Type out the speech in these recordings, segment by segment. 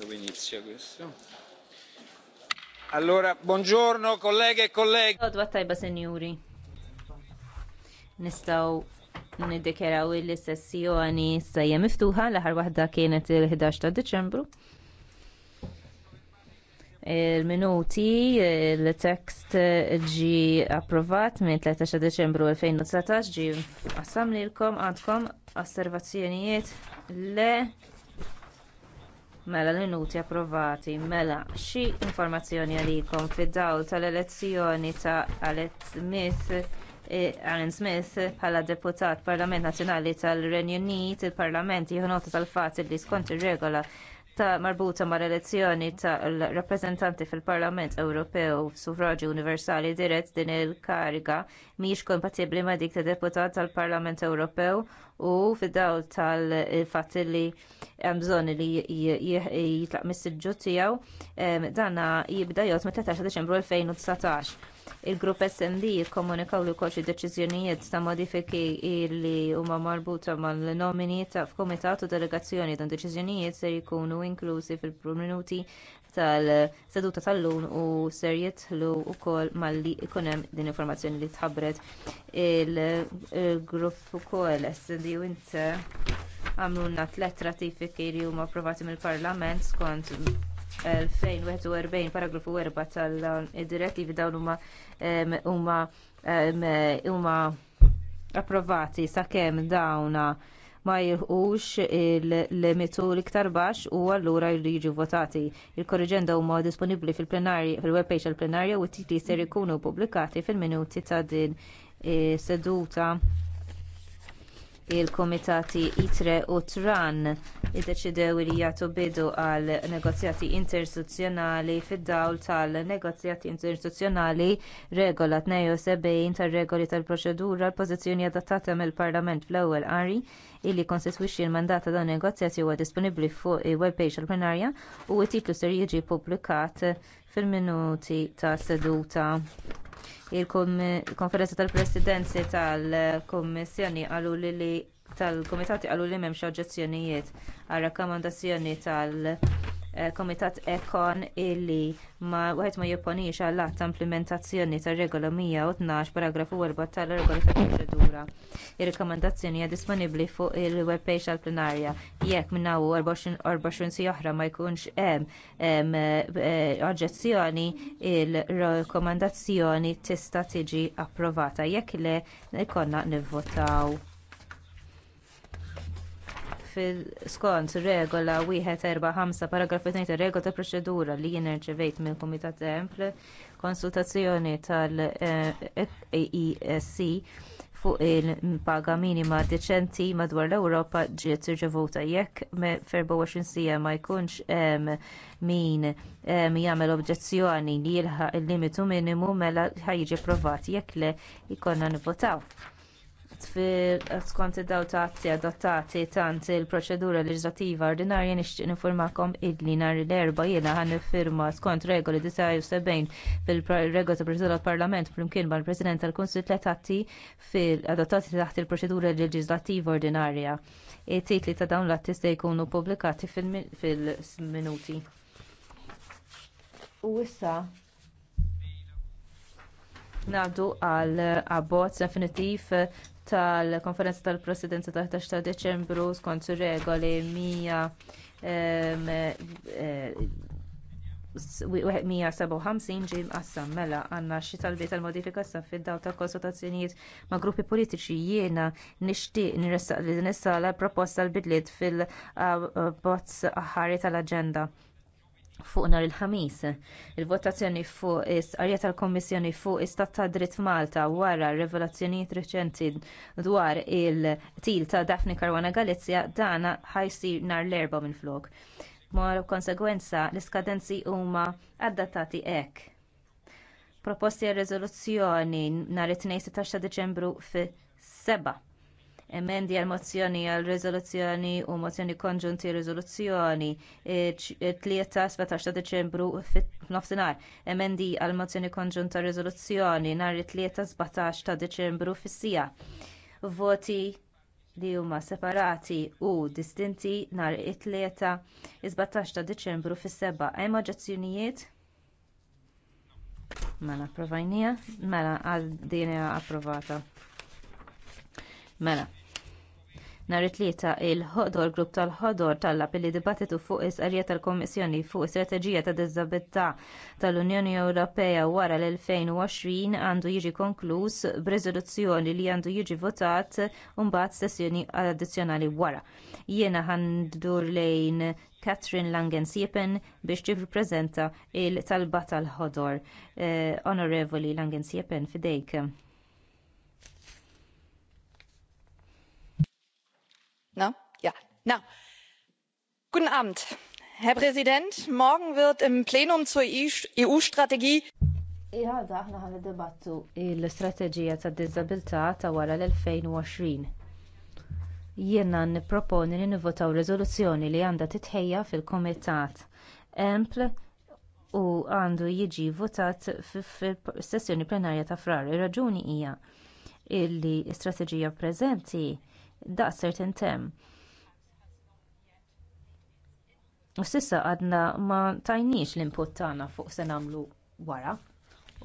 dove inizia questo. Allora, buongiorno colleghe e colleghi. Għodwa tajba senjuri. Nistaw niddekjeraw il-sessjoni sajja miftuħa l-aħar waħda kienet il-11 ta' Deċembru. Il-minuti, il-tekst ġi approvat minn 13 Deċembru 2019 ġi għassamlilkom għandkom osservazzjonijiet le mela l-minuti approvati mela xi informazzjoni għalikom fid-dawl tal-elezzjoni ta' Alex Smith e, Aaron Smith bħala deputat Parlament Nazzjonali tal-Renju Unit, il-Parlament jieħu nota tal-fatt li skont ir-regola ta' marbuta mal elezzjoni ta' rappreżentanti fil-Parlament Ewropew suffraġi universali dirett din il-kariga mhix kompatibbli ma' dik ta' deputat tal-Parlament Ewropew u fid-dawl tal fatti li hemm bżonn li jitlaq mis-siġġu tiegħu dana jibda jgħod me 13 Deċembru 2019. Il-grupp SMD jikkomunikaw li wkoll deċizjonijiet deċiżjonijiet ta' modifiki li huma marbuta mal-nomini ta' f'komitat u delegazzjoni dan deċiżjonijiet se jkunu inklużi fil-minuti tal-seduta tal-lum u ser jitħlu wkoll malli jkun hemm din informazzjoni li tħabbret il-grupp ukoll SD u inta għamluna tliet ratifiki li huma approvati mill-Parlament skont 2041 paragrafu 4 tal-direttivi dawn huma huma huma approvati sakemm dawna ma jilħqux il-limitu iktar baxx u allura jiġu votati. Il-korriġenda huma disponibbli fil-plenarja fil-webpage tal-plenarja u t-titli ser ikunu pubblikati fil-minuti ta' din eh, seduta il-kumitati itre u tran iddeċidew li jagħtu bidu għal negozjati interistituzzjonali fid-dawl tal-negozjati interistituzzjonali regola 72 tar-regoli tal-proċedura l-pożizzjoni adattata mill-Parlament fl-ewwel qari illi konsistwixxi l-mandat ta' dawn negozjati huwa disponibbli fuq il-webpage tal-plenarja u t-titlu ser jiġi ppubblikat fil-minuti tas seduta il-konferenza tal-presidenzi tal-kummissjoni qalu li tal-kumitati qalu li m'hemmx oġġezzjonijiet għar-rakkomandazzjoni tal-, -tal Eh, Komitat Ekon illi ma wieħed ma jopponix għall ta' implementazzjoni tar regola 112 paragrafu 4 tal-regola ta' proċedura. Ir-rikomandazzjoni hija disponibbli fuq il-webpage tal-plenarja. Jekk minn hawn 24 si oħra ma jkunx hemm eh, oġġezzjoni il-rekomandazzjoni tista' tiġi approvata. Jekk le jkollna nivvotaw fil-skont regola 145 paragrafu 2 regola ta' proċedura li jien irċevejt mill-Kumitat Empl konsultazzjoni tal-EESC fuq il-paga minima deċenti madwar l-Ewropa ġiet irċevuta jekk 24 sija ma jkunx hemm min jagħmel oġġezzjoni li jilħaq il-limitu minimu mela ħajġi provat jekk le jkollna nivvotaw taħt skont id-daw ta' atti adottati tant il-proċedura leġislattiva ordinarja nixtieq nifurmakom idli nhar l-erba' jiena ħan firma skont regoli 79 fil regoli ta' proċedura tal-Parlament flimkien mal-President tal-Kunsil tliet atti adottati taħt il-proċedura leġislattiva ordinarja. It-titli ta' dawn l-atti se jkunu pubblikati fil-minuti. U issa Ngħaddu għal abbozz definitiv tal-konferenza tal-presidenza ta' 11 ta' Deċembru skont regoli 157 ġie mqassam mela għandna xi talbiet tal-modifika sa fid-daw ta' konsultazzjonijiet ma' gruppi politiċi jiena nixtieq nirressaq li l proposta l-bidliet fil-bozz uh, aħari tal-aġenda fuq nhar il-ħamis. Il-votazzjoni fuq is-qarja tal-Kommissjoni fuq istat ta' dritt Malta wara r-revelazzjonijiet reċenti dwar il-til ta' Daphne Karwana Galizja dana ħajsir nhar l-erba minflok. Mor konsegwenza l-iskadenzi huma adattati hekk. Proposti għal riżoluzzjoni nhar it-2 ta' Deċembru fi seba' emendi għal mozzjoni għal rezoluzzjoni u mozzjoni konġunti riżoluzzjoni e, e, tlieta 17 ta' Deċembru f'nofsinhar. Emendi għal mozzjoni konġunta rezoluzzjoni nhar it tlieta 17 ta' Deċembru fis-sija. Voti li huma separati u distinti nhar it-tlieta 17 ta' Deċembru fis-seba. Hemm oġġezzjonijiet? Mela, provajnija, mela, għal dinja approvata. Mela, Nhar it-tlieta il-ħodor grupp tal-ħodor tallab li dibattitu fuq is-qarja tal-Kummissjoni fuq strateġija ta' diżabilità tal-Unjoni Ewropea wara l-2020 għandu jiġi konkluż b'riżoluzzjoni li għandu jiġi votat u mbagħad sessjoni addizzjonali wara. Jiena ħandur lejn Katrin Langen-Siepen biex tippreżenta l talba tal-ħodor. Eh, Onorevoli Langen-Siepen fidejk. guten abend herr präsident! morgen wird im plenum zur eu strategie Iħada aħna ħan debattu l-istrateġija tad diżabilità ta' wara l-2020. Jiena nipproponi li nivvotaw rezoluzzjoni li għandha titħejja fil-Kumitat EMPL u għandu jiġi votat fil sessjoni plenarja ta' frar. Ir-raġuni hija li l-istrateġija preżenti daqshekk tintemm. U s'issa għadna ma tajniex l-input tagħna fuq se nagħmlu wara.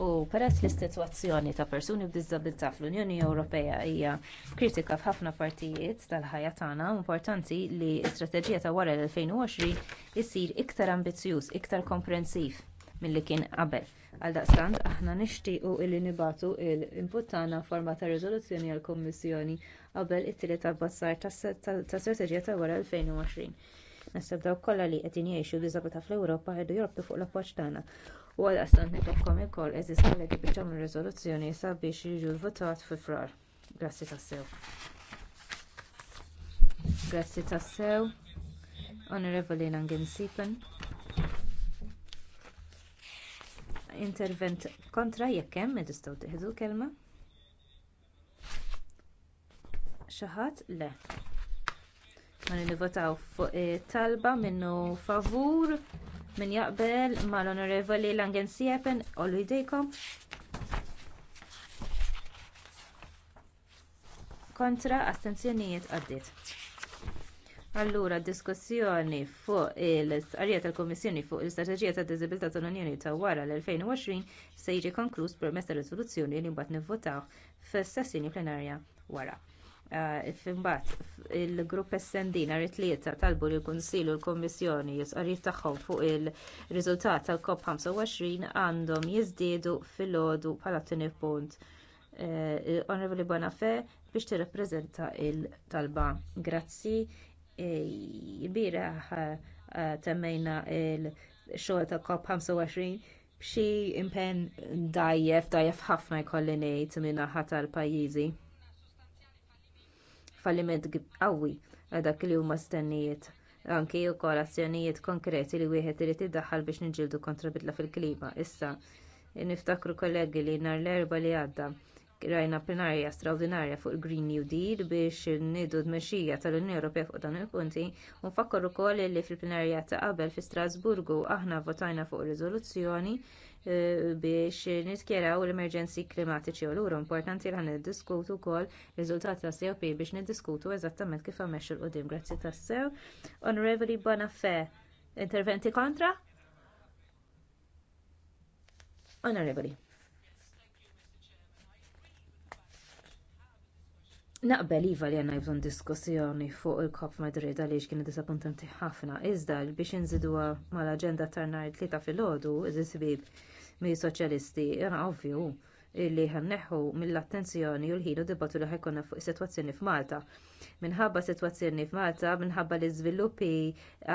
U peress li s-sitwazzjoni ta' persuni b'diżabilità fl-Unjoni Ewropea hija kritika f'ħafna partijiet tal-ħajja tagħna, importanti li l-istrateġija ta' wara l-2020 issir iktar ambizzjuż, iktar komprensiv milli kien qabel. Għaldaqstant, aħna nixtiequ illi nibatu l-input tagħna forma ta' riżoluzzjoni għall-Kummissjoni qabel it-tili tal-bazzar ta' strateġija ta' wara 2020. Nasab dawk kollha li qegħdin jgħixu ta fl-Ewropa ħedu jorbtu fuq l-appoġġ tagħna. U għaldaqstant nitolbkom ukoll eżis kollegi biex tagħmlu riżoluzzjoni sabiex jiġu votat fi frar. Grazzi tassew. Grazzi tassew. Onorevoli Nangin Sipen. intervent kontra jekk hemm tistgħu tieħdu l-kelma. Xi ħadd le. Ma nivvotaw fuq eh, talba minnu favur min jaqbel mal-Onorevoli Langen Siepen ollu jdejkom. Kontra astenzjonijiet għaddiet. Allura, diskussjoni fuq il istqarrija tal-Komissjoni fuq l-Istrateġija ta' Diżibilità tal-Unjoni ta' wara l-2020 se jiġi konkluż permezz ta' riżoluzzjoni li mbagħad nivvotaw fis-sessjoni plenarja wara. Ah, Imbagħad il-grupp SND nhar it-tlieta talbu lill kunsill u l-Kummissjoni jisqarrif tagħhom fuq il-riżultat tal-COP25 għandhom jiżdiedu filgħodu bħala tieni punt. Eh, Onorevoli Bonafè biex tirrappreżenta l talba Grazzi il-biraħ eh, temmejna il-xogħol ta' COP25 b'xi impenn dajjef, dajjef ħafna jkolli ngħid minn naħa tal-pajjiżi. Falliment qawwi dak li huma stennijiet anki wkoll azzjonijiet konkreti li wieħed irid iddaħħal biex niġġieldu kontra bidla fil-klima. Issa niftakru kollegi li nhar l-erba li għadda rajna plenarja straordinarja fuq il-Green New Deal biex nidu d-mexxija tal-Unjoni Ewropea fuq dan il-punti u nfakkar ukoll li fil-plenarja ta' qabel fi Strasburgu aħna votajna fuq riżoluzzjoni eh, biex nitkjeraw l-emerġenzi klimatiċi u l uru importanti li niddiskutu wkoll riżultati ta' COP biex niddiskutu eżattament kif għamex il-qudiem. Grazzi sew Onorevoli Bonafè, interventi kontra? Onorevoli. Naqbel iva li għanna jibżon diskussjoni fuq il-Kop Madrid għaliex kien disappuntanti ħafna, iżda biex nżidu mal-agenda tar nhar tlieta filgħodu, iżda sbib mill soċjalisti, jana ovvju li ħanneħħu mill-attenzjoni u l-ħin u dibattu li ħajkonna fuq is-sitwazzjoni f'Malta. Minħabba sitwazzjoni f'Malta, minħabba li iżviluppi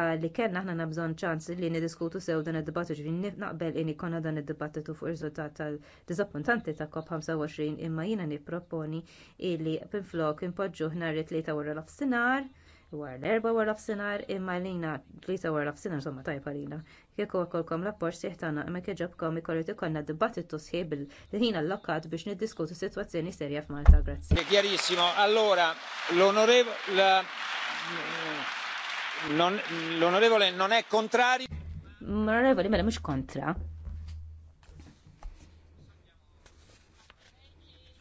ah, li kellna aħna nabżon ċans li niddiskutu sew dan id-dibattu ġifieri naqbel in ikonna dan id-dibattitu fuq ir-riżultat tal-diżappuntanti ta' COP25 imma jiena nipproponi li pinflok impoġġu ħnar it-tlieta wara l dwar l-erba wara f'sinar imma lina tlita wara f'sinar somma tajba lina. Kieku kolkom rapport sieħ tagħna imma kieġobkom ikollu ikollna dibattitu sħieb il-ħin allokat biex niddiskutu sitwazzjoni serja f'Malta. Grazzi. Chiarissimo. Allora, l'onorevole non è contrario. L'onorevole mela mhux kontra.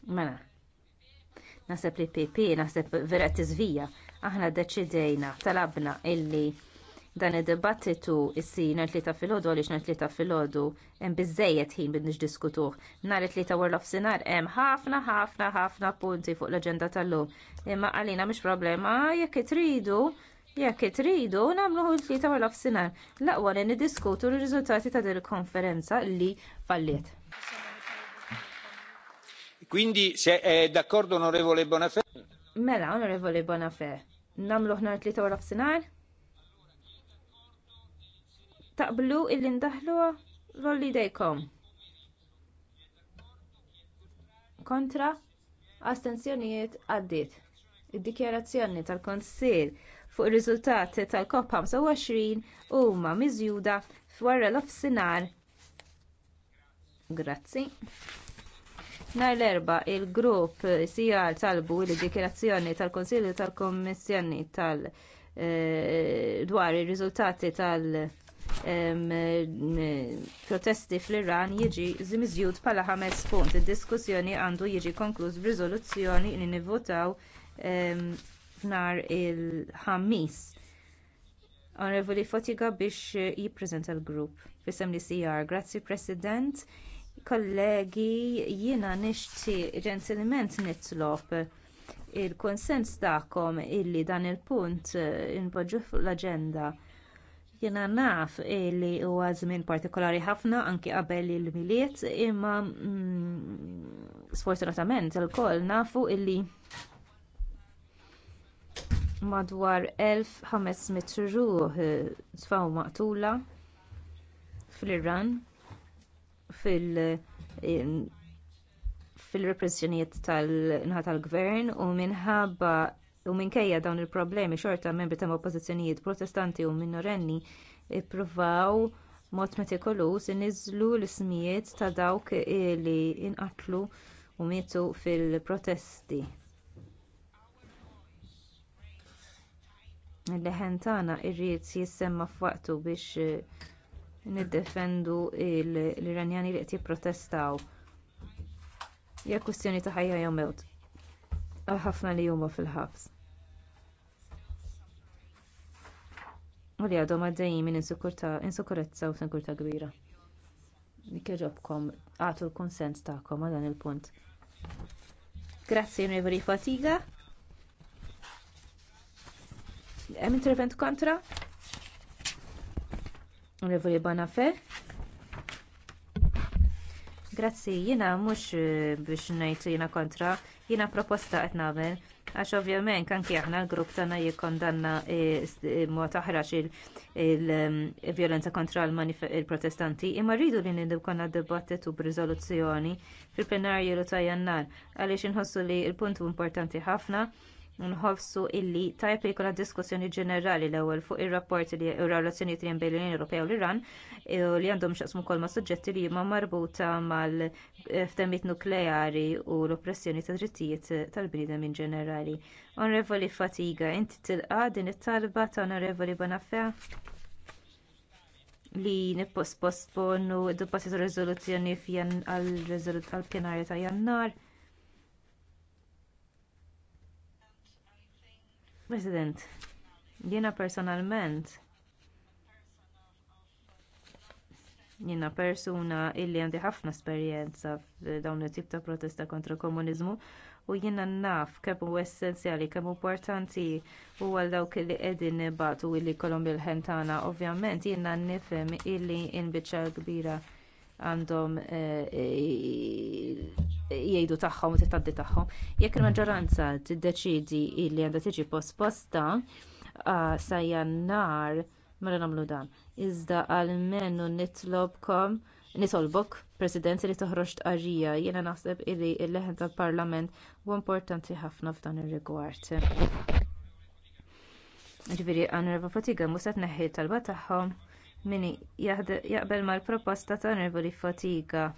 Mela. Naħseb li PP, naħseb vera tiżvija aħna ddeċidejna talabna illi dan id-dibattitu issir nhar tlieta filgħodu għaliex nhar tlieta filgħodu hemm biżżejjed ħin biex niddiskutuh. Nhar it-tlieta war nofsinhar hemm ħafna ħafna ħafna punti fuq l-aġenda tal-lum. Imma għalina mhix problema jekk itridu jekk itridu nagħmluh it-tlieta l-ofsinhar. L-aqwa li niddiskutu r-riżultati ta' din il-konferenza li falliet. Quindi se è d'accordo onorevole Bonafè Mela, onorevoli Bonafè, namlu ħnar tlieta wara f'sinar? Taqblu illi ndaħlu rolli dejkom. Kontra, astenzjonijiet għaddit. Id-dikjarazzjoni tal-Konsil fuq ir-riżultati tal-COP 25 huma miżjuda f'wara l-offsinar. Grazzi. Nhar l-erba il-grupp CR talbu li dikjerazzjoni tal-Konsilju tal-Kommissjoni tal eh, dwar ir-riżultati tal protesti fl-Iran jiġi miżjud bħala ħames punt. Id-diskussjoni għandu jiġi konkluż b'riżoluzzjoni li nivvotaw nhar il-ħamis. Onorevoli Fotiga biex jippreżenta l-grupp. Fisem li CR. Grazzi President kollegi jiena nixtieq ġentilment nitlob il-konsens tagħkom illi dan il-punt eh, inpoġġu fuq l-aġenda. Jiena naf li huwa żmien partikolari ħafna anke qabel il-miliet imma mm, sfortunatament il nafu illi madwar 1500 ruħ eh, tfaw maqtula fl-Iran fil- fil-repressjonijiet tal-inħat tal-gvern u minħabba u minkejja dawn il-problemi xorta membri ta' oppożizzjonijiet protestanti u minorenni ippruvaw mod metikolus iniżlu l-ismijiet ta' dawk li inqatlu u mietu fil-protesti. Il-leħen tagħna irrid jissemma f'waqtu biex niddefendu l-Iranjani li qed jipprotestaw. Hija kwistjoni ta' ħajja jew mewt. Ħafna li huma fil-ħabs. U li għadhom għaddejjin minn insikurezza u sinkurtà kbira. Nikkeġobkom għatu l-konsens tagħkom għal dan il-punt. Grazzi Onorevoli Fatiga. Hemm intervent kontra? Onorevoli Bonafè. Grazzi, jiena mhux eh, biex ngħid jina kontra, jiena proposta qed nagħmel għax ovvjament anki aħna l-grupp tagħna jikkondanna eh, eh, mod taħrax il-vjolenza kontra l-protestanti imma rridu li u b b'riżoluzzjoni fil-plenarju l ta' għalix għaliex inħossu li l-punt importanti ħafna nħobsu illi tajb li jkollna diskussjoni ġenerali l-ewwel fuq ir rapporti li r-relazzjonijiet li bejn l-Unjoni Ewropea u l-Iran e, li għandhom x'jaqsmu wkoll ma' suġġetti li huma marbuta mal e, ftemijiet nukleari u l-oppressjoni ta' drittijiet tal-bniedem in ġenerali. Onorevoli Fatiga, inti tilqa din it-talba ta' Onorevoli Bonafè li nipposponu d-dubbatit riżoluzzjoni għal pjanarja ta' jannar. President, jiena personalment jiena persuna illi għandi ħafna esperjenza f'dawn it-tip ta' protesta kontra komuniżmu u jiena naf kemm huwa essenzjali kemm importanti u għal dawk li qegħdin nibatu illi jkollhom il-ħentana ovvjament jiena nifhem illi l-biċċa kbira għandhom eh, eh, eh, jgħidu tagħhom u titaddi tagħhom. Jekk il-maġġoranza tiddeċiedi li għandha tiġi posposta ah, sa jannar mela nagħmlu dan. Iżda menu nitlobkom nitolbok President li toħroġ tqarrija jiena naħseb illi l-leħen tal-Parlament huwa importanti ħafna f'dan ir-rigward. Ġifieri għan fatiga mhux se talba tagħhom Mini jaqbel mal-proposta ta' Onorevoli Fotiga.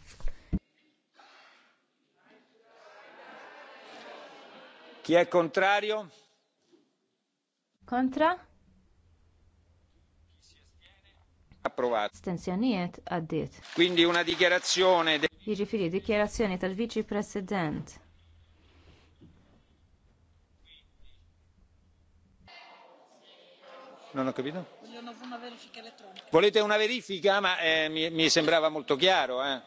Chi è contrario? Contra? Approvato. Stenzjonijiet għaddiet. Quindi una dichiarazione. De... Jiġifieri dichiarazione tal-Viċi President. Non ho capito? Volete una verifica? Ma eh, mi, mi sembrava molto chiaro. Eh.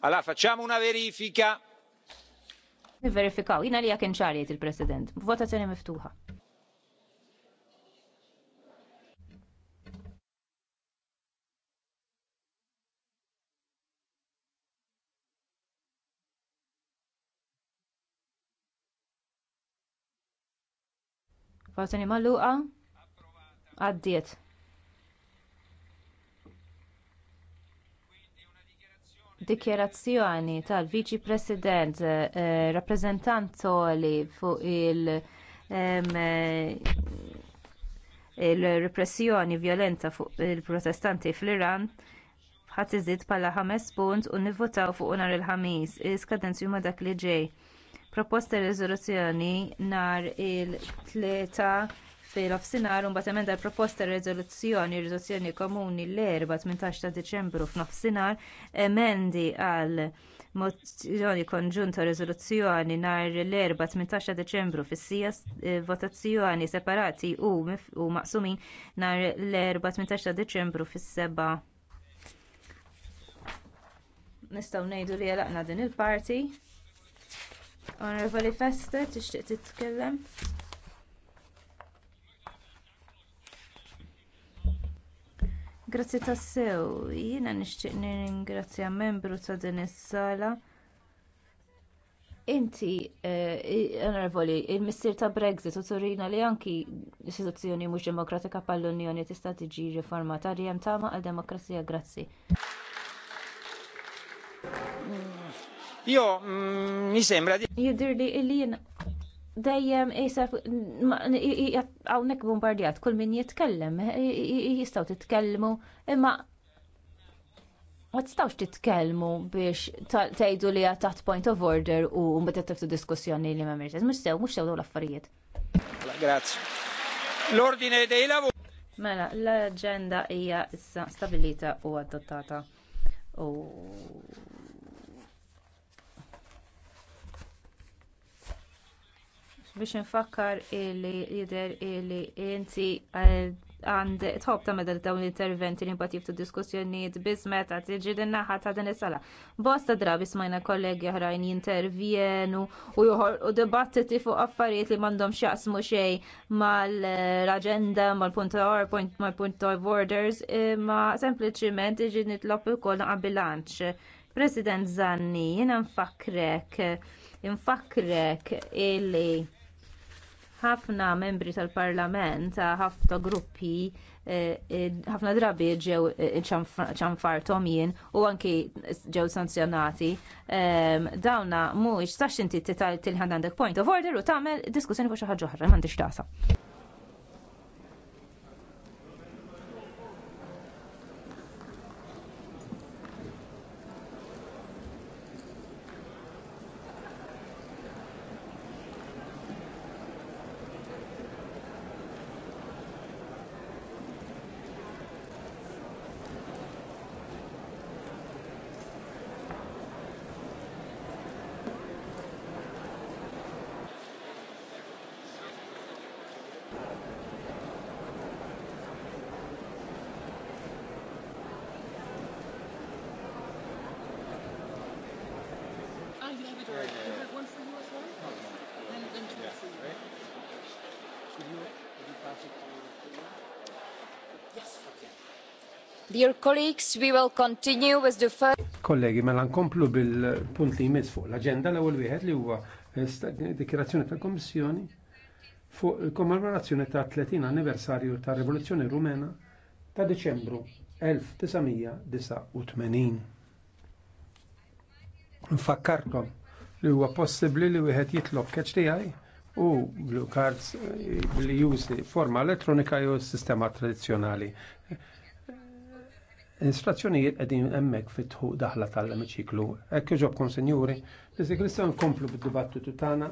Allora facciamo una verifica. Verifikaw, jina li jakin ċarjiet il-President. Votazzjoni miftuħa. Votazzjoni magħluqa. Għaddiet. Dikjerazzjoni tal-Viċi President eh, rappresentantoli fuq il- eh, il-repressjoni vjolenta fuq il-protestanti fl-Iran ħat iżid bħala ħames punt u nivvotaw fuq nhar il-ħamis. Iskadenzju ma' dak li ġej proposta riżoluzzjoni nhar il-3 fil-ofsinar un batemenda proposta riżoluzzjoni riżoluzzjoni komuni l-4-18 ta' Diċembru f'nofsinhar emendi għal mozzjoni konġunta riżoluzzjoni nhar l-4-18 ta' Diċembru fis-sija eh, votazzjoni separati u, u maqsumin nhar l-4-18 ta' Diċembru fis-seba. Nistgħu ngħidu li għalaqna din il-parti. Onorevoli Festa, tixtieq titkellem? Grazzi tassew, jiena nixtieq nirringrazzja membru ta' din is-sala. Inti, eh, onorevoli, il-missir ta' Brexit u turina li anki istituzzjoni mhux demokratika pal-Unjoni tista' tiġi riformata li hemm tama għal demokrazija grazzi. Mm. Jo, mm, mi sembra di. Jidir li illin dejjem jisaf għawnek bombardijat, kull min jitkellem, jistaw titkellmu, imma ma tistawx titkellmu biex tgħidu li taħt point of order u mbeta tiftu diskussjoni li ma mirġez, Mhux sew, mux sew daw l-affarijiet. Grazzi. L-ordine dei lavori. Mela, l agenda hija issa stabilita u adottata. U biex infakkar illi jidher illi inti eh, għand tħobb ta' meta dawn l-interventi li mbagħad jiftu diskussjonijiet biss meta tiġi din naħa ta' din is-sala. Bosta drabi smajna kollegi oħrajn jintervjenu u joħolqu dibattiti fuq affarijiet li m'għandhom x'jaqsmu xejn mal-aġenda, mal-punt PowerPoint, mal-punt of orders, imma sempliċiment iġi nitlob ukoll naqa' bilanċ. President Zanni, jiena nfakrek, nfakrek illi ħafna membri tal-parlament, ħafna gruppi, eh, eh, ħafna drabi ġew eh, ċanfartom jien u anki ġew sanzjonati. Ehm, dawna mhuwiex sax inti tital tilħan għandek point of order u tagħmel diskussjoni fuq xi ħaġa oħra, m'għandix tasa. Dear colleagues, we will continue with the first. Kollegi, mela nkomplu bil-punt li jmiss fuq l-agenda l-ewwel wieħed li huwa eh, dikjerazzjoni tal-Kommissjoni fuq il-kommemorazzjoni ta' 30 anniversarju ta' Rivoluzzjoni Rumena ta' Deċembru 1989. Nfakkarkom li huwa possibbli li wieħed jitlob catch tiegħi u blue cards eh, li jużi forma elettronika jew sistema tradizzjonali. Istrazzjonijiet qegħdin hemmhekk fit-tħuq daħla tal-emiċiklu. Hekk iġobkom sinjuri, niżik nistgħu nkomplu bid-dibattitu tagħna.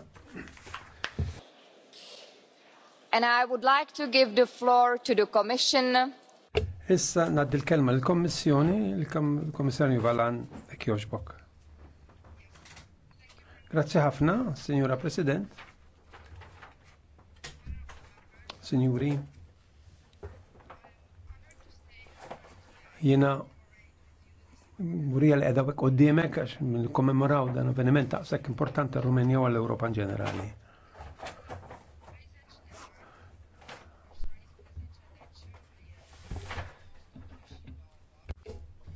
And I would like to give the floor to the Commission. Issa naddi l-kelma l-Kommissjoni, l-Kommissarju Valan Ekjoġbok. Grazie ħafna, Signora President. Signori. jina Murija li għedha għoddimek għax kommemoraw dan avveniment taqsek importanti Rumenija għall europa in ġenerali.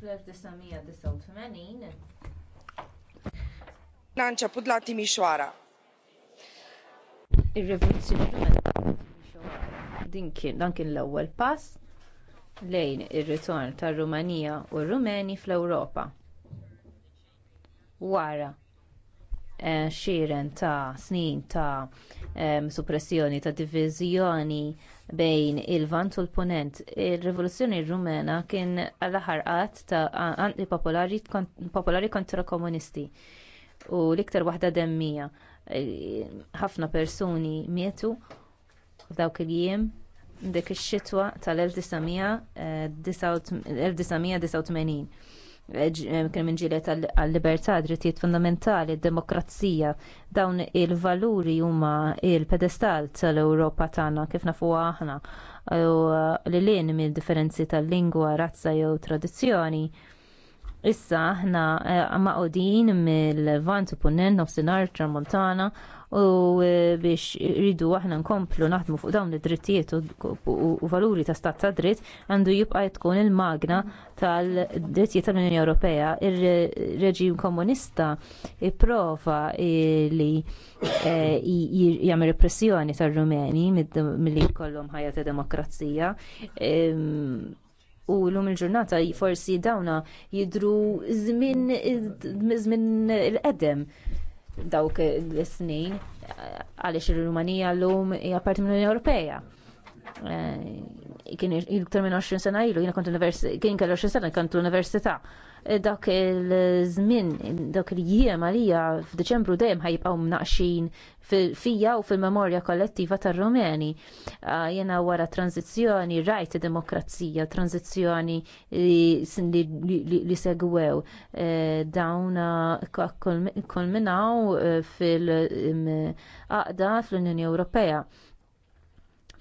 Fl-1989 început Il-revoluzjoni Ir-revoluzzjoni din kien dan kien l-ewwel pass lejn ir-ritorn tar-Rumanija u r-Rumeni fl-Ewropa. Wara eh, xiren ta' snin ta' suppressjoni ta' diviżjoni bejn il-vant u l-punent. Ir-rivoluzzjoni rumena kien għall-aħħar qatt ta' popolari kontra komunisti u l-iktar waħda demmija. Eh, ħafna persuni mietu f'dawk il-jiem dik ix-xitwa tal-1989 eh, eh, eh, kien minġilet għal-libertà, drittijiet fundamentali, demokrazija, dawn il-valuri huma il-pedestal tal-Ewropa tagħna kif nafu aħna u li lin mill-differenzi tal-lingwa, razza jew tradizzjoni. Issa aħna maqodin mill-Vant u Punnin nofsinhar Tramuntana u e, biex ridu aħna nkomplu naħdmu fuq dawn id-drittijiet u valuri ta' stat ta' dritt għandu jibqa' tkun il-magna tal-drittijiet tal-Unjoni Ewropea. Ir-reġim komunista ipprova li e, jagħmel repressjoni tar-Rumeni milli jkollhom ħajja ta' demokrazija u l-lum il-ġurnata forsi dawna jidru żmien il-qedem dawk l-snin għaliex il-Rumanija llum hija parti mill-Unjoni Ewropea. Eh, kien iktar minn 20 sena ilu, jina kont kien 20 sena kont l-università dak il-żmien, dak il-jiem għalija f'Deċembru dejjem ħajbqgħu mnaqxin fija u fil-memorja kollettiva tar-Rumeni. Ah, jena wara tranzizzjoni rajt demokrazija, tranzizzjoni li segwew dawn kolminaw fil-aqda fl-Unjoni Ewropea.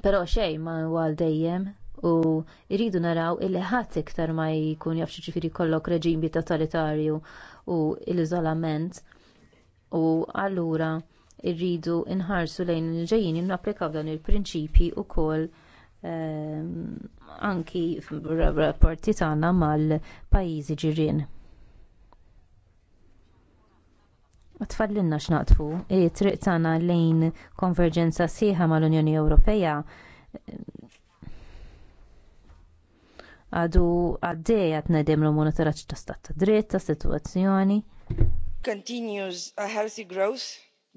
Però xejn ma għal dejjem u rridu naraw illi ħadd iktar ma jkun jaf ġifieri jkollok reġimi totalitarju u l-iżolament u allura rridu nħarsu lejn il-ġejjin napplikaw dan il-prinċipji wkoll ehm, anki rapporti tagħna mal-pajjiżi ġirien. Tfallinna x'naqtfu, it-triq tagħna lejn konverġenza sieħa mal-Unjoni Ewropea għadu għaddej għat nedem l-monitoraċ ta' stat ta' dritt ta' situazzjoni. Continues a healthy growth,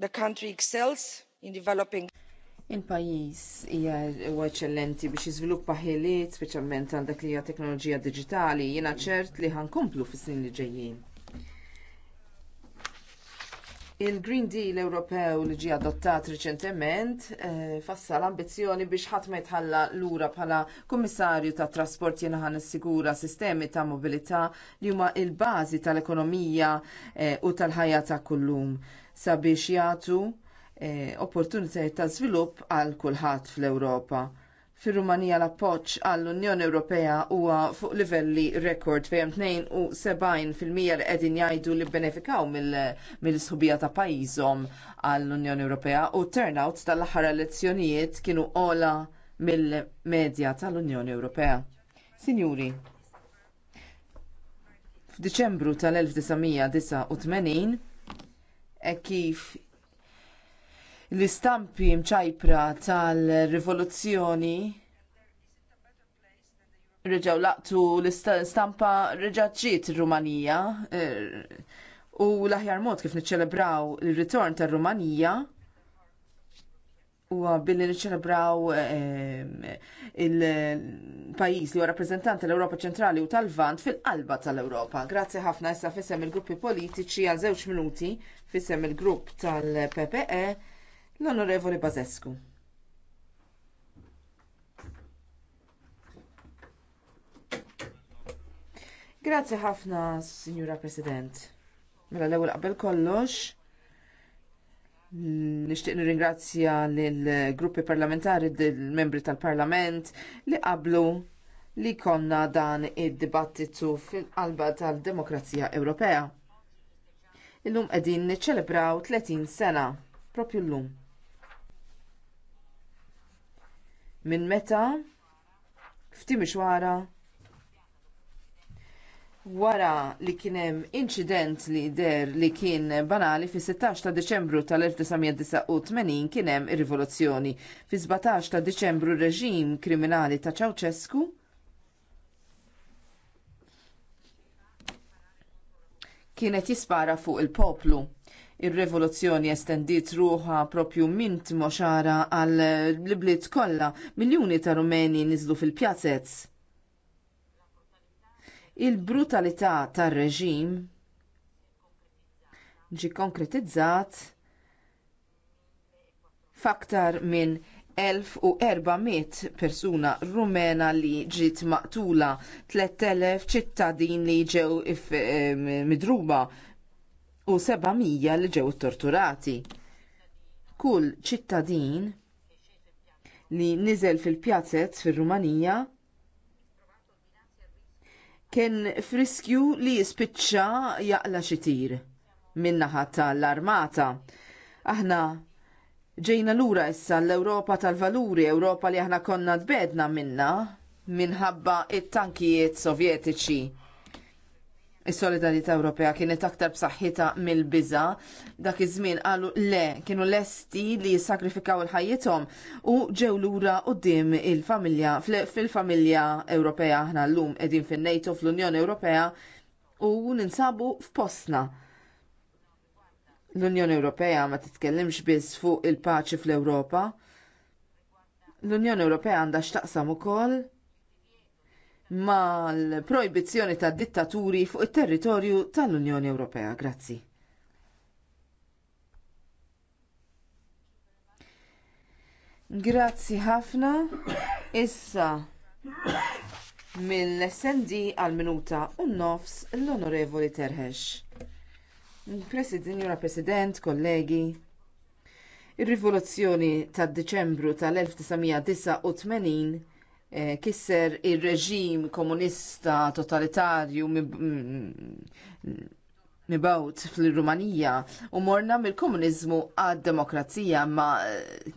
the country excels in developing Il-pajis hija huwa eċċellenti biex jiżviluppa ħiliet, speċjalment għandek li hija teknoloġija diġitali, jiena ċert li ħankomplu fis-snin li ġejjin. Il-Green Deal Ewropew li ġie adottat riċentement eh, fassal ambizzjoni biex ħadd ma jitħalla lura bħala kummissarju tat trasport Jinħan ħan sistemi ta' mobilità li huma l-bażi tal-ekonomija eh, u tal-ħajja ta' kullum sabiex jagħtu eh, opportunitajiet ta' żvilupp għal kulħadd fl-Ewropa Fir-Rumanija l-appoġġ għall-Unjoni Ewropea huwa fuq livelli rekord fejn 72% li qegħdin jgħidu li bbenefikaw mill-sħubija ta' pajjiżhom għall-Unjoni Ewropea u turnout tal-aħħar elezzjonijiet kienu ola mill-medja tal-Unjoni Ewropea. Sinjuri, f'Diċembru tal-1989 e kif l-istampi mċajpra tal-rivoluzzjoni reġaw laqtu l-istampa reġaċċiet ir rumanija eh, u l-aħjar mod kif niċċelebraw il-ritorn tar rumanija u billi niċċelebraw eh, il-pajis li huwa rappreżentant tal-Ewropa ċentrali u tal-Vant fil-qalba tal-Ewropa. Grazzi ħafna issa fissem il-gruppi politiċi għal żewġ minuti fissem il-grupp tal-PPE L-Onorevoli Bazescu. Grazie ħafna, Signora President. Mela l-ewwel qabel kollox, nixtieq nirringrazzja lill gruppi parlamentari membri tal-Parlament li qablu li konna dan id-dibattitu fil-qalba tal-Demokrazija Ewropea. Illum qegħdin niċċelebraw 30 sena, propju llum. Minn meta? Ftimix wara? wara li kien hemm li der li kien banali fi 16 ta' Deċembru tal-1989 kien hemm ir-rivoluzzjoni. Fi 17 ta' Deċembru reġim kriminali ta' Ceausescu kienet jispara fuq il-poplu. Ir-revoluzzjoni estendiet ruħa propju minn moxara għal l-bliet kollha, miljuni ta' Rumeni niżlu fil-pjazzezz. Il-brutalità tar-reġim ġi konkretizzat f'aktar minn 1400 persuna rumena li ġiet maqtula, 3000 ċittadin li ġew eh, midruba u 700 li ġew torturati. Kull ċittadin li niżel fil-pjazzett fir-Rumanija kien friskju li jispiċċa jaqla xi tir min-naħa tal-armata. Aħna ġejna lura issa l-Ewropa tal-valuri, Ewropa li aħna konna tbedna minnha minħabba t tankijiet sovjetiċi Is-Solidarità Ewropea kienet aktar b'saħħitha mill-biża. Dak iż-żmien qalu le kienu lesti li jissakrifikaw il-ħajjithom u ġew lura quddiem il-familja fil-familja Ewropea aħna llum qegħdin fin-NATO fl-Unjoni Ewropea u ninsabu f'postna. L-Unjoni Ewropea ma titkellimx biss fuq il-paċi fl-Ewropa. L-Unjoni Ewropea għandha x'taqsam ukoll mal-projbizzjoni ta' dittaturi fuq it-territorju tal-Unjoni Ewropea. Grazzi. Grazzi ħafna. Issa mill-SND għal minuta u nofs l-Onorevoli Terhex. President, Jura President, kollegi, ir-rivoluzzjoni tad-Diċembru tal-1989 Eh, kisser ir-reġim komunista totalitarju mm, mibawt fil-Rumanija u morna mill-komuniżmu għad-demokrazija ma eh,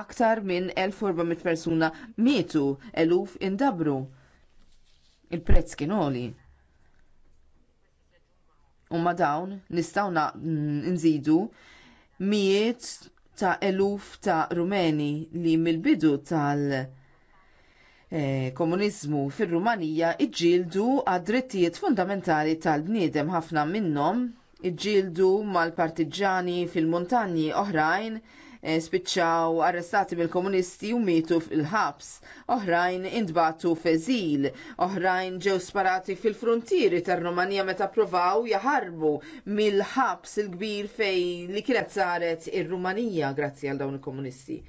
aktar minn 1400 persuna mietu eluf indabru. Il-prezz kien oli. U ma dawn nistawna mm, nżidu miet ta' eluf ta' rumeni li mill-bidu tal- Eh, komuniżmu fir-Rumanija iġġieldu għad-drittijiet fundamentali tal-bniedem ħafna minnhom iġġieldu mal-partiġani fil-montanji oħrajn eh, spiċċaw arrestati mill-komunisti u mietu fil-ħabs. Oħrajn indbatu f'eżil, oħrajn ġew sparati fil-frontieri tar-Rumanija meta provaw jaħarbu mill-ħabs il-kbir fej li kienet saret ir-Rumanija grazzi għal dawn il-komunisti.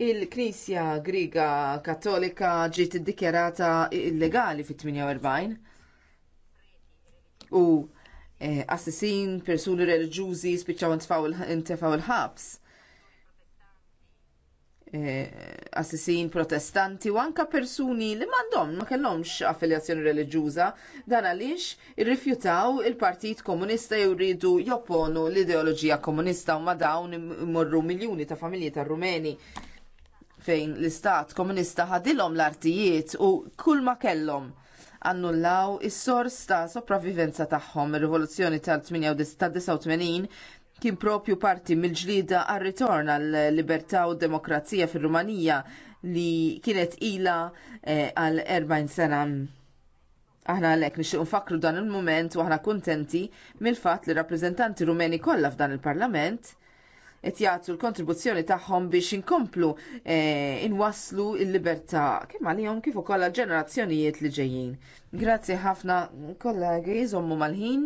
Il-Knisja Griga Kattolika ġiet iddikjarata illegali fit-48 u eh, assassin, persuni reliġjużi spiċċaw intefaw il-ħabs. Eh, assassin protestanti u anka persuni li mandom ma kellhomx affiljazzjoni reliġjuża dan għaliex irrifjutaw il-Partit Komunista jridu jopponu l-ideoloġija komunista u ma dawn imorru miljuni ta' familji ta' Rumeni fejn l-istat komunista ħadilhom l-artijiet u kull ma kellhom annullaw is-sors ta' sopravivenza tagħhom. Ir-rivoluzzjoni tal-89 kien propju parti mill-ġlida għar ritorn għal libertà u demokrazija fir-Rumanija li kienet ila eh, għal 40 sena aħna għalek nixtieq nfakru dan il mument u aħna kuntenti mill-fatt li rappreżentanti rumeni kollha f'dan il-Parlament qed jagħtu l-kontribuzzjoni tagħhom biex inkomplu eh, inwasslu l-libertà kemm għalihom kif ukoll għall-ġenerazzjonijiet li ġejjin. Grazzi ħafna kollegi żommu mal-ħin.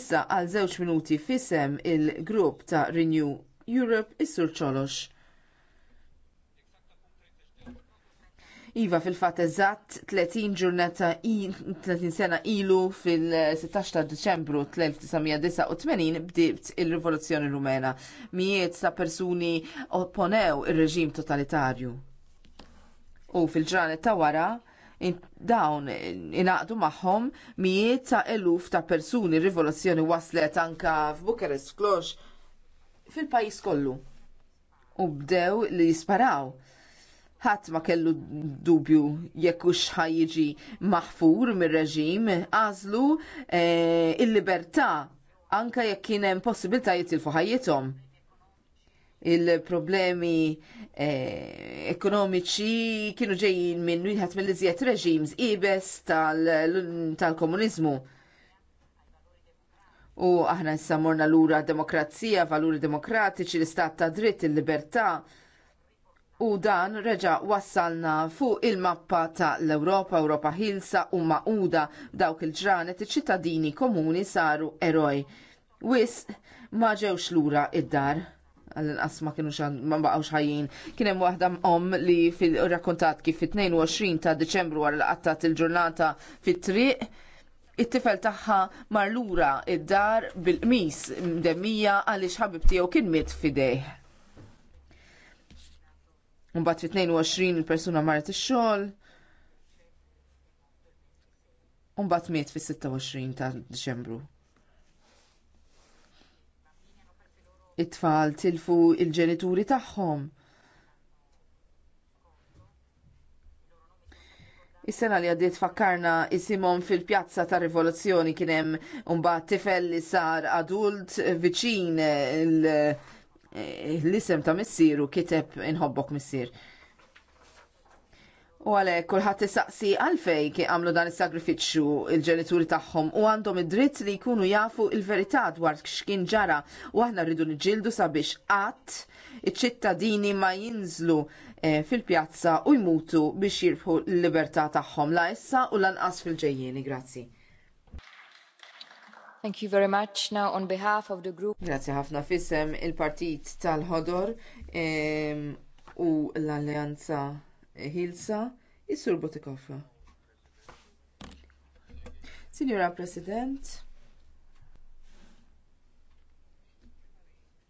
Issa għal żewġ minuti fisem il-grupp ta' Renew Europe is-Sur Ċolox. Iva fil-fat eżatt 30 ġurnata 30 sena ilu fil-16 ta' Deċembru 1989 bdiet il-Rivoluzzjoni Rumena. Mijiet ta' persuni opponew ir-reġim totalitarju. U fil-ġranet ta' wara dawn inaqdu magħhom mijiet ta' eluf ta' persuni rivoluzzjoni waslet anka f'Bukarest Klox fil-pajis kollu. U bdew li jisparaw ħadd ma kellu dubju jekk hux ħajjiġi maħfur mir-reġim għażlu e, il-libertà anke jekk kien hemm possibiltajiet il ħajjithom. Il-problemi eh, ekonomiċi kienu ġejjin minn wieħed mill-iżjed reġims ibes tal-komuniżmu. Tal U aħna issa morna lura demokrazija, valuri demokratiċi, l-istat ta' dritt, il-libertà. il libertà U dan reġa wassalna fuq il-mappa ta' l-Europa, Europa Hilsa u maquda dawk il-ġranet iċ-ċittadini komuni saru eroj. Wis ma ġewx lura id-dar għal inqas ma kienu xan ma baqgħux ħajjin. Kien hemm waħda om li fil-rakkontat kif fit-22 ta' Diċembru għal laqattat il-ġurnata fit-triq it-tifel tagħha marlura id-dar bil-qmis demija għaliex ħabib tiegħu kien mit fidejh. Mbagħad fit-22 il-persuna marret ix-xogħol. Mbagħad miet fis-26 ta' Diċembru. It-tfal tilfu l ġenituri tagħhom. Is-sena li għaddiet fakkarna isimhom fil-pjazza ta' rivoluzzjoni kien hemm mbagħad tifel li sar adult viċin il- Eh, l-isem ta' missieru kiteb inħobbok missier. U għalhekk kulħadd isaqsi għalfejn kien għamlu dan is-sagrifiċċju il-ġenituri tagħhom u għandhom id-dritt li jkunu jafu il-verità dwar x'kien ġara u aħna rridu niġġieldu sabiex qatt iċ-ċittadini ma jinżlu eh, fil-pjazza u jmutu biex jirbħu l-libertà tagħhom la issa u lanqas fil-ġejjieni. Grazzi. Thank you very much. Now on behalf of the group. Grazie ħafna fissem il-partit tal-ħodor u l-alleanza Hilsa is-Sur Botikoffa. Signora President,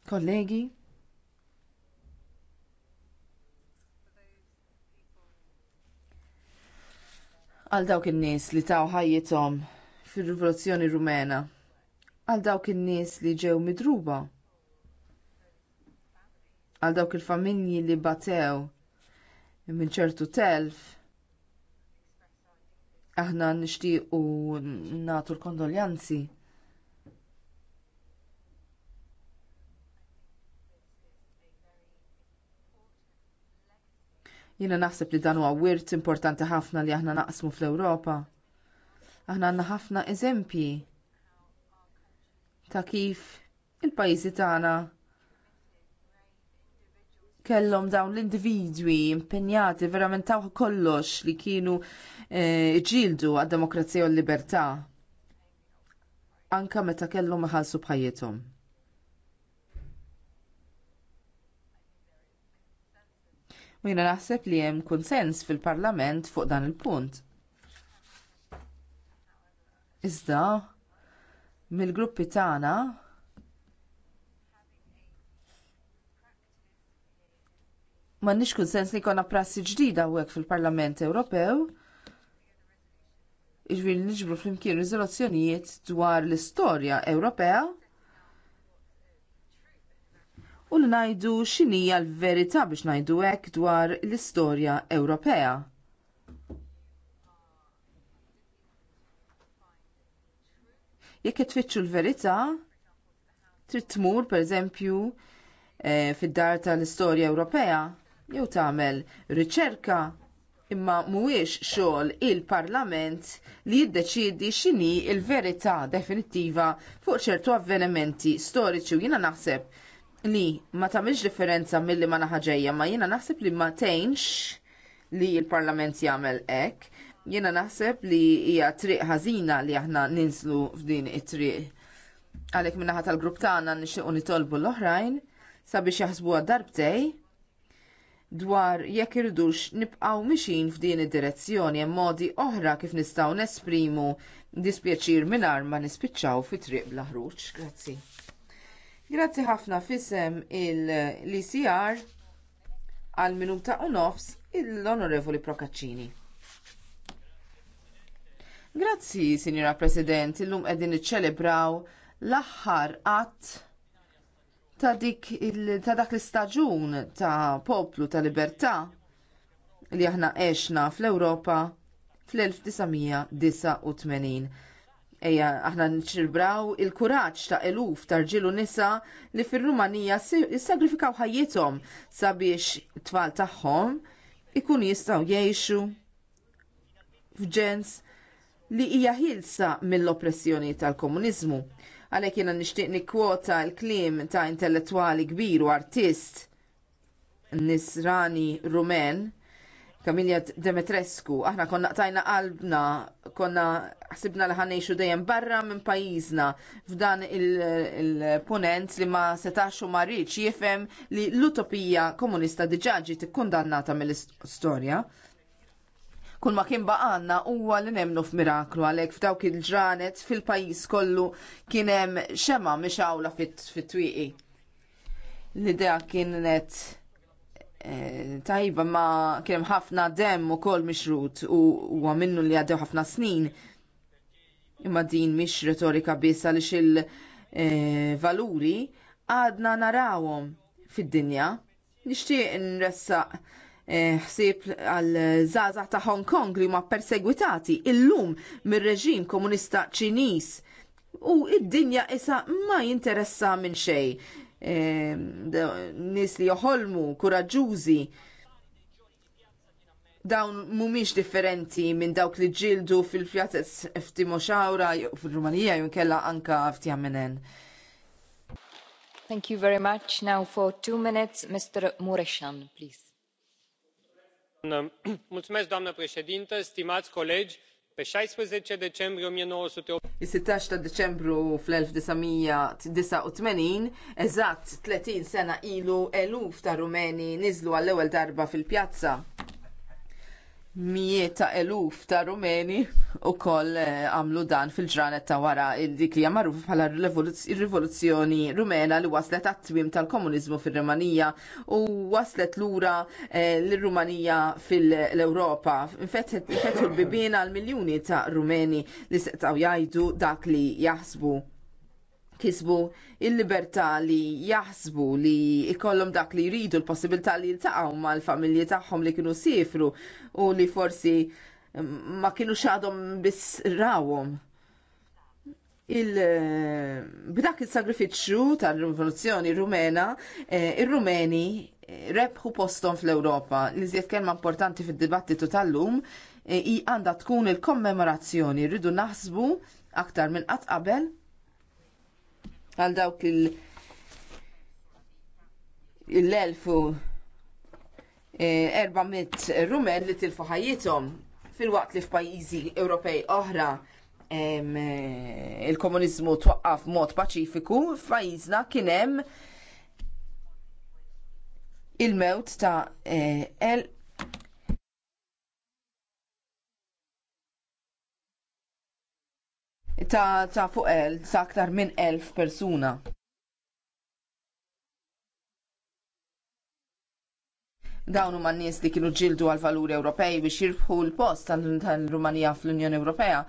kollegi, għal dawk in-nies li taw ħajjithom fir-Rivoluzzjoni Rumena għal dawk in-nies li ġew midruba għal dawk il-familji li batew minn ċertu telf aħna nixtiequ nagħtu l-kondoljanzi Jiena naħseb li dan huwa wirt importanti ħafna li aħna naqsmu fl-Ewropa. Aħna għandna ħafna eżempji ta' kif il-pajjiżi tagħna kellhom dawn l-individwi impenjati verament taw kollox li kienu eh, ġildu għad-demokrazija u l-libertà anka meta kellhom iħallsu bħajjithom. U jiena naħseb li hemm konsens fil-Parlament fuq dan il-punt. Iżda, mill-gruppi tagħna m'għandniex kull sens li jkollna prassi ġdida hawnhekk fil-Parlament Ewropew iġviri niġbru flimkien riżoluzzjonijiet dwar l-istorja Ewropea u li ngħidu x'inhija l-verità biex ngħidu hekk dwar l-istorja Ewropea. Jekk tfittxu l-verità, trid tmur pereżempju eh, fid-dar tal-istorja Ewropea jew tagħmel riċerka imma mhuwiex xogħol il-Parlament li jiddeċiedi x'inhi l-verità definittiva fuq ċertu avvenimenti storiċi u jiena naħseb li ma tagħmilx differenza milli ma naħa ġejja ma jiena naħseb li ma tgħinx li l-Parlament jagħmel hekk Jiena naħseb li hija triq ħażina li aħna ninslu f'din it-triq. Għalhekk min-naħa tal-grupp tagħna nixtiequ nitolbu l-oħrajn sabiex jaħsbuha darbtej dwar jekk irdux nibqgħu mixin f'din id-direzzjoni hemm modi oħra kif nistgħu nesprimu dispjaċir mingħajr ma nispiċċaw fi triq bl-ħruġ. Grazzi. Grazzi ħafna fisem il-LCR għal minuta u nofs l-Onorevoli Procaccini. Grazzi, Sinjora President, illum qegħdin iċċelebraw l-aħħar qatt ta' dik ta' dak l-istaġun ta' poplu ta' libertà li aħna għexna fl-Ewropa fl-1989. Eja, aħna nċirbraw il-kuraġġ ta' eluf ta' rġilu nisa li fir-Rumanija sagrifikaw ħajjithom sabiex t-tfal tagħhom ikun jistgħu jgħixu f'ġens li hija ħilsa mill-oppressjoni tal-komuniżmu. Għalhekk jiena nixtieq nikkwota l-kliem ta' intellettwali kbir u artist Nisrani Rumen Kamilja Demetrescu, aħna konna tajna qalbna, konna ħsibna li ħanejxu dejjem barra minn pajjiżna f'dan il-ponent il li ma setax u marriċ jifhem li l-utopija komunista diġaġi tikkundannata mill-istorja kull ma kien baqanna huwa li nemnu f'miraklu għalhekk f'dawk il-ġranet fil-pajjiż kollu kien hemm xema mixawla fit-twieqi. L-idea kienet eh, tajba ma kienem ħafna dem ukoll mixrut u huwa minnu li għaddew ħafna snin. Imma din mhix retorika biss għaliex il-valuri eh, għadna narawhom fid-dinja. Nixtieq nressaq ħsieb għal zaza ta' Hong Kong li huma perseguitati illum mir-reġim komunista Ċiniż. U id-dinja isa ma jinteressa minn xej Eh, Nies li joħolmu, kuraġużi. dawn mumiex differenti minn dawk li ġildu fil-fjatez f'Timo Xawra, fil-Rumanija, junkella anka f'Tjamenen. Thank you very much. Now for two minutes, Mr. Mureshan, please. doamnă președintă stimați colegi pe șaisprezece decembrie 1980 is sittax ta' Deċembru fl-1989, eżatt 30 sena ilu eluf ta' Rumeni niżlu għall-ewwel darba fil-pjazza mijiet ta' eluf ta' rumeni u koll eh, għamlu dan fil-ġranet ta' wara dik li marruf bħala rivoluzzjoni rumena li waslet għat tal-komunizmu fil-Rumanija u waslet lura eh, l-Rumanija fil-Europa. Infetħu l-bibina għal miljoni ta' rumeni li setaw jajdu dak li jaħsbu kisbu il-libertà li jaħsbu li ikollhom dak li jridu l-possibilità li jiltaqgħu mal-familji tagħhom li kienu sifru u li forsi mm, ma kienu xadhom biss rawhom il eh, b'dak il-sagrifiċċju tal-rivoluzzjoni rumena, eh, ir-Rumeni eh, rebħu postom fl-Ewropa. Li żied kelma importanti fid-dibattitu tal-lum eh, għandha tkun il-kommemorazzjoni rridu naħsbu aktar minn qatt qabel għal dawk il- l-1400 eh, rumen li tilfu ħajjithom fil-waqt li f'pajjiżi Ewropej oħra eh, il-komunizmu twaqqaf mod paċifiku f'pajjiżna kien hemm il-mewt ta' eh, ta', ta fuq el sa' aktar minn elf persuna. Dawn huma n nies li kienu ġildu għal valuri Ewropej biex jirbħu l-post tal-Rumanija fl-Unjoni Ewropea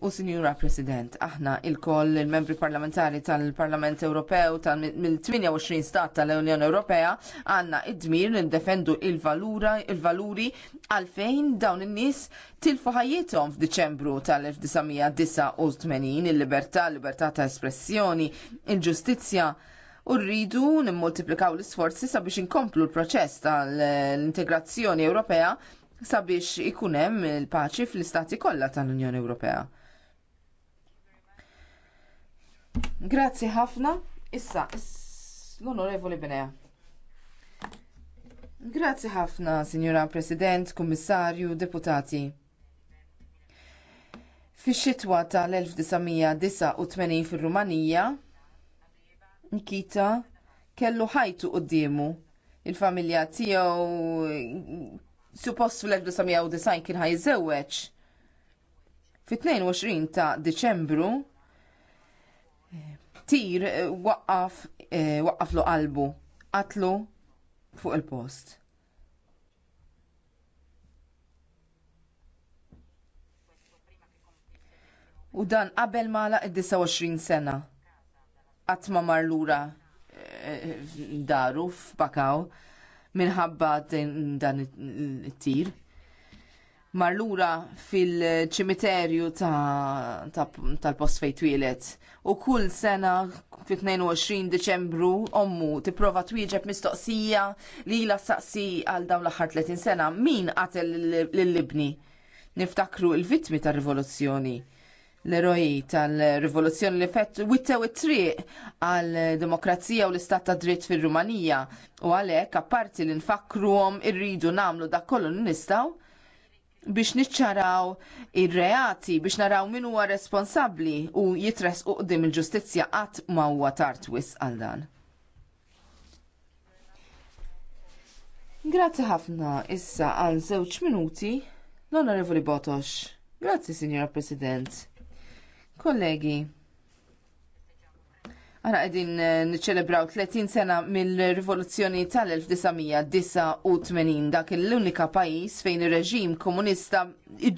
U Sinjura President, aħna il-koll il-membri parlamentari tal-Parlament Ewropew tal-28 stat tal-Unjoni Ewropea għanna id-dmir nindefendu il-valura, il-valuri għalfejn dawn in-nies tilfu ħajjithom f'Diċembru tal-1989 il-libertà, libertà ta' espressjoni, il-ġustizzja u rridu nimmultiplikaw l-isforzi sabiex inkomplu l-proċess tal-integrazzjoni Ewropea sabiex ikun hemm il-paċi fl-istati kollha tal-Unjoni Ewropea. Grazzi ħafna. Issa, l-Onorevoli Benea. Grazzi ħafna, Signora President, Kummissarju, Deputati. Fix-xitwa tal-1989 fir-Rumanija, Nikita kellu ħajtu qudiemu. Il-familja tiegħu suppost fl-1990 kien ħajżewweġ. Fit-22 ta' Diċembru tir eh, waqqaf eh, waqqaflu qalbu qatlu fuq il-post. U dan qabel mala id-29 sena. Qatt ma mar lura eh, daru f'Bakaw minħabba dan it-tir marlura fil-ċimiterju tal-post fejn twilet. U kull sena fit-22 Deċembru ommu tipprova twieġeb mistoqsija li la saqsi għal dawn l-aħħar 30 sena min qatel lill-libni. Niftakru il-vittmi tar-rivoluzzjoni l-eroji tal-rivoluzzjoni li fett wittew it-triq għal demokrazija u l-istat ta' dritt fir rumanija u għalhekk apparti li nfakruhom irridu nagħmlu dak kollu nistgħu biex niċċaraw ir-reati biex naraw min huwa responsabbli u jitres uqdim il-ġustizzja qatt ma huwa tard wis għal dan. Grazzi ħafna issa għal żewġ minuti l-Onorevoli Botox. Grazzi, Signora President. Kollegi, Għana għedin eh, niċċelebraw 30 sena mill-rivoluzzjoni tal-1989 dak l-unika pajis fejn ir-reġim komunista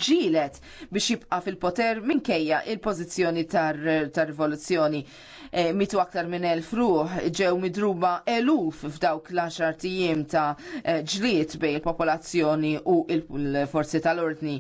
ġilet biex jibqa fil-poter minkejja il-pozizjoni tar-rivoluzzjoni. Tar eh, mitu aktar minn elf ruħ ġew midruba eluf f'dawk l-10 tijiem ta' eh, ġliet bej il-popolazzjoni u il il popolazzjoni u l forzi tal ordni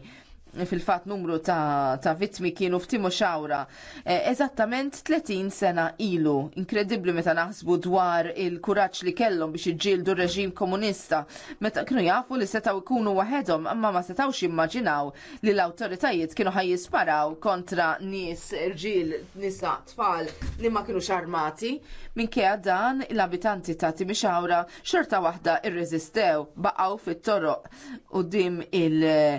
fil-fat numru ta', ta vittmi kienu f'Timo Xawra e, eżattament 30 sena ilu. Inkredibbli meta naħsbu dwar il-kuraġġ li kellhom biex iġġieldu reġim komunista. Meta kienu jafu li setgħu jkunu waħedhom imma ma setgħux jimmaġinaw li l-awtoritajiet kienu ħajjisparaw kontra nies irġiel nisa tfal li ma kienux armati. Minkejja dan l-abitanti ta' Timi Xawra xorta waħda irreżistew baqgħu fit-toroq quddiem il-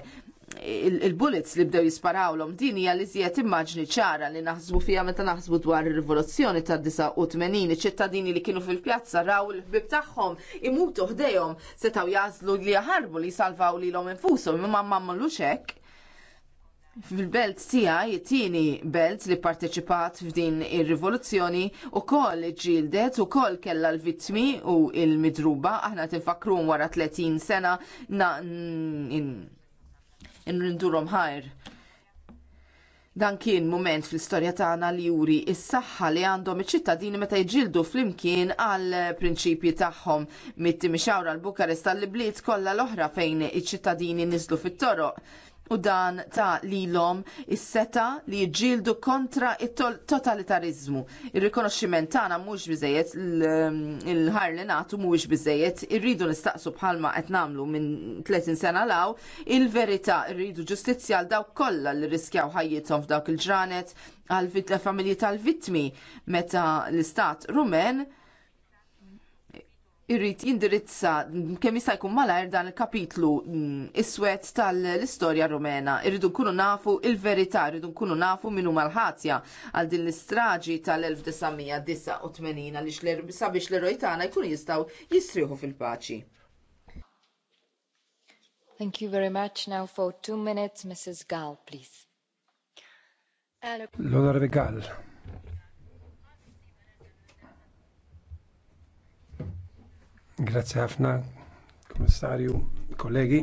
il-bullets li bdew jisparawlhom din hija li żjed immaġni ċara li naħsbu fiha meta naħsbu dwar ir-rivoluzzjoni tad-89 iċ-ċittadini li kienu fil-pjazza raw il-ħbib tagħhom imutu ħdejhom setgħu jażlu li jaħarbu li jsalvaw lilhom infushom imma m'għamlux hekk. Fil-belt tiegħi it-tieni belt li parteċipat f'din ir-rivoluzzjoni ukoll ġildet ukoll kellha l-vittmi u l midruba aħna tinfakrum wara 30 sena na n-rindurom ħajr. Dan kien mument fl-istorja tagħna li juri is-saħħa li għandhom iċ-ċittadini meta jġildu flimkien għal prinċipji tagħhom mitti timixawra l-Bukarest tal libliet kollha l-oħra fejn iċ-ċittadini niżlu fit-toroq u dan ta' lilhom is-seta li jġildu kontra it-totalitarizmu. Ir-rikonoxximent tagħna mhuwiex biżejjed il-ħar li nagħtu mhuwiex biżejjed, irridu nistaqsu bħalma qed nagħmlu minn 30 sena law, il-verità rridu ġustizzja għal dawk kollha li riskjaw ħajjithom f'dawk il-ġranet għal familji tal-vittmi meta l-istat rumen irrit jindirizza kemm jista' jkun malajr dan il-kapitlu mm, iswed tal-istorja rumena. Irridu nkunu nafu il-verità, irridu nkunu nafu min huma l-ħatja għal din l-istraġi tal-1989 għaliex sabiex l-eroj tagħna jkunu jistgħu jistrieħu fil-paċi. Thank you very much. Now for two minutes, Mrs. Gall, please. L'onorevole Gall. Grazie ħafna, Komissarju, kollegi.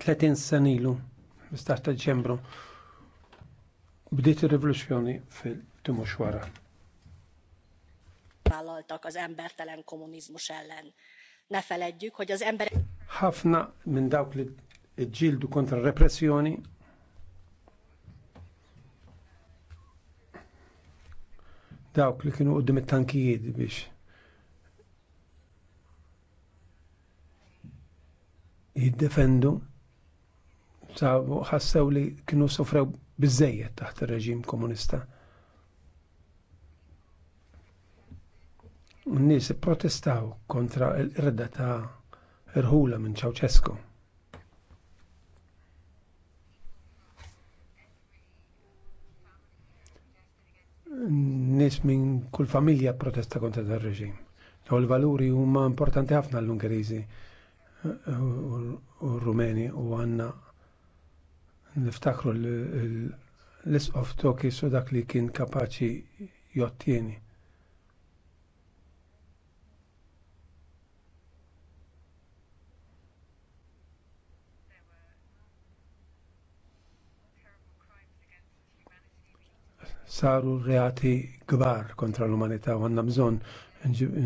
30 sanilu, 15 ta' ġembru, bdiet il rivoluzzjoni fil-Timoxwara. Vállaltak az embertelen kommunizmus ellen. Ne feledjük, hogy az emberek... Ħafna minn dawk li ġildu kontra repressjoni dawk li kienu għoddim it-tankijiet biex jiddefendu sabu ħassew li kienu sofrew biżejjed taħt ir-reġim komunista. N-nies protestaw kontra l-irda ta' irħula minn ċawċesku. nis minn kull familja protesta kontra dar reġim Daw il-valuri huma importanti ħafna l-Ungeriżi u r-Rumeni u għanna niftakru l-isqof tokis u dak li kien kapaċi jottieni. saru reati kbar kontra l-umanità u għandna bżonn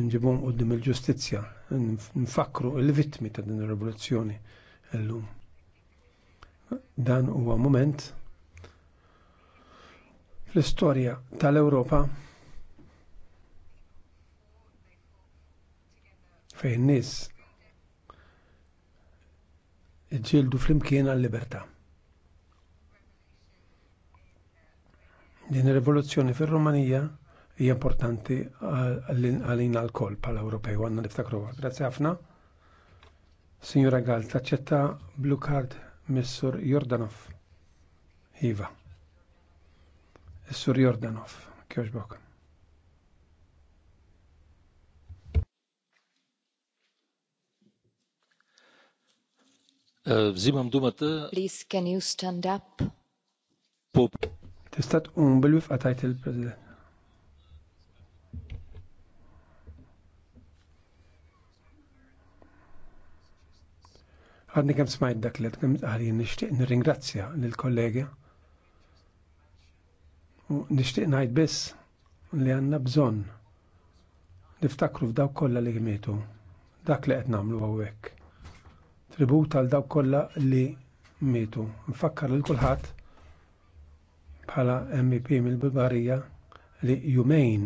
nġibhom quddiem il-ġustizzja, nfakru l-vittmi ta' din ir-rivoluzzjoni llum. Dan huwa moment fl-istorja tal-Ewropa fejn nies iġġieldu flimkien għal-libertà. Din ir-rivoluzzjoni fir-Rumanija hija importanti għalina l-koll bħala Ewropej għandna niftakruha. Grazzi ħafna. Signora Gal, taċċetta blue card mis-Sur Jordanov. Iva. Is-Sur Jordanov, kjoġbok. Взимам eh, думата. Please, can you stand up? По Tista' tqum bil-wifqa tajt il-President. Għadni kem smajt dak li kem għalli ah, nishtiq nirringrazzja lill-kollega. U nishtiq ngħid biss li għandna bżonn niftakru f'daw kollha li gmietu. Dak li qed nagħmlu hawnhekk. Tribut għal daw kollha li mietu. Nfakkar lil kulħadd bħala MEP mill-Bulgarija li jumejn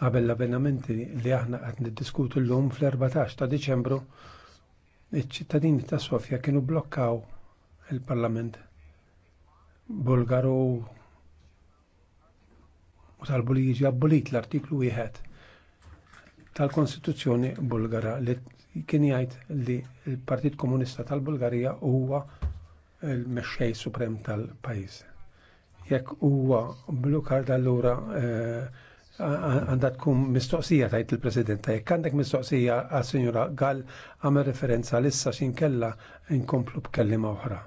qabel l avvenamenti li aħna qed niddiskutu llum fl-14 ta' Diċembru iċ-ċittadini ta' Sofja kienu blokkaw il-Parlament Bulgaru u talbu li jiġi abbolit l-artiklu wieħed tal-Kostituzzjoni Bulgara li kien jgħid li l-Partit Komunista tal-Bulgarija huwa l-mexxej suprem tal-pajjiż. Jekk huwa blu kard allura eh, għandha tkun mistoqsija tajt il-President jekk għandek mistoqsija għal sinjura Gall għamel referenza lissa xin kella inkomplu b'kellima oħra.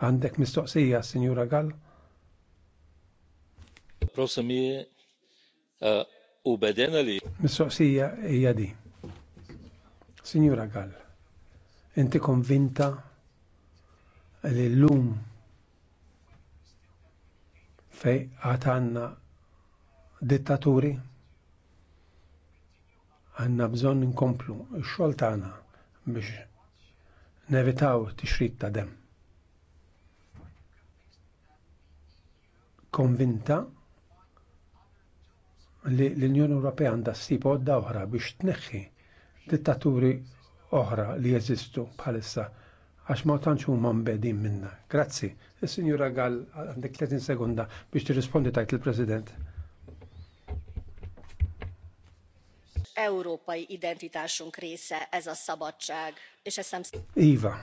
Għandek mistoqsija sinjura Gall? Prosimie eh, u bedena li. Mistoqsija hija di. Sinjura Gall, inti konvinta li l-lum fej għatanna dittaturi għanna bżon ninkomplu xol tagħna biex nevitaw tixrid ta' dem. Konvinta li l-Unjoni Ewropea għandha ssib għodda oħra biex tneħħi dittaturi oħra li jeżistu bħalissa għax ma tantx huma mbedin minna. Grazzi. Is-Sinjura Gall għandek 30 sekonda biex tirrispondi tajt il-President. Európai identitásunk része ez a szabadság, és ezt nem... Iva,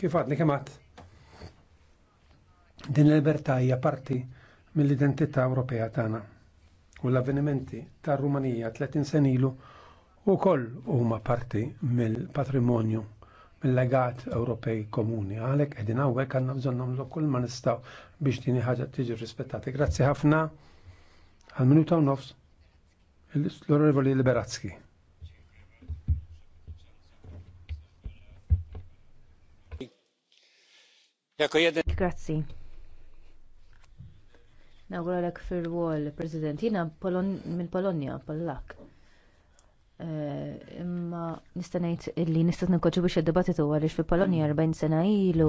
kif għadni kemat? Din l-libertà hija parti mill-identità Ewropea tagħna. U l-avvenimenti tar-Rumanija 30 senilu wkoll u koll huma parti mill-patrimonju mill-legat Ewropej komuni. Għalek edin għawek għanna bżonnom l kull ma nistaw biex dini ħaġa tiġi rispettati. Grazzi ħafna għal-minuta u nofs l orevoli Liberazzi. Grazzi. Nawguralek fir-wol, President, jina mill-Polonja, Pollak. Eh, imma nista' ngħid illi nista' biex id debatitu għaliex fil-Polonja 40 sena ilu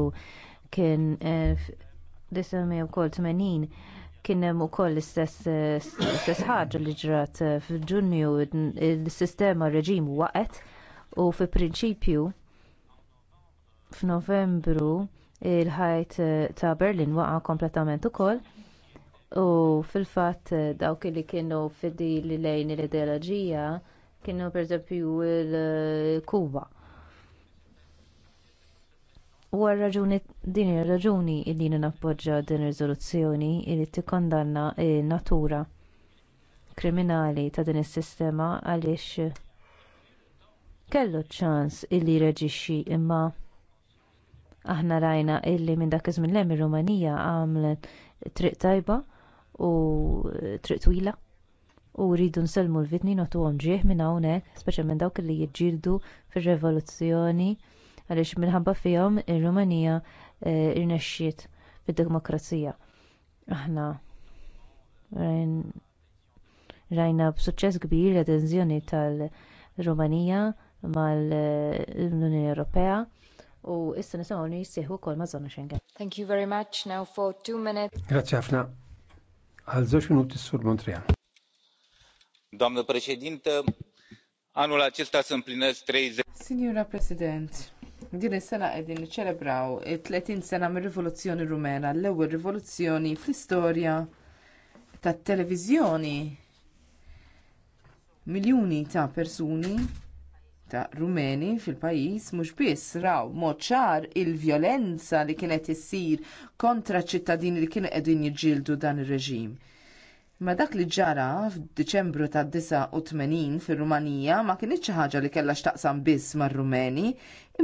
kien 1980 eh, kien hemm ukoll l-istess eh, ħaġa li ġrat f'Ġunju l-sistema reġim waqgħet u fi prinċipju f'Novembru il-ħajt ta' Berlin waqa' kompletament ukoll u fil-fatt dawk li kienu fidi li lejn l-ideoloġija kienu pereżempju il-Kuba. U raġuni din ir-raġuni li nappoġġa din ir-riżoluzzjoni li tikkondanna natura kriminali ta' din is-sistema għaliex kellu ċans illi reġixxi imma aħna rajna illi minn dak iż-żmien l ir-Rumanija għamlet triq tajba u triq twila u rridu nsellmu l-vittmi nagħtuhom ġieħ minn hawnhekk speċjalment dawk li jiġġieldu fir-revoluzzjoni għaliex minħabba fihom ir-rumanija eh, rnexxiet fid-demokrazija aħna rajna b'suċċess kbir l-adeżjoni tal-rumanija mal-unjoni ewropea u issa nisimgħu li jissieħu wkoll maż-żona Schengen. Thank you very much now for two minutes. Grazzi ħafna. Għal żewġ minuti sur Montreal doamnă președintă anul acesta se împlinesc treizeci. Signora President, din is-sena qegħdin niċċelebraw 30 sena mir-Rivoluzzjoni Rumena, l-ewwel rivoluzzjoni fl-istorja tat-televiżjoni. Miljuni ta' persuni ta' rumeni fil-pajjiż mhux biss raw moċar il-vjolenza li kienet issir kontra ċ ċittadini li kienu qegħdin jiġġieldu dan ir-reġim Ma dak li ġara f'Diċembru ta' 89 fir-Rumanija ma kienx xi ħaġa li kellha x'taqsam biss mar-Rumeni,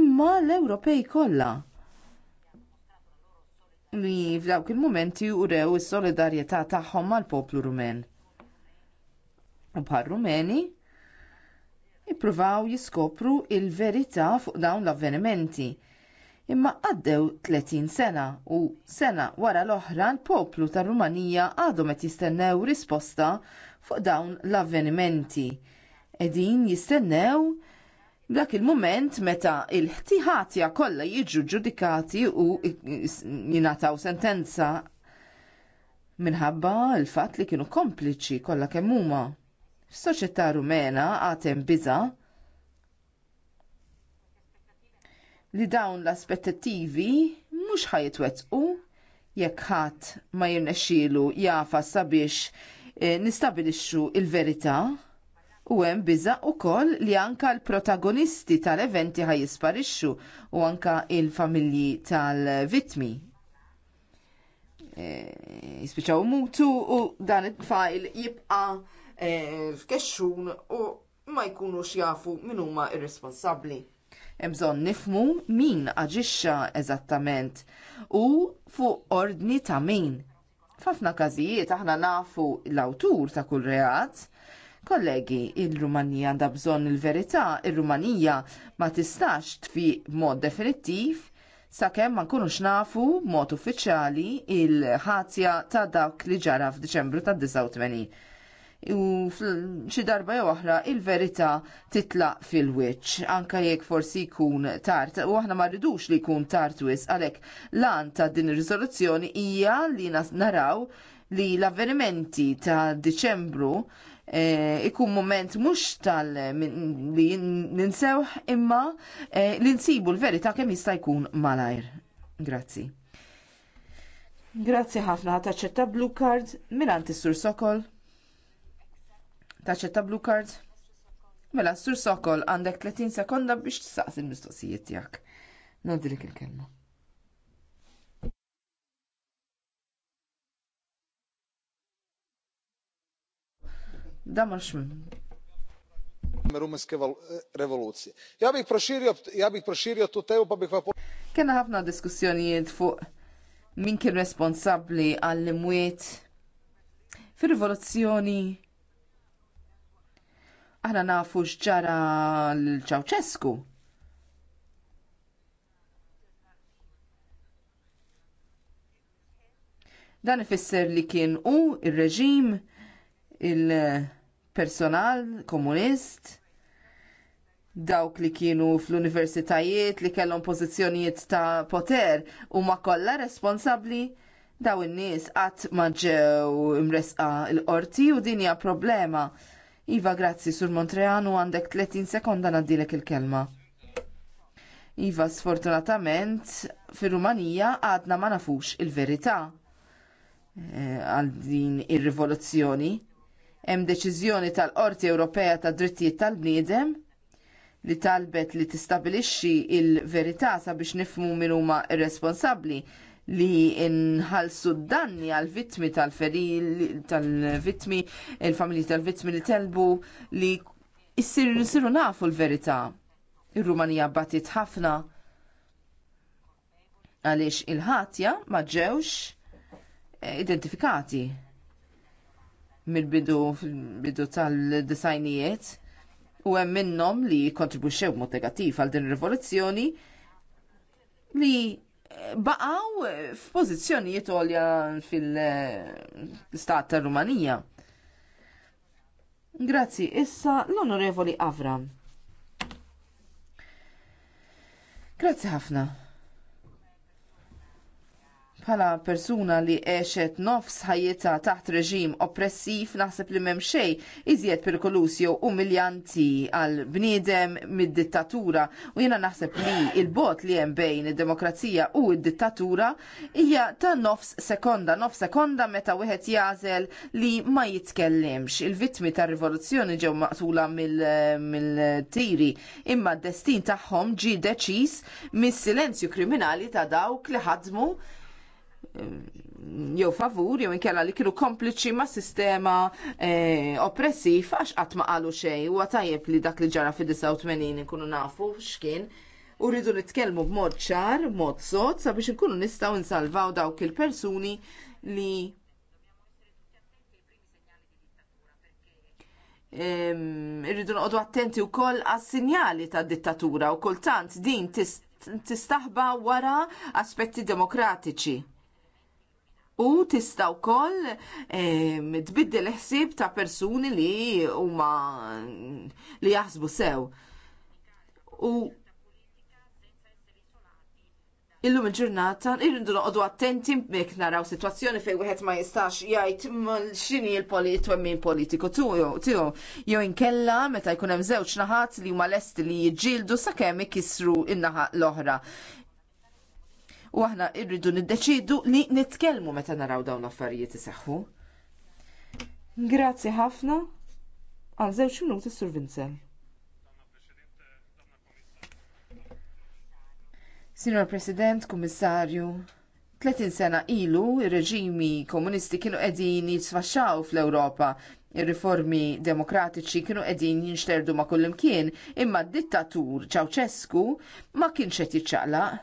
imma l-Ewropej kollha. Li f'dawk il-momenti urew is-solidarjetà tagħhom mal-poplu Rumen. U bħal Rumeni ippruvaw jiskopru l verità fuq dawn l-avvenimenti imma għaddew 30 sena u sena wara l-oħra l-poplu tar rumanija għadhom qed jistennew risposta fuq dawn l-avvenimenti. Qegħdin jistennew dak il mument meta l ħtiħatja kollha jiġu ġudikati u jingħataw sentenza minħabba l-fatt li kienu kompliċi kollha kemm huma. F'soċjetà rumena għad hemm biża' li dawn l-aspettattivi mhux jitwettqu jekk ħadd ma jirnexxielu jafa sabiex eh, nistabilixxu l verità U hemm biża' ukoll li anka l-protagonisti tal-eventi ħaj jisparixxu u anka il-familji tal-vitmi. Eh, Jispiċaw mutu u dan it-tfajl jibqa' eh, f'kexxun u ma jkunux jafu min huma ir-responsabbli. Hemm bżonn nifmu min aġixxa eżattament u fuq ordni ta' min. F'ħafna każijiet aħna nafu l-awtur ta' kull reat, Kollegi, il-Rumanija għandha bżonn il-verità, il-Rumanija ma tistax tfi mod definittiv sakemm ma nkunux nafu mod uffiċjali il-ħatja ta' dak li ġara f'Diċembru tad 89 u xi darba jew oħra il-verità titlaq fil-wiċċ anke jekk forsi jkun tard u aħna ma rridux li jkun tard wis għalhekk lan ta' din ir-riżoluzzjoni hija li naraw li l-avvenimenti ta' Diċembru eh, ikun moment mux tal li ninsewħ imma eh, li nsibu l-verita kemm jista' jkun malajr. Grazzi. Grazzi ħafna ħata ċetta blue card Milan sur Sokol. Taċċetta blue card? Mela, sur sokol għandek 30 sekonda biex tistaqsi il mistoqsijiet tiegħek. Nodilik il-kelma. Da mhux rumenske eh, revolucije. Ja bih proširio, ja bih proširio tu temu pa bih vam Kena ħafna diskussjonijiet fuq min kien responsabbli għall imwiet fir-rivoluzzjoni Aħna nafu x'ġara l-Ċawċesku. Dan ifisser li kien hu ir il reġim il-personal komunist dawk li kienu fl-universitajiet li kellhom pożizzjonijiet ta' poter huma kollha responsabbli daw in-nies qatt ma ġew imresqa l-qorti u din hija problema Iva, grazzi, sur Montreanu għandek 30 sekonda naddilek il-kelma. Iva, sfortunatament, fir rumanija għadna ma nafux il-verità eh, għal din ir-rivoluzzjoni. Hemm deċiżjoni tal-Qorti Ewropea tad Drittijiet tal-Bniedem li talbet li tistabilixxi l verità sabiex nifhmu min huma r-responsabbli li nħallsu d-danni għal vittmi tal-feril, tal-vittmi, il-familji tal-vittmi li telbu li jissir nisiru nafu l-verità. Ir-Rumanija batit ħafna għaliex il-ħatja ma ġewx eh, identifikati mill-bidu bidu tal-disajnijiet u hemm minnhom li kontribuxxew mod negattiv għal din ir-rivoluzzjoni li baqgħu f'pożizzjonijiet għolja fil-stat tar Rumanija. Grazzi, issa l-Onorevoli Avram. Grazzi ħafna bħala persuna li għexet nofs ħajjita taħt reġim oppressiv naħseb li m'hemm xejn iżjed perkolus jew umiljanti għal bniedem mid-dittatura u jiena naħseb li il-bot li hemm bejn id-demokrazija u d-dittatura hija ta' nofs sekonda, nofs sekonda meta wieħed jażel li ma jitkellimx. Il-vittmi tar-rivoluzzjoni ġew maqtula mill-tiri imma d-destin tagħhom ġie deċiż mis-silenzju kriminali ta' dawk li ħadmu jew favur jew inkella li kienu kompliċi ma' sistema eh, oppressiv għax qatt ma qalu xejn huwa tajjeb li dak li ġara fid-89 ikunu nafu x'kien u rridu nitkellmu b'mod ċar, b'mod sod, sabiex inkunu nistgħu nsalvaw dawk il-persuni li irridu noqogħdu attenti wkoll għas-sinjali tad-dittatura u kultant din tistaħba wara aspetti demokratiċi u tista' tbiddi l ħsieb ta' persuni li huma li jaħsbu sew. U illum il-ġurnata irridu noqogħdu attenti mek naraw sitwazzjoni fejn wieħed ma jistax jgħid x'inhi l-polit min politiku tiegħu jew inkella meta jkun hemm żewġ naħat li huma lesti li jiġġieldu sakemm ikissru in-naħa l-oħra u aħna irridu niddeċidu li nitkellmu meta naraw dawn l-affarijiet iseħħu. Grazzi ħafna għal żewġ minuti Sur Vincent. Signor President, Kummissarju, 30 sena ilu ir-reġimi komunisti kienu qegħdin jitfaxxaw fl-Ewropa il riformi demokratiċi kienu qegħdin jinxterdu ma' kullimkien, imma d-dittatur ċawċesku ma kienx qed jiċċaqlaq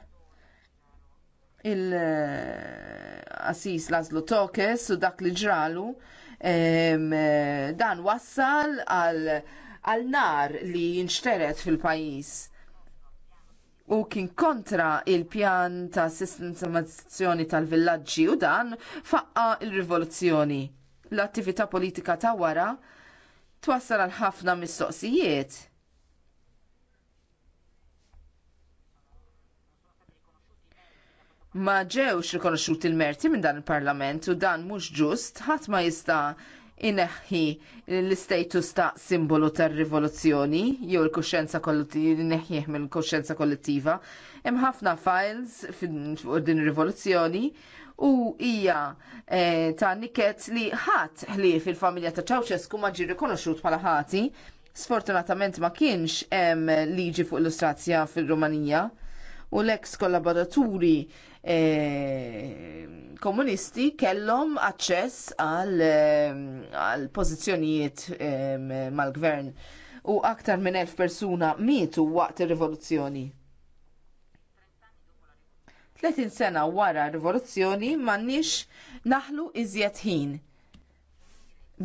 il-assis Lazlo Tokes u dak li ġralu dan wassal għal nar li jinxteret fil-pajis u kien kontra il-pjan ta' sistematizzazzjoni tal-villaġġi u dan faqqa il-rivoluzzjoni. L-attività politika ta' wara twassal għal ħafna mistoqsijiet. ma ġewx rikonoxxuti l-merti minn dan il-Parlament u dan mhux ġust ħadd ma jista' inneħħi l-istatus ta' simbolu tar-rivoluzzjoni jew il-kuxjenza kollettiva neħħih mill-kuxjenza kollettiva. Hemm ħafna files fuq din ir-rivoluzzjoni u hija eh, ta' niket li ħadd ħlief il-familja ta' Ceausescu ma ġie rikonoxxut bħala ħati. Sfortunatament ma kienx hemm liġi fuq l-Istrazzja fir-Rumanija u l-eks kollaboraturi E, komunisti kellhom aċċess għal e, pożizzjonijiet e, mal-gvern u aktar minn elf persuna mietu waqt ir-rivoluzzjoni. 30 sena wara r-rivoluzzjoni m'għandniex naħlu iżjed ħin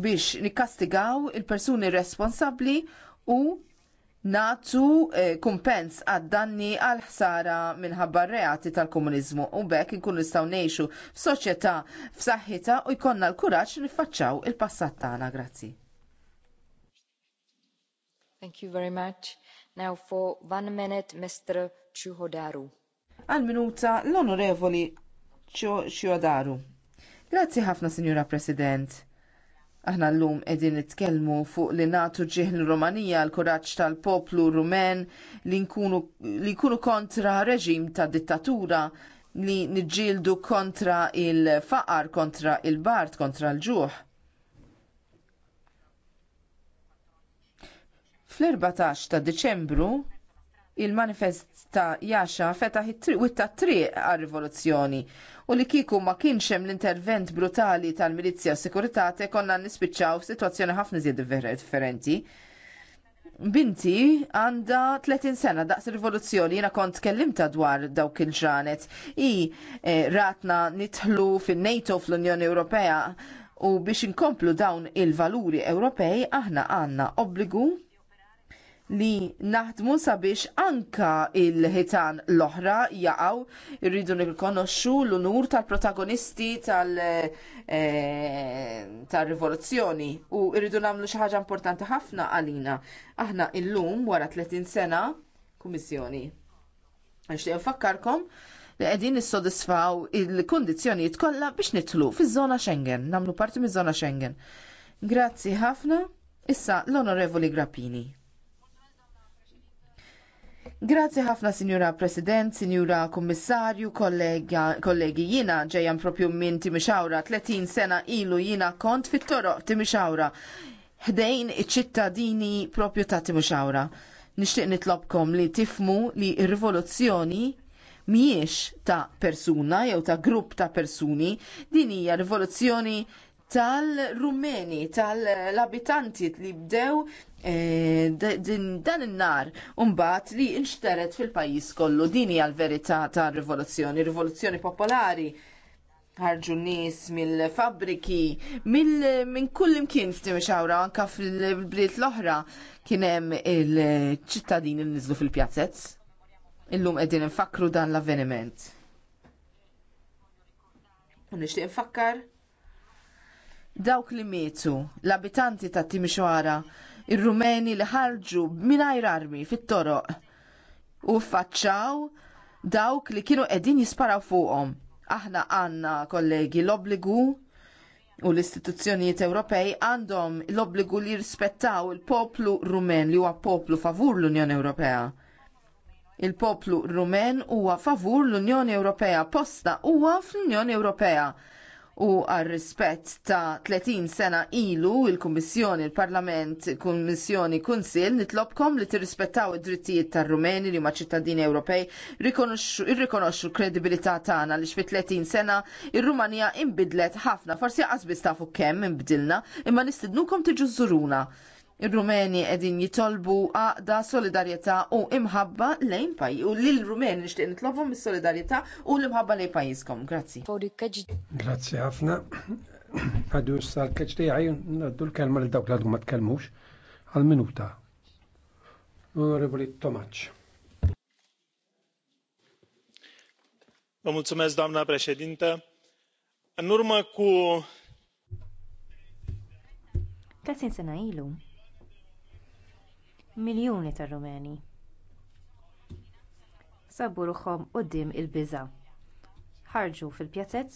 biex nikkastigaw il-persuni responsabbli u natu eh, kumpens għad-danni għal-ħsara minħabba reati tal-komunizmu u bekk nkun nistgħu ngħixu f'soċjetà f'saħħitha u jkollna l-kuraġġ niffaċċaw il-passat tagħna. Grazzi. Thank you very much. Now for one minute, Mr. Chuhodaru. Għal minuta l-onorevoli Chuhodaru. Grazzi ħafna, Signora President Aħna llum qegħdin nitkellmu fuq li nagħtu ġieħ rumanija l kuraġġ tal-poplu rumen li jkunu kontra reġim ta' dittatura li niġġieldu kontra il-faqar, kontra il-bart, kontra l-ġuħ. Fl-14 ta' Diċembru il-manifest ta' Jaxa fetaħ it-triq triq għal-rivoluzzjoni u li kieku ma kienx hemm l-intervent brutali tal-milizja u sekuritate konna nispiċċaw f'sitwazzjoni ħafna żied differenti. Binti għanda 30 sena daqs rivoluzzjoni jina kont kellimta dwar dawk il-ġranet. I e, ratna nitħlu fin-NATO fl-Unjoni Ewropea u biex inkomplu dawn il-valuri Ewropej aħna għanna obbligu li naħdmu sabiex anka il-ħitan l-oħra jaqaw irridu nirkonoxxu l-unur tal-protagonisti eh, tal-rivoluzzjoni tal u irridu nagħmlu xi ħaġa importanti ħafna għalina. Aħna illum wara 30 sena kummissjoni. Nixtieq nfakkarkom li qegħdin nissodisfaw il-kundizzjonijiet kollha biex nidħlu fiż-żona Schengen, nagħmlu parti miż-żona Schengen. Grazzi ħafna. Issa l-Onorevoli Grappini. Grazzi ħafna, Sinjura President, Sinjura Kommissarju, kollegi jina ġejjan propju minn Timixawra, 30 sena ilu jina kont fit-toroq Timixawra. Ħdejn iċ-ċittadini propju ta' Timixawra. Nixtieq nitlobkom li tifmu li r-rivoluzzjoni mhijiex ta' persuna jew ta' grupp ta' persuni, din hija rivoluzzjoni tal-Rumeni, tal-abitanti li bdew Eh, dan in-nar umbat li inxteret fil-pajis kollu dini għal verità ta' rivoluzzjoni, rivoluzzjoni popolari ħarġu nies mill-fabriki, minn kull imkien f'timi xawra, anka fil-bliet l-oħra kien hemm il-ċittadini li nizlu fil-pjazzezz. Illum qegħdin infakru dan l-avveniment. U nixtieq infakkar dawk li mietu, l-abitanti ta' Timisoara ir-Rumeni li ħarġu mingħajr armi fit-toroq u faċċaw dawk li kienu qegħdin jisparaw fuqhom. Aħna għandna kollegi l-obbligu u l-istituzzjonijiet Ewropej għandhom l-obbligu li jirrispettaw il-poplu rumen li huwa poplu favur l-Unjoni Ewropea. Il-poplu rumen huwa favur l-Unjoni Ewropea posta huwa fl-Unjoni Ewropea u għar rispett ta' 30 sena ilu il-Kummissjoni, il-Parlament, Kummissjoni, Kunsil nitlobkom li tirrispettaw id-drittijiet tar-Rumeni li ma' ċittadini Ewropej irrikonoxxu kredibilità tagħna li fi 30 sena ir-Rumanija inbidlet ħafna, forsi qasbis tafu kemm inbidilna, imma nistidnukom tiġu żuruna Ir-Rumeni edin jitolbu għaqda solidarieta u imħabba lejn pajjiż u l rumeni nishtiq nitlobhom is solidarieta u l-imħabba lejn pajjiżkom. Grazzi. Grazzi ħafna. Għadu s sal-keċ għaj, ngħaddu l-kelma li dawk l-għadu ma t-kelmux, għal-minuta. Onorevoli mulțumesc, doamna președintă în urmă cu cu miljuni ta' rumeni sabu ruħhom quddiem il-biża' ħarġu fil pjazzett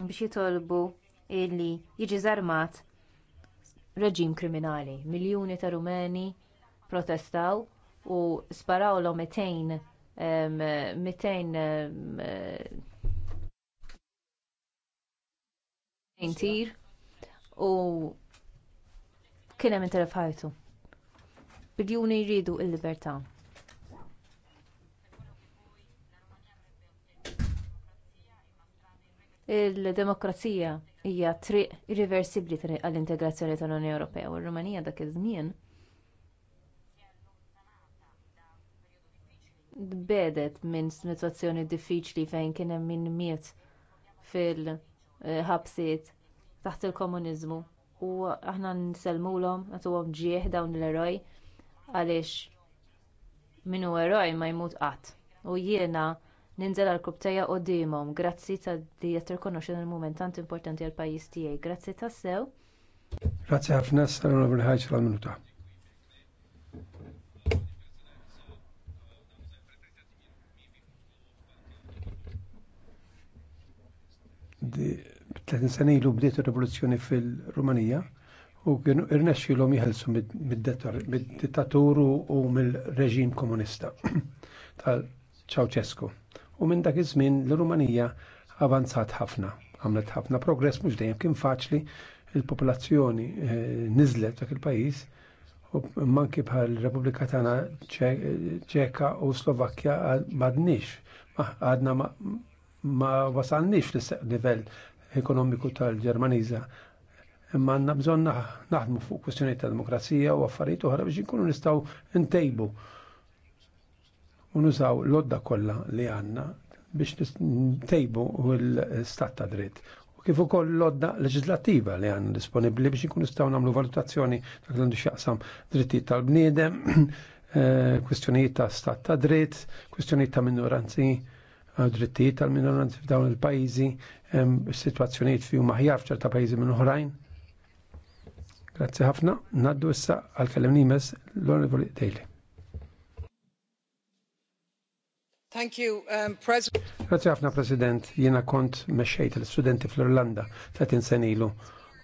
biex jitolbu li jiġi żarmat reġim kriminali miljuni ta' rumeni protestaw u sparawlhom 200 200 tir u kien hemm interef ħajtu. Biljuni jridu l-libertà. Il-demokrazija hija triq irreversibbli għall-integrazzjoni tal-Unjoni Ewropea u r-Rumanija dak iż-żmien bedet minn situazzjoni diffiċli fejn kien hemm min miet fil-ħabsiet taħt il-komuniżmu u aħna nsellmulhom nagħtuhom ġieħ dawn l-eroj għaliex min hu eroj ma jmut qatt u jiena ninżel għal kubtejja qudiemhom grazzi ta' li qed tirkonoxxi il-mument tant importanti għall pajjiż tiegħi. Grazzi tassew. Grazzi ħafna, s-salam ħajċ minuta The 30 sena ilu bdiet ir-rivoluzzjoni fil-Rumanija u kienu irnexxu l jħelsu mid-dittatur u mill-reġim komunista tal ċawċesku U minn dak iż-żmien l-Rumanija avanzat ħafna, għamlet ħafna progress mhux dejjem kien faċli il-popolazzjoni eh, niżlet dak il-pajjiż u manki bħal Repubblika tagħna Ċeka u Slovakkja m'għadniex, għadna ma wasalniex l-livell ekonomiku tal-Ġermaniża. Imma għandna bżonn naħdmu fuq kwestjoni ta' demokrazija u affarijiet oħra biex inkunu nistgħu ntejbu u nużaw l-odda kollha li għandna biex ntejbu l istat ta' dritt U kif ukoll l-odda leġislattiva li għandna disponibbli biex nkunu nistgħu nagħmlu valutazzjoni ta' għandu x'jaqsam drittijiet tal-bniedem, eh, kwistjonijiet ta' stat ta' dritt, kwistjonijiet ta' minoranzi drittijiet tal-minoranzi f'dawn il-pajjiżi, hemm sitwazzjonijiet fi huma ħjar f'ċerta pajjiżi minn oħrajn. Grazzi ħafna, naddu issa għal kellem nimes l-Onorevoli Daily. Thank you, um, President. Grazie ħafna, President. Jiena kont mexxejt l-studenti fl-Irlanda 30 sen ilu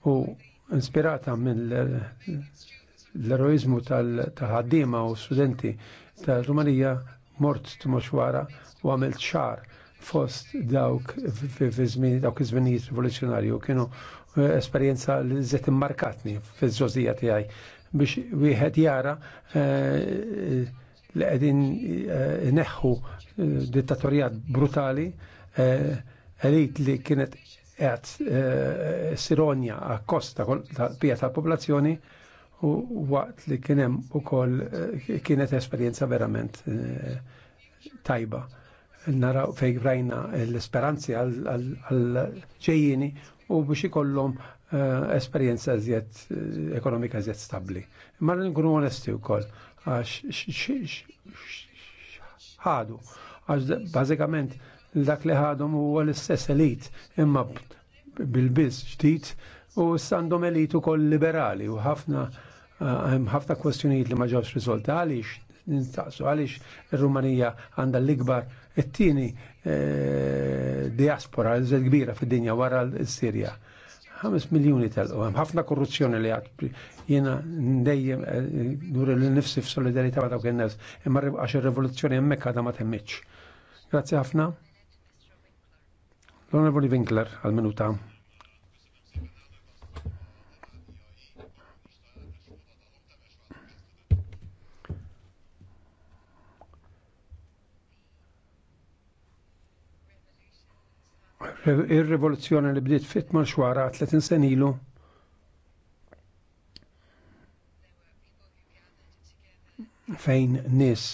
u inspirata minn l-eroizmu tal-ħaddima u studenti tal-Rumanija mort tmux wara u għamilt xar fost dawk fi żmien dawk iż-żminijiet rivoluzzjonarju kienu eh, esperjenza li żet immarkatni fiż-żożija tiegħi biex wieħed jara eh, li qegħdin eh, neħħu dittatorjat brutali elit li kienet qed sironja akkosta tal-bija tal-popolazzjoni u waqt li kienem u kol eh, kienet esperienza verament eh, tajba. Naraw fej rajna l esperanzi għal-ġejjini u biex ikollhom eh, esperienza zjed ekonomika zjed stabli. Ma nkunu onesti wkoll għax ħadu għax bażikament dak li ħadhom huwa l-istess elit imma bil-biss ġdid u s-sandom elit ukoll liberali u ħafna hemm ħafna kwestjonijiet li ma ġewx riżolta għaliex nistaqsu għaliex ir-Rumanija għandha l-ikbar it-tieni eh, diaspora l kbira fid-dinja wara l-Sirja. 5 miljoni telqu, hemm ħafna korruzzjoni li għad jiena ndejjem dur eh, l-nifsi f'solidarità ma' dawk in-nies, imma għax ir-rivoluzzjoni hemmhekk għadha ma temmitx. Grazzi ħafna. L-Onorevoli Winkler għal-minuta. Ir-rivoluzzjoni li bdiet fit xwara 30 sen ilu fejn nis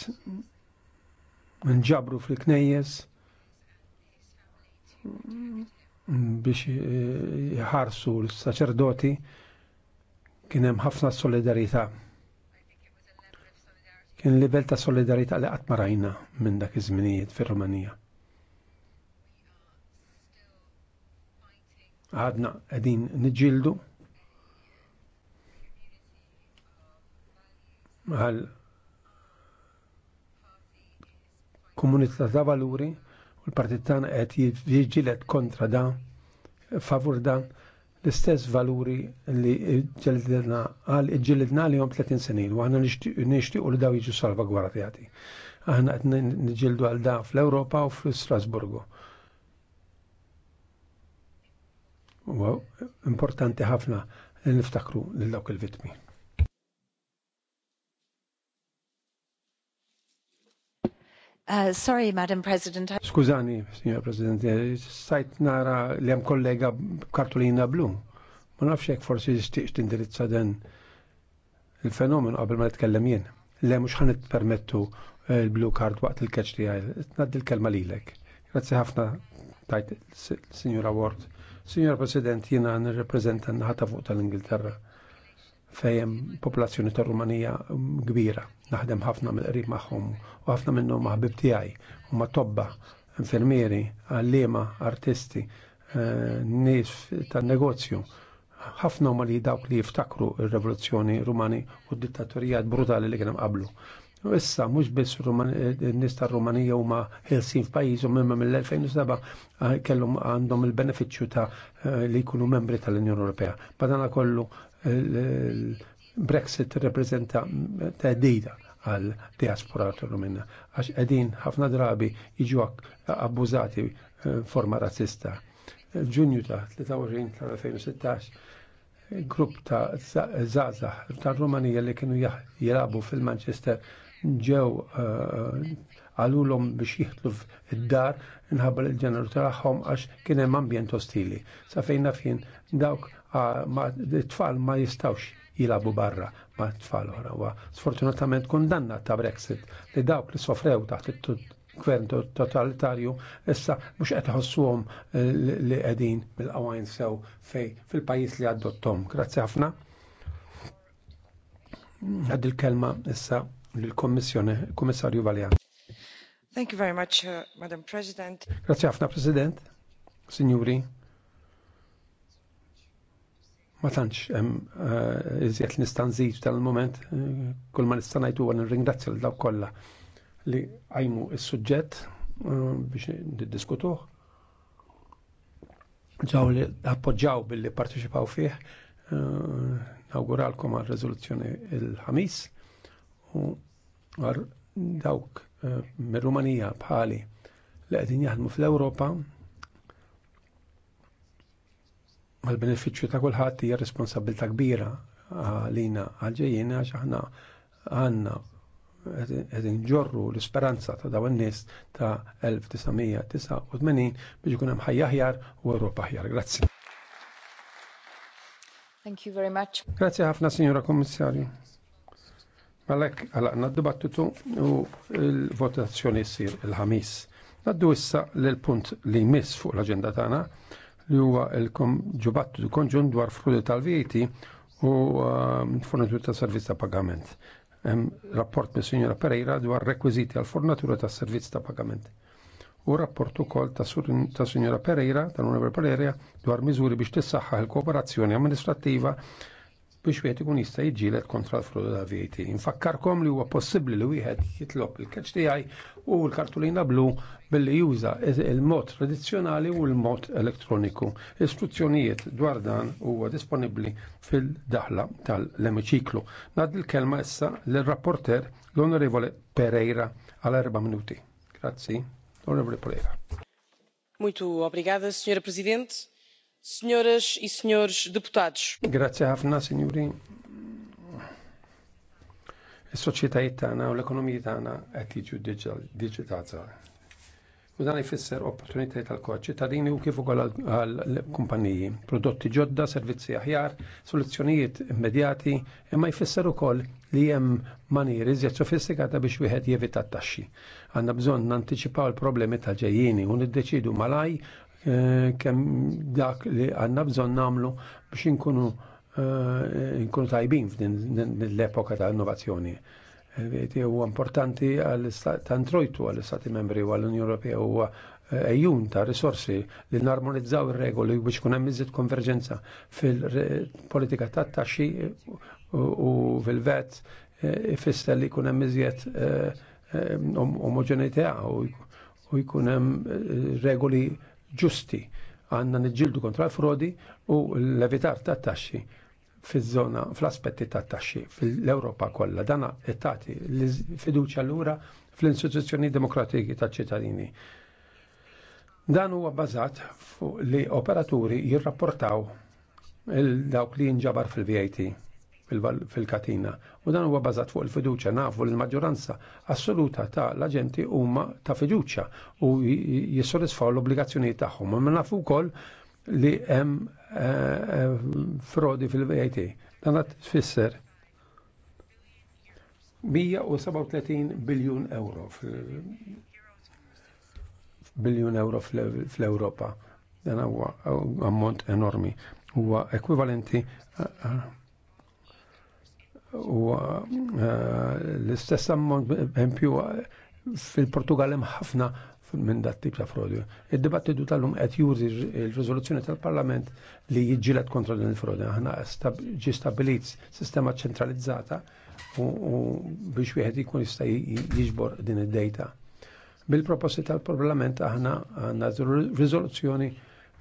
nġabru fil-knejjes biex jħarsu l-saċerdoti kien hemm ħafna solidarità. Kien livell ta' solidarità li qatt ma rajna minn dak iż-żminijiet fir-Rumanija. għadna qegħdin nġildu għal komunità ta' valuri u l partitan għed qed kontra da favur dan l-istess valuri li ġildna għal ġildna li jom 30 senin u għana u l daw għarati għati Għana għet nġildu għal da fl-Europa u fl-Strasburgu. huwa importanti ħafna li niftakru lil dawk il-vittmi. Uh, sorry, Madam President. Skużani, Signor President, eh, sajt nara li hemm kollega kartulina blu. Ma nafx jekk forsi jistiqx tindirizza dan il-fenomen qabel ma nitkellem jien. Le mhux ħan permettu eh, l-blue card waqt il-catch tiegħi. Naddi l-kelma lilek. Grazzi ħafna tajt Signora Ward. Signor President, jina nir-reprezentan naħata fuq tal-Ingilterra fejem popolazzjoni ta' Rumanija um, kbira. Naħdem ħafna mill-qrib magħhom u ħafna minnhom maħbib tiegħi huma tobba, infermieri, għallima, artisti, eh, nies tan-negozju ħafna huma li dawk li jiftakru r-revoluzzjoni rumani u d-dittatorijiet brutali li kien qablu. U issa, mhux biss n-nies tar rumanija ma' ħelsin f'pajjiżhom minn mill-2007 kellhom għandhom il-benefiċċju ta' eh, li jkunu membri tal-Unjoni Ewropea. Badana kollu eh, Brexit reprezenta eh, teddida għal diaspora rumina għax edin ħafna drabi jiġu abbużati forma razzista. Ġunju ta' 23 tal-2016 grupp ta' zazah ta' rumanija li kienu jilabu fil-Manchester ġew eh, għalulhom biex jieħdlu fid-dar inħabba l-ġeneru tagħhom għax kien hemm ambjent ostili. Sa fejna fien dawk ah, it-tfal ma jistawx jilabu barra ma tfal oħra. sfortunatament kundanna ta' Brexit li dawk li sofrew taħt il-gvern totalitarju issa mhux qed iħossuhom eh, li qegħdin mill-qawajn sew fej fil-pajjiż li għaddottom. Grazzi ħafna. Għad il-kelma issa l-Kommissjoni, Kummissarju Valjan. Thank you very much, uh, Madam President. Grazie ħafna, President. Signori, ma tantx hemm uh, iżjed li nista' nżid tal-moment, uh, kull ma nista' ngħidu għal nirringrazzja l dawk kollha li għajmu s-suġġett uh, biex niddiskutuh. Ġaw li appoġġaw billi parteċipaw fih, nawguralkom għal riżoluzzjoni il-ħamis u għar dawk mir eh, rumanija bħali li qegħdin jaħdmu fl-Ewropa għal-benefiċċju ta' kulħadd hija responsabilta kbira għalina għalġejjin għax aħna għandna qegħdin ġorru l-isperanza ta' dawn nies ta' 1989 biex ikun hemm ħajja aħjar u Ewropa aħjar. Grazzi. Thank you very much. Grazie ħafna, Signora Kommissarju. Malek għalaqna d-dibattitu u l-votazzjoni ssir il-ħamis. Naddu issa l-punt li jmiss fuq l-agenda tagħna li huwa l-ġubattu konġun dwar frudi tal vieti u ehm, fornitura ta' servizz ta' pagament. Rapport mis signora Pereira dwar rekwiżiti għal fornatura ta' servizz ta' pagament. U rapport ukoll ta' signora Pereira tal-Univers Pereira dwar miżuri biex tissaħħa il-kooperazzjoni amministrattiva biex wieħed ikun jista' jiġilet kontra l frodu ta' VAT. Infakkarkom li huwa possibbli li wieħed jitlob il-catch tiegħi u l-kartulina blu billi juża il-mod tradizzjonali u l-mod elettroniku. Istruzzjonijiet dwar dan huwa disponibbli fil-daħla tal-emiċiklu. Nad il-kelma issa l-rapporter l-Onorevole Pereira għal erba' minuti. Grazzi, Onorevole Pereira. Muito obrigada, Sra. Presidente. Signores i signors deputados. Grazzi ħafna, signori. is società italiana u l-ekonomiji tagħna qed jiġu digitalizzati. U dan jfisser opportunitajiet tal koċ ċittadini u kif ukoll għal kumpaniji, prodotti ġodda, servizzi aħjar, soluzzjonijiet immedjati, imma jfisser ukoll li hemm maniri iżjed sofistikata biex wieħed jevita t-taxxi. Għandna bżonn nanticipaw il-problemi tal ġejjini u niddeċidu malaj Eh, kemm dak li għanna bżon namlu biex inkunu eh, nkunu tajbin f'din l-epoka ta' innovazzjoni. Għeti eh, Huwa importanti għall-istrojtu għal istati membri u għall-Unjoni Ewropea huwa ejjun ta' risorsi li narmonizzaw ir-regoli biex kun hemm iżid konverġenza fil-politika ta' taxxi u fil-vet ifisser li kun hemm iżjed omogeneità u jkun hemm regoli ġusti għandna niġġieldu kontra l-frodi u l-levitar ta' taxxi fiż-żona fl-aspetti ta' taxxi fl-Ewropa kollha dan tagħti fiduċja lura fl instituzzjoni demokratiki taċ-ċittadini. Dan huwa bbażat fuq li operaturi jirrapportaw il dawk li jinġabar fil-VAT fil-katina. U dan huwa bażat fuq il-fiduċja nafu l-maġġoranza assoluta ta' l-aġenti huma ta' fiduċja u jissodisfaw l-obbligazzjonijiet tagħhom. Ma nafu wkoll li hemm eh, eh, frodi fil-VAT. Dan qed tfisser 137 biljun euro biljun euro fl-Europa. Dan huwa ammont enormi. Huwa ekwivalenti eh, u eh, l-istess ammont fil-Portugal hemm ħafna minn dat tip ta' frodi. Id-dibattitu tal-lum qed jużi l-riżoluzzjoni tal-Parlament li jiġġieled kontra din il-frodi. Aħna ġi stabilit sistema ċentralizzata u biex wieħed jkun jista' jiġbor din id-dejta. Bil-proposti tal-Parlament aħna għandna riżoluzzjoni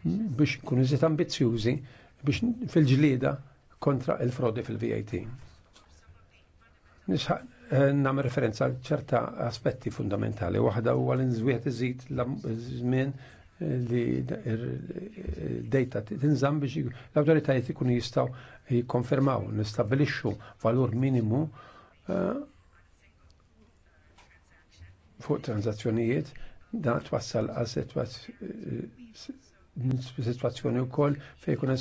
biex nkunu iżiet ambizzjużi biex fil-ġlieda kontra il-frodi fil-VAT. Nisħaq eh, nam referenza għal ċerta aspetti fundamentali. Waħda u għal nżwiet iżid żmien eh, li eh, data tinżam biex l-awtoritajiet ikun jistgħu jikkonfermaw, nistabbilixxu valur minimu fuq tranzazzjonijiet dan twassal għal situazzjoni wkoll fejn jkun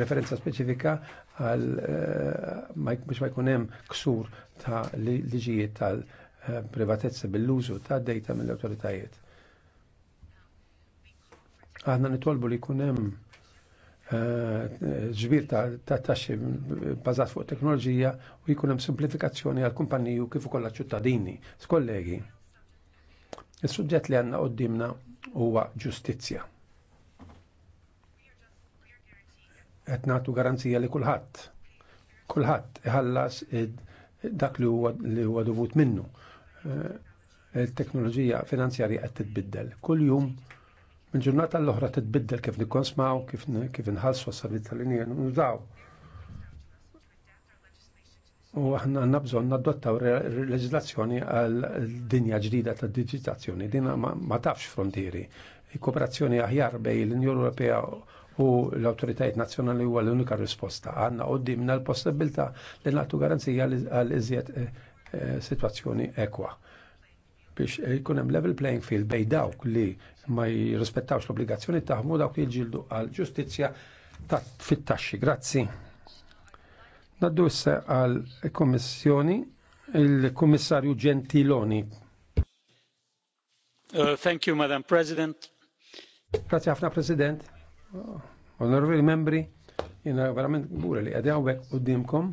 referenza specifika għal eh, biex ma jkun hemm ksur ta' liġijiet tal-privatezza eh, bil-użu ta' data mill-awtoritajiet. Aħna nitolbu li jkun hemm eh, ġbir ta' taxxi bażat fuq teknoloġija u jkun hemm simplifikazzjoni għal kumpanniju kif ukoll ċittadini. Skollegi, is-suġġett li għandna qoddimna huwa ġustizzja. qed nagħtu garanzija li kulħadd kulħadd iħallas dak li huwa li huwa dovut minnu. Eh, il-teknoloġija finanzjarja qed titbiddel. Kuljum minn ġurnata l-oħra titbiddel kif nikkonsmaw, kif kif inħallsu s-servizz tal-injen nużaw. U aħna għandna bżonn nadottaw leġislazzjoni għal dinja ġdida tad digitazzjoni Din ma tafx frontieri. Kooperazzjoni aħjar bejn l-Unjoni Ewropea u l-autoritajiet nazzjonali huwa l-unika risposta. Għanna qoddimna l-possibilità li nagħtu garanzija għal iżjed eh, eh, situazzjoni ekwa biex eh, jkun hemm level playing field bej dawk li ma jirrispettawx l-obbligazzjoni tagħhom dawk li jġildu għal ġustizzja ta' fit-taxxi. Grazzi. Naddu issa għal kommissjoni il-Kummissarju Gentiloni. Uh, thank you, Madam President. Grazie ħafna, President Onorevoli membri, jina verament gbura li għadja għawek u dimkom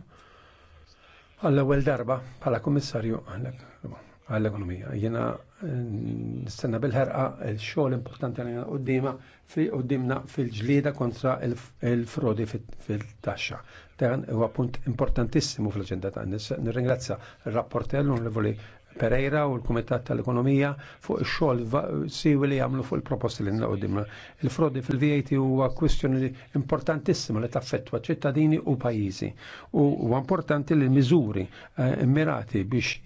għall-ewel darba bħala komissarju għall-ekonomija. Jina eh, nistenna bil-ħerqa il xol importanti għalina qoddima qoddimna fil-ġlieda kontra il-frodi fil-taxxa. Dan huwa punt importantissimu fl-aġenda tagħna. Nirringrazzja r-rapportell onorevoli Pereira u l-Kumitat tal-Ekonomija fuq il-xol siwi li jagħmlu fuq il-proposti li nqoddimna. Il-frodi fil-VAT huwa kwistjoni importantissima li taffettwa ċittadini u pajjiżi. U huwa importanti li miżuri eh, immirati biex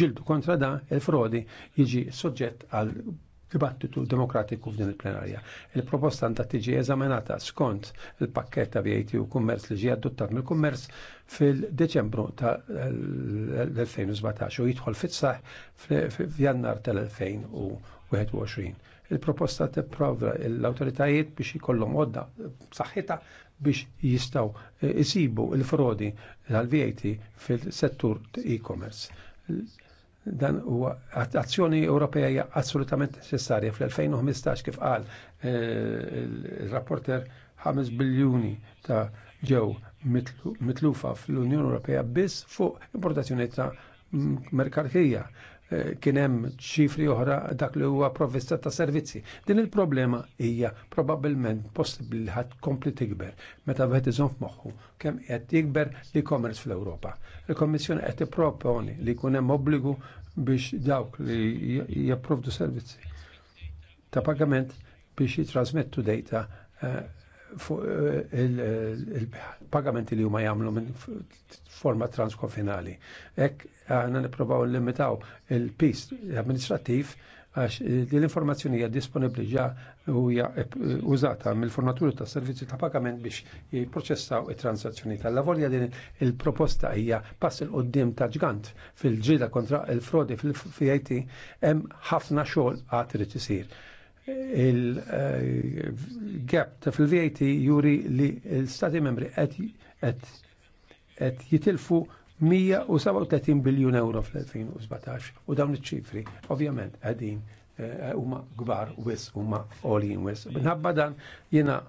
jġildu kontra dan il-frodi jiġi soġġett għal dibattitu demokratiku f'din il-plenarja. Il-proposta għandha tiġi eżaminata skont il-pakket ta' VAT u kummers li ġie adottat mill-kummers fil-Deċembru ta' 2017 u jidħol fit-saħ f'Jannar tal-2021. Il-proposta tipprovra l-autoritajiet biex jkollhom għodda saħħita biex jistaw isibu il-frodi tal-VAT fil-settur e-commerce dan huwa azzjoni Ewropea hija assolutament necessarja fl-2015 kif qal eh, il-rapporter 5 biljuni ta' ġew mitlufa fl-Unjoni Ewropea biss fuq importazzjoni ta' merkarkija eh, kien hemm ċifri oħra dak li huwa provvista ta' servizzi. Din il-problema hija probabbilment possibbli li ħadd kompli tikber meta wieħed iżomm f'moħħu kemm qed jikber l-e-commerce fl-Ewropa. Il-Kommissjoni qed tipproponi li jkun hemm obbligu biex dawk li japprovdu servizzi ta' pagament biex jitrasmettu data eh, fuq eh, il-pagamenti eh, li huma jagħmlu minn forma transkonfinali. Hekk aħna nippruvaw nlimitaw il-pis amministrattiv għax l-informazzjoni hija disponibbli ġa u hija eh, użata mill-fornaturi ta' servizzi ta' pagament biex jipproċessaw it-transazzjoni tal lavorja din il-proposta hija pass il qoddim ta' ġgant fil ġida kontra il-frodi fil-FIT hemm ħafna xogħol għad irid isir il-gap eh, ta' fil-VAT juri li l-stati membri qed jitilfu 137 biljun euro fl-2017 u dawn iċ-ċifri ovvjament għadin eh, huma gbar wis huma olin wis. Minħabba dan jiena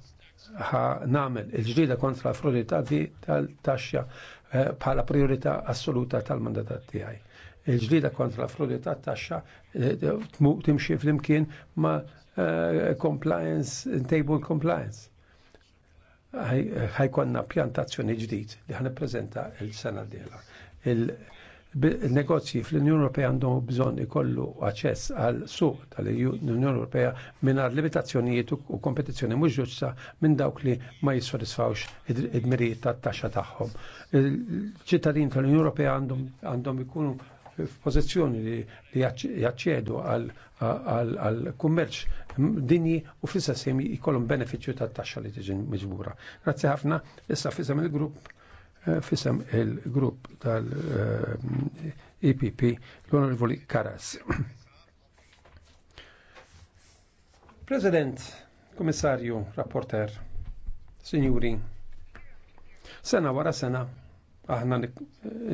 namel il-ġrida kontra l-affrodità tal-taxxa eh, bħala priorità assoluta tal mandat tiegħi. Il-ġrida kontra l-affrodità taxxa eh, timxi flimkien ma' compliance, table compliance ħajkonna pjantazzjoni ġdid li ħan prezenta il-sena d-dela. Il-negozji fl-Unjoni Ewropea għandhom bżon ikollu aċċess għal suq tal-Unjoni Ewropea mingħajr limitazzjonijiet u kompetizzjoni mhux ġusta minn dawk li ma jissodisfawx id-mirijiet tat-taxxa tagħhom. Il-ċittadin tal-Unjoni Ewropea għandhom ikunu f'pożizzjoni li jaċċedu għal għal kummerċ dinji u fissa sem jikollum beneficju ta' taxxa li tiġi miġbura. Grazzi ħafna, issa fisem il-grupp eh, fisem il-grupp tal-EPP eh, e l-Onorevoli Karas. President, Komissarju, Rapporter, Signuri, sena wara sena aħna eh,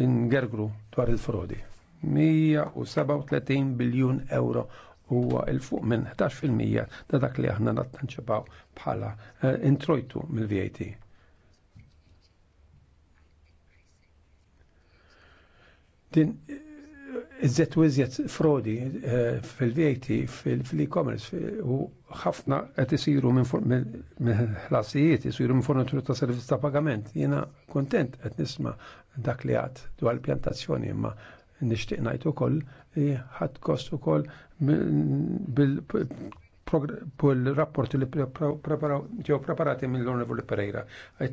ngergru dwar il-frodi. 137 biljun euro huwa il fuq minn 11% ta' dak li aħna nattanċibaw bħala eh, introjtu mill-VAT. Din eh, iżjed u frodi eh, fil-VAT, fil-e-commerce u ħafna qed isiru minn ħlasijiet, isiru minn fornitur ta' servizz ta' pagament. Jiena kontent qed nisma' dak li għad dwar il-pjantazzjoni imma Nixtieq ngħid ukoll koll ħadd kost ukoll bil-rapport li ġew preparati mill-Onorevoli Pereira.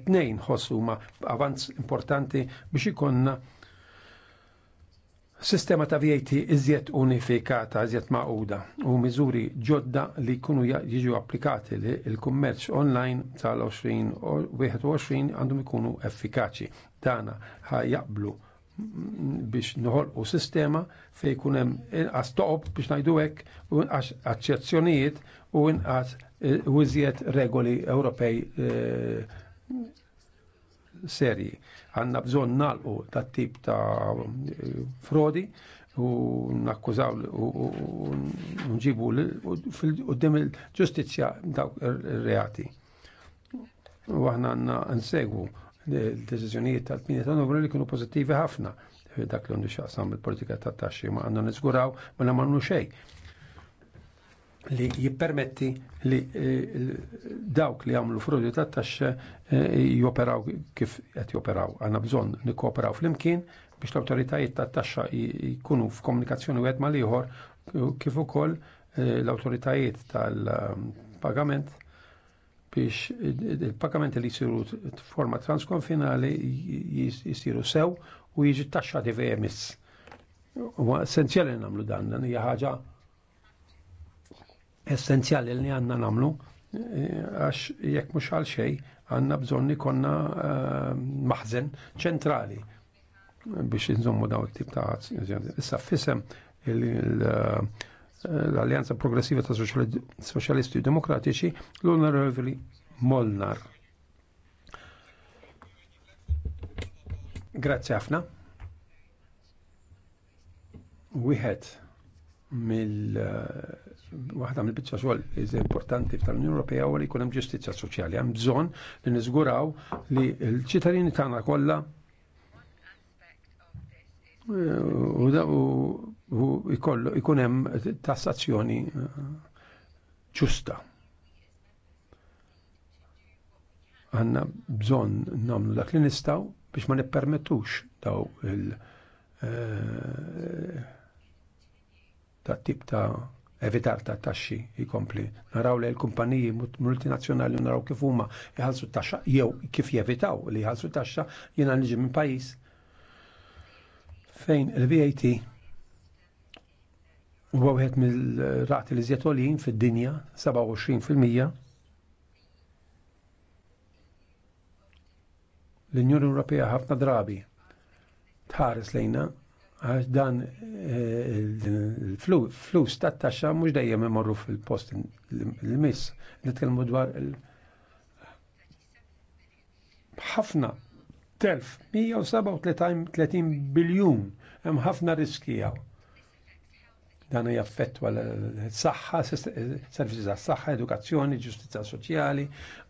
Tnejn ħossu ma avanz importanti biex ikonna Sistema ta' VAT iżjed unifikata, iżjed maquda u miżuri ġodda li jkunu jiġu applikati li l-kummerċ online tal 2021 għandhom ikunu effikaċi. Dana ħajjaqblu biex nħol u sistema fej kunem hemm inqas toqob biex najdu għek u inqas aċċezzjonijiet u inqas e, użjed regoli Ewropej e, serji. Għandna bżonn nagħlqu ta' tip ta' frodi u nakkużaw u nġibu fil dem il ġustizja dawk ir-reati. U għahna għanna nsegwu deċiżjonijiet tal pini ta' novembru li kienu pożittivi ħafna dak li għandu xaqsam il-politika ta' taxxi ma għandu niżguraw ma namannu xej xejn li jippermetti li eh, dawk li għamlu frodi ta' taxxa eh, joperaw kif qed joperaw. Għandna bżonn nikkooperaw flimkien biex l-awtoritajiet ta' taxxa jkunu f'komunikazzjoni wieħed mal ieħor eh, kif ukoll l-awtoritajiet tal-pagament biex il-pagamenti li jisiru forma transkonfinali jisiru sew u jiġi taxxa di vemis. U Essenzjali namlu dan, dan hija ħaġa essenzjali li għanna namlu għax jekk mhux għal xejn għandna bżonn ikonna eh, maħzen ċentrali biex nżommu daw it-tip ta' Issa fisem il- eh, l-Alleanza Progressiva ta' Soċjalisti Demokratiċi l-Onorevoli Molnar. Grazie ħafna. Wieħed mill eh, waħda mill-bicċa xogħol iż importanti tal-Unjoni Ewropea huwa li jkun hemm ġustizzja soċjali. Hemm bżonn li niżguraw li l-ċittadini tagħna kollha eh, u u ikun hemm tassazzjoni eh, ġusta. Għanna bżon namlu dak li nistaw biex ma nippermettux daw il- eh, ta' tip ta' evitar ta' taxxi jikompli. Naraw li l-kumpaniji multinazzjonali naraw kif huma jħalsu taxxa jew kif jevitaw li jħalsu taxxa jiena niġi minn pajjiż fejn il-VAT huwa wieħed mill-rati li żjetolin fid-dinja 27%. L-Unjoni Ewropea ħafna drabi tħares lejna għax dan eh, il-flus ta' taxxa mhux dejjem imorru fil-post l-miss. Nitkellmu dwar ħafna telf 137 biljun hemm ħafna riskijaw dan jaffettwa l-saħħa, servizzi tas saħħa edukazzjoni, ġustizza soċjali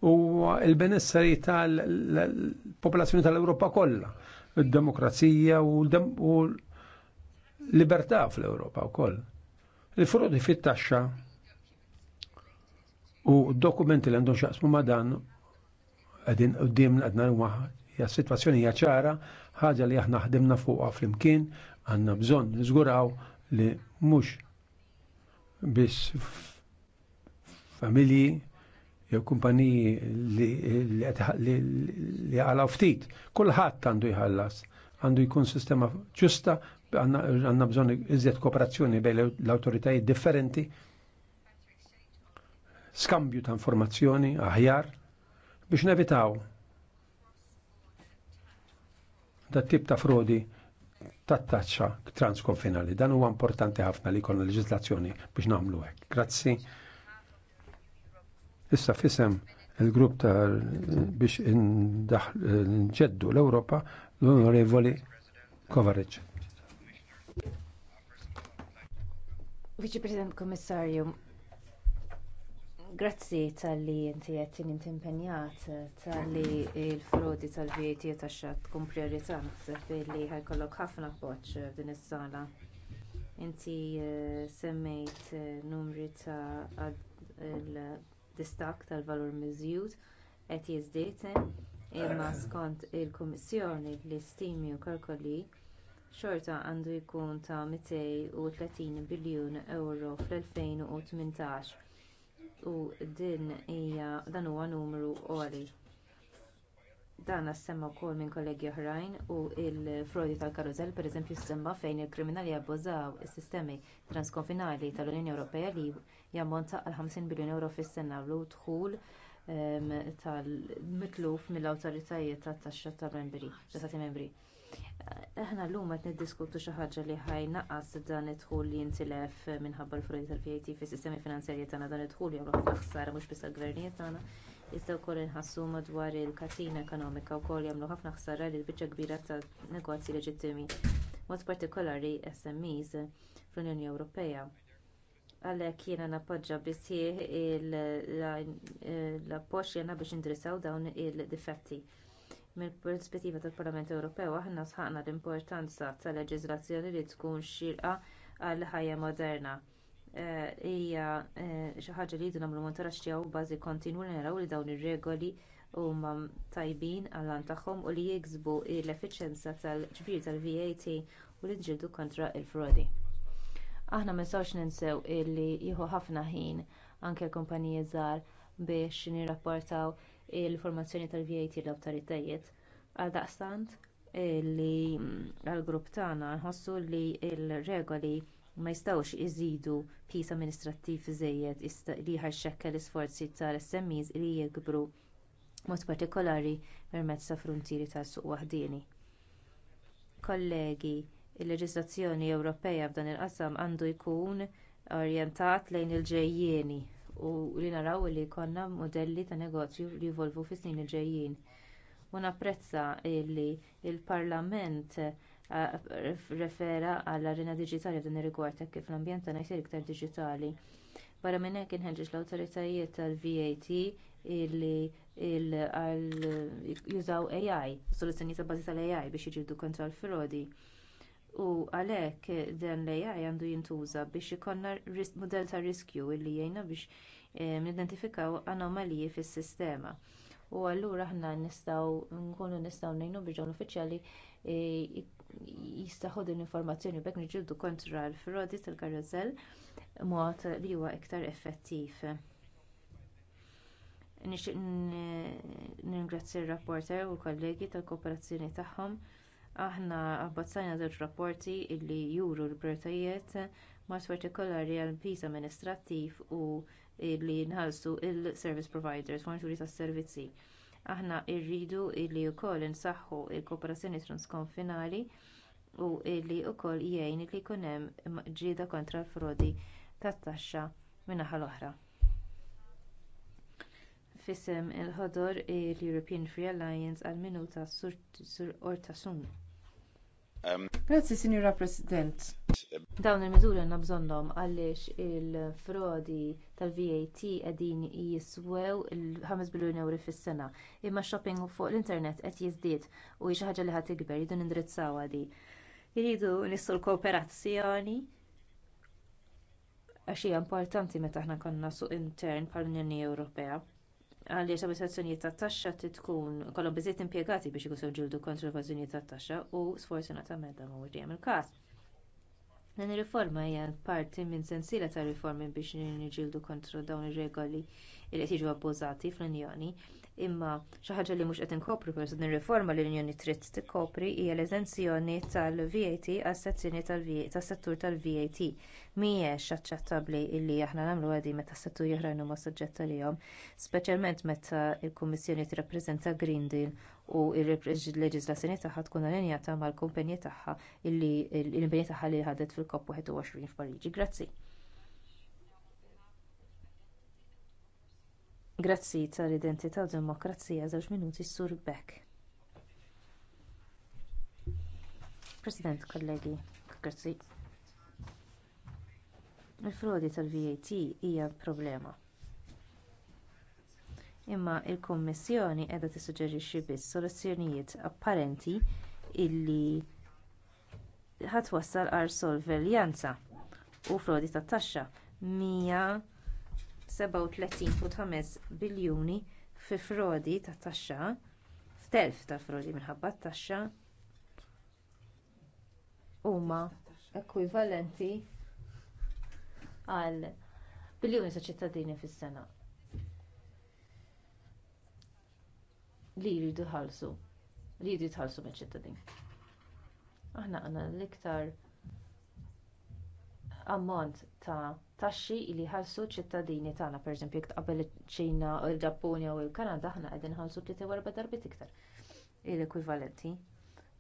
u l benessari tal-popolazzjoni tal-Ewropa kollha, id-demokrazija u l-libertà fl-Ewropa wkoll. Il-frodi fit-taxxa u dokumenti li għandhom xaqsmu ma dan għedin qudiem għadna huma hija situazzjoni hija ċara, ħaġa li aħna ħdimna fuqha flimkien, għandna bżonn niżguraw li mhux biss familji jew kumpaniji li għala ftit, kulħadd għandu jħallas, għandu jkun sistema ġusta, għandna bżonn iżjed kooperazzjoni bejn l-awtoritajiet differenti, skambju ta' informazzjoni aħjar biex nevitaw dat tip ta' frodi tat-taċċa transkonfinali. Dan huwa importanti ħafna li jkollna leġislazzjoni biex nagħmlu hekk. Grazzi. Issa fisem il-grupp ta' biex nġeddu l-Ewropa l-Onorevoli Kovarec. Viċi President Kommissarju, Grazzi tal-li inti qed inti impenjat tal-li l-frodi tal-VAT tax-xatt tkun priorità naħseb li ħajkollok ħafna appoġġ f'din is-sala. Inti eh, semmejt eh, numri ta' l-distak tal-valur miżjud qed jiżdied imma skont il-Kummissjoni l-istimi u kalkoli xorta għandu jkun ta' 230 biljun euro fl-2018 u din hija dan huwa numru għali. Dan semma wkoll minn kollegi oħrajn u l frodi tal-karusell pereżempju semma fejn il-kriminali abbużaw is-sistemi transkonfinali tal-Unjoni Ewropea li jammonta għal 50 biljun euro fis-sena l dħul tal-mitluf mill-awtoritajiet tat-taxxa tal-membri, Aħna llum qed niddiskutu xi ħaġa li ħajnaqas dan id-dħul li jintilef minħabba l-frodi tal-VAT fis-sistemi finanzjarji tagħna dan id-dħul jagħmlu ħafna ħsara mhux biss għall-gvernijiet tagħna, iżda wkoll inħassu madwar il-katina ekonomika wkoll jagħmlu ħafna ħsara lil biċċa kbira ta' negozji leġittimi, mod partikolari SMEs fl-Unjoni Ewropea. Għalhekk jiena napoġġa bisih l-appoġġ jiena biex indirisaw dawn il-difetti. il difetti mill-perspettiva tal-Parlament Ewropew aħna sħaqna l-importanza tal-leġiżlazzjoni li tkun xirqa għall ħajja moderna. Eh, hija eh, xi ħaġa li jridu nagħmlu monitoraġġ tiegħu bażi kontinwu li naraw li dawn ir-regoli huma tajbin għall-għan tagħhom u li jiksbu l-effiċjenza tal-ġbir tal-VAT u li nġildu kontra l frodi Aħna ma nistgħux ninsew illi jieħu ħafna ħin anke l-kumpaniji żgħar biex nirrapportaw l-formazzjoni tal-VAT l-awtoritajiet għaldaqstant li mm, għall-grupp tagħna nħossu li l-regoli ma jistgħux iżidu pis amministrattiv żejjed li ħajxekkel l-isforzi tal-SMEs li jikbru mod partikolari permezz ta' fruntieri tal suq waħdini. Kollegi, il-leġiżlazzjoni Ewropea f'dan il-qasam għandu jkun orjentat lejn il-ġejjieni u li naraw li jkollna mudelli ta' negozju li jvolvu fis-snin il ġejjin. U napprezza li l parlament eh, refera għall-arena diġitali f'dan ir-rigward kif l-ambjent tagħna jsir iktar diġitali. Barra minn hekk inħeġġeġ l-awtoritajiet tal-VAT li jużaw AI, soluzzjoni ta' bażi tal-AI biex jiġibdu kontra l-frodi u għalhekk dan l-AI għandu jintuża biex ikollna mudell ta' riskju li jgħinna biex nidentifikaw anomaliji fis-sistema. U allura aħna nistgħu nkunu nistgħu ngħinu biex dawn uffiċjali jistaħħu din informazzjoni bekk niġġieldu kontra l-frodi tal-karozell mod li huwa iktar effettiv. Nixtieq ningrazzja r-rapporter u l-kollegi tal-kooperazzjoni tagħhom. Aħna abbozzajna żewġ rapporti li juru l-prioritajiet mod partikolari għall piż amministrattiv u li nħallsu l service providers, fornituri tas servizzi. Aħna rridu li wkoll insaħħu l kooperazzjoni transkonfinali u li wkoll jgħin li jkun hemm ġieda kontra l-frodi tat-taxxa min-naħa l-oħra. Fisem il-ħodor l-European Free Alliance għal minuta sur ortasun. Um, Grazzi, signora President. Dawn il-miżuri għanna bżonnhom għaliex il-frodi tal-VAT qegħdin jiswew il-5 biljoni euro fis-sena. Imma shopping fuq l-internet qed jiżdied u hi xi ħaġa li ħadd tikber jridu nindirizzawha Jridu nissu l-kooperazzjoni għax hija importanti meta aħna konna suq intern pal unjoni Ewropea għaliex amministrazzjonijiet tat taxxa tkun kollhom biżejjed impjegati biex ikun ġildu kontra l-evażjoni tat taxxa u sfortunatament dan mhuwiex dejjem il-każ. Dan ir-riforma hija parti minn sensiela ta' riformi biex niġġieldu kontra dawn ir-regoli li qed jiġu abbużati fl-Unjoni imma xi ħaġa li mhux qed inkopri peress din riforma li l-Unjoni trid tikkopri hija l-eżenzjoni tal-VAT għas-sezzjoni tas-settur tal-VAT. Mhijiex aċċettabbli li aħna nagħmlu għadi meta s-settur oħrajn huma suġġett għalihom, speċjalment meta l-Kummissjoni tirrappreżenta Green Deal u l-leġiżlazzjoni tagħha tkun allinjata mal-kumpanji tagħha li l-impenji tagħha li ħadet fil-COP21 f'Pariġi. Grazzi. Grazzi tal-identità u demokrazija żewġ minuti sur Beck. President, kollegi, grazzi. Il-frodi tal-VAT hija problema. Imma l kummissjoni qiegħda tissuġġerixxi biss soluzzjonijiet apparenti illi ħadd wassal għal sorveljanza u frodi tat-taxxa mija 37.5 biljuni fi frodi tat-taxxa f'telf ta' frodi minħabba t-taxxa huma ekwivalenti għal biljuni ta' ċittadini fis-sena li jridu li jridu jitħallsu mill-ċittadini aħna għandna l-iktar ammont ta' taxxi li jħallsu ċ-ċittadini tagħna pereżempju jekk tqabbel iċ-ċina u l-ġappunja u l-kanada aħna qegħdin nħallsu tliet jew erba' darbiet iktar il-ekwivalenti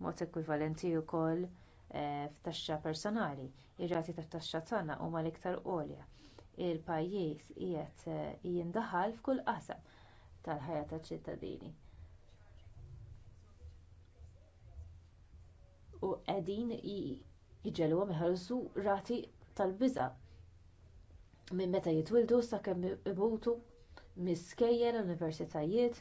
mod ekwivalenti wkoll eh, f'taxxa personali ir-rati tat-taxxa tagħna huma l-iktar għolja il-pajjiż qiegħed eh, jindaħal f'kull qasam tal-ħajja taċ-ċittadini u qegħdin jiġġelhom iħallsu rati tal-biża' minn meta jitwildu sakemm imutu miskejjer universitajiet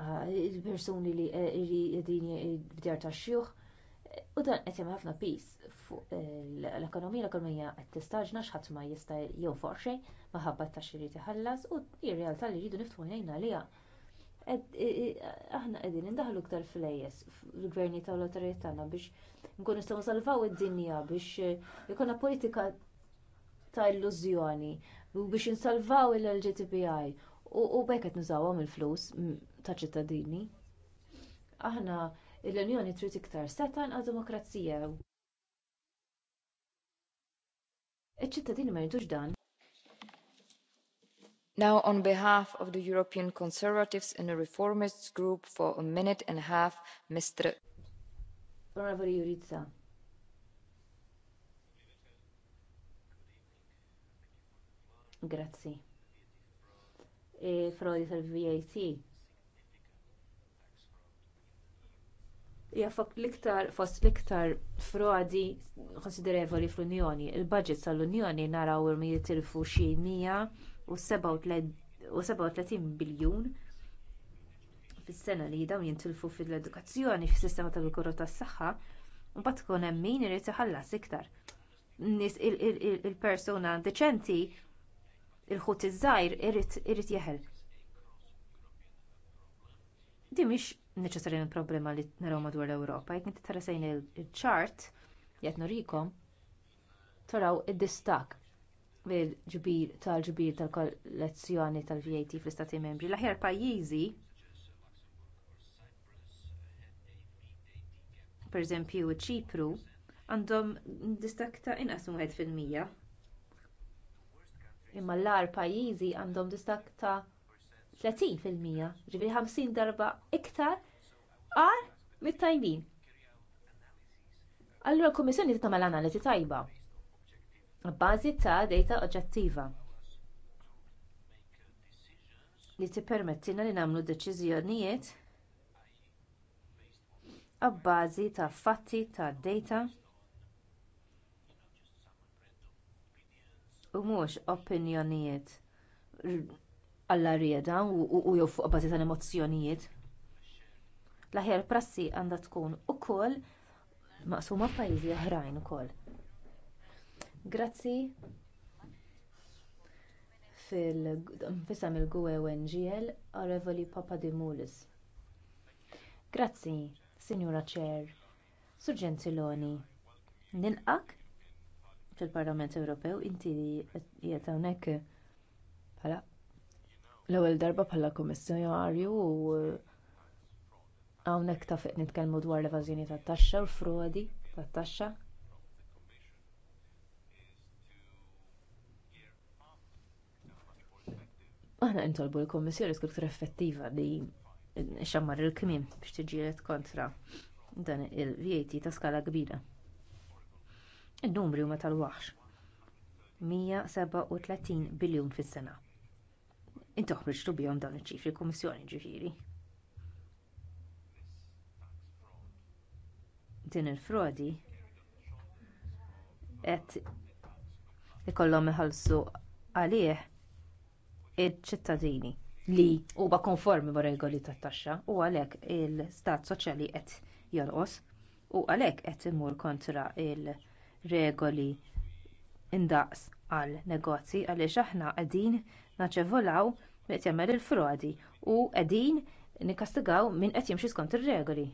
ah, il-persuni li qegħdin eh, fdjar tax-xjuħ u dan qed hemm ħafna piż fuq eh, l-ekonomija l-ekonomija qed tistaġna x'ħadd ma jista' jew xejn minħabba t-taxxi li iħallas u r-realtà li jridu niftħu għajnejna għaliha aħna qegħdin indaħlu iktar flejjes fil-gverni tal l tagħna biex nkunu nistgħu salvaw id-dinja biex eh, ikolna politika ta' illużjoni u biex insalvaw il-LGTBI u bekk qed nużawhom il-flus ta' ċittadini. Aħna l-Unjoni trid iktar seta' għal demokrazija. Iċ-ċittadini ma jridux dan now on behalf of the european conservatives and reformists group for a minute and a half mr Grazzi. E frodi tal-VAT. Hija l-iktar fost liktar frodi konsiderevoli fl-Unjoni. Il-budget tal-Unjoni naraw irmi jitilfu xi mija u 37 biljun fis-sena li dawn jintilfu fil-edukazzjoni fis-sistema tal-kura tas-saħħa u mbagħad tkun hemm min irid iħallas iktar. Nies il-persuna deċenti il-ħut iż-żgħir irid jeħel. Di mhix neċessarjament problema li naraw madwar l-Ewropa, jekk inti tarasejn il-ċart jgħid norikom taraw id-distak mill-ġbir tal-ġbir tal-kollezzjoni tal-VAT fl-Istati Membri. L-aħjar pajjiżi pereżempju ċipru għandhom distakta ta' inqas minn fil-mija. Imma l-għar pajjiżi għandhom distakta 30 fil-mija, ġifieri 50 darba iktar għar mit-tajbin. Allura l-Kummissjoni tagħmel analiżi tajba bbażi ta' dejta oġġettiva li tippermettilna li nagħmlu deċiżjonijiet b'bażi ta' fatti ta' dejta u mhux opinjonijiet alla rieda u jew fuq bażi ta' emozzjonijiet. L-aħjar prassi għandha tkun ukoll maqsuma f'pajjiżi oħrajn ukoll. Grazzi fil-fisam il-Gwe NGL Arevoli Papadimulis. Grazzi, Signora Chair, Sur Gentiloni. Nilqak fil-Parlament Ewropew inti qiegħed hawnhekk bħala l-ewwel darba bħala kummissjonarju u hawnhekk tafiq nitkellmu dwar l-evażjoni tat-taxxa u l-frodi tat-taxxa Aħna ntolbu l-Kommissjoni tkun iktar effettiva li xammar il-kmim biex tiġielet kontra dan il-VAT ta' skala kbira. Il-numri huma tal-waħx. 137 biljun fis-sena. Inti ħriġtu bihom dan iċ-ċifri kummissjoni ġifiri. Din il-frodi qed ikollhom iħallsu għalih iċ-ċittadini li huwa konformi ma' regoli tat-taxxa u għalhekk il-stat soċjali qed jonqos u għalhekk qed imur kontra il-regoli indaqs għal negozji għaliex aħna qegħdin naċċevolaw meta jagħmel il-frodi u qegħdin nikkastigaw min qed jimxi skont ir-regoli.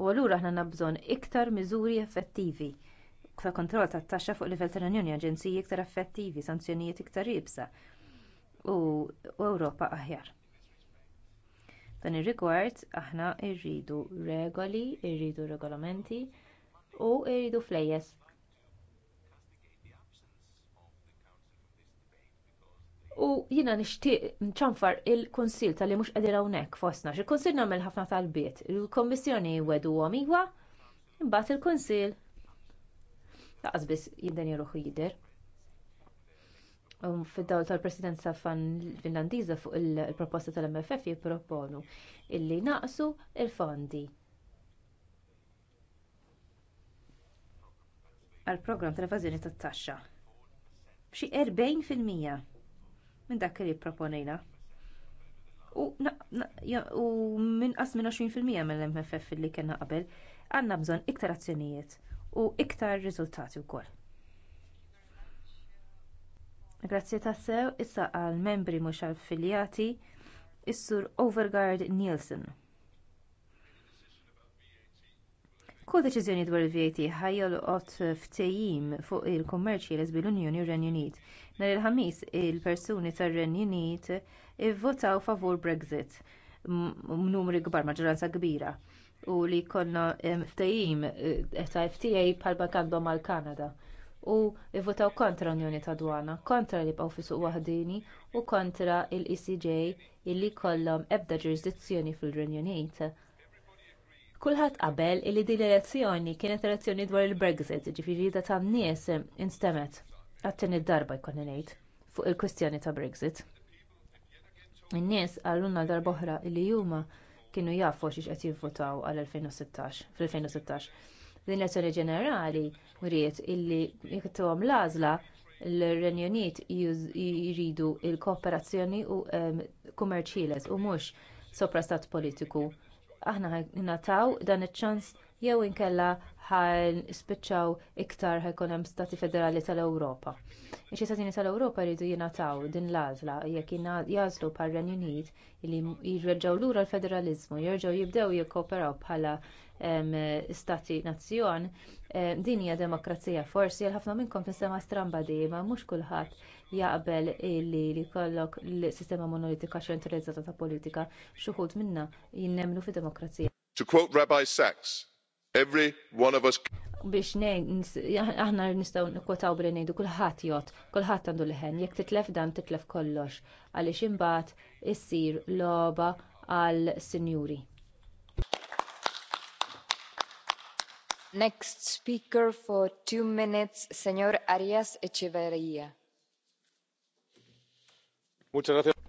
U allura aħna bżonn iktar miżuri effettivi ta' kontroll tat-taxxa fuq livell tal-Unjoni aġenziji iktar effettivi, sanzjonijiet iktar iebsa u Ewropa aħjar. Dan ir-rigward aħna rridu regoli, rridu regolamenti u rridu flejjes. U jiena nixtieq nċanfar il-Kunsil tal-li mhux qegħdin hawnhekk fostna. Il-Kunsil nagħmel ħafna talbiet, il-Kommissjoni weduhom iwa, imbagħad il-Kunsil laqas biss jidden jiruħu jidher. Um, fid-dawl tal-presidenza finlandiza fuq il-proposta tal-MFF jipproponu illi naqsu il-fondi. għal programm tal evazjoni tat-taxxa. B'xi 40% minn dak li proponejna. U, u minqas minn 20% mill-MFF li kellna qabel għandna bżonn iktar azzjonijiet u iktar riżultati wkoll. Grazzi tassew issa għal membri mhux affiljati is-Sur Overguard Nielsen. Kull deċiżjoni dwar il-VAT ħajjolqot ftehim fuq il-kummerċi l bil-Unjoni u Renju Unit. Nhar il-ħamis il-persuni tar-Renju Unit ivvotaw favur Brexit numri kbar maġġoranza kbira u li jkollna ftehim eh, ta' FTA bħalma għandhom mal-Kanada u vvotaw kontra l unjoni ta' dwana kontra li jibqgħu fi suq u kontra l-ecj illi jkollhom ebda ġurisdizzjoni fir-renju unit kulħadd qabel li din l-elezzjoni kienet elezzjoni dwar il-brexit ġifieri ta' tan-nies instemet għat-tieni darba jkolli ngħid fuq il-kwistjoni ta' brexit in-nies għalluna darba oħra li huma kienu jafu xiex qed jivvotaw għal 2016 fil-2016 L-Nazzjoni Ġenerali mriet illi jektuhom l-għażla l-Renju Unit jridu l kooperazzjoni u kummerċiles u mhux soprastat politiku. Aħna nataw dan iċ-ċans jew inkella ħal spiċċaw iktar ħajkun hemm stati federali tal-Ewropa. ix ċittadini tal-Ewropa jridu jingħataw din l-għażla jekk jażlu par Renju Unit li jirġgħu lura l-federaliżmu, jerġgħu jibdew jikkooperaw bħala stati nazzjon, din hija demokrazija forsi għal ħafna minnkom tisema stramba dejjem mhux kulħadd jaqbel illi li kollok l-sistema monolitika ċentralizzata ta' politika xi minna minnha jinnemnu fi demokrazija. To quote Rabbi Sachs, every one of us biex nejn, aħna nistaw nikwotaw bil ngħidu kullħat jot, kullħat għandu liħen, jek titlef dan titlef kollox, għalix imbat issir loba għal sinjuri. next speaker for two minutes arias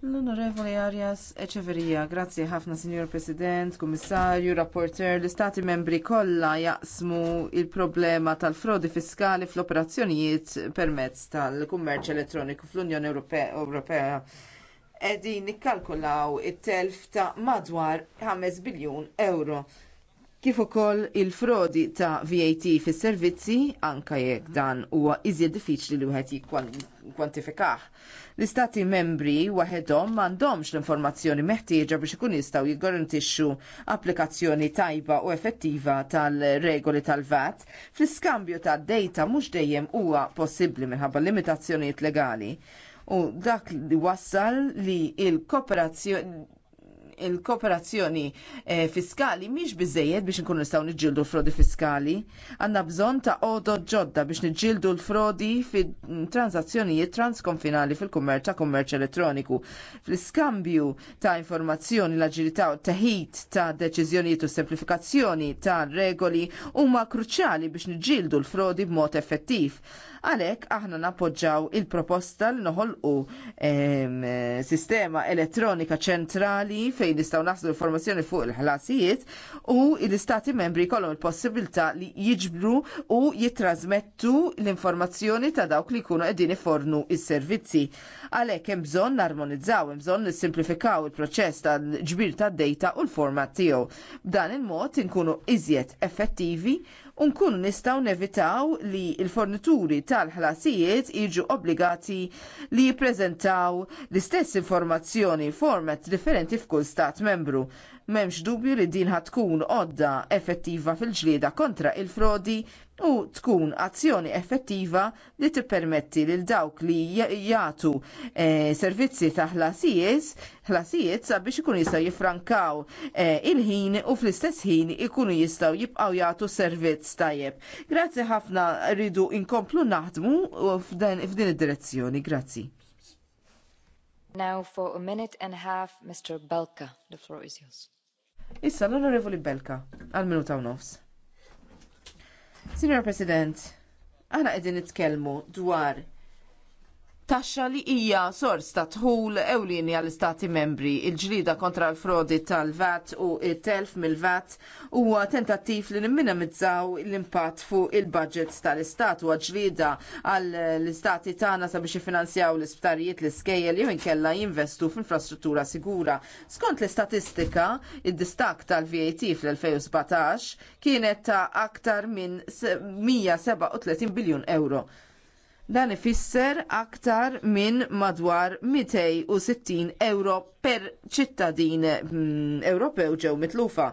L-Onorevoli Arias Echeverria, grazzi ħafna Signor President, Kummissarju, Rapporteur. l-Istati membri kollha jaqsmu l problema tal-frodi fiskali fl-operazzjonijiet permezz tal-kummerċ elettroniku fl-Unjoni Ewropea. Qegħdin nikkalkulaw it-telf ta' madwar 5 biljun euro kif ukoll il-frodi ta' VAT fis-servizzi anke jekk dan huwa iżjed diffiċli li wieħed jikkwantifikah. L-istati membri waħedhom m'għandhomx l-informazzjoni meħtieġa biex ikun jistgħu jiggarantixxu applikazzjoni tajba u effettiva tal-regoli tal-VAT fl-iskambju tad dejta mhux dejjem huwa possibbli minħabba limitazzjonijiet legali. U dak li wassal li il-kooperazzjoni il-kooperazzjoni eh, fiskali miex biżejjed biex nkunu nistgħu niġġieldu l-frodi fiskali. Għandna bżonn ta' għodod ġodda biex niġġieldu l-frodi fit-transazzjonijiet transkonfinali fil-kummerċ ta' kummerċ elettroniku. Fl-iskambju ta' informazzjoni l-aġilità u teħid ta' deċiżjonijiet u semplifikazzjoni ta' regoli huma kruċjali biex niġġieldu l-frodi b'mod effettiv Għalhekk aħna nappoġġaw il-proposta li noħolqu sistema elettronika ċentrali fejn nistaw naħslu informazzjoni fuq il-ħlasijiet u l-istati membri jkollhom il-possibilità li jiġbru u jitrażmettu l-informazzjoni ta' dawk li jkunu qegħdin ifornu is-servizzi. Għalhekk hemm bżonn narmonizzaw, hemm bżonn nissimplifikaw il-proċess tal-ġbir tad-data u l-format tiegħu. B'dan il-mod inkunu iżjed effettivi unkun nistaw nevitaw li il-fornituri tal-ħlasijiet jiġu obbligati li jiprezentaw l-istess informazzjoni format differenti f'kull stat membru. Memx dubju li din ħatkun odda effettiva fil-ġlieda kontra il-frodi u tkun azzjoni effettiva li tippermetti lil dawk li jagħtu e, servizzi ta' ħlasijiet sabiex ikunu jistgħu jiffrankaw e, il-ħin u fl-istess ħin ikunu jistgħu jibqgħu jagħtu servizz tajjeb. Grazzi ħafna rridu inkomplu naħdmu f'din id-direzzjoni. Grazzi. Now for a minute and a half, Mr. Belka, the floor is yours. Issa l-Onorevoli Belka, għal minuta u nofs. Signor President, għedin qegħdin nitkellmu dwar taxxa li hija sors ta' tħul ewlieni għall-istati membri. Il-ġlida kontra l-frodi tal-VAT u t telf mill-VAT huwa tentattiv li nimminimizzaw l-impatt fuq il-budgets tal-istat u ġlida għall-istati tagħna sabiex jifinanzjaw l-isptarijiet l-iskejjel jew inkella jinvestu f'infrastruttura sigura. Skont l-istatistika, id-distak tal-VAT fl-2017 kienet ta' aktar minn 137 biljun euro Dan ifisser aktar minn madwar 260 euro per ċittadin mm, Ewropew ġew mitlufa.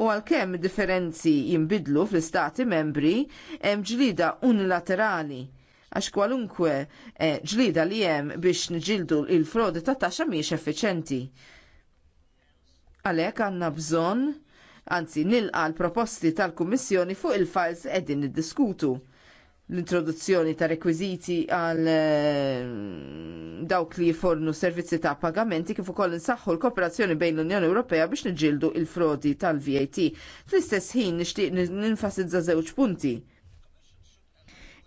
U għalkemm differenzi jinbidlu fl-istati membri hemm ġlida unilaterali għax kwalunkwe eh, ġlida li hemm biex nġildu il-frodi ta' taxxa mhijiex effiċenti. Għalhekk għandna bżonn anzi nilqa l-proposti tal-Kummissjoni fuq il-files qegħdin niddiskutu l-introduzzjoni ta' rekwiżiti għal eh, dawk li jifornu servizzi ta' pagamenti kif ukoll insaħħu l-kooperazzjoni bejn l-Unjoni Ewropea biex niġġieldu l frodi tal-VAT. Fl-istess ħin nixtieq ninfasizza żewġ punti.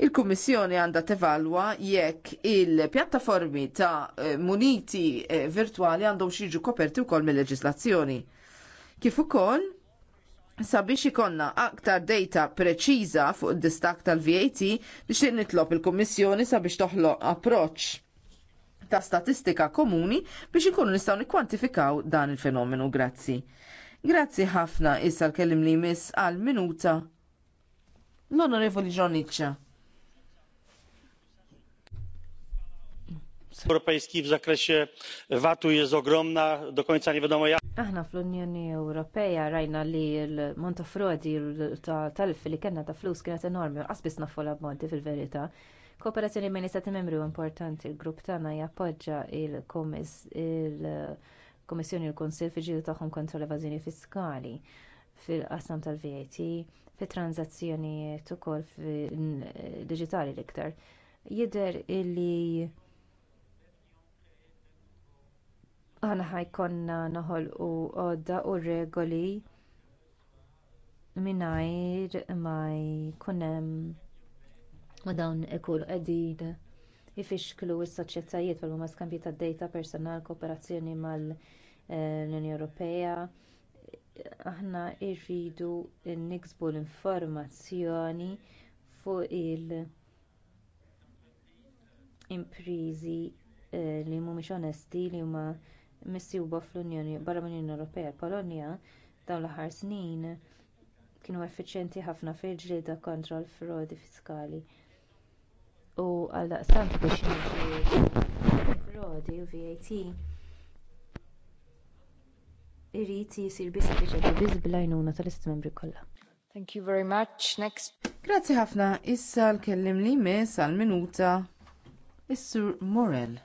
Il-Kummissjoni għandha tevalwa jekk il-pjattaformi ta' eh, muniti eh, virtuali għandhom xi jiġu koperti wkoll mill-leġislazzjoni. Kif ukoll Sabiex ikonna aktar data preċiża fuq id distak tal-VAT nixtieq nitlob il-Kummissjoni sabiex toħloq approċċ ta' statistika komuni biex ikunu nistgħu nikkwantifikaw dan il-fenomenu. Grazzi. Grazzi ħafna issa l-kellim li jmiss għal minuta l-Onorevoli Ġonicċa. Aħna fl-Unjoni Ewropea rajna li l frodi tal talf li kena ta' flus kienet enormi, qasbis nafola b'monti fil-verita. Kooperazzjoni minn istati membri u importanti, il-grupp tagħna jappoġġa il-Komissjoni u l-Konsil fi ġilu tagħhom kontra l-evażjoni fiskali fil-qasam tal-VAT, fit-tranzazzjonijiet ukoll digitali l-iktar. Jidher illi Aħna ħajkonna noħolqu għodda u regoli mingħajr ma jkun hemm u dawn ikunu qegħdin ifixklu s-soċjetajiet bħalma skambji tad-dejta personali kooperazzjoni mal-Unjoni Ewropea. Aħna rridu niksbu l-informazzjoni fuq il-imprizi eh, li mhumiex onesti li huma missiba fl-Unjoni barra mill-Unjoni Ewropea. Polonja dawn l-aħħar snin kienu effiċjenti ħafna fil-ġlieda kontra l-frodi fiskali. U għaldaqstant biex frodi u VAT irid jisir biss effiċjenti biss bl-għajnuna tal-Istati Membri kollha. Thank you very much. Next. Grazzi ħafna. Issa l-kellim li mis għal minuta. Is-Sur Morel.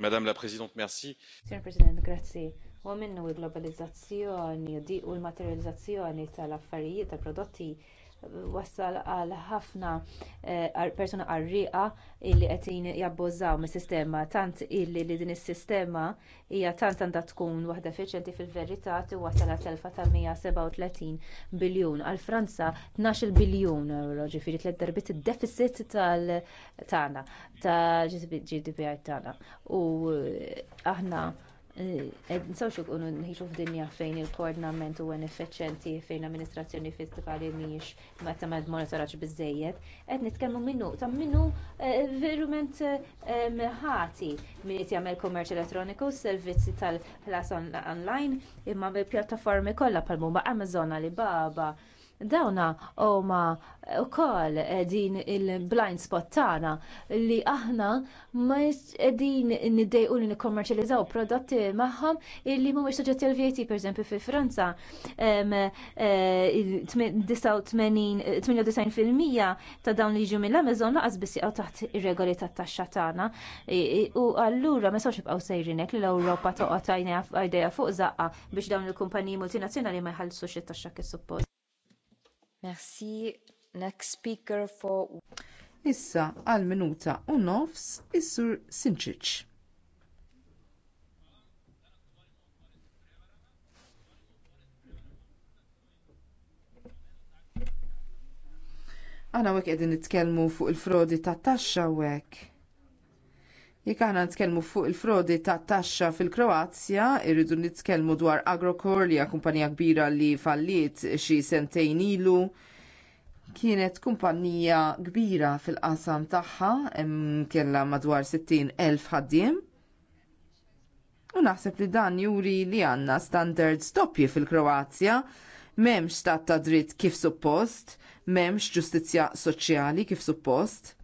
Madame la Présidente, merci. Sir President, grazie. U minnu il-globalizzazzjoni u l-materializzazzjoni tal-affarijiet, tal-prodotti wassal għal ħafna eh, persuna qarrieqa li qed jabbożaw mis-sistema tant illi li din is-sistema hija tant għandha tkun waħda effiċjenti fil-verità tiwassal għal telfa ta' 137 biljun għal Franza 12 biljun euro ġifieri tliet darbit id-deficit tal tagħna ta' GDP tagħna u eh, aħna Eh, nsawx ikunu nħiġu f'dinja fejn il-koordinament huwa ineffiċjenti fejn l-amministrazzjoni fiskali mhijiex ma tagħmel monitoraġġ biżżejjed, qed nitkellmu minnu ta' minnu eh, verument eh, ħati min qed jagħmel kummerċ elettroniku, servizzi tal-ħlas online imma bil-pjattaformi kollha bħal huma Amazon, Alibaba, Dawna huma wkoll din il-blind spot tagħna li aħna ma qegħdin niddejqu li nikkommerċjalizzaw prodotti magħhom illi mhumiex soġġetti għal VAT pereżempju fi Franza 98% eh, ta' dawn li jiġu mill-Amazon laqas biss jaqgħu taħt ir-regoli tat-taxxa tagħna u allura ma sawx ibqgħu sejrinek li l-Ewropa toqgħod għajnejha fuq zaqqa biex dawn il-kumpaniji multinazzjonali ma jħallsux it-taxxa kif suppost. Merci. Next speaker for... Issa għal minuta u nofs is-sur Sinċiċ. Għana wek edin nitkelmu fuq il-frodi ta' taxxa wek. Jekk aħna nitkellmu fuq il-frodi ta' taxxa fil-Kroazja, irridu nitkellmu dwar Agrokor li hija kumpanija kbira li falliet xi sentejn ilu. Kienet kumpanija kbira fil-qasam tagħha hemm kellha madwar 60 elf ħaddiem. U naħseb li dan juri li għandna standards doppji fil-Kroazja, m'hemmx stat ta' dritt kif suppost, m'hemmx ġustizzja soċjali kif suppost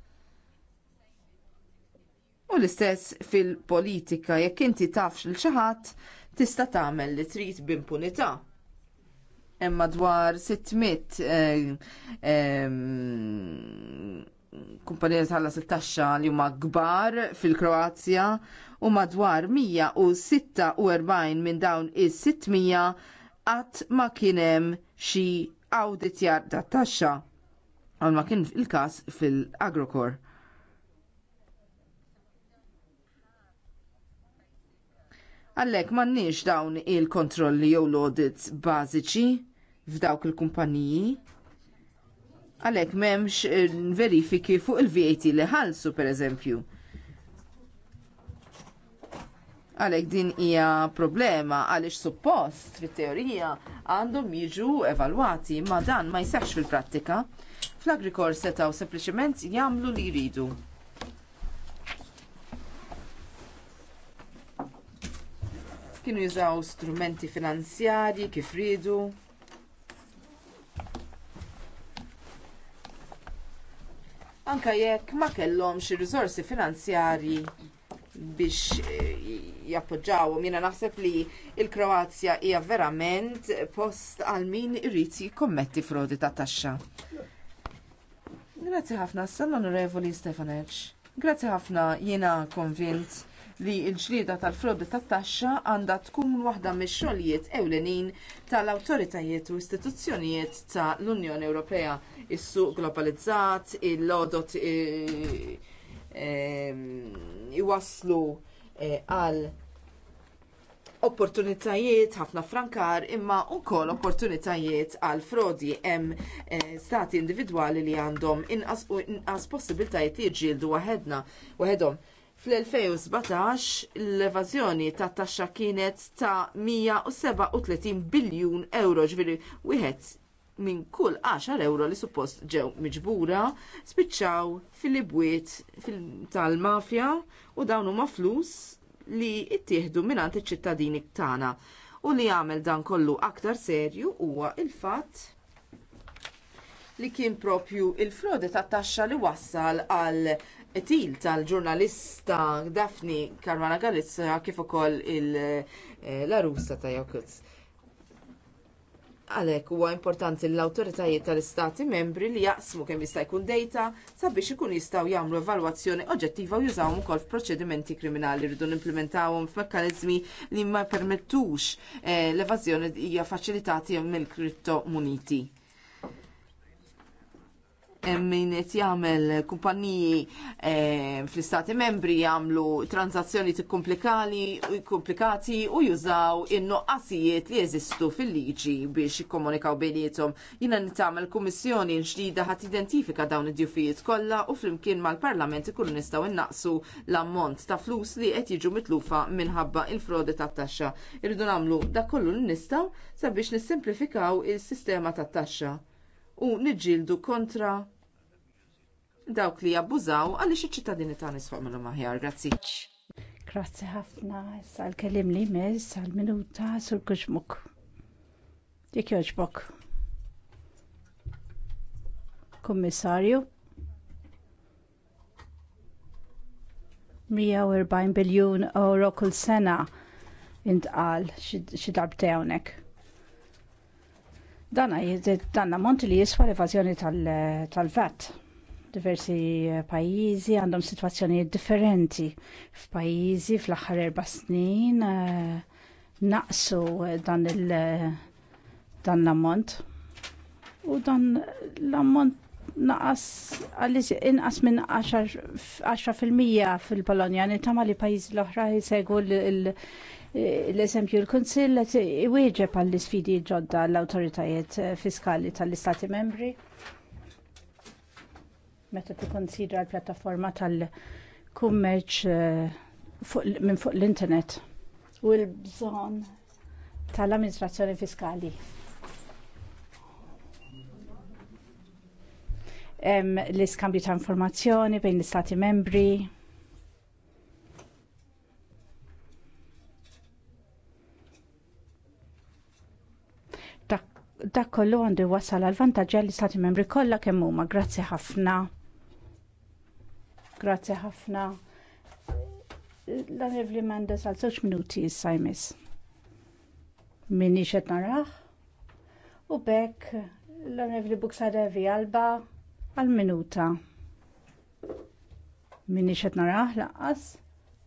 U l-istess fil-politika jekk inti tafx l xi ħadd tista' tagħmel li trid b'impunità. Imma dwar 600 eh, eh, kumpanija tħallas il-taxxa li huma kbar fil-Kroazja u madwar 146 minn dawn is-600 qatt ma kien hemm xi awditjar ta' taxxa. Għal ma kien il-każ fil-Agrokor. Għallek nix dawn il-kontrolli jew l-audits bażiċi f'dawk il-kumpaniji. Għallek memx eh, verifiki fuq il-VAT li ħalsu per eżempju. Għalek din hija problema għalix suppost fit-teorija għandhom jiġu evalwati ma dan ma jisax fil-prattika. Fl-agrikor setaw sempliciment jagħmlu li jridu. kienu jużaw strumenti finanzjarji kif ridu. Anke jekk ma kellhomx ir-riżorsi finanzjarji biex eh, jappoġġawhom. Jiena naħseb li l kroazja hija verament post għal min irid jikkommetti frodi ta' taxxa. Grazzi ħafna, sal onorevoli Stefanec. Grazzi ħafna, jiena konvint li l-ġlieda tal-frodi tat-taxxa għandha tkun waħda mix-xogħlijiet ewlenin tal-awtoritajiet u istituzzjonijiet tal-Unjoni Ewropea. Is-suq globalizzat, il-lodot iwasslu eh, għal opportunitajiet ħafna frankar imma wkoll opportunitajiet għal frodi hemm eh, stati individwali li għandhom inqas possibiltajiet li jġildu waħedna waħedhom. Fl-2017 l-evażjoni ta' taxxa kienet ta' 137 biljun euro ġviri wieħed minn kull 10 euro li suppost ġew miġbura spiċċaw fil-ibwiet fil ibwiet tal mafja u dawn huma flus li ttieħdu minn iċ-ċittadini tagħna. U li għamel dan kollu aktar serju huwa il-fatt li kien propju il-frodi tat taxxa li wassal għal qtil tal-ġurnalista Daphne Karwana Galizza eh, kif ukoll eh, l-arusa ta' Jokuz. Għalhekk huwa importanti l-awtoritajiet tal-istati membri li jaqsmu kemm jista' jkun dejta sabiex ikun jistgħu jagħmlu evalwazzjoni oġġettiva u jużawhom ukoll f'proċedimenti kriminali rridu nimplementawhom f'mekkaniżmi li ma permettux eh, l-evażjoni hija faċilitati mill-kriptomuniti min qed jagħmel kumpaniji eh, fl-istati membri jagħmlu tranzazzjoni komplikati u jużaw in-nuqqasijiet li jeżistu fil-liġi biex jikkomunikaw bejniethom. Jiena nitagħmel kummissjoni ġdida ħadd identifika dawn id-djufijiet kollha u flimkien mal-Parlament ikunu nistgħu innaqsu l-ammont ta' flus li qed jiġu mitlufa minħabba il-frodi tat-taxxa. Irridu nagħmlu dak kollu li nistgħu sabiex nissimplifikaw is-sistema tat-taxxa u niġġieldu kontra dawk li jabbużaw għaliex iċ-ċittadini ta' nisfuq minnhom maħjar Grazzi. Grazzi ħafna sal-kelim li mez sal-minuta sur kuxmuk. Jek joġbok. Kommissarju. 140 biljun euro kull sena intqal xi darbtej hawnhekk. Dana, dan monti li jiswa l-evażjoni tal-VAT. Tal Diversi eh, pajjiżi għandhom sitwazzjonijiet differenti. F'pajjiżi fl-aħħar erba' snin eh, naqsu eh, dan il dan l-ammont. U dan l-ammont naqas għalix inqas minn 10% fil-Polonja, nitama li pajjiżi l-oħra jisegu l-eżempju l-Konsil iwieġeb għall isfidi ġodda l-autoritajiet fiskali tal-Istati membri meta tikkonsidra l-pjattaforma tal-kummerċ eh, minn fuq l-internet u l bżon tal-amministrazzjoni fiskali. L-iskambju ta' informazzjoni bejn l-istati membri, dak kollu għandu wasal għal vantaġġi għall istati membri kollha kemm huma. Grazzi ħafna. Grazie ħafna. L-Onorevoli Mendes għal żewġ minuti jissajmis. Minni xed naraħ. U bekk l buksa Buksadevi Alba għal minuta. Minni xed naraħ laqqas.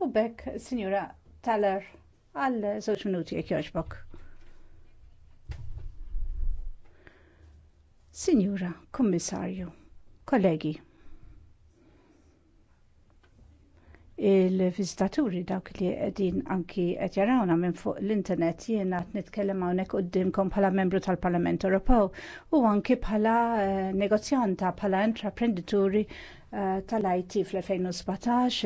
U bekk, Sinjura Taller, għal żewġ minuti jekk jogħġbok. Signora, Kommissarju, kollegi. il-viżitaturi dawk li qegħdin anki qed jarawna minn fuq l-internet jiena qed nitkellem hawnhekk quddiemkom bħala membru tal-Parlament Ewropew u anki bħala eh, negozjanta bħala intraprenditori eh, tal-IT fl-2017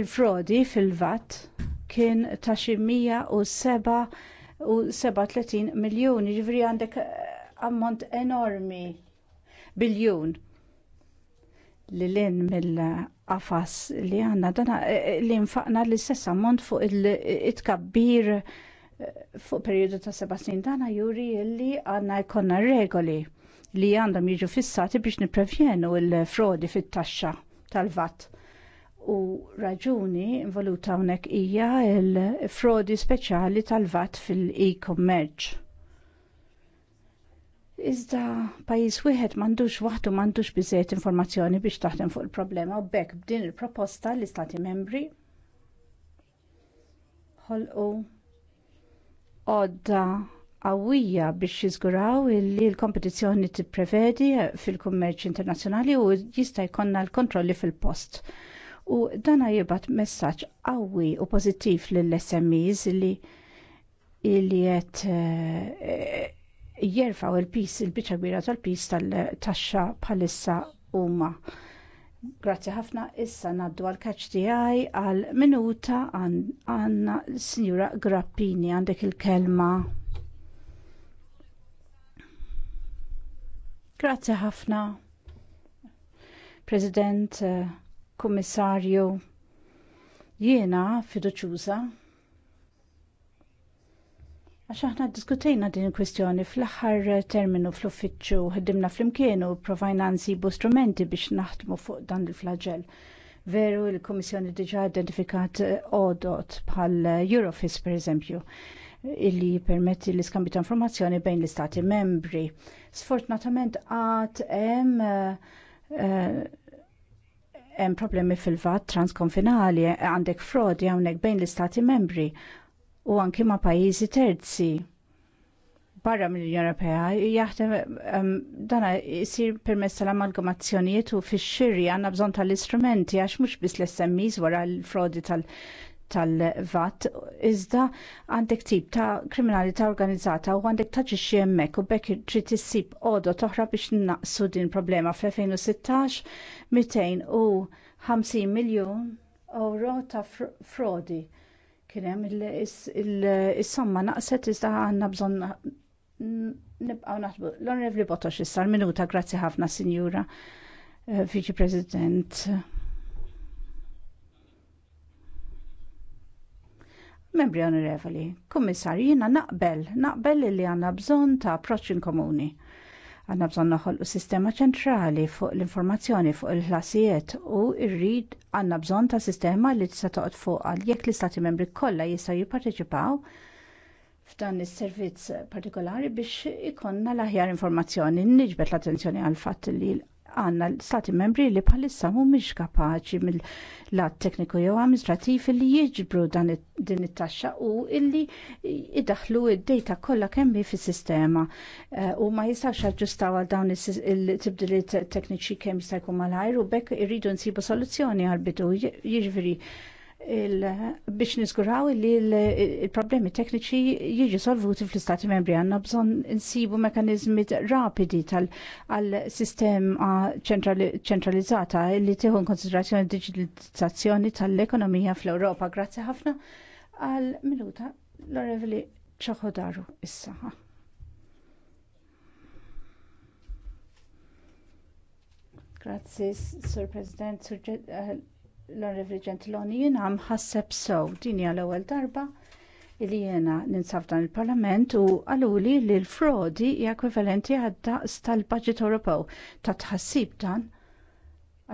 il-frodi fil-VAT kien ta' xi 137 miljun, jiġifieri għandek eh, ammont enormi biljun li l-in mill-qafas li għanna dana eh, eh, li nfaqna l-istess ammont fuq il itkabbir eh, fuq periodu ta' seba' snin dana juri li għanna jkonna regoli li għandhom jiġu fissati biex niprevjenu il-frodi fit-taxxa tal-vat. U raġuni involuta hawnhekk hija l-frodi speċjali tal-vat fil-e-commerce Iżda pajjiż wieħed m'għandux waħdu m'għandux biżejjed informazzjoni biex taħdem fuq il-problema u bekk b'din il-proposta l-Istati membri ħolqu għodda qawwija biex jiżguraw li l-kompetizzjoni tipprevedi fil-kummerċ internazzjonali u jista' jkollna l-kontrolli fil-post. U dan jibgħat messaġġ qawwi u pożittiv lill-SMEs li li qed eh, jerfaw il-pis, il-bicċa kbira tal-pis tal-taxxa bħalissa huma. Grazzi ħafna, issa naddu għal kaċ tiegħi għal minuta għanna signora Grappini għandek il-kelma. Grazzi ħafna, President, eh, Kummissarju, jiena fiduċuża Għax diskutejna din il-kwistjoni fl-aħħar terminu fl-uffiċċju ħdimna flimkien u provajna nsibu strumenti biex naħdmu fuq dan il flagġel Veru il-Kummissjoni diġa identifikat odot bħal Eurofis per eżempju illi permetti l iskambi ta' informazzjoni bejn l-istati membri. Sfortunatament għad hemm eh, hemm problemi fil-vat transkonfinali għandek frodi hawnhekk bejn l-istati membri u anki ma' pajjiżi terzi barra mill-Unjoni Ewropea jaħdem um, dana jisir permezz tal-amalgamazzjonijiet u fix-xiri għandna bżonn tal-istrumenti għax mhux biss l-SMEs wara l-frodi tal- tal-vat, iżda għandek tip ta' kriminalità organizzata u għandek taġiċi hemmhekk u bekk trid tissib għodu toħra biex naqsu din problema fl-2016 250 miljon euro ta' frodi. Kien hemm is-somma naqset iżda għandna bżonn nibqgħu naħsbu. L-Onorevli Botox issa l-minuta, grazzi ħafna Sinjura eh, Viċi President. Membri onorevoli, kummissarju, jiena naqbel, naqbel li għandna bżonn ta' approċċ komuni Għanna bżon noħol u sistema ċentrali fuq l-informazzjoni fuq il-ħlasijiet u rrid għanna bżon ta' sistema li tista' toqgħod fuq għal jekk l-istati membri kollha jistgħu jipparteċipaw f'dan is-servizz partikolari biex ikonna l-aħjar informazzjoni niġbet l-attenzjoni għal fatt li għanna stati membri li bħalissa mhumiex kapaċi mill-lat tekniku jew amministrativ li jiġbru dan din it-taxxa u illi idaħlu id-data kollha kemm fis-sistema eh, u ma jistax aġġustaw għal dawn il-tibdiliet tekniċi kemm jista' jkun malajr u bekk irridu nsibu soluzzjoni għal bidu jiġifieri biex nizguraw li il-problemi tekniċi jieġi solvuti fl-Istati membri għanna bżon insibu mekanizmi rapidi tal-sistema ċentralizzata li tiħu konsiderazzjoni digitalizzazzjoni tal-ekonomija fl-Europa. Grazie ħafna għal minuta l-orevli ċoħodaru issa. Grazie, Sir President, Sir eh, l-Onorevoli Gentiloni jiena mħasseb sew din hija l-ewwel darba li jiena ninsab dan il-Parlament u għaluli li l-frodi hija ekwivalenti għad-daqs tal-Baġit Ewropew ta' tħassib dan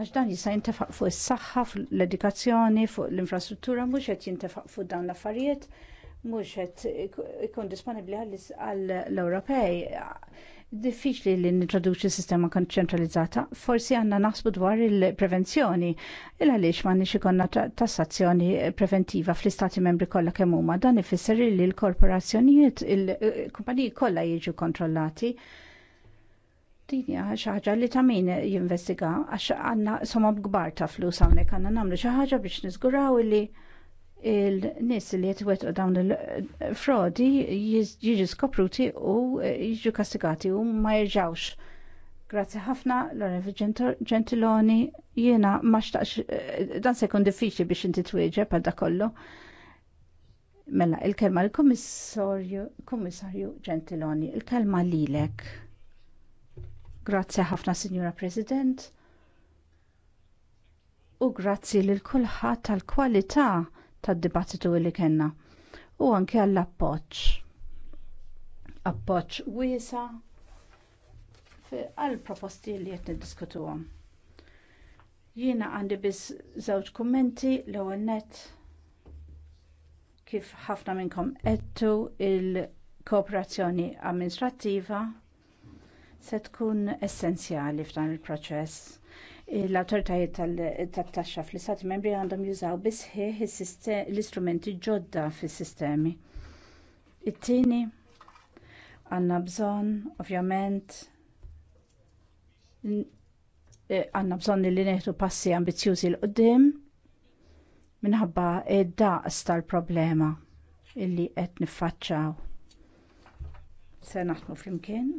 għax dan jista' jintefaq fuq is-saħħa, fuq l-edukazzjoni, fuq l-infrastruttura mhux qed jintefaq fuq dawn l-affarijiet mhux qed ikun disponibbli għall-Ewropej diffiċli li nintroduċi sistema ċentralizzata, forsi għanna naħsbu dwar il-prevenzjoni. Il għaliex ma nix ikonna tassazzjoni preventiva fl-istati membri kollha kemm huma dan ifisser li l-korporazzjonijiet il-kumpaniji kollha jiġu kontrollati. Din hija xi ħaġa li ta' min jinvestiga għax għandna somma b'gbar ta' flus hawnhekk għandna nagħmlu xi ħaġa biex niżguraw li il-nis li jitwetqu dawn il-frodi jiġu skopruti u jiġu kastigati u ma jirġawx. Grazzi ħafna, Lorena Gentiloni, jiena ma xtax eh, dan se jkun diffiċli biex inti twieġe għal kollu. Mela, il-kelma l-Kummissarju Gentiloni, il-kelma lilek. Grazzi ħafna, Signora President. U grazzi lil kulħadd tal-kwalità tad-dibattitu li kellna u anke għall appoġġ appoġġ wiesa għall proposti li qed niddiskutuhom. Jiena għandi biss żewġ kummenti l-ewwel nett kif ħafna minnkom ettu il-kooperazzjoni amministrattiva se tkun essenzjali f'dan il-proċess l-awtoritajiet tat-taxxa fl-istati membri għandhom jużaw bisħieħ l-istrumenti ġodda fis-sistemi it-tieni għandna bżonn ovvjament eh, għandna bżonn li neħdu passi ambizzjużi l qudiem minħabba id-daqs tal-problema illi qed niffaċċjaw se naħdmu flimkien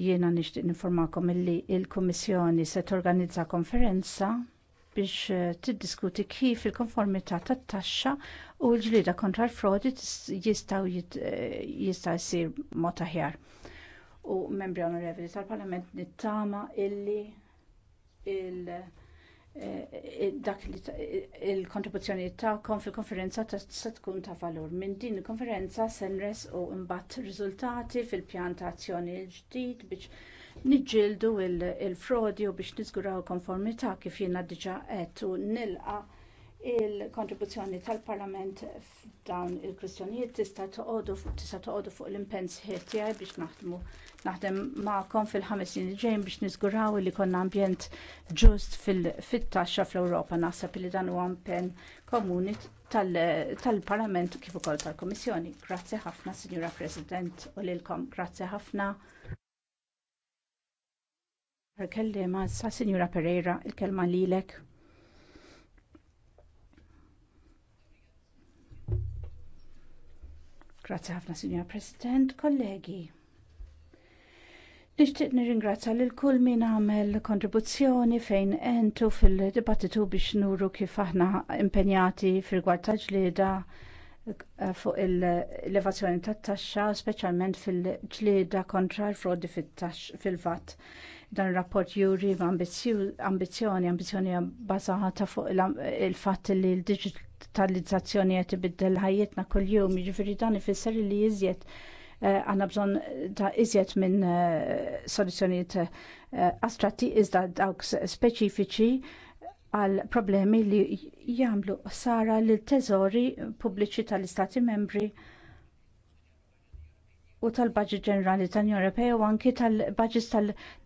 Jiena nixtieq ninformakom illi il-Kummissjoni se torganizza konferenza biex eh, tiddiskuti kif il-konformità tat-taxxa u l ġlieda kontra l-frodi jistgħu eh, jista' jsir mod aħjar. U membri onorevoli tal-Parlament nittama illi il- Eh, eh, dak li eh, il-kontribuzzjoni tagħkom fil-konferenza se tkun ta' valur. Minn din il-konferenza se u imbat riżultati fil-pjan ta' azzjoni l ġdid biex niġġieldu il frodi u biex niżguraw konformità kif jiena diġà qed u nilqa' il-kontribuzzjoni tal-Parlament f'dawn il-kwistjonijiet tista' toqgħodu tista' toqgħodu fuq l-impenn sħiħ tiegħi biex naħdmu naħdem magħkom fil-ħames snin ġejjin biex niżguraw li konna ambjent ġust fit-taxxa fl-Ewropa naħseb li dan huwa impenn komuni tal-Parlament kif ukoll tal-Kummissjoni. Grazzi ħafna, Sinjura President, u lilkom grazzi ħafna. Kellima sa' Sinjura Pereira, il-kelma lilek. Grazzi ħafna, Signor President, kollegi. Nixtieq nirringrazzja lil kull min għamel kontribuzzjoni fejn entu fil-dibattitu biex nuru kif aħna impenjati fil-gwar ta' ġlieda eh, fuq il-levazzjoni tat taxxa, speċjalment fil-ġlieda kontra l-frodi fil-vat. Dan rapport juri ma' ambizjoni, ambizjoni bazata fuq il fat li l-digital digitalizzazzjoni qed ibiddel ħajjitna kuljum, jiġifieri dan ifisser li għanna eh, għandna bżonn ta' iżjed minn uh, astratti iżda dawk speċifiċi għal problemi li jagħmlu sara lil teżori pubbliċi tal-Istati membri u tal-Baġit Ġenerali tal-Unjoni Ewropea u anki tal-Baġit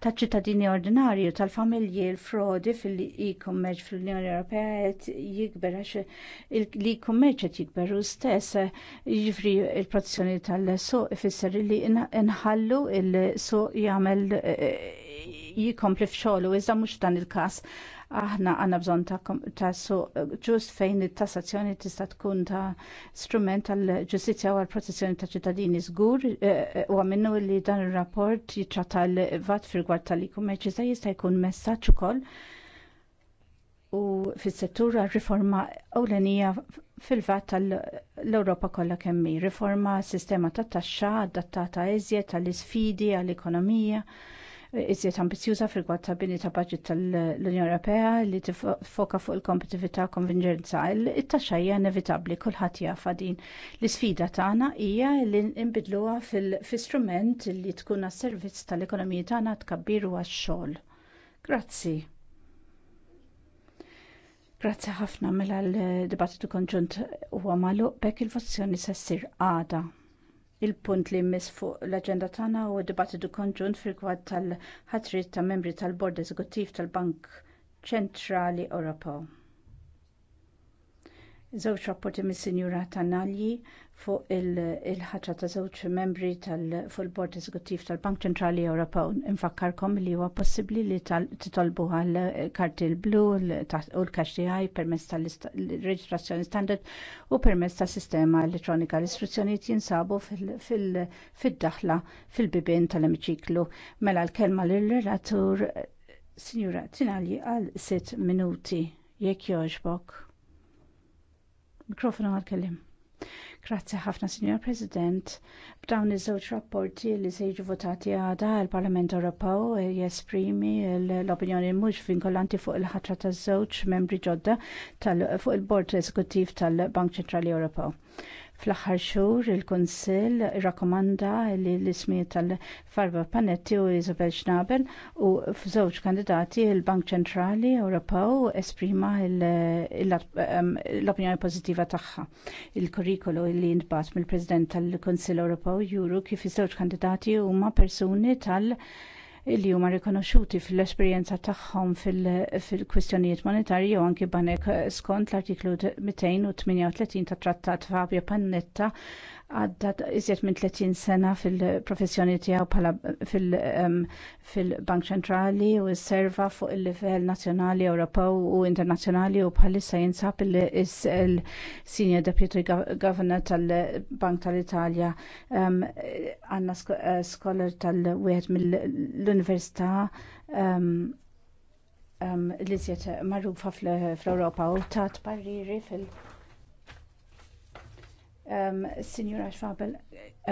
tal-ċittadini ordinarji u tal-familji l-frodi fil-e-commerce fl-Unjoni Ewropea qed jikber għax l-e-commerce qed jikber u stess jiġri l-protezzjoni tal-suq ifisser li nħallu l suq jagħmel eh, jikompli f'xogħlu iżda mhux dan il-każ aħna għandna bżonn ta' suq ġust fejn it-tassazzjoni tista' tkun ta' strument tal-ġustizzja u għall-protezzjoni ta' ċittadini żgur eh, u minnu li dan ir-rapport jitrata l-vat fil-gwart tal ikum iżda jista' jkun messaġġ ukoll u fis-settur għal riforma ewlenija fil-vat tal-Europa kollha kemmi riforma s sistema tat taxxa adattata eżjed għall isfidi għall-ekonomija. Ta iżjed ambizjuża fil-gwad ta' bini ta' budget tal-Unjoni Ewropea li tifoka fuq il-kompetitività konvinġenza. It-taxxa hija inevitabbli kulħadd jafa din. L-isfida tagħna hija li nbidluha fil-istrument li tkun għas-servizz tal-ekonomija tagħna tkabbir u għax-xogħol. Grazzi. Grazzi ħafna mela l-dibattitu konġunt huwa magħluq bekk il vozzjoni se ssir għada il-punt li jmiss fuq l-aġenda tagħna u dibattitu konġunt fil-kwad tal-ħatrit ta' membri tal-Bord Eżekuttiv tal-Bank Ċentrali Ewropew. Żewġ rapporti mis-Sinjura Tanalji fuq il-ħatra ta' żewġ membri fuq il-Bord Eżekuttiv tal-Bank Ċentrali Ewropew. Infakkarkom li huwa possibbli li titolbu għal karti l-blu u l kaxx DI permezz tal-reġistrazzjoni standard u permezz tas sistema elettronika. L-istruzzjonijiet jinsabu fid-daħla fil-bibien tal-emiċiklu. Mela l-kelma lill-relatur Sinjura Tinali għal sitt minuti jekk jogħġbok. Mikrofonu għal-kellim. Grazzi ħafna, Signor President. B'dawn iż-żewġ rapporti li se jiġu votati għada l parlament Ewropew jesprimi l-opinjoni mhux vinkolanti fuq il-ħatra taż-żewġ membri ġodda fuq il-Bord Eżekuttiv tal-Bank Ċentrali Ewropew Fl-aħħar xhur il-Kunsill rakkomanda li l-ismijiet tal-Farba Panetti u Isabel Schnabel u f'żewġ kandidati il-Bank Ċentrali Ewropew esprima ehm, l-opinjoni pożittiva tagħha. il kurrikulu li ntbagħat mill-President tal-Kunsill Ewropew juru kif iż-żewġ kandidati huma persuni tal- li huma rikonoxxuti fl-esperjenza tagħhom fil-kwistjonijiet monetarji u anki banek skont l-artiklu 238 tat Trattat Fabio Pannetta għadda iżjed minn 30 sena fil-professjoni tiegħu bħala fil-Bank Ċentrali u s-serva fuq il-livell nazzjonali Ewropew u internazzjonali u bħalissa jinsab il-Senior Deputy Governor tal-Bank tal-Italja Għanna skolar eh, tal-wieħed mill-Università li iżjed fl-Ewropa u tat parriri fil- Um, Signora Xfabel, uh,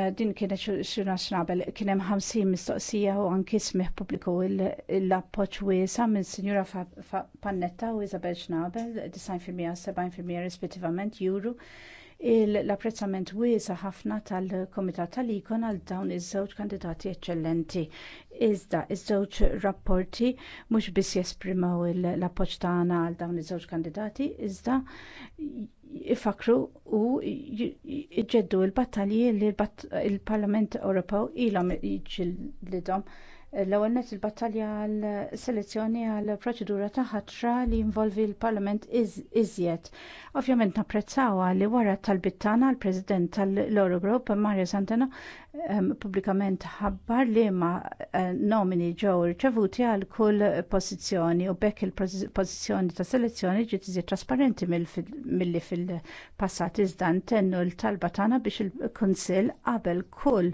eh, din kienet xina xnabel, kienem 50 mistoqsija u għan kismih publiku l-appoċ wiesa minn Signora Pannetta u Isabel Xnabel, 90% 70% rispettivament juru l-apprezzament wiesa ħafna tal kumitat tal-Ikon għal dawn iż-żewġ kandidati eċċellenti. Iżda, iż-żewġ rapporti mhux biss jesprimaw l-appoġġ tagħna għal dawn iż-żewġ kandidati, iżda ifakru u jġeddu l-battalji li l-Parlament Ewropew ilhom jiġġieldhom l-ewwel net il-battalja għall selezzjoni għall proċedura ta' ħatra li jinvolvi l-Parlament iżjed Ovvjament napprezzaw li wara tal-bittana l-President tal-Eurogroup Mario Santana ehm, pubblikament ħabbar li ma eh, nomini ġew irċevuti għal kull pożizzjoni u bekk il-pożizzjoni ta' selezzjoni ġiet iżjed trasparenti milli fil-passat iżda ntennu l-talba tagħna biex il-Kunsill qabel kull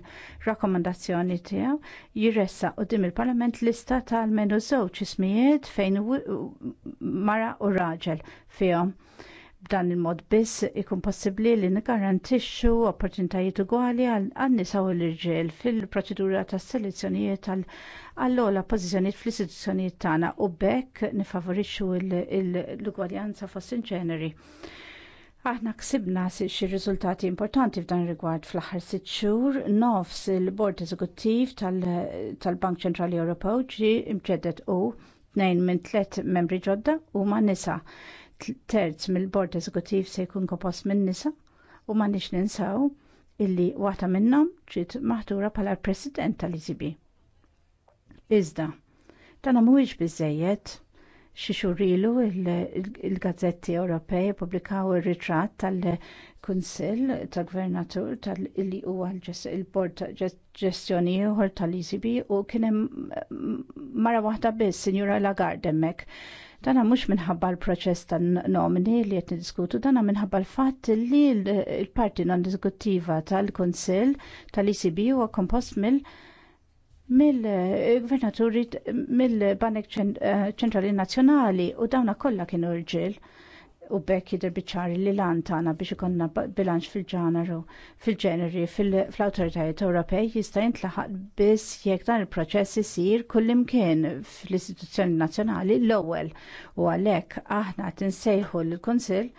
rakkomandazzjoni tiegħu jirressa qudiem il-Parlament lista tal-menu żewġ ismijiet fejn mara u raġel fihom b'dan il-mod biss ikun possibbli li nigarantixxu opportunitajiet ugwali għan-nisa u l-irġiel fil-proċedura tas selezzjonijiet għall-ogħla pożizzjonijiet fl-istituzzjonijiet tagħna u bekk nifavorixxu l-ugwaljanza fost inġeneri. Aħna ksibna xi riżultati importanti f'dan rigward fl-aħħar sitt xhur nofs il-Bord Eżekuttiv tal-Bank Ċentrali Ewropew ġie imġedet u tnejn minn tliet membri ġodda huma nisa terz mill-bord eżekutiv se jkun kompost minn nisa u ma nix ninsaw illi waħda minnhom ġiet maħtura bħala president tal-ICB. Iżda, dan mhuwiex biżejjed xi il-gazzetti Ewropej publikaw ir-ritratt tal-Kunsill tal-Gvernatur tal-li huwa l bord ġestjoni ieħor tal-ECB u kien hemm mara waħda biss, Sinjura Lagarde hemmhekk Dana mhux minħabba l-proċess ta' nomini li qed niddiskutu, dana minħabba l-fatt li l-parti non-diskuttiva tal-Kunsill tal icb huwa kompost mill- mill-gvernaturi mill-Banek eh, Ċentrali Nazzjonali u dawna kollha kienu rġiel u bekk jidher biċċari li lan tagħna biex ikollna bilanċ fil-ġeneru fil-ġeneri fl-awtoritajiet Ewropej jista' jintlaħaq biss jekk dan il-proċess isir kullimkien fl-istituzzjoni nazzjonali l-ewwel u għalhekk aħna qed insejħu lill-Kunsill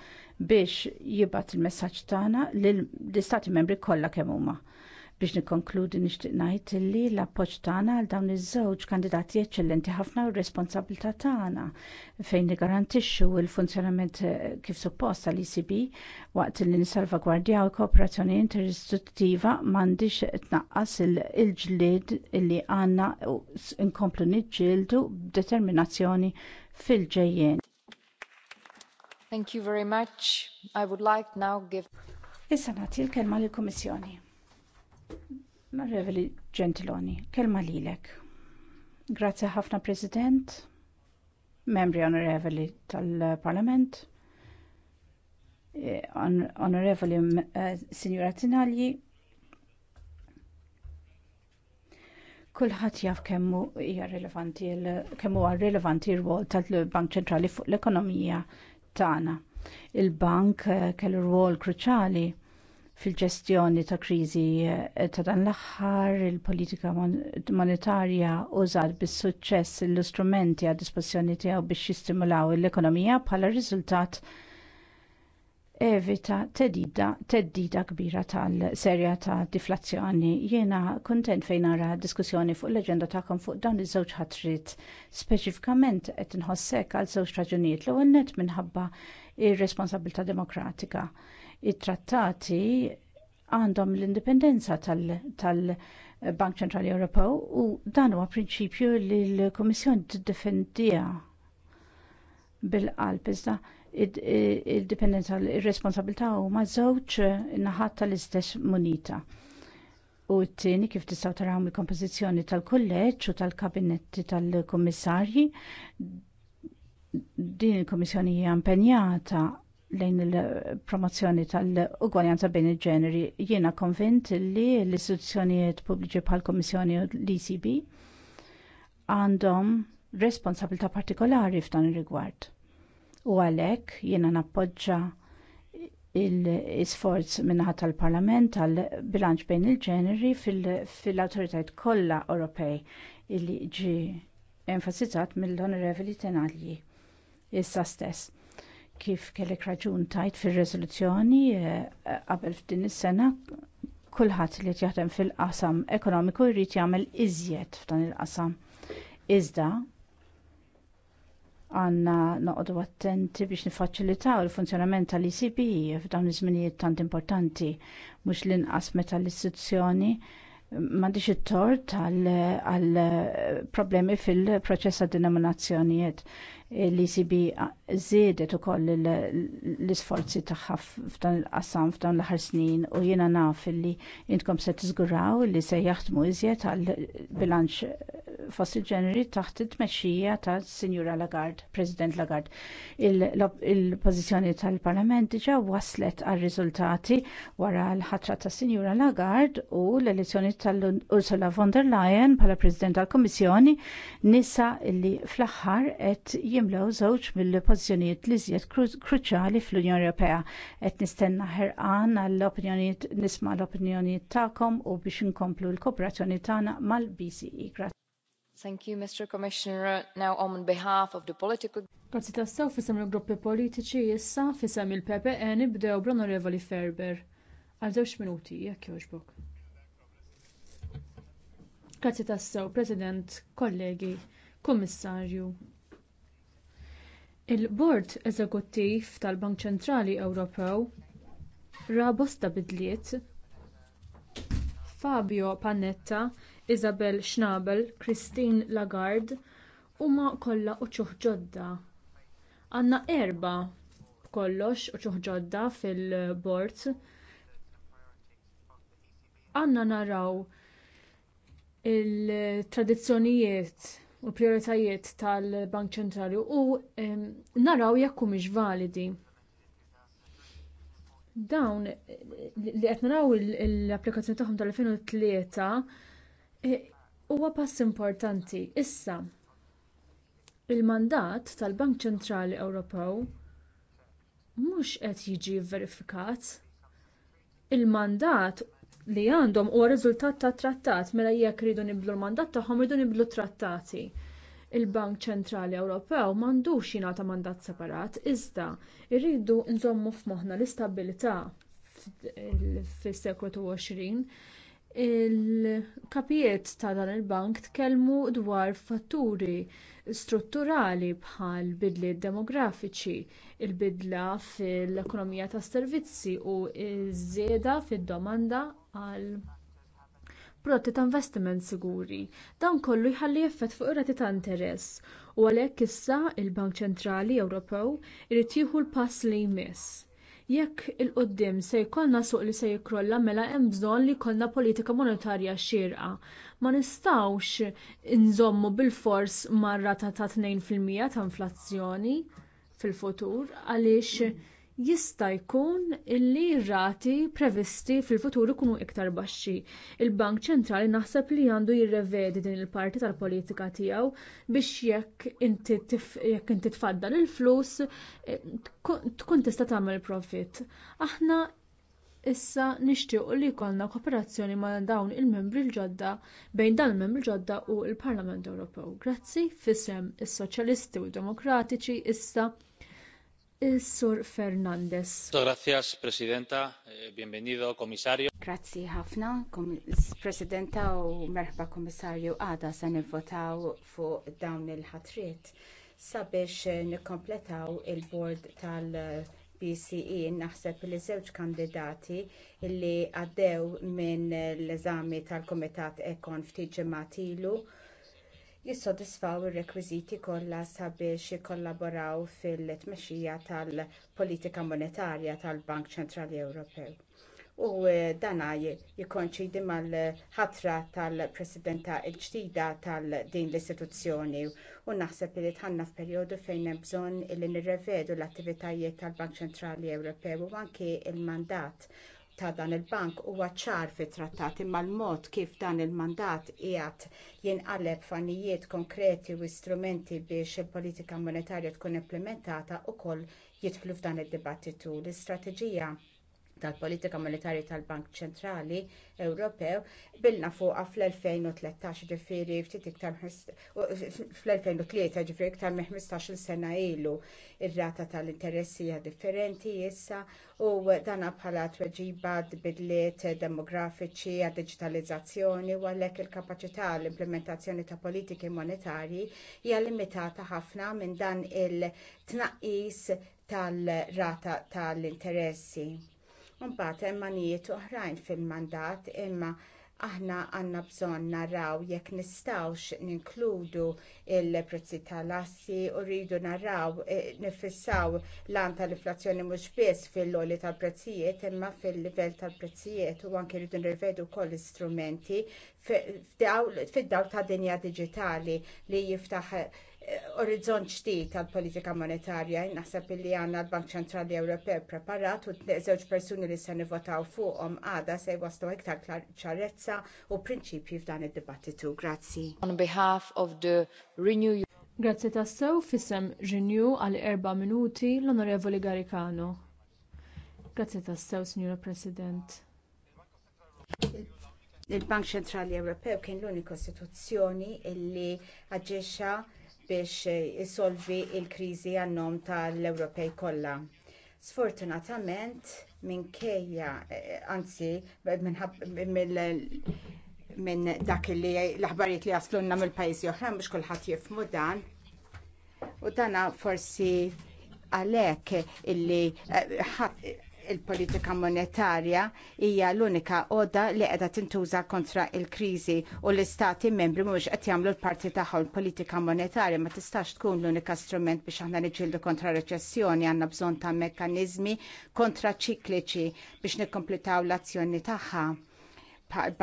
biex jibgħat il-messaġġ tagħna lill-istati membri kollha kemm huma. Biex nikkonkludi nixtieq ngħid illi l-appoġġ tagħna għal dawn iż-żewġ kandidati eċċellenti ħafna u r-responsabilità tagħna fejn nigarantixxu l-funzjonament eh, kif suppost tal-ECB waqt li il kooperazzjoni interistitutiva m'għandix tnaqqas il-ġlied illi għandna inkomplu niġġieldu b'determinazzjoni fil-ġejjien. Thank you very much. I would like now give Issa nagħti l-kelma lill-Kummissjoni. Marreveli Gentiloni, kelma lilek. Grazie ħafna President, membri onorevoli tal-Parlament, eh, onorevoli eh, Signora Tinagli, kulħadd jaf kemmu hija rilevanti kemmu huwa rilevanti r-rwol tal-Bank Ċentrali fuq l-ekonomija tagħna. Il-bank eh, kellu rwol kruċali fil-ġestjoni ta' kriżi eh, ta' dan l-aħħar il-politika monetarja użat bis-suċċess l-istrumenti għad dispożizzjoni tiegħu biex jistimulaw l-ekonomija bħala riżultat evita tedida, teddida kbira tal-serja ta' deflazzjoni. Jiena kuntent fejn ara diskussjoni fuq l aġenda tagħkom fuq dawn iż-żewġ ħatrit. Speċifikament qed inħossek għal żewġ raġunijiet l-ewwel nett minħabba ir-responsabilità demokratika it-trattati għandhom l-indipendenza tal-Bank Ċentrali Ewropew u dan huwa prinċipju li l-Kummissjoni tiddefendiha bil-qalb iżda id-dipendenza l responsabilità huma żewġ naħat tal-istess munita. U t-tieni kif tistgħu taraw mill-kompożizzjoni tal-kulleġġ u tal-kabinetti tal-kummissarji din il-Kummissjoni hija impenjata lejn il-promozzjoni tal-ugwaljanza bejn il-ġeneri. Jiena konvint li l-istituzzjonijiet pubbliċi bħal komissjoni u l-ECB għandhom responsabilità partikolari f'dan ir-rigward. U għalhekk jiena nappoġġa l-isforz minnaħat tal-Parlament tal-bilanċ bejn il-ġeneri fil-autoritajt kollha Ewropej li ġi enfasizzat mill-Onorevoli Tenalji issa stess kif kellek raġun tajt fir-riżoluzzjoni eh, qabel f'din is-sena kulħadd li qed jaħdem fil-qasam ekonomiku jrid jagħmel iżjed f'dan il-qasam. Iżda għandna noqogħdu attenti biex nifaċilitaw il-funzjonament tal-ECB f'dawn iż-żminijiet tant importanti mhux l-inqas meta l-istituzzjoni m'għandix it-tort għal problemi fil-proċess ta' denominazzjonijiet l zedet żiedet ukoll l-isforzi ta f'dan il-qasam f'dan l ħar snin u jiena naf li jintkom se tiżguraw li se jaħdmu iżjed għal bilanċ eh, fossil il-ġeneri taħt it-tmexxija ta' Sinjura Lagarde, President Lagarde. Il-pożizzjoni tal-Parlament diġà waslet għal riżultati wara l-ħatra ta' Sinjura Lagarde u l-elezzjoni tal-Ursula von der Leyen bħala President tal komissjoni nisa li fl-aħħar qed jimlew żewġ mill-pożizzjonijiet li żjed kruċjali fl-Unjoni Ewropea. Qed nistenna ħerqan għall-opinjonijiet nisma' l-opinjonijiet tagħkom u biex inkomplu l-kooperazzjoni tagħna mal-BCE. Thank you, Mr. Commissioner. Now on behalf of the political... Grazzi tassaw fissam il-gruppi politiċi issa fissam il-PPE nibdew bl-Onorevoli Ferber. Għal żewġ minuti, jekk jogħġbok. Grazzi tassaw, President, kollegi, Kummissarju, il-bord eżekuttiv tal-bank ċentrali ewropew ra bosta bidliet fabio panetta isabel schnabel christine lagarde huma kollha uċuħ ġodda għandna erba' kollox uċuħ ġodda fil-bord għandna naraw il-tradizzjonijiet u prioritajiet tal-Bank Ċentrali u naraw jekk humiex validi. Dawn li qed naraw l-applikazzjoni tagħhom tal-2003 e, huwa pass importanti. Issa il-mandat tal-Bank Ċentrali Ewropew mhux qed jiġi verifikat. Il-mandat li għandhom huwa riżultat ta' trattat mela jekk ridu nibdlu l-mandat tagħhom ridu nibdlu trattati. Il-Bank Ċentrali Ewropew m'għandux jingħata mandat separat iżda rridu nżommu f'moħħna l-istabilità fis-seklu 20 il-kapijiet ta' dan il-bank tkellmu dwar fatturi strutturali bħal bidliet demografiċi, il-bidla fil-ekonomija tas servizzi u ż-żieda fid-domanda għal prodotti ta' investiment siguri. Dan kollu jħalli effett fuq ir-rati ta' interess u għalhekk issa il bank Ċentrali Ewropew irid jieħu l-pass li jmiss. Jekk il-qoddim se jkollna suq li se jikrolla mela hemm bżonn li jkollna politika monetarja xierqa. Ma nistgħux inżommu bil-fors mar ta' 2% ta' inflazzjoni fil-futur għaliex jista' jkun li r-rati previsti fil-futur ikunu iktar baxxi. Il-Bank Ċentrali naħseb li għandu jirrevedi din il-parti tal-politika tiegħu biex jekk inti jekk inti tfaddal il-flus eh, tkun tista' tagħmel profit. Aħna issa nixtiequ li jkollna kooperazzjoni ma' dawn il-membri l-ġodda bejn dan il-membri l-ġodda u l-Parlament Ewropew. Grazzi fisem is-Soċjalisti u Demokratiċi issa sur Fernandez. Gracias, Presidenta. Eh, bienvenido, Comisario. Grazzi ħafna, Presidenta u merħba Komissarju għada se nivvotaw fuq dawn il-ħatriet sabiex eh, nikkompletaw il-bord tal-BCE naħseb li żewġ kandidati li għaddew minn l-eżami tal-Kumitat Ekon ftit ġematilu ilu jissodisfaw ir-rekwiżiti kollha sabiex jikkollaboraw fil-tmexxija tal-politika monetarja tal-Bank Ċentrali Ewropew. U eh, dana jikkonċidi mal-ħatra tal-Presidenta l-ġdida tal-din l-istituzzjoni u naħseb li tħanna f'perjodu fejn hemm bżonn li nirrevedu l-attivitajiet tal-Bank Ċentrali Ewropew u anke l mandat ta' dan il-bank huwa ċar fit trattat imma l-mod kif dan il-mandat qiegħed jinqaleb fannijiet konkreti u strumenti biex il-politika monetarja tkun implementata wkoll jidħlu f'dan id-dibattitu. L-istrateġija tal-politika monetarji tal-Bank Ċentrali Ewropew bilna fuqha fl-2013 ġifieri ftit iktar fl-2003 ġifieri iktar minn 15-il sena ilu ir-rata tal-interessi hija differenti issa u dan bħala tweġiba bidliet demografiċi għad digitalizzazzjoni u għalhekk il-kapaċità għall implementazzjoni ta' politiki monetarji hija limitata ħafna minn dan il-tnaqqis tal-rata tal-interessi Mbagħad hemm manijiet oħrajn fil-mandat imma aħna għandna bżonn naraw jekk nistgħux ninkludu l prezzi tal-assi u rridu naraw e, nifissaw lan tal-inflazzjoni mhux biss fil-loli tal-prezzijiet imma fil-livell tal-prezzijiet u anke rridu nirvedu wkoll istrumenti fid-dawl ta' dinja diġitali li jiftaħ orizzont ġdid tal-politika monetarja, naħseb li għandna l-Bank Ċentrali Ewropew preparat u żewġ persuni li se nivotaw fuqhom għada se jwaslu iktar ċarezza u prinċipji f'dan id-dibattitu. Grazzi. On behalf of the Renew Grazzi tassew fissem Renew għal erba' minuti l-Onorevoli Garicano. Grazzi tassew, Signor President. Il-Bank Ċentrali Ewropew kien l-unika istituzzjoni li aġġexa biex eh, isolvi l kriżi għan-nom tal-Ewropej kollha. Sfortunatament, minkejja, eh, anzi, minn dak li l-aħbarijiet li jaslunna mill-pajjiżi oħra biex kulħadd jifhmu dan. U dana forsi għalhekk illi eh, il-politika monetarja hija l-unika għodda li qiegħda tintuża kontra il-kriżi u l-istati membri mhux qed jagħmlu l-parti tagħhom politika monetarja ma tistax tkun l-unika strument biex aħna niġġieldu kontra reċessjoni għandna bżonn ta' mekkaniżmi kontraċikliċi biex nikkompletaw l-azzjoni tagħha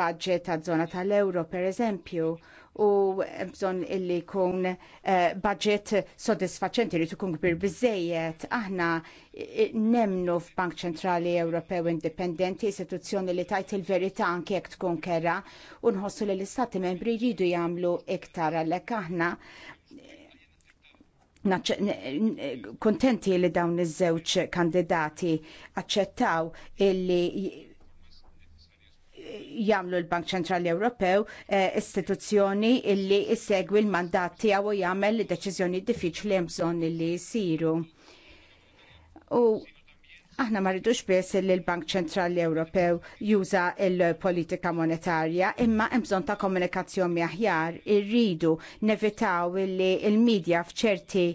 budget ta' zona tal-euro per eżempju u bżon illi kun eh, budget soddisfaċenti li tukun kbir bizzejiet. Aħna nemnu f'Bank Ċentrali Ewropew Indipendenti, istituzzjoni li tajt il-verità anke jekk tkun kera, u nħossu li l-istati membri jridu jagħmlu iktar għalhekk aħna kontenti li dawn iż-żewġ kandidati aċċettaw illi jagħmlu l-Bank Ċentrali Ewropew eh, istituzzjoni illi jsegwi l-mandat tiegħu u li deċiżjoni diffiċli hemm bżonn li jsiru. U Aħna ma rridux biss li l-Bank Ċentrali Ewropew juża l-politika monetarja, imma hemm bżonn ta' komunikazzjoni aħjar, irridu nevitaw li l-medja f'ċerti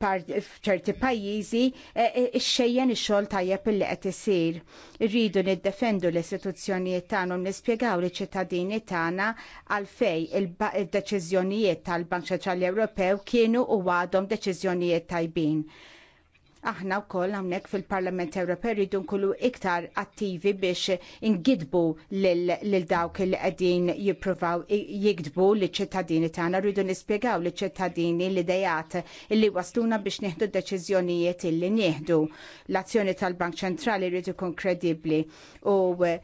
f'ċerti pajjiżi e, e, xejjen ix-xogħol tajjeb illi qed isir. Irridu niddefendu l-istituzzjonijiet tagħna u nispjegaw liċ-ċittadini tagħna għalfej id-deċiżjonijiet tal-Bank Ċentrali Ewropew kienu u għadhom deċiżjonijiet tajbin aħna wkoll hawnhekk fil-Parlament Ewropew rridu nkunu iktar attivi biex ingidbu lil dawk li qegħdin jippruvaw jikdbu liċ ċittadini tagħna rridu nispjegaw liċ ċittadini l-idejat illi wasluna biex nieħdu deċiżjonijiet illi nieħdu. L-azzjoni tal-Bank Ċentrali rridu kun kredibbli u eh,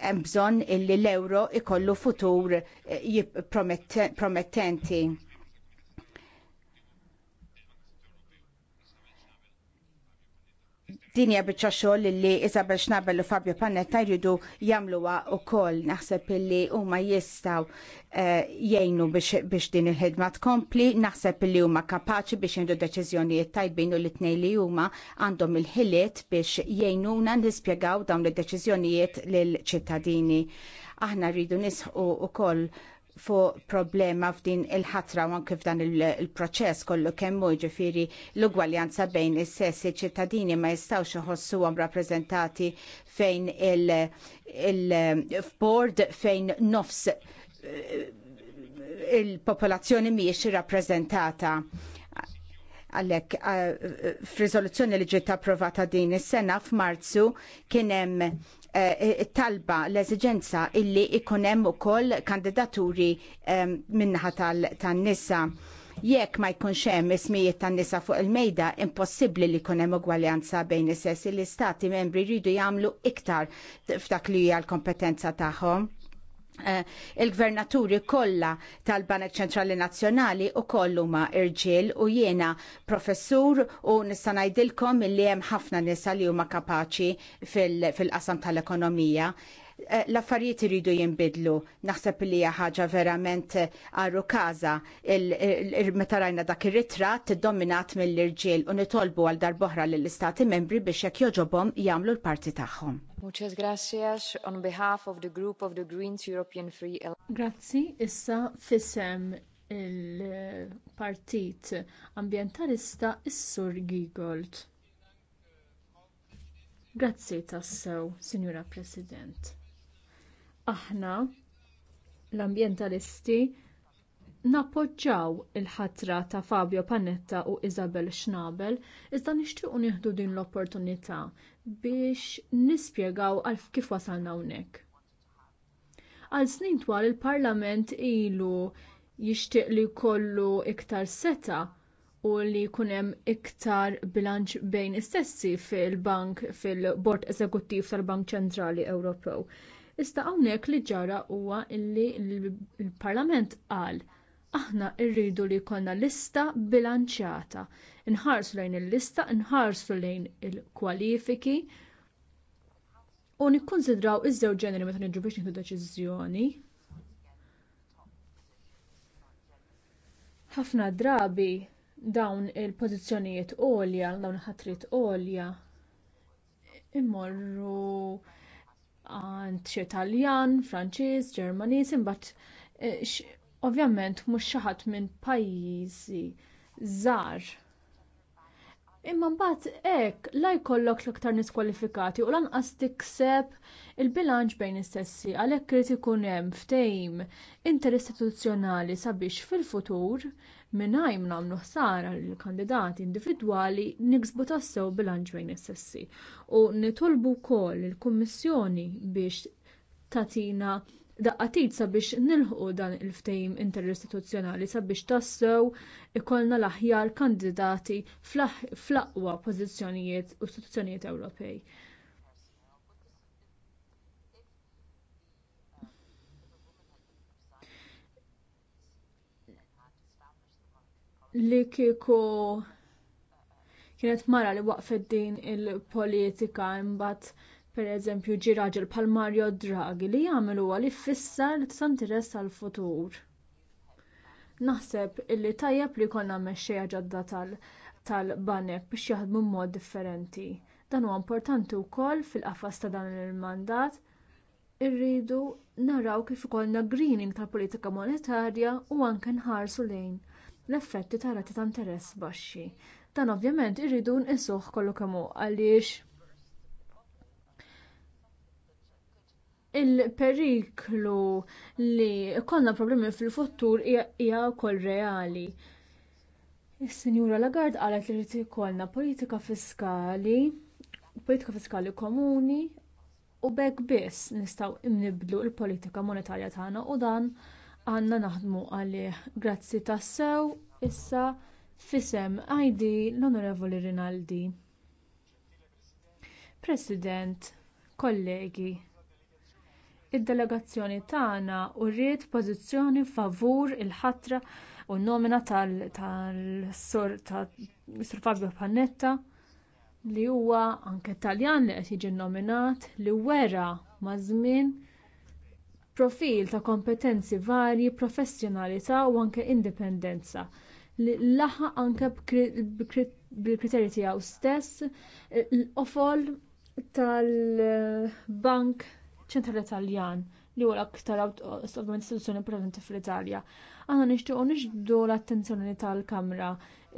hemm bżonn illi l-euro ikollu futur eh, promettenti. Din hija biċċa xogħol li Isabel Schnabel u Fabio Panetta jridu jagħmluha wkoll naħseb illi huma jistgħu eh, jgħinu biex din il-ħidma tkompli, naħseb illi huma kapaċi biex jgħidu deċiżjonijiet tajbin u l-tnejn li huma għandhom il-ħiliet biex jgħinuna nispjegaw dawn id-deċiżjonijiet lill-ċittadini. Aħna rridu nisħu wkoll fuq problema f'din il-ħatra u anke f'dan il-proċess kollu kemm hu ġifieri l-ugwaljanza bejn is-sessi ċittadini ma jistgħux iħossuhom rappreżentati fejn il-board fejn nofs eh, il-popolazzjoni mhijiex irrappreżentata għallek eh, f'riżoluzzjoni li ġiet approvata din is-sena f'Marzu kien hemm Eh, eh, talba l-eżigenza illi ikunem u koll kandidaturi minnaħa tal-nisa. Jekk ma jkunx hemm ismijiet tan-nisa fuq il-mejda, impossibbli li jkun hemm ugwaljanza bejn is-sessi li stati membri jridu jagħmlu iktar f'dak li hija l-kompetenza tagħhom. Eh, il-gvernaturi kollha tal-Banek Ċentrali Nazzjonali u kollu ma irġiel u jiena professur u nista' ngħidilkom milli hemm ħafna nisa li huma kapaċi fil-qasam tal-ekonomija. Eh, l-affarijiet iridu jinbidlu. Naħseb li hija ħaġa verament għarru eh, kaza meta rajna dak ir-ritratt dominat mill-irġiel u nitolbu għal darboħra lill-istati membri biex jekk joġobom jagħmlu l-parti tagħhom. Muchas gracias on behalf of the group of the Greens European Free Alliance. Grazzi issa fisem il-partit ambjentalista Issur sur Giegold. Grazzi tassew, Signora President aħna l-ambjentalisti nappoġġjaw il-ħatra ta' Fabio Panetta u Isabel Schnabel, iżda nixtiequ nieħdu din l-opportunità biex nispjegaw għal kif wasalna hawnhekk. Għal snin twal il-Parlament ilu jixtieq li jkollu iktar seta' u li jkun hemm iktar bilanċ bejn is-sessi fil-bank fil-Bord Eżekuttiv tal-Bank Ċentrali Ewropew. Iżda hawnhekk li ġara huwa li l-Parlament qal aħna rridu li jkollna lista bilanċjata. Inħarsu lejn il-lista, inħarsu lejn il-kwalifiki u nikkonsidraw iż-żewġ ġeneri meta niġu biex nieħdu deċiżjoni. Ħafna drabi dawn il-pożizzjonijiet għolja, dawn il-ħatrit għolja, immorru għand xi Taljan, Franċiż, Ġermaniż, imbagħad eh, ovvjament mhux xi ħadd minn pajjiżi żgħar Imma mbagħad hekk la jkollok l-iktar niskwalifikati u lanqas tikseb il-bilanċ bejn is-sessi għalhekk irid ikun hemm ftehim interistituzzjonali sabiex fil-futur mingħajr nagħmlu ħsara lill kandidati individwali niksbu tassew bilanċ bejn is-sessi u nitolbu wkoll il-Kummissjoni biex tatina daqqatit sabiex nilħqu dan il-ftehim interistituzzjonali sabiex tassew ikollna l-aħjar kandidati fl-aqwa pożizzjonijiet u istituzzjonijiet Ewropej. li kienet mara li waqfet din il-politika imbagħad pereżempju ġi raġel bħal Mario Draghi li jagħmel huwa li jfissar interess għall futur Naħseb illi tajjeb li jkollna mexxejja ġodda tal-banek biex jaħdmu b'mod differenti. Dan huwa importanti wkoll fil-qafas ta' dan il-mandat irridu naraw kif ikollna greening tal-politika monetarja u anke nħarsu lejn l-effetti ta' rati ta' interess baxxi. Dan ovvjament irridu nqisuh kollu kemm hu għaliex il-periklu li konna problemi fil-futur hija wkoll reali. Is-Sinjura Lagarde qalet li rid ikollna politika fiskali, politika fiskali komuni u b'hekk biss nistgħu nibdlu l-politika monetarja tagħna u dan għandna naħdmu għalih. Grazzi tassew issa fisem ID l-Onorevoli Rinaldi. President, kollegi, id-delegazzjoni tagħna uriet pożizzjoni favur il-ħatra u n-nomina tal-sur Fabio Panetta li huwa anke Taljan li qed jiġi nnominat li wera maż-żmien profil ta' kompetenzi varji, professjonalità u anke indipendenza li laħa anke bil-kriterji tiegħu stess l-qofol tal-bank ċentral Italjan li huwa l-aktar istituzzjoni preżenti fl-Italja. Aħna nixtiequ nixdu l-attenzjoni tal-Kamra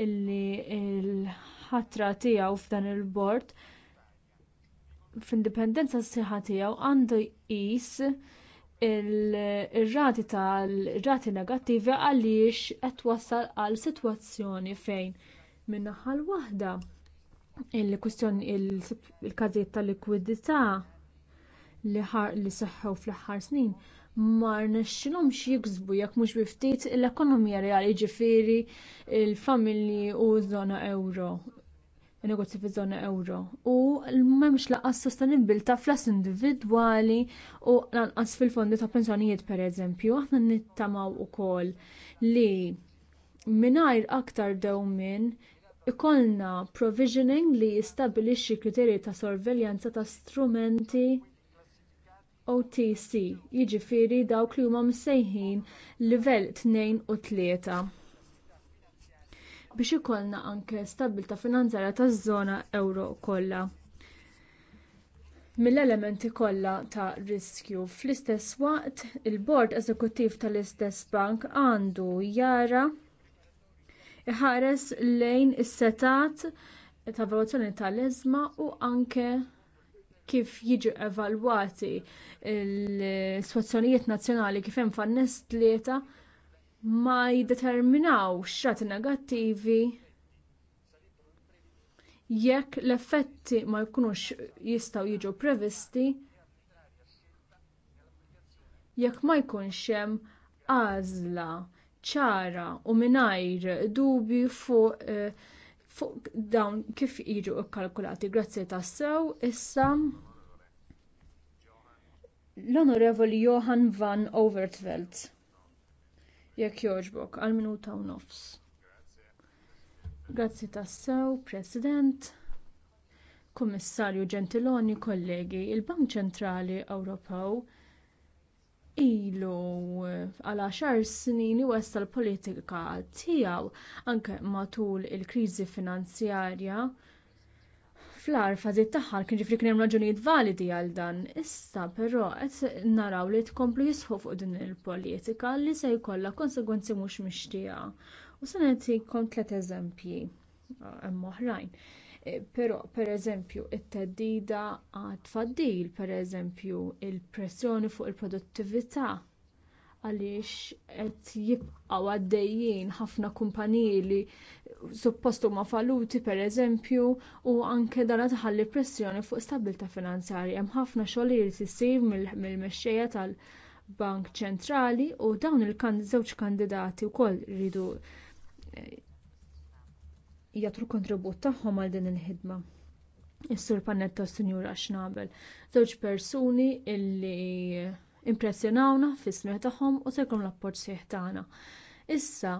illi l-ħatra tiegħu f'dan il-bord f'indipendenza s-siħa tiegħu għandu jqis ir-rati tal-rati negattivi għaliex qed wassal għal sitwazzjoni fejn min-naħa l waħda il-kwistjoni il-każijiet tal-likwidità li ħar li seħħew fl-aħħar snin ma rnexxilhomx jiksbu jekk mhux bi ftit l-ekonomija reali ġifieri il-familji u żona ewro negozji fiż-żona ewro u m'hemmx laqas sostenibilità flas individwali u lanqas fil-fondi ta' pensjonijiet pereżempju aħna nittamaw ukoll li mingħajr aktar dewmien ikollna provisioning li jistabbilixxi kriterji ta' sorveljanza ta' strumenti OTC, jiġifieri dawk li huma msejħin livell tnejn u tlieta. Biex ikollna anke stabilta finanzjarja taż-żona euro kollha. Mill-elementi kollha ta' riskju fl-istess waqt il-bord eżekuttiv tal-istess bank għandu jara iħares lejn is-setat ta' valutazzjoni tal-eżma u anke kif jiġu evalwati l-sitwazzjonijiet nazzjonali kif hemm fan-nies tlieta ma jiddeterminaw xrati negattivi jekk l-effetti ma jkunux jistgħu jiġu previsti jekk ma jkunx hemm għażla ċara u mingħajr dubju fuq eh, fuq dawn kif jiġu kkalkulati. Grazzi tas-sew, issa l-Onorevoli Johan van Overtveld. Jekk jogħġbok għal minuta u nofs. Grazzi tassew, President. Kummissarju Gentiloni, kollegi, il-Bank Ċentrali Ewropew ilu eh, għal għaxar snin iwessa l-politika tiegħu anke matul il-kriżi finanzjarja fl-ar tagħha kien ġifri kien hemm raġunijiet validi għal dan. Issa però qed naraw li tkomplu jisħu fuq din il-politika li se jkollha konsegwenzi mhux mixtieqa. U se nagħtikom tliet eżempji eh, hemm oħrajn. Però pereżempju it-teddida għat tfaddil, pereżempju il-pressjoni fuq il-produttività għaliex qed jibqgħu għaddejjin ħafna kumpaniji li suppost huma faluti pereżempju u anke dan tħalli pressjoni fuq stabilta finanzjarja hemm ħafna xogħlijiet issir mill-mexxejja tal-Bank Ċentrali u dawn il żewġ kandidati wkoll ridu eh, jgħatru kontribut tagħhom għal din il-ħidma. Is-sur Panetta Sinjur Axnabel, żewġ persuni illi impressjonawna fis-smieħ tagħhom u se l-apport sieħ tagħna. Issa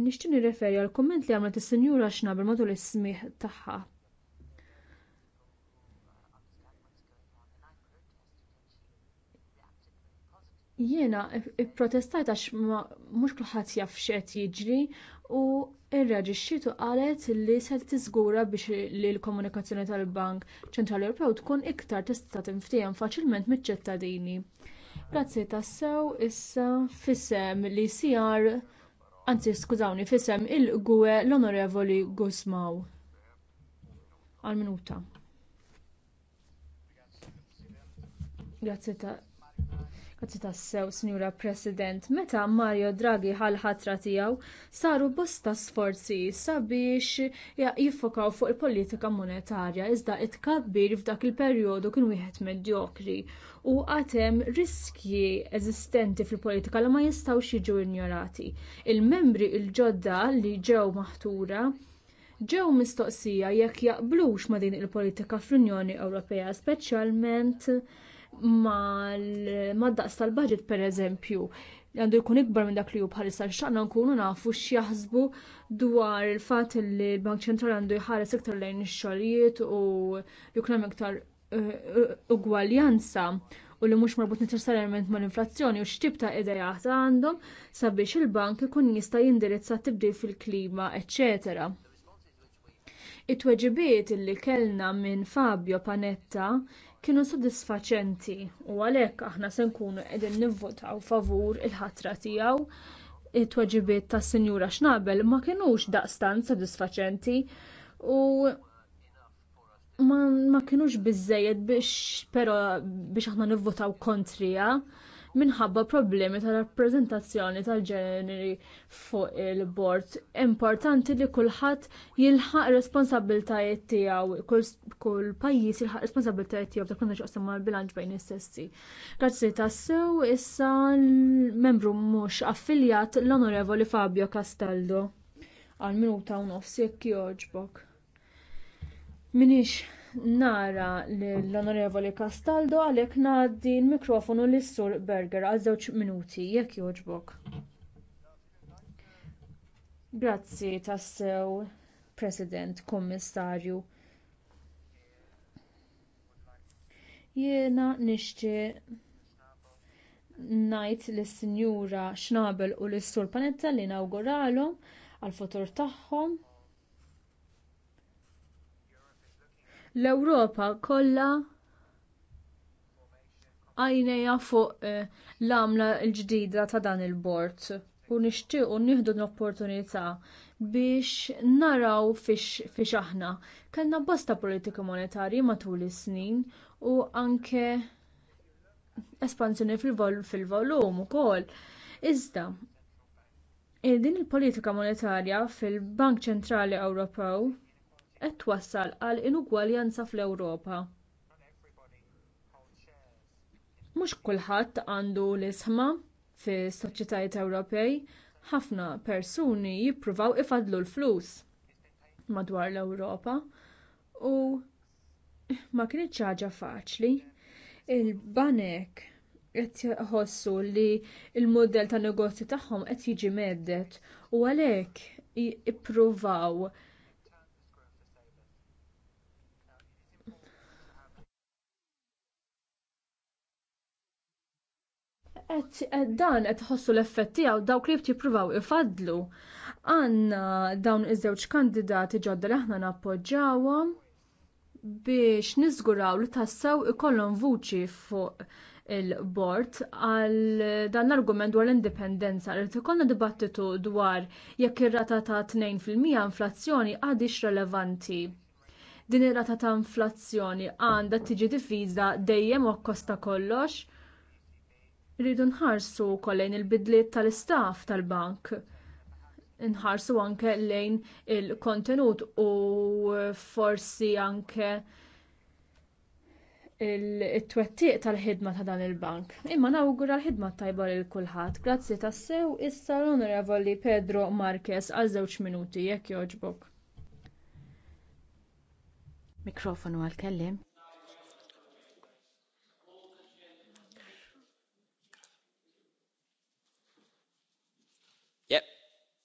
nixtieq nirreferi għal kumment li għamlet is-Sinjura Xnabel matul is-smieħ tagħha jiena protestajt għax mhux kulħadd jaf x'qed jiġri u irreġixxitu qalet li se tiżgura biex li l-komunikazzjoni tal-Bank Ċentrali Ewropew tkun iktar tista' tinftiem faċilment miċ-ċittadini. Grazzi tassew issa fissem li sijar anzi skużawni fissem il-gwe l-onorevoli Gusmaw. Għal minuta. Grazzi ta' Grazzi tassew, Sinjura President, meta Mario Draghi ħal-ħatra tiegħu saru bosta sforzi sabiex jiffokaw fuq il-politika monetarja iżda t tkabbir f'dak il-perjodu kien wieħed medjokri u għatem riskji eżistenti fil-politika li ma jistgħux jiġu injorati. Il-membri l ġodda li ġew maħtura ġew mistoqsija jekk jaqblux ma din il-politika fl-Unjoni Ewropea, speċjalment mad-daqs tal-budget pereżempju għandu jkun ikbar minn dak li hu bħalissa x'aqna nkunu nafu x'jaħsbu dwar il-fatt li l-Bank Ċentrali għandu jħares iktar lejn ix-xogħlijiet u jukna iktar eh, eh, ugwaljanza u li mhux marbut neċessarjament mal-inflazzjoni u x'tib ta' idejat għandhom sabiex il-bank ikun jista' jindirizza tibdil fil-klima, eċċetera. It-tweġibiet li kellna minn Fabio Panetta kienu sodisfaċenti u għalhekk aħna se nkunu qegħdin nivvotaw favur il-ħatra tiegħu it-tweġibiet tas-Sinjura Xnabel ma kinux daqstant sodisfaċenti u ma, ma kinux biżżejjed biex però biex aħna nivvotaw kontrija minħabba problemi tal-rappreżentazzjoni tal-ġeneri fuq il-bord. Importanti li kulħadd jilħaq responsabiltajiet tiegħu, kull pajjiż jilħaq responsabiltajiet tiegħu dak kontra mal-bilanċ bejn is-sessi. Grazzi tassew issa l-membru mhux affiljat l-Onorevoli Fabio Castaldo għal minuta u nofs jekk jogħġbok. Minix nara l-Onorevoli Castaldo għalhekk ngħaddi l-mikrofonu lis sur Berger għal żewġ minuti jekk jogħġbok. Grazzi tassew President, Kommissarju. Jiena nixtieq ngħid lis-Sinjura Schnabel u lis-Sur Panetta li nawguralhom għall futur tagħhom L-Ewropa kollha għajnejja fuq eh, l-għamla l-ġdida ta' dan il-bord u nixtiequ nieħdu l-opportunità biex naraw fiex aħna. Kellna bosta politika monetarji matul is-snin u anke espansjoni fil-volum ukoll. Iżda, eh, din il-politika monetarja fil-Bank Ċentrali Ewropew qed twassal għal inugwaljanza fl-Ewropa. Mhux kulħadd għandu l-isħma fis-soċjetajiet Ewropej, ħafna persuni jippruvaw ifadlu l-flus madwar l-Ewropa u ma kienx ħaġa faċli. Il-banek qed jħossu li l-mudell tan negozju tagħhom qed jiġi medet u għalhekk ippruvaw Et eh, dan qed ħossu l-effett tiegħu dawk li jippruvaw ifadlu. Għandna dawn iż-żewġ kandidati ġodda li aħna nappoġġawhom biex niżguraw li tassew ikollhom vuċi fuq il-bord għal dan l-argument dwar l-indipendenza li tkollna dibattitu dwar jekk ir-rata ta' 2% inflazzjoni għadix relevanti. Din ir-rata ta' inflazzjoni għandha tiġi diffiża dejjem u kosta kollox Rridu nħarsu kollejn il-bidliet tal-istaff tal-bank. Nħarsu anke lejn il-kontenut u forsi anke il-twettiq tal-ħidma ta' dan il-bank. Imma nawgura l-ħidma tajba lil kulħadd. Grazzi tassew issa l-Onorevoli Pedro Marquez għal żewġ minuti jekk jogħġbok. Mikrofonu għal-kellim.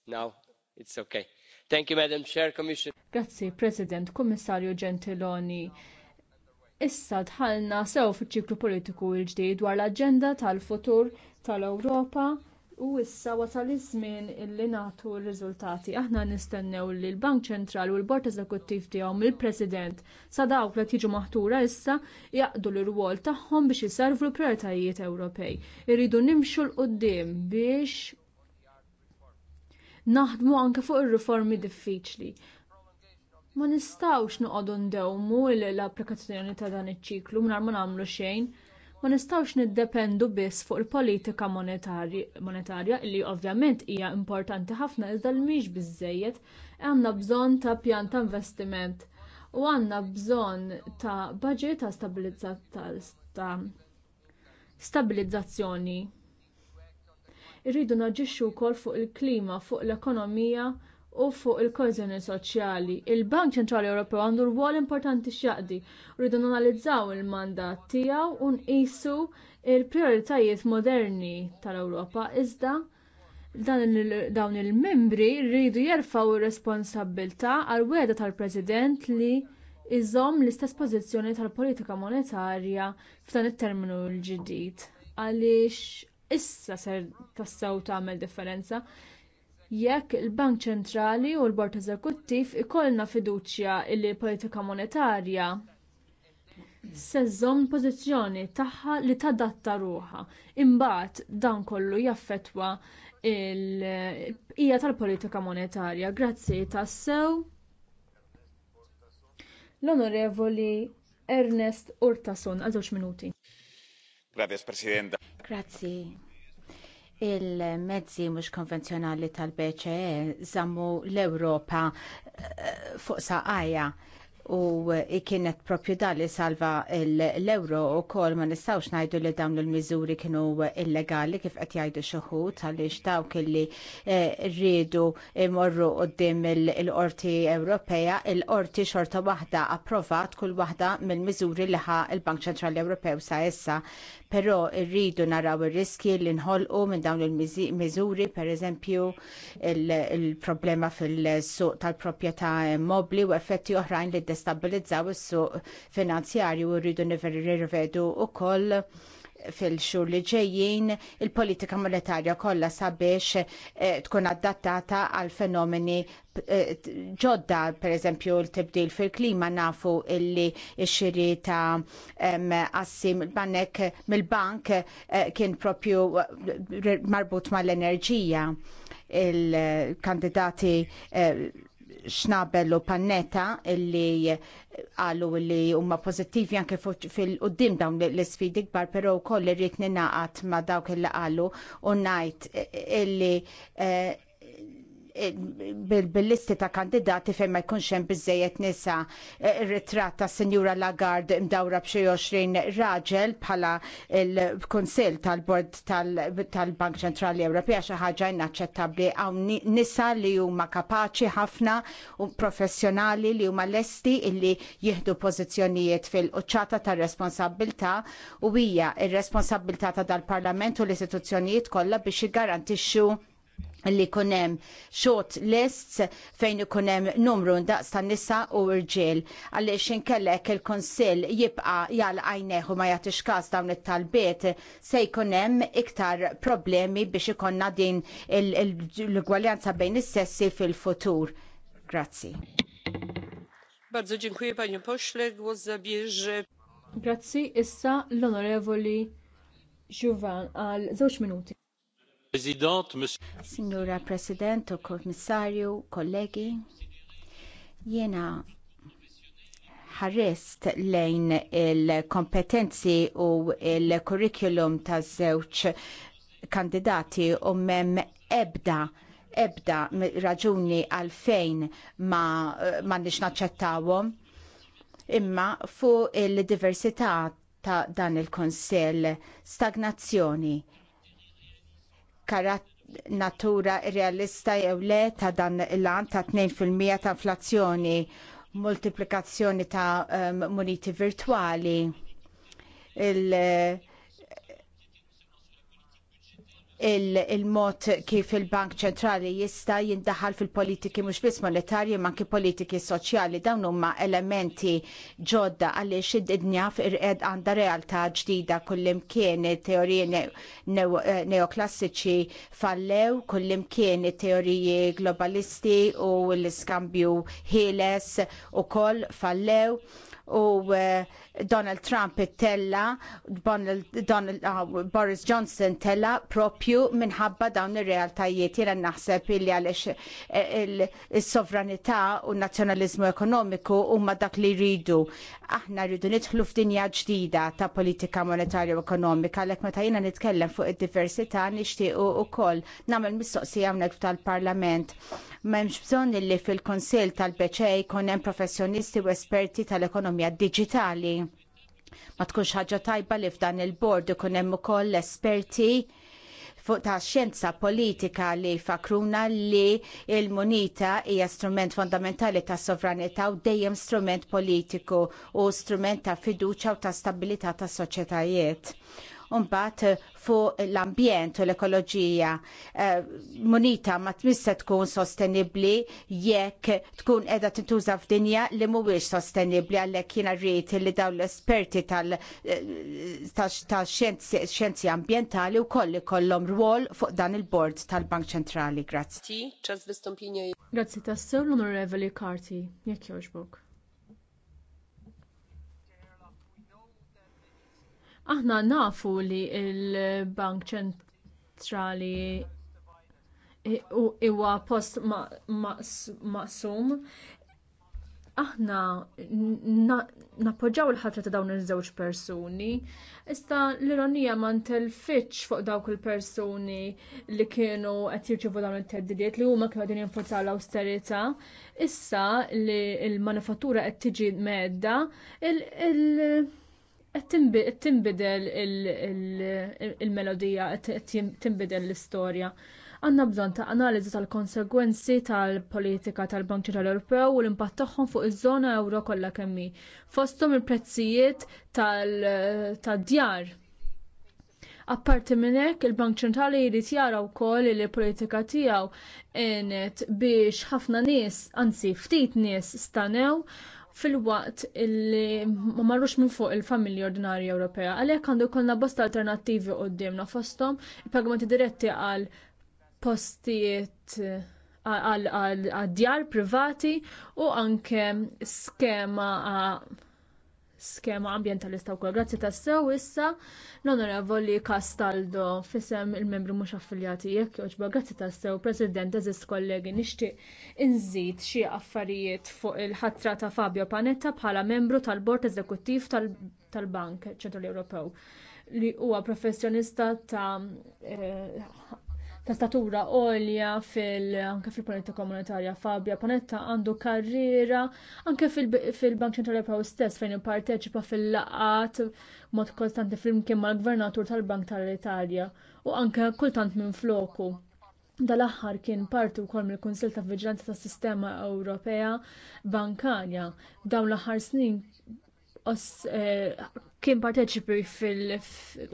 now it's okay. Thank you, Madam Chair, Commission. Grazzi, President, Kummissarju Gentiloni. Issa dħalna sew fiċ-ċiklu politiku l-ġdid dwar l-aġenda tal-futur tal-Ewropa u issa wasal iż-żmien illi nagħtu r-riżultati. Aħna nistennew li l-Bank ċentral u l-Bord Eżekuttiv tiegħu mill-President sa dawk li tiġu maħtura issa jaqdu l-rwol tagħhom biex iservu l prioritajiet Ewropej. Irridu nimxu l-qudiem biex naħdmu anke fuq ir-riformi diffiċli. Ma nistgħux noqogħdu ndewmu l-applikazzjoni ta' dan iċ-ċiklu mingħajr ma nagħmlu xejn. Ma nistgħux niddependu biss fuq il-politika monetarja li ovvjament hija importanti ħafna iżda l mhix biżżejjed għandna bżonn ta' pjan ta' investiment u għandna bżonn ta' budget ta' stabilizzazzjoni Irridu naġixxu wkoll fuq il-klima, fuq l-ekonomija u fuq il-kożjoni soċjali. Il-Bank Ċentrali Ewropew għandu rwol importanti x'jaqdi. Rridu nanalizzaw il-mandat tiegħu u nqisu l prijoritajiet moderni tal-Ewropa iżda dawn il-membri rridu jerfgħu r responsabilità għal weda tal-President li jżomm l-istess pożizzjoni tal-politika monetarja f'dan it-terminu l-ġdid għaliex issa ser tassew tagħmel differenza jekk il-Bank Ċentrali u l-Bord Eżekuttiv ikollna fiduċja li l-politika monetarja se żżomm pożizzjoni tagħha li tadatta ruħha. Imbagħad dan kollu jaffettwa l-bqija tal-politika monetarja. Grazzi tassew l-Onorevoli Ernest Urtasun għal żewġ minuti. Grazie, Presidenta. Grazie. Il-mezzi mhux konvenzjonali tal-BCE zammu l-Ewropa eh, fuq saqajja u kienet propju dali salva l-euro u kol ma nistawx najdu li dawn l-mizuri kienu illegali kif qed jgħidu xuħut għaliex dawk li eh, rridu imorru qoddim il-qorti Ewropea, il-qorti xorta waħda approvat kull waħda mill-miżuri li ħa il-Bank Ċentrali Ewropew sa issa, però rridu naraw ir-riski li nħolqu minn dawn il-miżuri, per eżempju il-problema fil-suq tal-proprjetà mobli u effetti oħrajn li destabilizzaw is-suq finanzjarju u rridu nirvedu wkoll fil-xhur li ġejjin il-politika monetarja kollha sabiex eh, tkun adattata għal fenomeni eh, ġodda, per eżempju, l-tibdil fil-klima nafu illi xiri ta' assim il mill-bank eh, kien propju marbut mal-enerġija il-kandidati Xnabel u panneta illi għallu li huma pozittivi anke fil-qoddim dawn l-sfidi kbar, pero u koll rritni naqat ma dawk illi għallu u najt illi eh, bil-listi ta' kandidati fejn ma jkunx hemm biżejjed nisa e, ir-ritratt ta' Sinjura Lagarde mdawra b'xi 20 raġel bħala l-Kunsill tal-Bord tal-Bank Ċentrali Ewropea xi ħaġa inaċċettabbli hawn nisa li huma kapaċi ħafna u professjonali li huma lesti illi jieħdu pożizzjonijiet fil-quċċata tar responsabilità u hija r responsabilità ta' dal-Parlament u l-istituzzjonijiet kollha biex jiggarantixxu li kunem short lists fejn kunem numru ndaqs ta' nisa u rġiel. Għaliex inkellek il-konsil jibqa jgħal għajneħu ma jagħtix każ dawn it-talbiet se jkunem iktar problemi biex ikonna din l-gwaljanza bejn is-sessi fil-futur. Grazzi. Bardzo dziękuję panie pośle. Głos zabierze. Grazzi, issa l-onorevoli Juvan għal żewġ minuti. Signora President, o Kommissarju, kollegi, jena ħarrest lejn il-kompetenzi u il-kurrikulum ta' żewġ kandidati u mem ebda ebda raġuni għalfejn ma, ma nix naċċettawhom imma fuq il-diversità ta' dan il-konsell stagnazzjoni karat natura realista jew le ta' dan il-lan ta' 2% ta' inflazzjoni, multiplikazzjoni ta' um, ehm, moniti virtuali, il- il-mod kif il-Bank ċentrali jista' jindaħal fil-politiki mhux biss monetarji ma anke politiki soċjali dawn huma elementi ġodda għaliex id-dinja f'irqed għandha realtà ġdida kullimkien teoriji eh, neoklassiċi fallew, kullimkien teoriji globalisti u l-iskambju ħieles ukoll fallew u uh, Donald Trump tella, Donald, uh, Boris Johnson tella propju minħabba dawn ir-realtajiet jiena naħseb illi għaliex eh, il-sovranità u n-nazzjonaliżmu ekonomiku huma dak li jridu. Aħna rridu nidħlu f'dinja ġdida ta' politika monetarja u ekonomika għalhekk meta jiena nitkellem fuq id-diversità nixtiequ ukoll nagħmel mistoqsija hawnhekk tal-Parlament. M'hemmx bżonn illi fil-Kunsill tal-BCE jkun hemm professjonisti u esperti tal-ekonomija diġitali Ma tkunx ħaġa tajba li f'dan il-bord ikun hemm ukoll esperti fuq ta' xjenza politika li fakruna li il-munita hija strument fondamentali ta' sovranità u dejjem strument politiku u strument ta' fiduċja u ta' stabilità tas soċjetajiet. Umbat eh, fuq l-ambjent u l-ekoloġija eh, munita ma tmissa tkun sostenibli jekk tkun edha tintuża f'dinja li mhuwiex sostenibli għalhekk jiena rrid li dawn l-esperti tal-xjenzi eh, ambjentali wkoll ikollhom rwol fuq dan il-bord tal-Bank Ċentrali. Grazzi. Grazzi tassew l-Onorevoli Karti, jekk jogħġbok. Aħna nafu li l-Bank Ċentrali huwa post maqsum. Aħna nappoġġaw il-ħatra ta' dawn iż-żewġ persuni, issa l-ironija ma ntelfitx fuq dawk il-persuni li kienu qed jirċevu dawn it teddiliet li huma kienu qegħdin jinfurzaw l-awsterità, issa li l-manifattura qed tiġi medda il- tinbidel il-melodija, qed tinbidel l-istorja. Għanna bżonn ta' analiżi tal-konsegwenzi tal-politika tal-Bank Ċentrali Ewropew u l-impatt tagħhom fuq iż-żona Ewro kollha kemm hi. Fosthom il-prezzijiet tad-djar. Apparti minn hekk, il-Bank Ċentrali jrid jara wkoll li l-politika tiegħu għenet biex ħafna nies, anzi ftit nies stanew fil-waqt li ma marrux minn fuq il-familja ordinarja Ewropea, għalhekk għandu jkollna bosta alternattivi qudiemna fosthom il-pagamenti diretti għal postijiet għal djar privati u anke skema skema ambjentalista wkoll. Grazzi tas-sew issa l-Onorevoli Castaldo fisem il-membri mhux affiljati jekk jogħġba grazzi tas-sew, President eżist kollegi nixtieq inżid xi affarijiet fuq il-ħatra ta' Fabio Panetta bħala membru tal-Bord Eżekuttiv tal-Bank Ċentrali Ewropew li huwa professjonista ta' eh, ta' statura għolja fil anke fil-politika komunitarja Fabja Panetta għandu karriera anke fil-Bank Ċentrali Ewropew stess fejn ipparteċipa fil-laqat mod kostanti flimkien mal-Gvernatur tal-Bank tal-Italja u anke kultant minn floku. Dal-aħħar kien parti wkoll mill-Kunsill ta' Vigilanza tas Sistema Ewropea Bankarja. Dawn l-aħħar snin Eh, kien parteċipi fil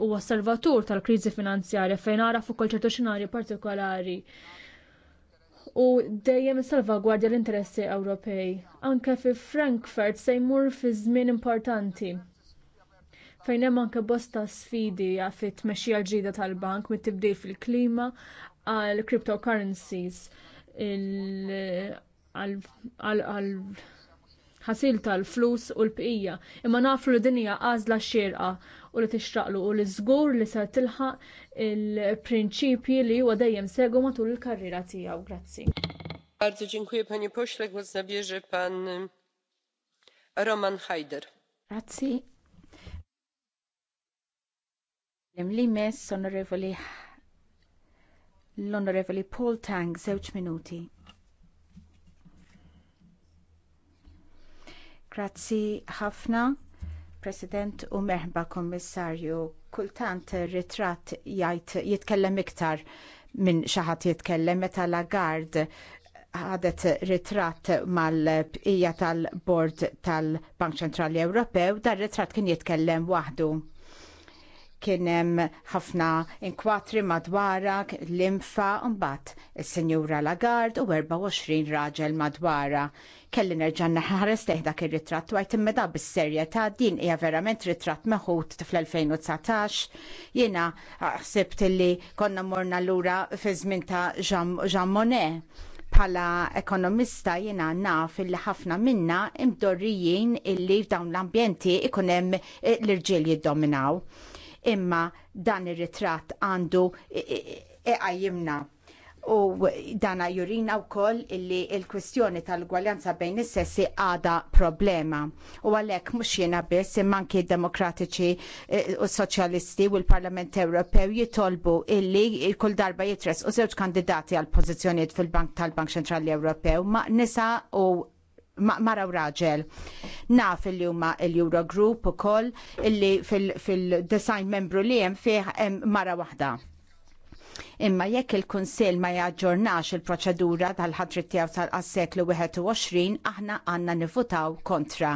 u osservatur tal-kriżi finanzjarja fejn għara fuq ċertu xinari partikolari u dejjem salvagwardja l-interessi Ewropej. Anke fi Frankfurt se jmur fi żmien importanti fejn hemm anke bosta sfidi fit tmexxija l-ġdida tal-bank mit-tibdil fil-klima għal cryptocurrencies għal ħasil tal-flus u l-bqija, imma nafu li dinja għażla xirqa u li tixtraqlu u li żgur li se tilħaq il-prinċipji li huwa dejjem segu matul il-karriera tiegħu. Grazzi. Bardzo dziękuję Pani pośle. Głos zabierze pan e, Roman Hajder. Grazzi. Li mess, onorevoli l-Onorevoli Paul Tang, żewġ minuti. Grazzi ħafna, President u merħba Kommissarju. Kultant ritratt jgħid jitkellem iktar minn xi ħadd jitkellem meta gard ħadet ritratt mal-bqija tal-bord tal-Bank Ċentrali Ewropew, dar ritratt kien jitkellem waħdu. Kien hemm ħafna inkwatri madwara l-infa mbagħad is-Sinjura Lagard u 24 raġel madwara kelli nerġa' naħares teħdak ir-ritratt u għajt immeda bis-serjetà din hija verament ritratt meħud fl-2019. Jiena ah, ħsibt li konna morna lura fi żmien ta' Jean Monnet bħala ekonomista jena naf illi ħafna minna imdorrijin illi f'dawn l-ambjenti ikunem eh, l-irġiel jiddominaw. Imma dan ir-ritratt għandu e E U dana jurina u koll illi il-kwistjoni tal-gwaljanza bejn is-sessi għada problema. U għalek mux jena biss manki demokratiċi eh, u soċjalisti u l-Parlament Ewropew jitolbu illi kull darba jitres u zewġ kandidati għal pożizzjonijiet fil-Bank tal-Bank Ċentrali Ewropew ma' nisa u maraw raġel. Naf li huma l-Eurogroup u koll illi fil-design membru li jem fih mara wahda Imma jekk il-Kunsill ma jaġġornax il-proċedura tal-ħadri tiegħu tal-qas-seklu 21 aħna għandna nivutaw kontra.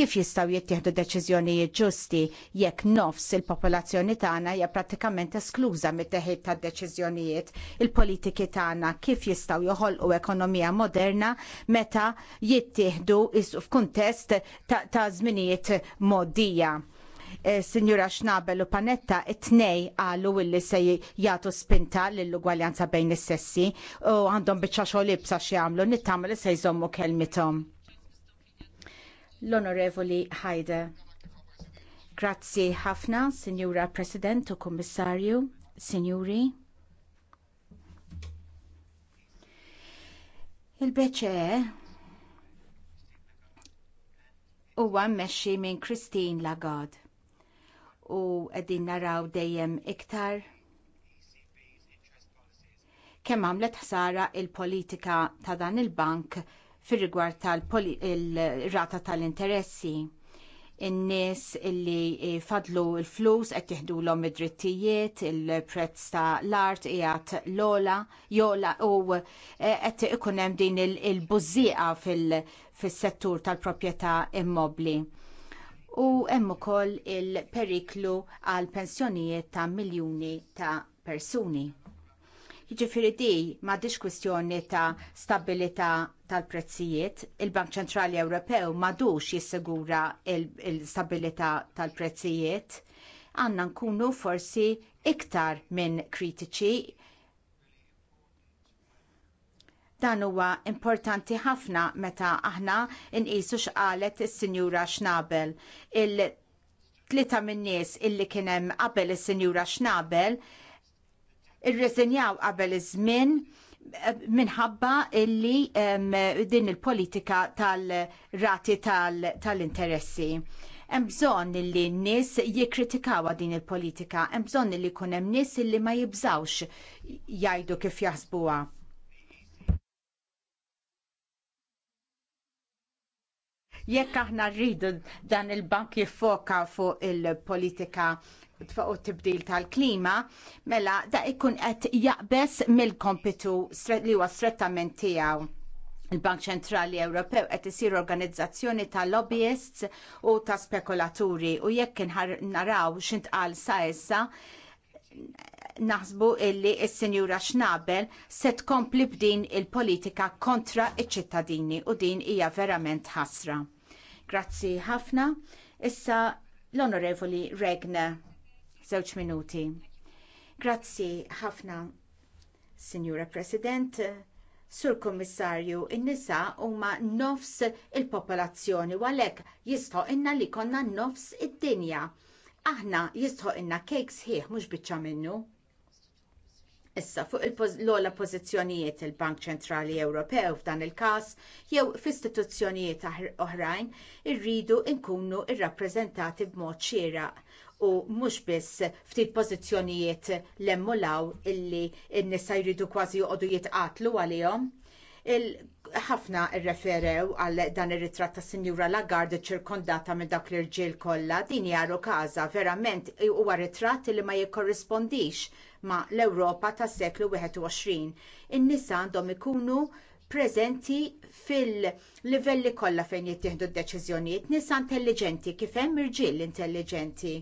Kif jistgħu jittieħdu deċiżjonijiet ġusti jekk nofs il-popolazzjoni tagħna hija prattikament eskluża mit-teħid tad-deċiżjonijiet, il-politiki tagħna kif jistgħu joħolqu ekonomija moderna meta jittieħdu f'kuntest ta' żminijiet moddija Eh, Sinjura Schnabel u Panetta it-tnej għalu illi se jagħtu spinta lill-ugwaljanza bejn is-sessi u għandhom biċċa xogħol ibsa x'jagħmlu nittamel se jżommu kelmithom. L-Onorevoli Ħajde. Grazzi ħafna, Sinjura President u Kummissarju, Signuri. Il-beċe huwa mmexxi minn Christine Lagarde u qegħdin naraw dejjem iktar kemm għamlet ħsara l politika ta' dan il-bank fir-rigward tal-rata tal-interessi. In-nies illi fadlu l flus qed jieħdulhom id-drittijiet, il-prezz ta' l-art qiegħed l-ola, jola u eh, qed ikun hemm din il-bużieqa fis settur tal-proprjetà immobbli u hemm ukoll il-periklu għal pensjonijiet ta' miljuni ta' persuni. Jiġifieri di m'għadix kwistjoni ta' stabilità tal-prezzijiet, il-Bank Ċentrali Ewropew m'għadux jissigura l-stabilità tal-prezzijiet, għandna nkunu forsi iktar minn kritiċi Dan huwa importanti ħafna meta aħna nqisu x'qalet is-Sinjura Schnabel. il tlieta min-nies illi kien hemm qabel is-Sinjura Schnabel irreżenjaw qabel iż-żmien eh, minħabba illi um, din il-politika tal-rati tal-interessi. Tal hemm bżonn illi n-nies jikkritikaw din il-politika, hemm bżonn illi jkun hemm nies illi ma jibżawx jgħidu kif jaħsbuha. Jekk aħna rridu dan il-bank jiffoka fuq il-politika fuq tibdil tal-klima, mela da ikun qed jaqbes mill-kompitu li huwa strettament tiegħu. Il-Bank Ċentrali Ewropew qed isir organizzazzjoni ta' lobbyists u ta' spekulaturi u jekk naraw x'intqal sa issa naħsbu illi s-Sinjura Xnabel Schnabel se tkompli b'din il-politika kontra iċ-ċittadini u din hija verament ħasra. Grazzi ħafna. Issa l-Onorevoli Regna, żewġ minuti. Grazzi ħafna, Signora President, Sur Kommissarju, in-nisa huma nofs il-popolazzjoni u għalhekk jistgħu inna li konna nofs id-dinja. Aħna jistgħu inna kejk sħiħ mhux biċċa minnu. Issa fuq l-ola pożizzjonijiet il-Bank Ċentrali Ewropew f'dan il-każ jew f'istituzzjonijiet oħrajn irridu nkunu rrappreżentati b'mod xieraq u mhux biss ftit pożizzjonijiet lemmulaw illi n-nisa jridu kważi joqogħdu jitqatlu għalihom ħafna rreferew għal dan ir-ritratt ta' Sinjura Lagarde ċirkondata minn dawk l-irġiel kollha din jaru każa verament huwa ritratt li ma jikkorrispondix ma' l-Ewropa tas-seklu 21. In-nisa għandhom ikunu preżenti fil-livelli kollha fejn jittieħdu d-deċiżjonijiet, nisa intelligenti kif hemm irġiel intelligenti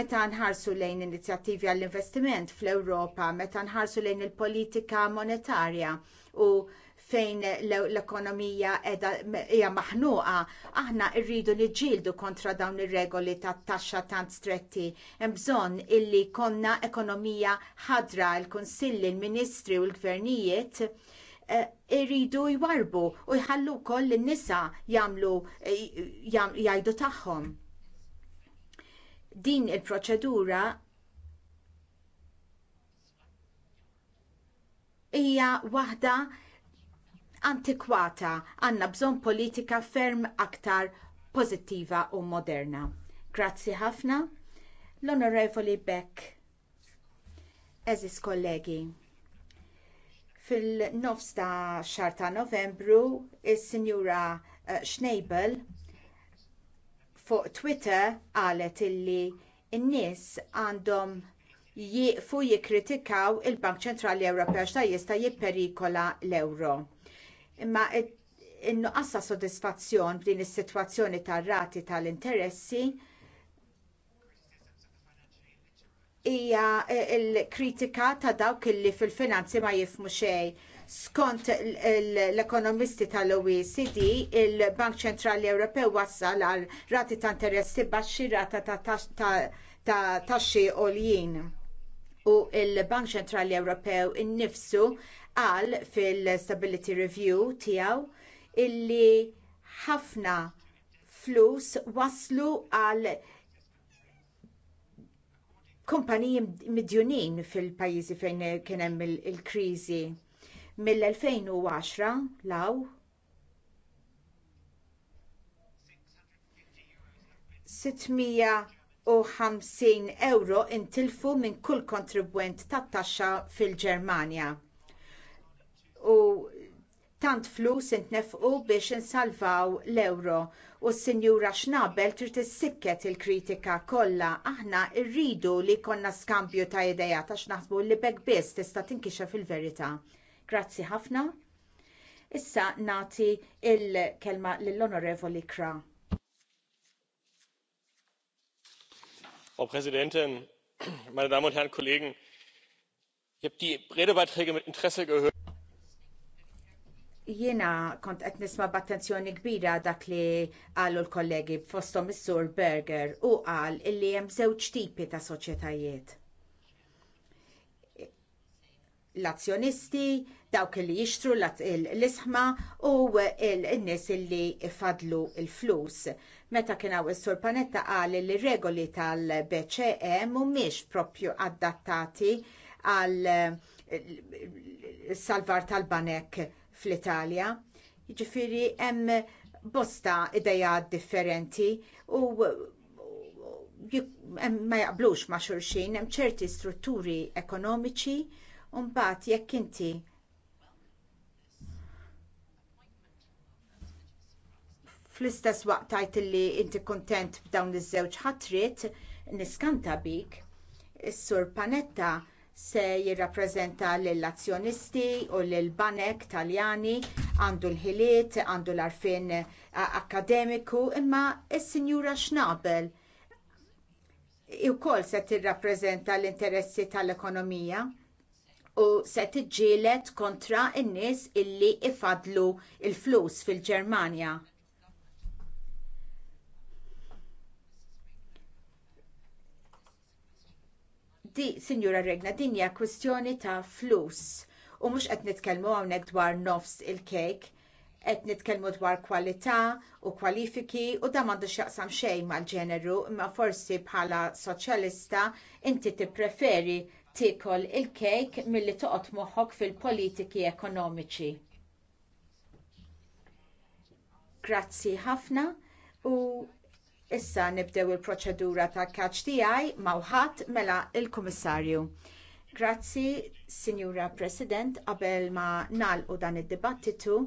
meta nħarsu lejn inizjattivi għall-investiment fl-Ewropa, meta nħarsu lejn il-politika monetarja u fejn l-ekonomija hija maħnuqa, aħna rridu niġġieldu kontra dawn ir-regoli tat-taxxa tant stretti. Hemm bżonn illi konna ekonomija ħadra l-Kunsilli, l-Ministri u l-Gvernijiet eh, irridu jwarbu u jħallu wkoll lin-nisa jagħmlu eh, jgħidu tagħhom. Din il-proċedura hija waħda antikwata għandna bżonn politika ferm aktar pożittiva u moderna. Grazzi ħafna. L-Onorevoli Beck. Eżis kollegi fil-nofs ta' xar ta' novembru il sinjura eh, Schneibel fuq Twitter qalet illi n-nies għandhom jieqfu jikkritikaw il-Bank Ċentrali Ewropew x'ta jista' jipperikola l-ewro imma in-nuqqas sodisfazzjon b'din is-sitwazzjoni tar-rati tal-interessi hija l kritika ta' dawk illi fil-finanzi ma jifmu xejn skont l-ekonomisti tal-OECD, il-Bank Ċentrali Ewropew wassal għal rati ta' interessi baxxi rata ta' taxxi għoljin. U l bank Ċentrali Ewropew innifsu qal fil-Stability Review tiegħu illi ħafna flus waslu għal kumpaniji midjunin fil-pajjiżi fejn kien hemm il-kriżi. Mill-2010 law 650 euro intilfu minn kull kontribwent tat-taxxa fil-Ġermanja u tant flus intnefqu biex insalvaw l ewro u s-Sinjura Xnabel trid issikket il-kritika kollha aħna rridu li jkollna skambju ta' ideja tax naħsbu li bekk biss tista' tinkixef il-verità. Grazzi ħafna. Issa nagħti l kelma lill-Onorevoli Kra. Frau Präsidentin, meine Damen und Herren Kollegen, ich habe die Redebeiträge mit Interesse gehört. Jiena kont qed nisma' b'attenzjoni kbira dak li qalu l-kollegi fosthom is-sur Berger u qal illi hemm żewġ tipi ta' soċjetajiet. L-azzjonisti, dawk li jixtru l-isħma u n-nies li ifadlu l flus Meta kien hawn is-sur Panetta qal li r regoli tal-BCE mhumiex proprju adattati għal eh, salvar tal-banek fl-Italja. Jiġifieri hemm bosta idejat differenti u ma jaqblux ma' xulxin hemm ċerti strutturi ekonomiċi u mbagħad jekk inti fl-istess waqt tajt li inti kuntent b'dawn iż-żewġ ħatrit niskanta bik is-sur Panetta se jirrappreżenta lill-azzjonisti u lill-banek taljani għandu l-ħiliet, għandu l għarfien eh, akademiku, imma s-sinjura Schnabel ukoll se tirrappreżenta l-interessi tal-ekonomija u se tiġġieled kontra n-nies illi ifadlu l il flus fil-Ġermanja di, Sinjura Regna, din hija kwistjoni ta' flus. U mhux qed nitkellmu hawnhekk dwar nofs il-kejk, qed nitkellmu dwar kwalità u kwalifiki u dan m'għandux jaqsam xejn mal-ġeneru, imma forsi bħala soċjalista inti tippreferi tiekol il-kejk milli toqgħod moħħok fil-politiki ekonomiċi. Grazzi ħafna u Issa nibdew il-proċedura ta' kaċ tiegħi mawħat mela il-Kummissarju. Grazzi, Sinjura President, qabel ma nagħlqu dan id-dibattitu,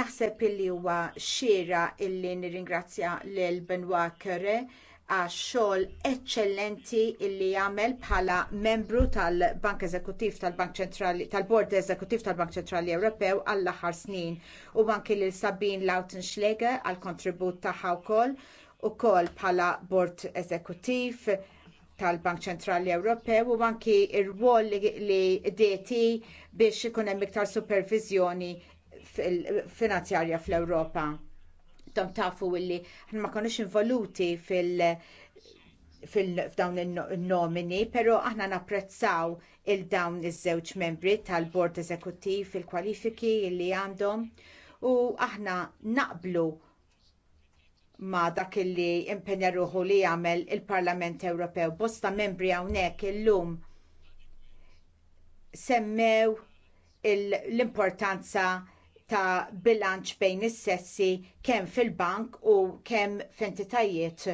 naħseb illi huwa xiera illi nirringrazzja lil Benoit Curre għax xogħol eċċellenti illi jagħmel bħala membru tal-Bank Eżekuttiv tal-Bank Ċentrali tal-Bord Eżekuttiv tal-Bank Ċentrali Ewropew għall aħħar snin u anki lil Sabin Lautenschläger għall kontribut tagħha wkoll Koll bħala bord eżekuttiv tal-Bank Ċentrali Ewropew u anki r-wol li deti biex ikun hemm iktar superviżjoni finanzjarja fl-Ewropa. Tom tafu illi ma konux involuti fil- f'dawn il-nomini, pero aħna napprezzaw il-dawn iż-żewġ membri tal-Bord Eżekuttiv, il-kwalifiki li għandhom u aħna naqblu ma dak li impenja ruħu li jagħmel il-Parlament Ewropew. Bosta membri hawnhekk illum semmew l-importanza ta' bilanċ bejn is-sessi kemm fil-bank u kemm f'entitajiet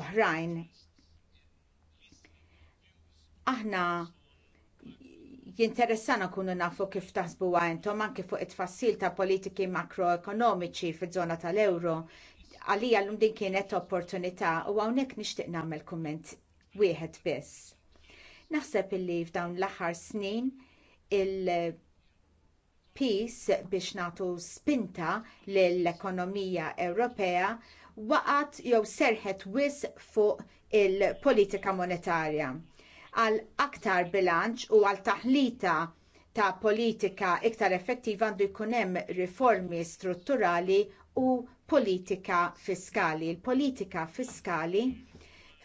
oħrajn. Aħna jinteressana kunu nafu kif taħsbu għajntom anki fuq it-fassil ta' politiki makroekonomiċi fiż żona tal ewro għalija l-lum din kienet opportunità u hawnhekk nixtieq nagħmel komment wieħed biss. Naħseb illi f'dawn l-aħħar snin il- peace biex nagħtu spinta lill-ekonomija Ewropea waqgħet jew serħet wisq fuq il-politika monetarja. Għal aktar bilanċ u għal taħlita ta' politika iktar effettiva għandu jkun hemm riformi strutturali u politika fiskali. Il-politika fiskali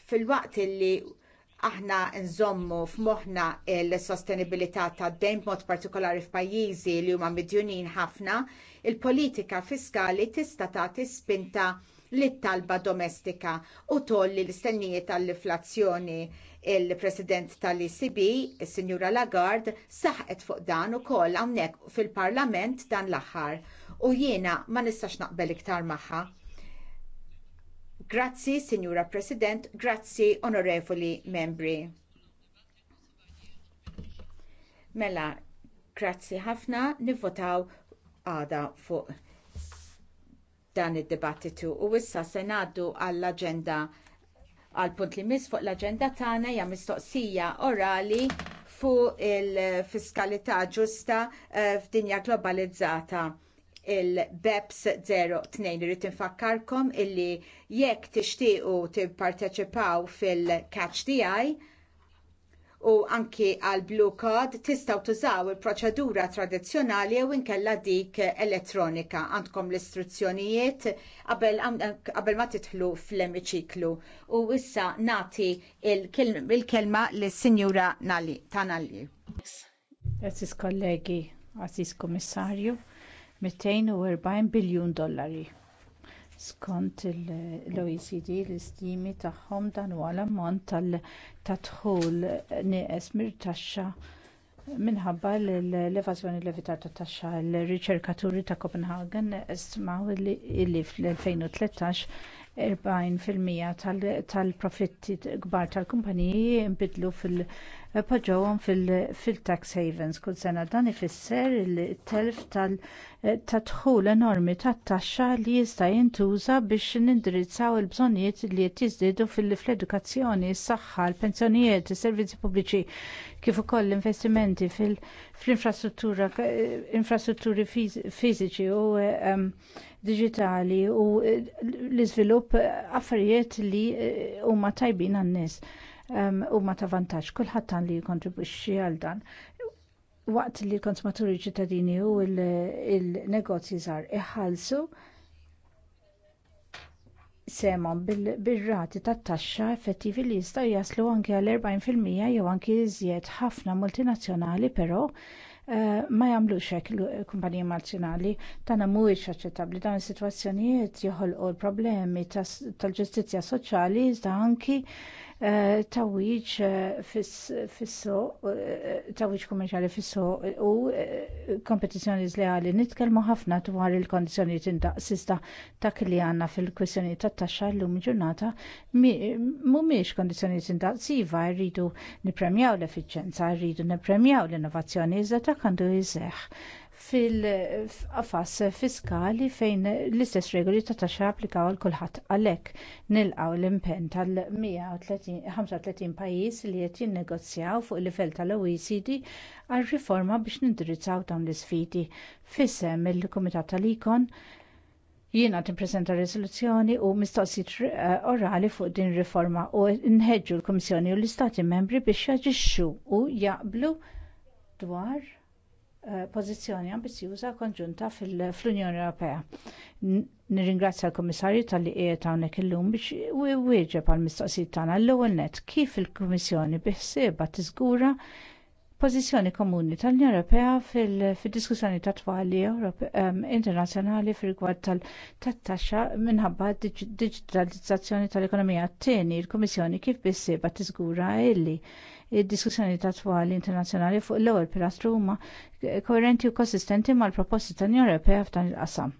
fil-waqt li aħna nżommu f'moħħna l-sostenibilità tad dejn b'mod partikolari f'pajjiżi li huma midjunin ħafna, il-politika fiskali tista' tagħti spinta lit talba domestika u tolli l-istennijiet tal-inflazzjoni. Il-President tal-ECB, is-Sinjura Lagarde, saħqet fuq dan ukoll hawnhekk fil-Parlament dan l-aħħar u jiena ma nistax naqbel iktar magħha. Grazzi, Signora President, grazzi, onorevoli membri. Mela, grazzi ħafna nivvotaw għada fuq dan id-dibattitu u issa se ngħaddu għall-aġenda għall punt li mis fuq l-aġenda tagħna hija mistoqsija orali fuq il-fiskalità ġusta eh, f'dinja globalizzata il-BEPS 02. irid infakkarkom illi jekk tixtiequ tipparteċipaw fil-Catch DI u anki għal Blue Card tistgħu tużaw il-proċedura tradizzjonali jew inkella dik elettronika. Għandkom l-istruzzjonijiet qabel ma titħlu fl-emiċiklu. U issa nati il-kelma lis-Sinjura Nali Tanali. kollegi, Assis komissarju 240 biljun dollari skont l-oecd l-istimi tagħhom dan huwa l-ammont tad-dħul nieqes mir-taxxa minħabba l-evażjoni levitata tat-taxxa ir-riċerkaturi ta' copenhagen stmaw li fl-2013 40% fil-mija tal-profitti kbar tal-kumpaniji nbidlu fil- poġġawhom fil-tax havens kull sena dan ifisser il-telf tad-dħul eh, enormi tat-taxxa li jista' jintuża biex nindirizzaw il-bżonnijiet li qed jiżdiedu fl-edukazzjoni, s saħħa l-pensjonijiet, is-servizzi pubbliċi kif ukoll l-investimenti fl-infrastruttura eh, infrastrutturi fiżiċi u eh, diġitali u l-iżvilupp affarijiet li huma tajbin għan-nies huma ta' vantaġġ kulħadd li jikkontribwixxi għal dan. Waqt li l-konsumaturi ċittadini u l-negozji żgħar iħallsu semhom bil rati tat-taxxa effettivi li jistgħu jaslu anke għal 40% jew anke iżjed ħafna multinazzjonali però eh, ma jagħmlux hekk kumpaniji nazzjonali tagħna mhuwiex aċċettabbli dawn is-sitwazzjonijiet joħolqu l-problemi tal-ġustizzja soċjali iżda anki Eh, tawiċ eh, fis tawiċ eh, tawwiġ kummerċjali u kompetizzjoni żleali nitkellmu ħafna dwar il-kondizzjonijiet indaqsista ta' li għandna fil-kwistjoni tat-taxxa llum ġurnata mhumiex kondizzjonijiet indaqsiva rridu nippremjaw l efficienza rridu nippremjaw l-innovazzjoni iżda ta għandu jseħħ fil-qafas fiskali fejn l-istess regoli ta' taxxa applikaw għal kulħadd għalhekk nilqgħu l-impenn tal-135 pajjiż li qed jinnegozjaw fuq il-livell tal-OECD għal riforma biex nindirizzaw dawn l-isfidi. Fissem il-Kumitat tal-Ikon jiena tippreżenta riżoluzzjoni u mistoqsijiet eh, orali fuq din riforma u nħeġġu l-Kummissjoni u l-Istati membri biex jaġixxu u jaqblu dwar Eh, pożizzjoni ambizjuża konġunta fl-Unjoni Ewropea. Nirringrazzja l-Kummissarju tal-li qiegħed hawnhekk illum biex wieġeb għall mistoqsijiet tagħna l-ewwel nett kif il-Kummissjoni biħsiebha tiżgura pożizzjoni komuni tal-Unjoni Ewropea fid-diskussjoni ta' twali ehm, internazzjonali fir-rigward tat-taxxa minħabba d-diġitalizzazzjoni tal-ekonomija. Tieni, il-Kummissjoni kif biħsiebha tiżgura illi id-diskussjoni ta' twali internazzjonali fuq l-ewwel pilastru huma koerenti u konsistenti mal-proposti tan unjoni Ewropea f'dan il-qasam.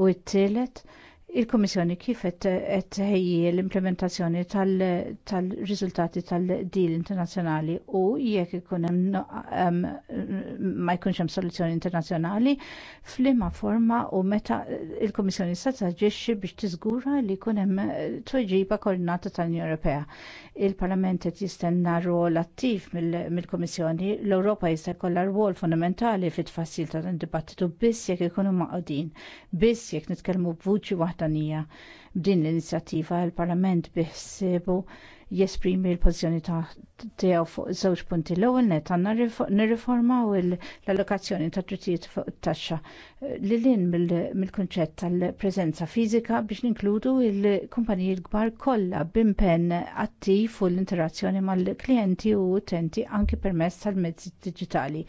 U t-tielet Il-Komissjoni kif qed ħejji l-implementazzjoni tal-riżultati tal-deal internazzjonali u jekk ikun hemm ma jkunx hemm soluzzjoni internazzjonali f'liema forma u meta il-Komissjoni se taġixxi biex tiżgura li jkun hemm tweġiba koordinata tal-Unjoni Ewropea. Il-Parlament qed jistenna rwol attiv mill-Komissjoni, l-Ewropa jista' jkollha rwol fundamentali fit-tfassil tal dibattitu biss jekk ikunu maqdin, biss jekk nitkellmu b'vuċi waħda Tanija B'din l-inizjattiva il-Parlament biħsibu jesprimi l-pożizzjoni tiegħu fuq żewġ punti l-ewwel net għandna nirriformaw l-allokazzjoni ta' drittijiet fuq it-taxxa li lin mill-kunċett tal-preżenza fiżika biex ninkludu l-kumpaniji kbar kollha b'impenn attiv fuq l-interazzjoni mal-klijenti u utenti anki permezz tal-mezzi diġitali.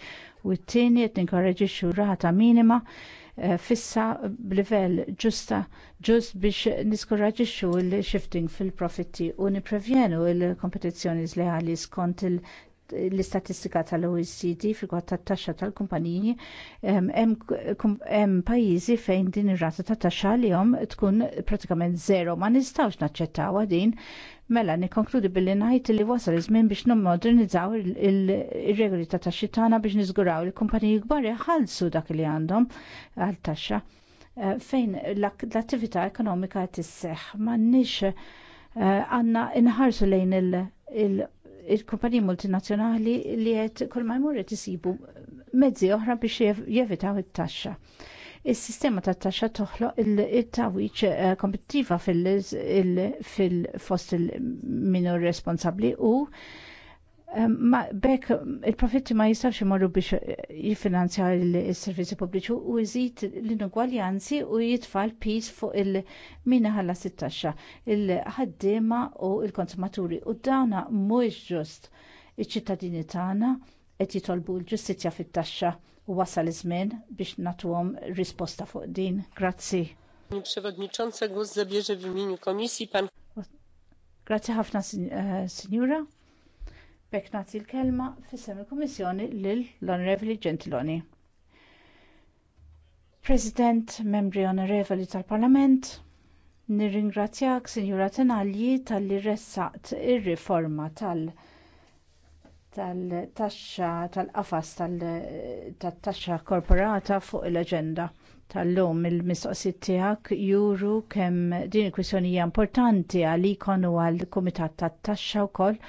U t-tieni qed ninkoraġixxu rata minima Eh, fissa b'livell ġusta ġust biex niskoraġixxu l-shifting fil-profitti u nipprevenu l-kompetizzjoni żleali skont il- l-istatistika tal-OECD fil-kwad tat-taxxa tal-kumpaniji hemm pajjiżi fejn din ir-rata tat-taxxa għalihom tkun pratikament zero ma nistgħux naċċettawha din Mela, nikonkludi billi ngħid li wasal iż-żmien biex nimmodernizzaw ir-regoli ta' taxxi tagħna biex niżguraw il-kumpaniji kbar jħallsu dak li għandhom għal taxxa eh, fejn l-attività ekonomika qed isseħħ m'għandniex eh, għandna inħarsu lejn il-kumpaniji multinazzjonali li qed kull ma jmur qed isibu mezzi oħra biex jevitaw it-taxxa. Is-sistema tat-taxxa toħloq il-tawiċ eh, kompetittiva fil-fost il-minor responsabbli u eh, Ma bekk il-profitti ma jistawx imorru biex jifinanzja il-servizzi pubbliċi u jżid l-inugwaljanzi u jitfall pis fuq il-mina ħalla taxxa il-ħaddiema u il-konsumaturi u dawna mhuwiex ġust iċ-ċittadini tagħna qed jitolbu l-ġustizzja fit-taxxa u wasal iż-żmien biex nagħtuhom risposta fuq din. Grazzi. Przewodnicząca głos zabierze w imieniu komisji pan Grazzi ħafna sinjura. Eh, Bek nagħti l-kelma fisem il-Kummissjoni lil l-Onorevoli Gentiloni. President, membri onorevoli tal-Parlament, nirringrazzjak Sinjura Tenalji tal-li ressaqt ir-riforma tal-, -riforma tal tal-taxxa tal-qafas tat-taxxa korporata fuq l-aġenda tal-lum il-mistoqsijiet tiegħek juru kemm din il-kwistjoni hija importanti għalikon u għall-Kumitat tat-Taxxa wkoll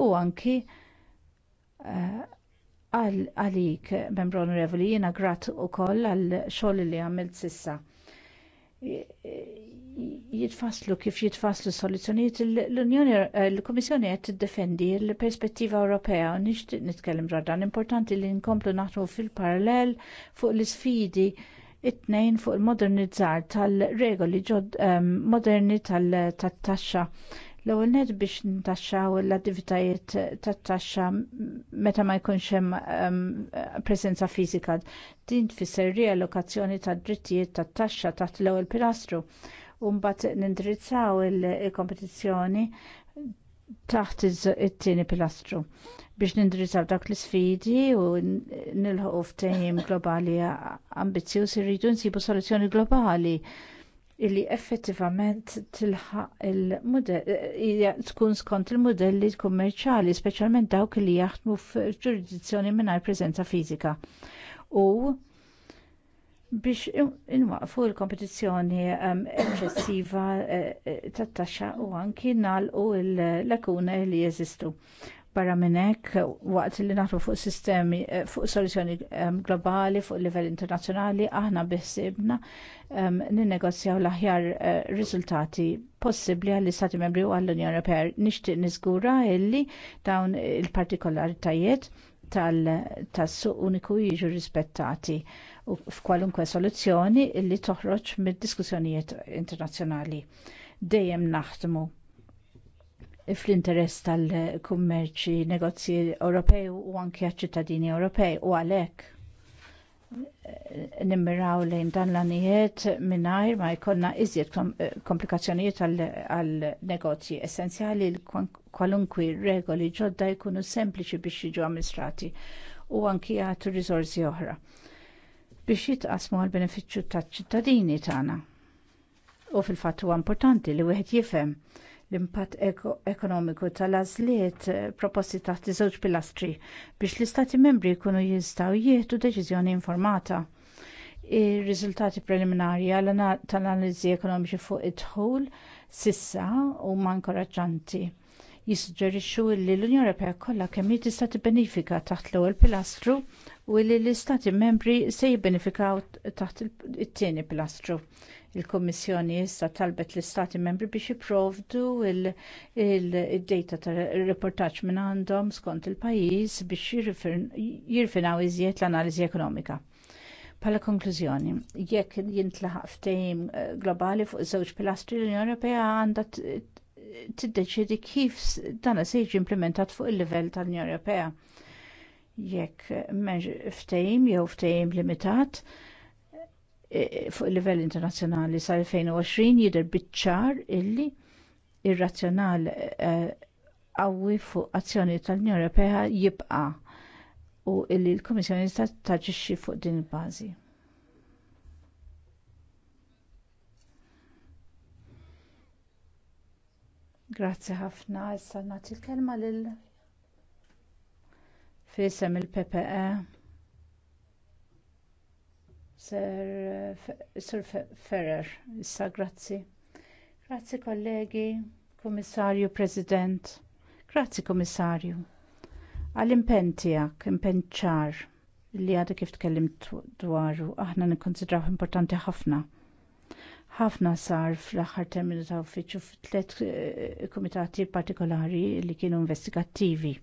u anki eh, għalik membru onorevoli jiena grat ukoll għall xogħol li għamilt sissa jitfaslu kif jitfaslu soluzzjonijiet l-Unjoni eh, l-Kummissjoni qed tiddefendi l-perspettiva Ewropea u nixtieq nitkellem dwar dan importanti li nkomplu naħdmu fil-parallel fuq l-isfidi it-tnejn fuq il-modernizzar tal-regoli ġod ehm, moderni tal-taxxa. L-ewwel nett biex ntaxxaw l-attivitajiet tat-taxxa meta ma jkunx hemm ehm, preżenza fiżika din tfisser riallokazzjoni tad-drittijiet tat-taxxa taħt l-ewwel pilastru u mbagħad nindirizzaw il-kompetizzjoni taħt it-tieni pilastru biex nindirizzaw dak l-isfidi u nilħu ftehim globali ambizzjuż irridu nsibu soluzzjoni globali illi effettivament tilħaq il-modell tkun skont il-modelli kummerċjali, speċjalment dawk li jaħdmu f'ġurisdizzjoni mingħajr preżenza fiżika. U biex inwaqfu l-kompetizzjoni eċċessiva eh, eh, tat-taxxa u anki nagħlqu l-lakuna li jeżistu. Barra minn hekk, waqt li naħdmu fuq sistemi, eh, fuq soluzzjoni globali, fuq livell internazzjonali, aħna biħsibna ninnegozjaw l-aħjar riżultati possibbli għall istati membri u għall-Unjoni Ewropea. Nixtieq niżgura illi dawn il-partikolaritajiet tal-suq uniku jiġu rispettati u f'kwalunkwe soluzzjoni li toħroġ mid-diskussjonijiet internazzjonali. Dejjem naħdmu fl-interess tal-kummerċi, negozji Ewropej u anke ċittadini Ewropej u għalhekk eh, nimmiraw lejn dan l-anijiet minnajr ma jkollna iżjed eh, komplikazzjonijiet għal negozji essenzjali kwalunkwi regoli ġodda jkunu sempliċi biex jiġu amministrati u anki għatu rizorzi oħra biex jitqasmu għall benefiċċju taċ-ċittadini tagħna. U fil-fatt huwa importanti li wieħed jifhem l-impatt ekonomiku tal-għażliet eh, proposti taħt iż-żewġ pilastri biex l-istati membri jkunu jistgħu jieħdu deċiżjoni informata. Ir-riżultati preliminari tal-analiżi ekonomiċi fuq id-dħul sissa huma mankoraġġanti jissuġġerixxu li l-Unjoni Ewropea kollha kemm tista' tibbenefika taħt l-ewwel pilastru u li l-istati membri se jibbenefikaw taħt it-tieni pilastru. Il-Kommissjoni issa talbet l-istati membri biex jipprovdu il-data ta' reportaċ minn għandhom skont il-pajjiż biex jirfinaw iżjed l-analiżi ekonomika. Pala konklużjoni, jekk jintlaħaq ftehim eh, globali fuq żewġ pilastri l-Unjoni Ewropea għandha tiddeċiedi kif dan se jiġi implementat fuq il-livell tal-Unjoni Ewropea jekk m'hemmx ftejim jew ftejim limitat e, e, fuq il-livell internazzjonali sal-2020 jidher biċ-ċar illi ir-razzjonal e, qawwi fuq azzjoni tal-Unjoni Ewropea jibqa' u illi l-Kummissjoni taġixxi fuq din il-bażi. Grazzi ħafna, issa nagħti l-kelma lil fisem il-PPE. Sir, Sir Ferrer, issa grazzi. Grazzi kollegi, Komissarju, President. Grazzi Komissarju. Għal-impen tijak, impen ċar li għadha kif tkellim dwaru, aħna nikkonsidraw importanti ħafna. Ħafna sar fl-aħħar terminu ta' uffiċċju f'tliet eh, kumitati partikolari li kienu investigattivi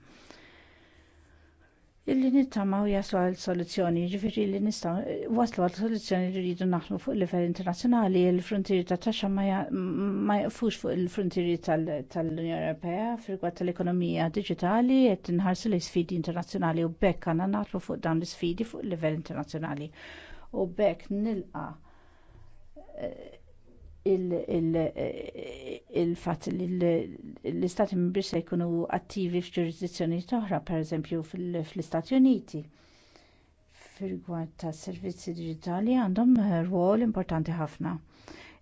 illi nittamaw jaslu għal soluzzjoni, ġifiri li nistaw waslu għal soluzzjoni li rridu naħnu fuq livell internazzjonali, il-frontieri ta' taxxa ma jaqfux fuq il-frontieri tal-Unjoni Ewropea firgwat tal-ekonomija digitali qed inħarsu l sfidi internazzjonali u bekk għandna naħlu fuq dawn l-sfidi fuq livell internazzjonali. U bekk nilqa' eh, il-fatt li l-istati membri se jkunu attivi f'ġurisdizzjoni oħra, pereżempju fl-Istati Uniti. Fir-rigward tas servizzi diġitali għandhom rwol importanti ħafna.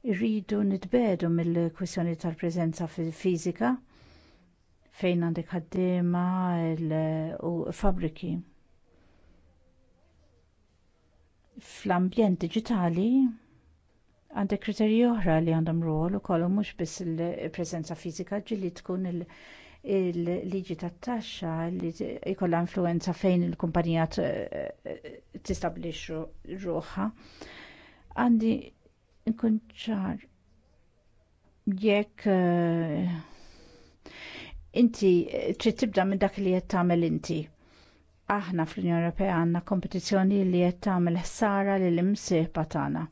Irridu nitbedu mill-kwissjoni tal-preżenza fiżika fejn għandek ħaddiema u fabbriki. Fl-ambjent diġitali għandek kriterji oħra li għandhom rol ukoll mhux biss il-preżenza fiżika ġilli tkun il- liġi tat-taxxa li jkollha influenza fejn il-kumpanija tistablix ruħha. Għandi nkun ċar jekk eh, inti trid tibda minn dak li qed tagħmel inti. Aħna fl-Unjoni Ewropea għandna kompetizzjoni li qed tagħmel ħsara lill imsieħba tagħna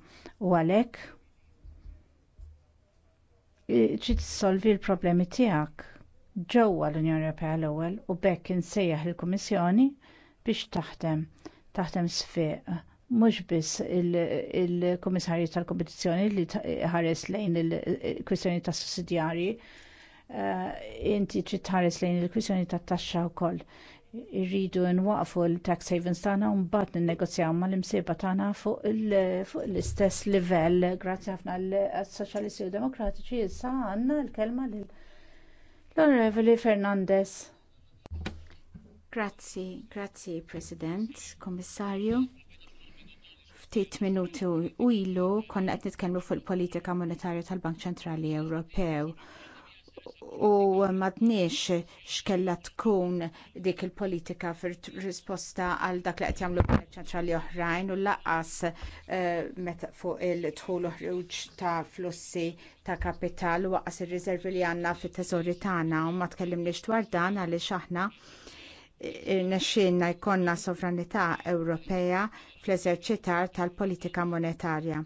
u għalhekk Eh, trid tissolvi l-problemi tiegħek ġewwa l-Unjoni Ewropea l-ewwel u bekk insejjaħ il-Kummissjoni biex taħdem taħdem sfiq mhux biss il-Kummissarju tal-Kompetizzjoni li ħares lejn il-kwistjoni tas sussidjarji eh, inti trid tħares lejn il-kwistjoni tat-taxxa wkoll irridu nwaqfu l-tax havens tagħna u mbagħad ninnegozjaw mal-imsieba tagħna fuq l-istess livell. Grazzi ħafna għas-Soċjalisti u Demokratiċi issa għandna l-kelma lil l-Onorevoli Fernandez. Grazzi, grazzi President, Kommissarju ftit minuti u ilu konna qed nitkellmu fuq il-politika monetarja tal-Bank Ċentrali Ewropew u madniex xkella tkun dik il-politika fir risposta għal dak li qed jagħmlu bank ċentrali oħrajn u laqas eh, meta fuq il-dħul ħruġ ta' flussi ta' kapital u waqas ir-riservi li għandna fit-teżori tagħna u ma tkellimniex dwar dan għaliex aħna nexxinna jkollna sovranità Ewropea fl-eżerċitar tal-politika monetarja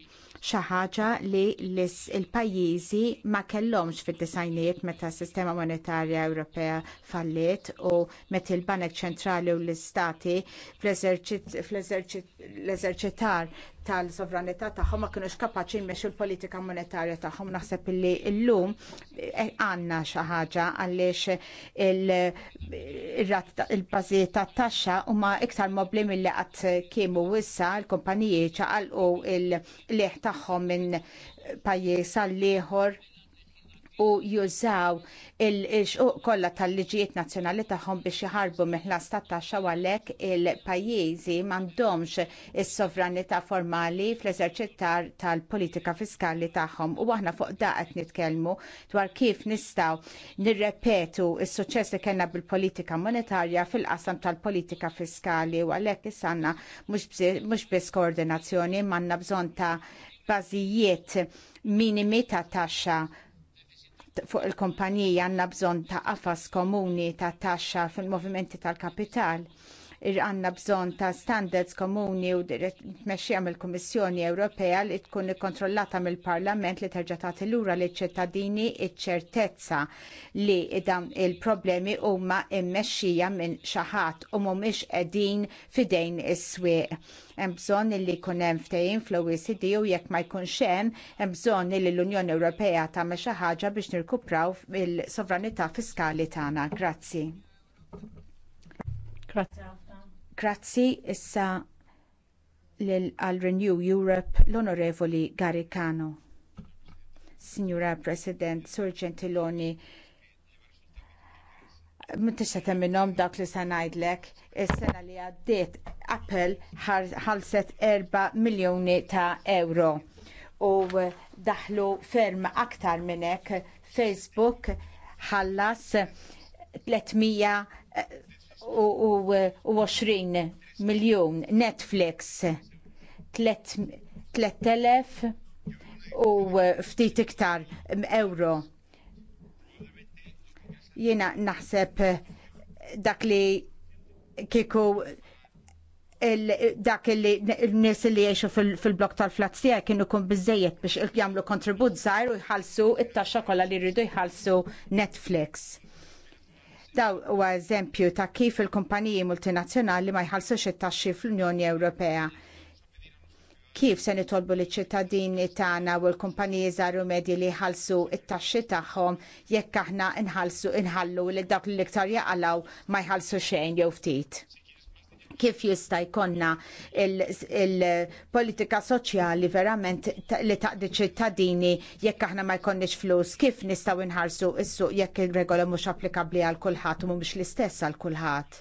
xi ħaġa li l-pajjiżi ma kellhomx fid-disajnijiet meta s-sistema monetarja Ewropea falliet u meta l-Banek Ċentrali u l-Istati fl-eżerċitar tal-sovranità tagħhom ma kinux kapaċi jmexxu l-politika monetarja tagħhom naħseb illi llum eh, għandna xi ħaġa għaliex il-bażijiet tat-taxxa huma iktar mobli milli qatt kiemu wissa l-kumpaniji ċaqalqu l-leħ tagħhom minn pajjiż għall ieħor u jużaw il-xquq kollha tal-liġijiet nazzjonali tagħhom biex jaħarbu miħlas tat-taxxa u għalhekk il-pajjiżi m'għandhomx is-sovranità formali fl-eżerċittar tal-politika fiskali tagħhom u aħna fuq da qed nitkellmu dwar kif nistgħu nirrepetu s-suċċess li kellna bil-politika monetarja fil-qasam tal-politika fiskali u għalhekk issa għandna mhux biss koordinazzjoni m'għandna bżonn ta' bażijiet minimi ta' taxxa fuq il kumpaniji għandna bżonn ta' qafas komuni ta' taxxa fil-movimenti tal-kapital għanna bżonn ta' standards komuni u tmexxija mill-Kummissjoni Ewropea li tkun ikkontrollata mill-Parlament li terġa' tagħti lura liċ ċittadini iċ-ċertezza li dawn il-problemi huma mmexxija minn xi ħadd u mhumiex qegħdin fidejn is-swieq. Hemm bżonn li jkun hemm ftehim fl-OECD u jekk ma jkunx hemm, hemm bżonn li l-Unjoni Ewropea tagħmel xi ħaġa biex nirkupraw il-sovranità fiskali tagħna. Grazzi. Grazie. Grazzi issa għal Renew Europe l-Onorevoli Garicano. Signora President, Sur Gentiloni, m'tixa temminom dak li najdlek, il-sena li għaddiet Apple ħalset 4 miljoni ta' euro u daħlu ferm aktar minnek Facebook ħallas 300 20 miljon, Netflix 3000 u ftit iktar euro. Jiena naħseb dak li kiku dak li n-nis li jiexu fil-blok tal flazzija tiegħek kienu kun bizzejiet biex jagħmlu kontribut zaħir u jħallsu it-taxxa kollha li jridu jħallsu Netflix. Daw huwa eżempju ta' kif il-kumpaniji multinazzjonali ma jħallsux it-taxxi fl-Unjoni Ewropea. Kif se nitolbu li ċittadini tagħna u l-kumpaniji żaru medji li jħallsu it-taxxi tagħhom jekk aħna nħallsu inħallu li dak l iktar jaqalaw ma jħallsu xejn jew ftit kif jista' jkollna il-politika soċjali verament li taqdi ċittadini jekk aħna ma jkollniex flus, kif nistgħu nħarsu s-suq jekk ir-regola mhux applikabbli għal kulħadd u mhumiex l-istess għal kulħadd.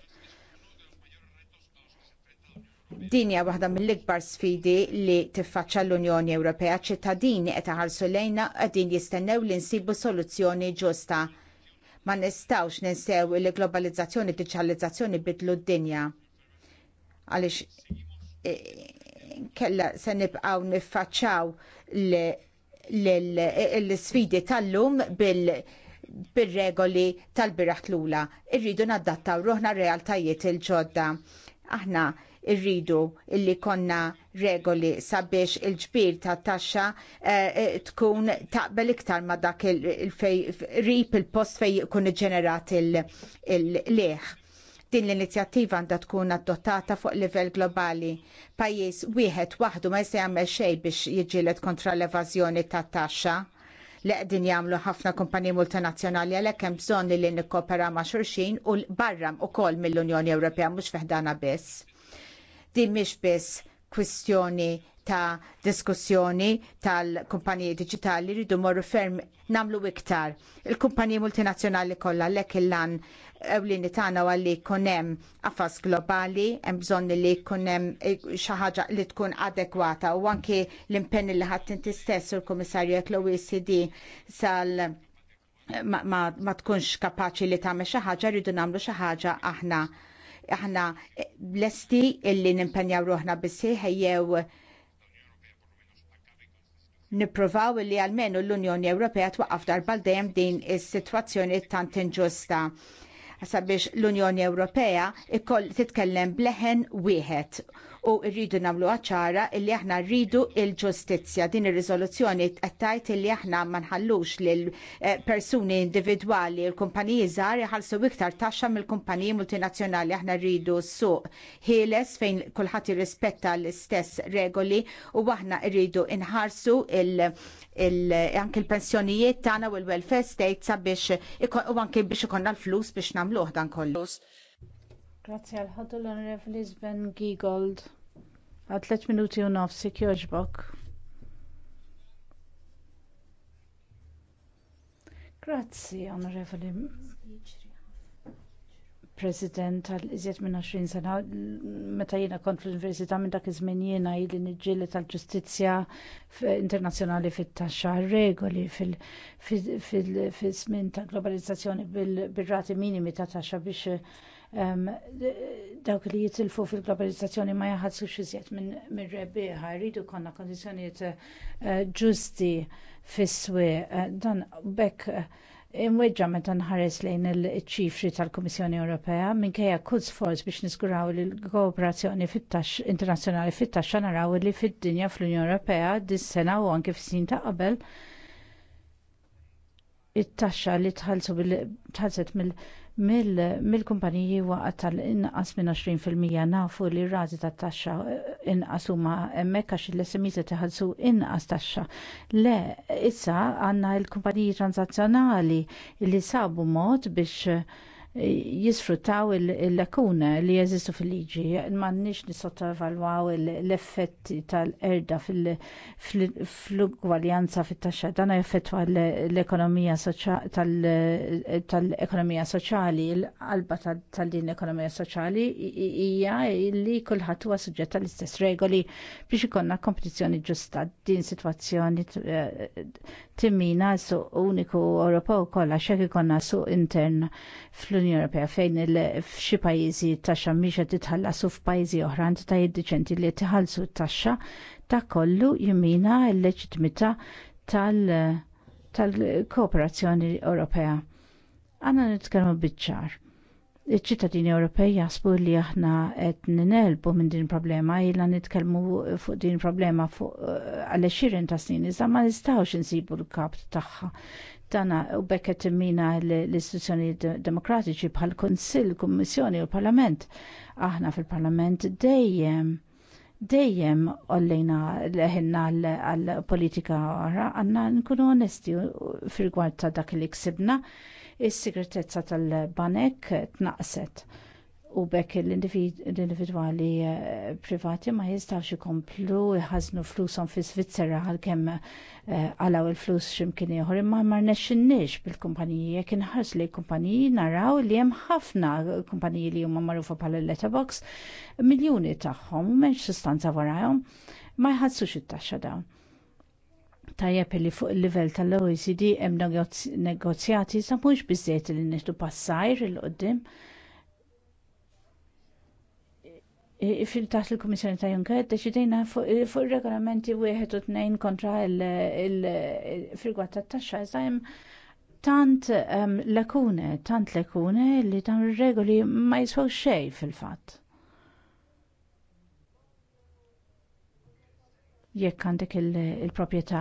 Din hija waħda mill-ikbar sfidi li tiffaċċa l-Unjoni Ewropea ċittadini qed iħarsu lejna qegħdin jistennew li nsibu soluzzjoni ġusta. Ma nistgħux ninsew il-globalizzazzjoni diġitalizzazzjoni bidlu d-dinja għaliex e, kella se nibqgħu niffaċċaw l-sfidi e, tal-lum bil- bir-regoli tal-biraħ l-ula. Irridu naddattaw ruħna realtajiet il-ġodda. Aħna irridu illi konna regoli sabiex il-ġbir ta' taxxa e, tkun taqbel iktar ma' dak il-fej rip il-post fej jkun iġġenerat il-leħ. Din l-inizjattiva għandha tkun adottata fuq livell globali. Pajjiż wieħed waħdu ma jista' jagħmel xejn biex jiġġieled kontra l-evażjoni tat-taxxa li qegħdin jagħmlu ħafna kumpaniji multinazzjonali għalhekk hemm bżonn li nikkopera ma' xulxin u barram ukoll mill-Unjoni Ewropea mhux fiħdana biss. Din mhix biss kwistjoni ta' diskussjoni tal-kumpaniji digitali rridu morru ferm namlu iktar. Il-kumpaniji multinazzjonali kollha lek il-lan ewlini tagħna għalli hemm affas globali, hemm bżonn li jkun hemm eh, xi ħaġa li tkun adekwata u anke l-impenni li ħadd inti stess u komissarju kummissarju l-OECD sal ma, ma, ma tkunx kapaċi li tagħmel xi ħaġa rridu nagħmlu xi ħaġa aħna aħna eh, lesti illi nimpenjaw ruħna bissi ħejjew nipprovaw li għalmenu l-Unjoni Ewropea twaqqaf darbal dejjem din is-sitwazzjoni tant inġusta sabiex l-Unjoni Ewropea ikoll titkellem bleħen wieħed u rridu namlu ċara illi aħna rridu il-ġustizzja. Din ir-riżoluzzjoni qed tgħid illi aħna ma nħallux eh, persuni individwali l kumpaniji żgħar jħallsu iktar taxxa mill-kumpaniji multinazzjonali aħna rridu suq ħieles fejn kulħadd rispetta l-istess regoli u aħna rridu inħarsu il- anke l-pensjonijiet tagħna u l-welfare state sabiex u anke biex ikonna l-flus biex nagħmluh dan kollu. Grazzi għal ħadu l-Onorevoli Sven Giegold. Għal 3 minuti u nofsi kjoġbok. Grazzi, Onorevoli President għal iżjed minn 20 sena meta jiena kont fl-Università minn dak iż-żmien jiena ili niġġieli tal-ġustizzja internazzjonali fit-taxxa regoli fil-żmien ta' globalizzazzjoni bil-rati minimi ta' taxxa biex dawk li jitilfu fil-globalizzazzjoni ma jaħadsux iżjed minn rebbieħa, jridu konna kondizzjonijiet eh, ġusti fis eh, Dan bekk eh, Imweġġa meta nħares lejn il-ċifri tal-Kummissjoni Ewropea minkejja kull sforz biex niżguraw li l-kooperazzjoni fit-tax internazzjonali fit-taxxa naraw li fid-dinja fl-Unjoni Ewropea dis-sena u anke fis-sin ta' qabel it-taxxa li tħallset mill mill-kumpaniji waqgħat tal-inqas minn 20% nafu li r-rati tat-taxxa inqas huma hemmhekk għax il-SMEs qed iħallsu inqas taxxa. Le, issa għandna l-kumpaniji transazzjonali li sabu mod biex jisfruttaw il-lakuna li jeżistu fil-liġi. M'għandniex nisottovalwaw l-effetti tal-erda fil ugwaljanza fit-taxxa. Dan jaffettwa l-ekonomija tal-ekonomija soċjali, l-qalba tal-din l-ekonomija soċjali hija li kulħadd huwa suġġett tal-istess regoli biex ikonna kompetizzjoni ġusta din sitwazzjoni eh, timmina suq uniku Ewropew kollha xek ikon suq intern fl-Unjoni Ewropea fejn f'xi pajjiżi taxxa mhix qed titħallasu f'pajjiżi oħra ta' jiddiċenti li tħallsu t-taxxa ta' kollu jimmina l-leġitimità tal-kooperazzjoni Ewropea. Għanna nitkellmu biċ-ċar iċ-ċittadini Ewropej jaħsbu li aħna qed ninelbu minn din problema ilha nitkellmu fuq din problema fuq eh, għal xirin ta' snin iżda ma nistgħux insibu l-kap tagħha. Tana u bekket mina l-istituzzjoni demokratiċi bħal Kunsill, Kummissjoni u Parlament. Aħna fil-Parlament dejjem dejjem ollejna leħinna għal politika għara għanna nkunu onesti fil-gwart ta' dak li ksibna is-sigretezza tal-banek tnaqset u bekk l-individwali eh, privati ma jistawx ikomplu jħaznu flusom fi Svizzera għalkemm eh, għalaw il-flus ximkien ieħor imma ma rnexxinniex bil-kumpaniji jekk inħars li kumpaniji naraw li hemm ħafna kumpaniji li huma magħrufa bħala letterbox miljuni tagħhom m'hemmx sustanza warahom ma jħassux it-taxxa dawn tajjeb li fuq il-livell tal-OECD hemm negozjati sa mhux biżżejjed li nieħdu passajr il qoddim Fil-taħt il-Kummissjoni ta' Juncker deċidejna fuq ir-regolamenti wieħed u tnejn kontra il-frigwat tat-taxxa iżda hemm tant ehm, lakune, tant lakune li dawn ir-regoli ma jiswew xejn fil-fatt. jekk għandek il-proprjetà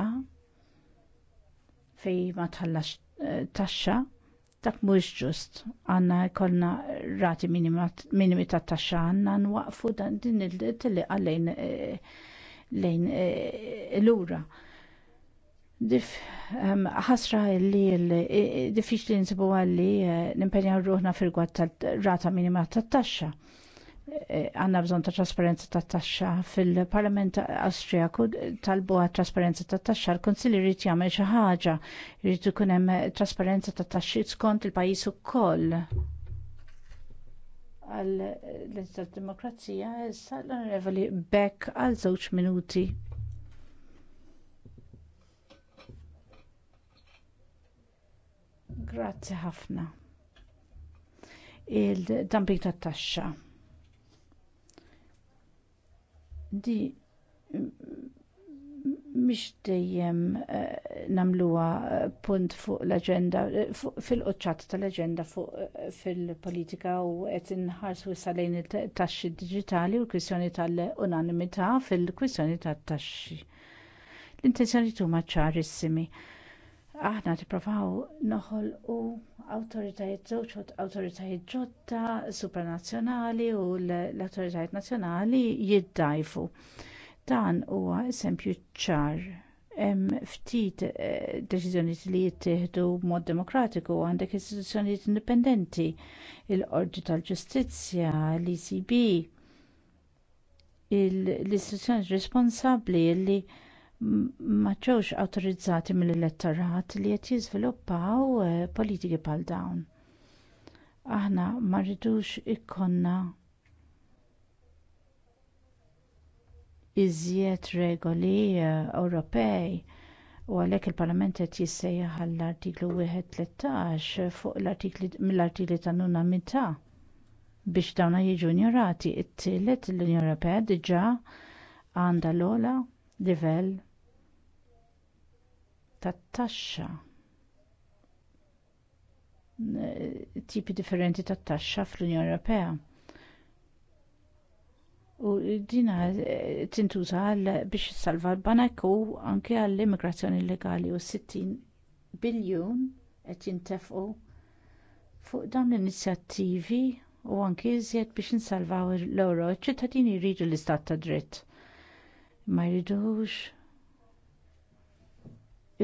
fej ma tħallax eh, taxxa dak mhux ġust għandna jkollna rati minimi ta' taxxa għandna nwaqfu din il-tiliqa lejn eh, lejn eh, lura. Dif ehm, ħasra li diffiċli nsibu għalli nimpenjaw ruħna fil-gwad tal-rata minima tat taxxa Eh, għanna bżon ta' trasparenza ta' taxxa fil-Parlament Austriaku talbu għat trasparenza ta' taxxa l konsili rrit jagħmel xi ħaġa irrid ikun hemm trasparenza ta' taxxi skont il-pajjiż ukoll. Għal l-Demokrazija issa l-Onorevoli Beck għal żewġ minuti. Grazzi ħafna. Il-dumping tat-taxxa Di mish dejjem eh, namluwa eh, punt fuq l-agenda, eh, fil-qoċċat tal-agenda fuq fil-politika u qed inħarsu lejn it-taxxi digitali u l-kwistjoni tal-unanimità fil-kwistjoni tat-taxxi. L-intenzjoni huma ċarissimi aħna tipprovaw noħol u awtoritajiet żewġ awtoritajiet ġotta supranazzjonali u l-awtoritajiet nazzjonali jiddajfu. Dan huwa eżempju ċar hemm ftit eh, deċiżjonijiet li jittieħdu b'mod demokratiku għandek istituzzjonijiet indipendenti il-qorti tal-ġustizzja l-ecb l-istituzzjoni responsabbli li ma ġewx awtorizzati mill-elettorat li qed jiżviluppaw eh, politiki bħal dawn. Aħna ma rridux ikkonna iżjed regoli eh, Ewropej u għalhekk il-Parlament qed jissejjaħ għall-artiklu 113 fuq l-artikli mill-artikli tan-nuna biex dawna jiġu injorati. It-tielet l-Unjoni Ewropea diġà għandha l-ogħla livell tat-taxxa tipi differenti tat taxxa fl-Unjoni Ewropea. U dina eh, tintuża biex salva l-banek u anke għall-immigrazzjoni illegali u 60 biljun qed jintefqu fuq dawn l-inizjattivi u anke iżjed biex insalvaw l-ewro ċittadini jridu l-istat ta' dritt. Ma jridux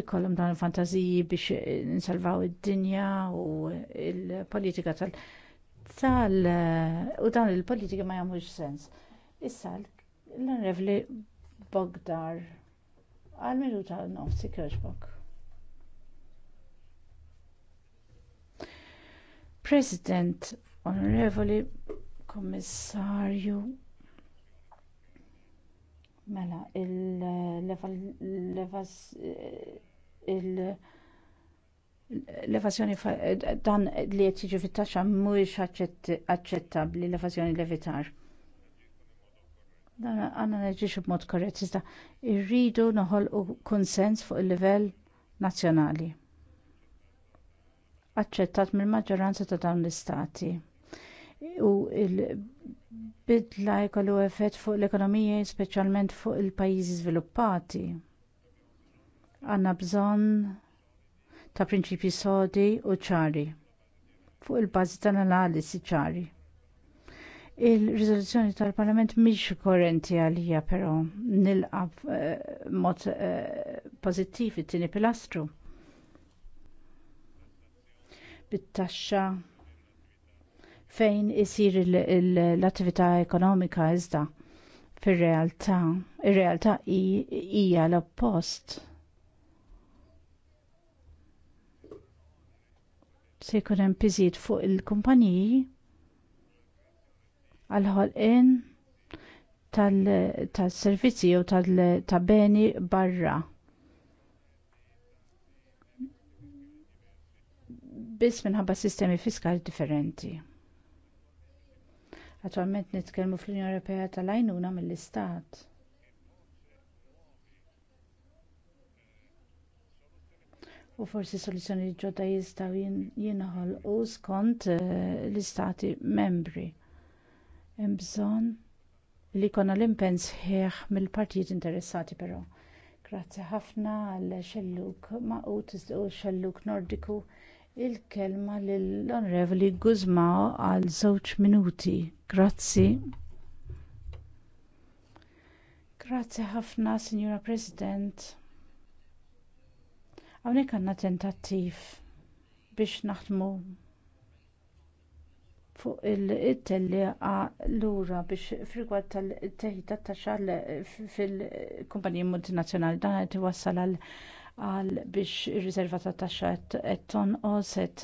ikollhom dan il-fantażiji biex insalvaw id-dinja u l politika tal- tal u dan il-politika ma jagħmlux sens. Issa l li Bogdar għal minuta nofsi kirxbok. President, Onorevoli Kommissarju, Mela, l-evazzjoni dan li qed jiġi fit-taxxa mhuwiex aċċettabbli l-evażjoni levitar. Dan għandna neġġiex b'mod korrett iżda rridu noħolqu konsens fuq il-livell nazzjonali. Aċċettat mill-maġġoranza ta' dawn l-istati u bidla jkollu effett fuq l-ekonomija speċjalment fuq il-pajjiżi żviluppati. Għandna bżonn ta' prinċipji sodi u ċari fuq il-bażi tal-analisi ċari. Il-riżoluzzjoni tal-Parlament mhix korrenti għalija però nilqa eh, mod eh, pożittiv it-tieni pilastru bit-taxxa fejn isir l-attività ekonomika iżda fir-realtà. Ir-realtà hija l-oppost. Se jkun hemm piżijiet fuq il-kumpaniji għal ħolqien tal-servizzi u tal-beni barra. Biss minħabba sistemi fiskali differenti. Attualment nitkellmu fl-Unjoni Ewropea tal-għajnuna mill-Istat. U forsi soluzzjoni ġodda jistgħu jinħolqu skont eh, l-istati membri. Hemm bżonn li jkollna l-impenn sħiħ mill-partijiet interessati però. Grazzi ħafna għal xelluk maqut u xelluk nordiku il-kelma lill-onorevoli guzmao għal żewġ minuti grazzi grazzi ħafna sinjura president hawnhekk għandna tentattiv biex naħdmu fuq il tellieqa lura biex frigwad tal-teħid tat-taxxa fil-kumpaniji multinazzjonali dan qed iwassal għal għal biex ir-riserva tat taxxa qed tonqos qed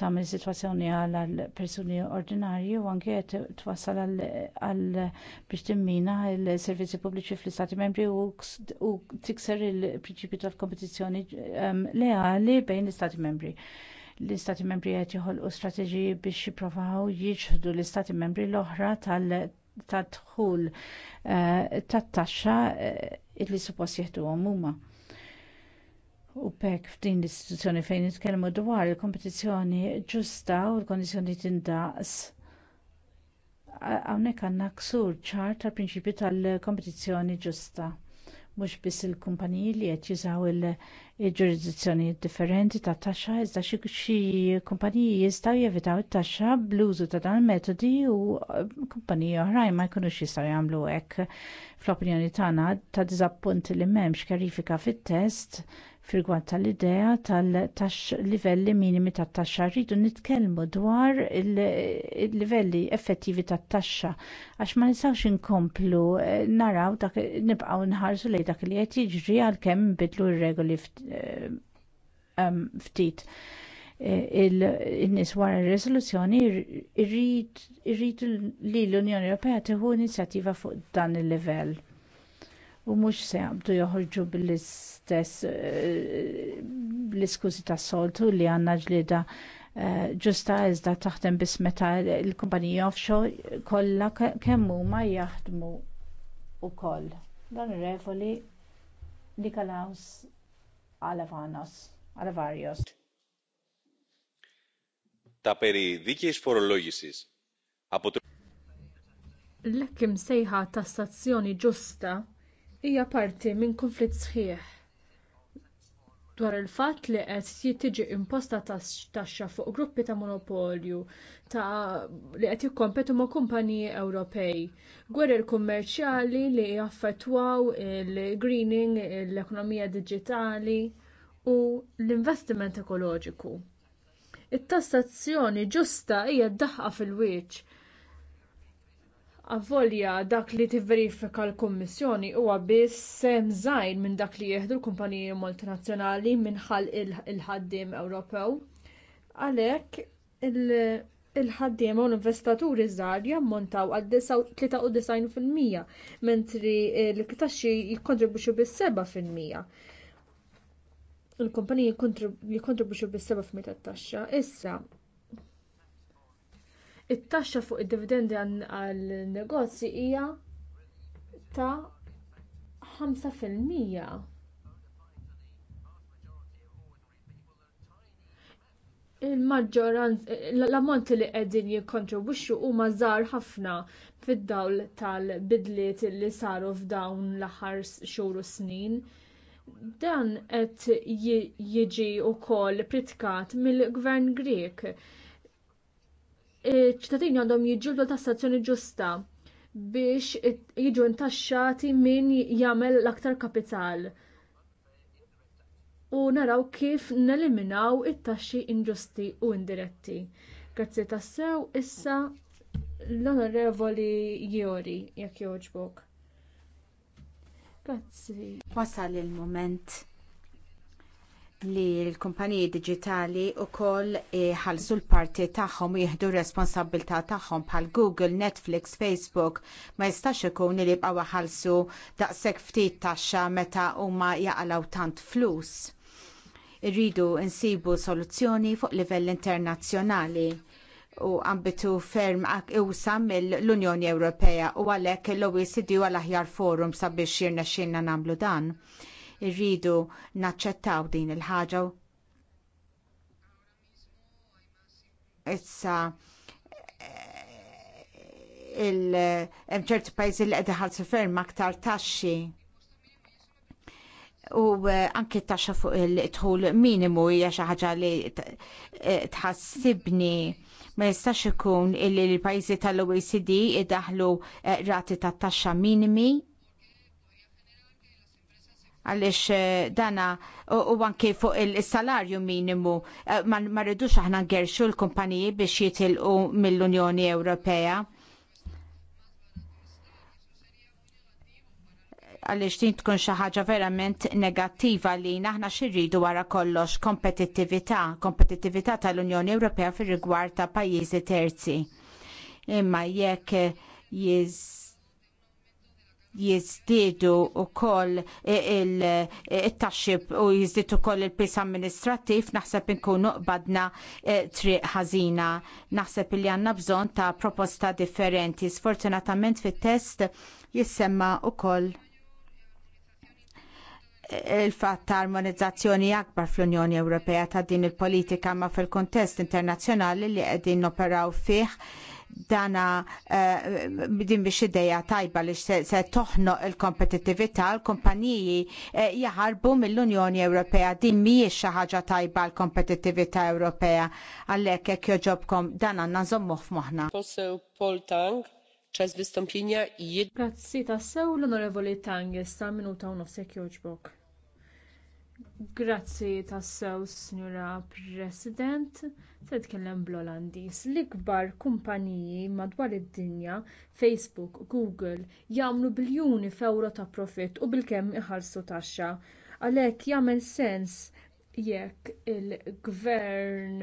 tagħmel sitwazzjoni għal persuni ordinarji u anke qed twassal għal biex timmina l-servizzi pubbliċi fl-istati membri u tikser il-prinċipju tal-kompetizzjoni ehm, leali bejn l-istati membri l-istati membri qed joħolqu strateġiji biex jippruvaw jiġħdu l-istati membri l-oħra tal tad-dħul eh, tat-taxxa eh, li suppost jieħduhom huma U pek f'din l-istituzzjoni fejn nitkellmu dwar il-kompetizzjoni ġusta u l-kondizjoni tindaqs. Hawnhekk għandna ksur ċar tal-prinċipju tal-kompetizzjoni ġusta. Mhux biss il-kumpaniji li qed jużaw il-ġurisdizzjoni differenti ta' taxxa iżda xi kumpaniji jistgħu jevitaw it-taxxa bl-użu ta' dan il-metodi u uh, kumpaniji oħrajn ma jkunux jistgħu jagħmlu hekk. Fl-opinjoni tagħna ta' diżappunt li m'hemmx karifika fit-test Firgwad tal-idea tal-livelli minimi tat-taxxa rridu nitkellmu dwar il-livelli effettivi tat-taxxa għax ma nistgħux inkomplu eh, naraw dak nibqgħu nħarsu lejn dak li qed jiġri għalkemm bidlu r-regoli eh, ftit eh, il-nis wara r-resoluzzjoni irrid li l-Unjoni Ewropea tieħu inizjattiva fuq dan il-livell u mhux se jaqbdu joħorġu bl-istess bl-iskużi eh, tas-soltu li għandna ġlieda eh, ġusta iżda taħdem biss meta l-kumpaniji offshore kollha kemm huma jaħdmu wkoll. Dan ir-revoli Nikolaus Alavanos, Alavarios. Ta' peri dikiex forologjisis. L-ekkim sejħa tassazzjoni ġusta hija parti minn kunflitt sħiħ dwar il-fatt li qed tiġi imposta taxxa fuq gruppi ta' monopolju li qed jikkompetu ma' kumpaniji Ewropej. Gwerer kummerċjali li jaffettwaw il-greening, l-ekonomija diġitali u l-investiment ekoloġiku. It-tassazzjoni ġusta hija ddaħqa fil wiċċ Avolja dak li tivverifika l-Kummissjoni huwa biss sem żgħir minn dak li jieħdu l-kumpaniji multinazzjonali minħal il-ħaddiem Ewropew. Għalhekk il-ħaddiem u l-investaturi żgħar jammontaw għal 93% mentri l kitaxxi jikkontribwixxu bis-7%. Il-kumpaniji jikkontribwixxu bis-7% tat-taxxa. Issa, it-taxxa fuq id-dividendi għan-negozji hija ta' 5%. Il-maġġoranza l-ammonti li qegħdin jikkontribwixxu huma żgħar ħafna fid-dawl tal-bidliet li saru f'dawn l-aħħar xhur u snin. Dan qed jiġi wkoll pritkat mill-Gvern Grek ċittadini għandhom jiġġuldu tassazzjoni ġusta biex jiġu ntaxxati min jagħmel l-aktar kapital. U naraw kif neliminaw it-taxxi inġusti u indiretti. Grazzi tassew issa l-onorevoli Jori jekk jogħġbok. Grazzi. Wasal il mument li l-kumpaniji digitali wkoll e, ħallsu l-parti tagħhom u jieħdu r responsabilità tagħhom bħal Google, Netflix, Facebook ma jistax ikun li jibqgħu ħalsu daqshekk ftit taxxa meta huma jaqalaw tant flus. Irridu nsibu soluzzjoni fuq livell internazzjonali u ambitu ferm iwsa e mill-Unjoni Ewropea u għalhekk l-OECD għal aħjar forum sabiex jirnexxinna nagħmlu dan irridu naċċettaw din il-ħaġa. Issa il ċerti pajjiżi li qed iħallsu ferm aktar taxxi u eh, anki taxxa fuq il-tħul minimu hija xi ħaġa li eh, tħassibni ma jistax ikun illi l-pajjiżi tal-OECD idaħlu eh, rati tat taxxa minimi għaliex eh, dana u għanki fuq il-salarju minimu eh, ma rridux aħna ngerxu l-kumpaniji biex jitilqu mill-Unjoni Ewropea. għaliex din tkun xi ħaġa verament negattiva li naħna xirridu wara kollox kompetittività, kompetittività tal-Unjoni Ewropea fir rigward ta' pajjiżi terzi. Imma jekk jiz jizdidu u koll il-taxxib u jizdidu koll il-pis amministrativ naħseb nkunu qbadna eh, triq ħażina. Naħseb li għanna bżon ta' proposta differenti. Sfortunatament fit-test jissemma u koll eh, il-fatt ta' armonizzazzjoni akbar fl-Unjoni Ewropea ta' din il-politika ma' fil-kontest internazzjonali li qegħdin operaw fih dana eh, din biex ideja tajba li se, se toħnoq il-kompetittività l-kumpaniji eh, jaħarbu mill-Unjoni Ewropea din mhijiex xi ħaġa tajba l kompetitività Ewropea għalhekk hekk joġobkom dana nazommu f f'moħħna. Paul Tang, ċas vistompinja jid. Grazzi tassew l-Onorevoli Tang, jessa minuta u nofsek joġbok. Grazzi tassew, Signora President. Se bl-Olandis. L-ikbar kumpaniji madwar id-dinja, Facebook, Google, jagħmlu biljuni f'ewro ta' profitt u bilkemm iħallsu taxxa. Għalhekk jagħmel sens jekk il-gvern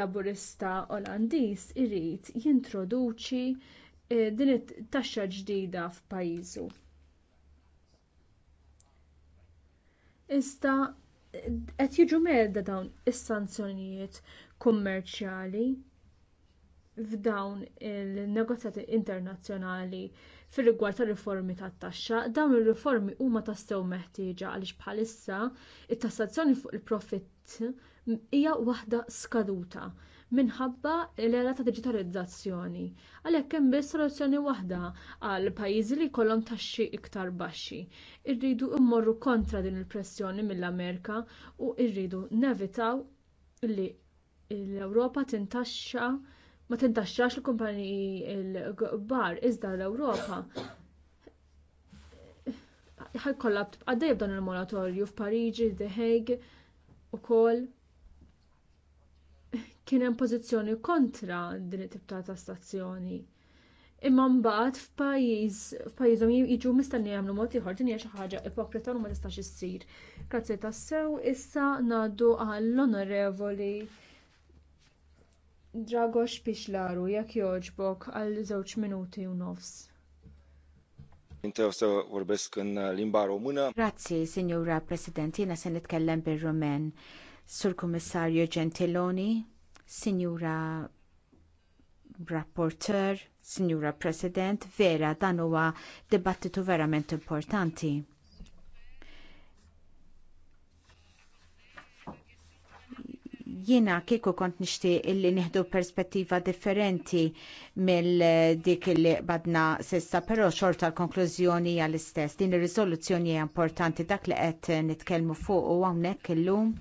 laburista Olandiż irid jintroduċi eh, din it-taxxa ġdida f'pajjiżu. Issa qed jiġu medda dawn is-sanzjonijiet kummerċjali f'dawn il negozjati internazzjonali fir-rigward tar-riformi tat-taxxa dawn ir-riformi huma tassew meħtieġa għaliex bħalissa it tassazzjoni fuq il-profitt hija waħda skaduta minħabba l-era ta' digitalizzazzjoni. Għalhekk hemm biss soluzzjoni waħda għal pajjiżi li jkollhom taxxi iktar baxxi. Irridu mmorru kontra din il-pressjoni mill-Amerika u rridu nevitaw li l-Ewropa tintaxxa ma tintaxxax il-kumpaniji l-kbar iżda l-Ewropa ħajkollha tibqa' għaddej b'dan il-moratorju f'Pariġi, The Hague kol kien hemm pożizzjoni kontra din it tibta ta' tassazzjoni. Imma mbagħad f'pajjiż f'pajjiżhom jiġu mistenni jagħmlu mod ieħor din hija xi ħaġa ipokrita u ma tistax issir. Grazzi tassew issa ngħaddu għall-onorevoli Dragox Pixlaru jekk jogħġbok għal żewġ minuti u nofs. Intew se vorbesc în uh, limba română. signora President. Jiena se nitkellem bil-Rumen. Sur Kummissarju Gentiloni, Sinjura Rapporteur, Sinjura President, vera dan huwa dibattitu verament importanti. Jiena kieku kont nixtieq illi nieħdu perspettiva differenti mill dik illi badna sissa, però xorta l-konklużjoni għall istess. Din ir-riżoluzzjoni hija importanti dak li qed nitkellmu fuq u hawnhekk illum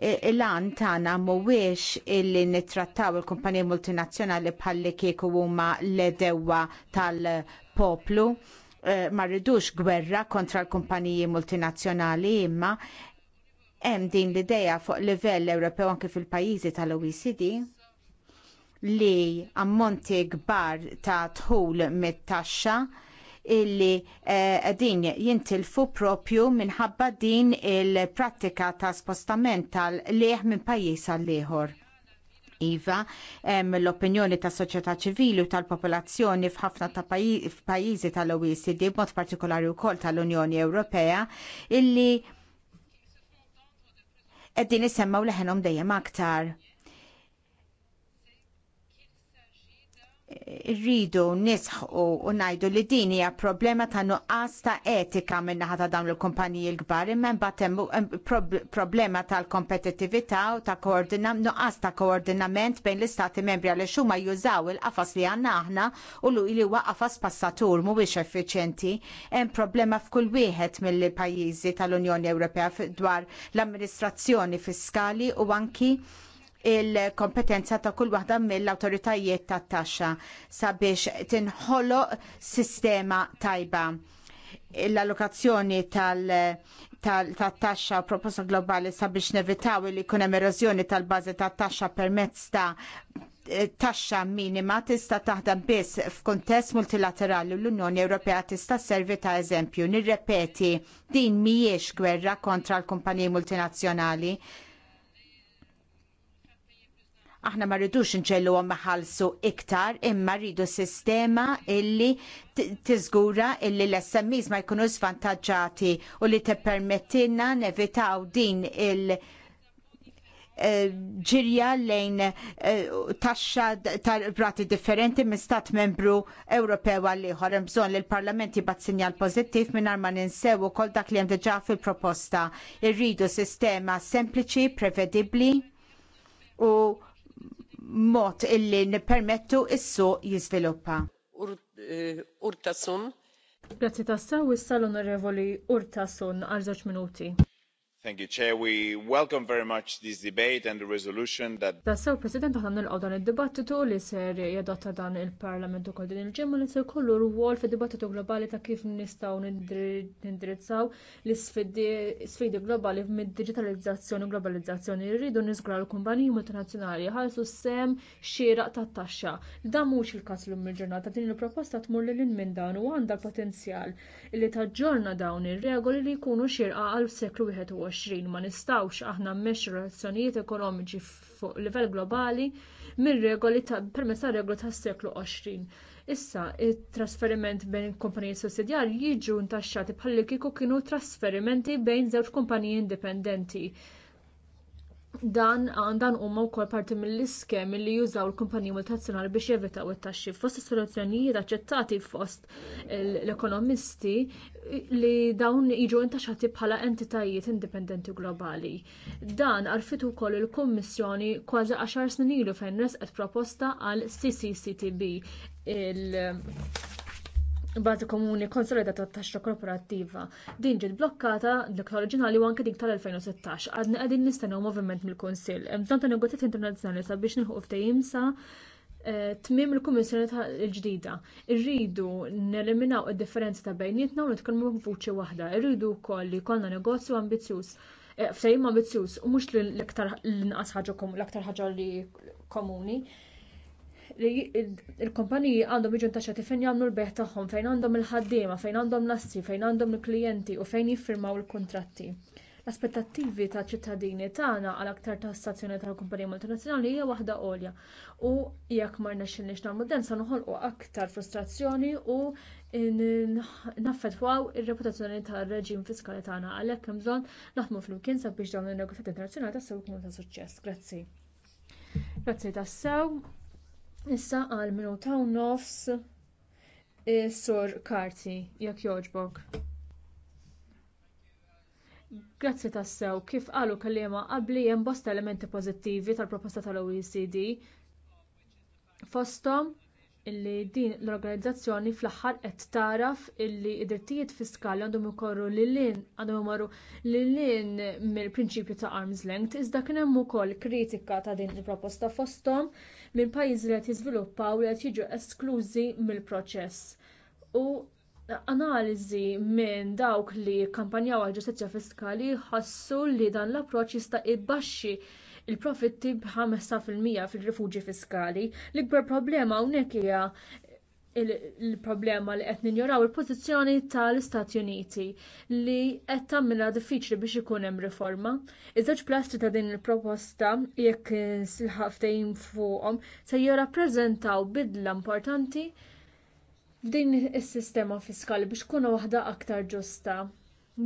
il-lan tagħna mhuwiex illi nittrattaw il-kumpaniji multinazzjonali bħalli kieku huma l edewa tal-poplu eh, ma rridux gwerra kontra l-kumpaniji multinazzjonali imma hemm din l-idea fuq livell Ewropew anke fil-pajjiżi tal-OECD li ammonti kbar ta' dħul mit-taxxa illi eh, din jintilfu propju minħabba din il-prattika ta' spostament tal-leħ minn pajjiż għal ieħor. Iva, l-opinjoni ta' soċjetà ċivili u tal-popolazzjoni f'ħafna ta' pajizi tal-OECD, b'mod partikolari wkoll tal-Unjoni Ewropea, illi qegħdin isemmaw leħenhom dejjem aktar rridu nisħu u najdu li din hija problema ta' nuqqas ta' etika minnaħa ta' dawn il-kumpaniji l-kbar imma mbagħad problema tal-kompetittività u ta' koordina nuqqas ta' koordinament bejn l-istati membri għaliex huma jużaw il-qafas li għandna aħna u li huwa qafas passatur mhuwiex effiċjenti. Hemm problema f'kull wieħed mill-pajjiżi tal-Unjoni Ewropea dwar l-amministrazzjoni fiskali u anki il-kompetenza ta' kull waħda mill-autoritajiet tat-taxxa sabiex tinħoloq sistema tajba l-allokazzjoni tal-taxxa u proposta globali sabiex nevitaw li jkun hemm erożjoni tal-bażi tat-taxxa permezz ta' taxxa minima tista' taħdem biss f'kuntest multilaterali l-Unjoni Ewropea tista' servi ta' eżempju. Nirrepeti, din mhijiex gwerra kontra l-kumpaniji multinazzjonali, aħna ma rridux nġellu għom maħalsu iktar imma rridu sistema illi tiżgura illi l-SMEs ma jkunu svantagġati u li tippermettilna nevitaw din il- eh, ġirja lejn eh, taxxa ta' rati differenti minn stat membru Ewropew għal ieħor hemm bżonn li l-Parlament jibgħat sinjal pożittiv mingħajr ma ninsew ukoll dak li hemm diġà fil-proposta. Irridu sistema sempliċi, prevedibbli u mod illi nippermettu issu suq jiżviluppa. Eh, Urtasun. Grazzi tassa, issa l-Onorevoli Urtasun għal żewġ minuti. Tassew President aħna nilqgħu dan id-dibattitu li ser jadotta dan il-Parlament ukoll din il-ġimgħa li ser kollu rwol fid-dibattitu globali ta' kif nistgħu nindirizzaw l-sfidi globali mid-diġitalizzazzjoni u globalizzazzjoni rridu niżgura l-kumpaniji multinazzjonali ħalsu sem xieraq tat-taxxa. Dan mhux il-każ lum il-ġurnata din il-proposta tmur lil minn dan u għandha l-potenzjal li taġġorna dawn ir-regoli li jkunu xirqa' għal seklu 21 2020 ma nistgħux aħna mmexxu relazzjonijiet ekonomiċi fuq livell globali mir-regoli permezz tar-regoli tas-seklu 20. Issa, it-trasferiment bejn kumpaniji sussidjarji jiġu ntaxxati bħalli kieku kienu trasferimenti bejn żewġ kumpaniji indipendenti dan għandan huma wkoll parti mill-iskem li jużaw il-kumpaniji multinazzjonali biex jevitaw it-taxxi fost is-soluzzjonijiet aċċettati fost l-ekonomisti li dawn jiġu ntaxxati bħala entitajiet indipendenti globali. Dan għarfit ukoll il-Kummissjoni kważi għaxar snin ilu fejn resqet proposta għal CCCTB il- bażi komuni konsolidata ta' taxxa korporattiva. Din ġiet blokkata dik oriġinali u anke dik tal-2016. Għadni għadin nistennew moviment mill-Kunsill. Hemm bżonn ta' negozjat internazzjonali sabiex nilħu ftehim sa eh, tmiem il-Kummissjoni l-ġdida. Irridu neliminaw id-differenzi ta' bejnietna u nitkellmu b'vuċi waħda. Irridu wkoll li jkollna negozju ambizzjuż eh, ftehim ambizzjuż u mhux l-iktar l-inqas ħaġa l-aktar ħaġa li komuni li il kompaniji għandhom jiġu ntaxxati fejn jagħmlu l-beħ tagħhom, fejn għandhom il-ħaddiema, fejn għandhom l-assi, fejn għandhom il-klijenti u fejn jiffirmaw il-kuntratti. L-aspettattivi ta' ċittadini tagħna għal aktar tassazzjoni tal kumpanija multinazzjonali hija waħda għolja u jekk ma rnexxilniex nagħmlu dan sa noħolqu aktar frustrazzjoni u naffettwaw ir-reputazzjoni tar-reġim fiskali tagħna għalhekk hemm bżonn naħdmu flimkien sabiex dawn in-negozjati internazzjonali tassew jkunu ta' suċċess. Grazzi. Grazzi tassew. Issa għal minuta u nofs sur karti jekk jogħġbok. Grazzi tassew, kif qalu kelliema qabbli hemm bosta elementi pożittivi tal-proposta tal-OECD fosthom illi din l-organizzazzjoni fl-aħħar qed taraf illi d-drittijiet fiskali għandhom ikorru lilin għandhom imorru mill-prinċipju ta' arm's length iżda kien hemm ukoll kritika ta' din il-proposta fosthom minn pajjiżi li qed jiżviluppaw li qed jiġu esklużi mill-proċess u analiżi minn dawk li kkampanjaw għal ġustizzja fiskali ħassu li dan l-approċċ jista' jbaxxi il-profitti b'5% fil rifugi fiskali. L-ikbar problema hawnhekk hija il-problema li qed ninjoraw il-pożizzjoni tal-Istati Uniti li qed tagħmilha diffiċli biex ikun hemm riforma. Iż-żewġ plastri ta' din il-proposta jekk silħaftejn fuqhom se jirrappreżentaw bidla importanti f'din is-sistema fiskali biex tkun waħda aktar ġusta.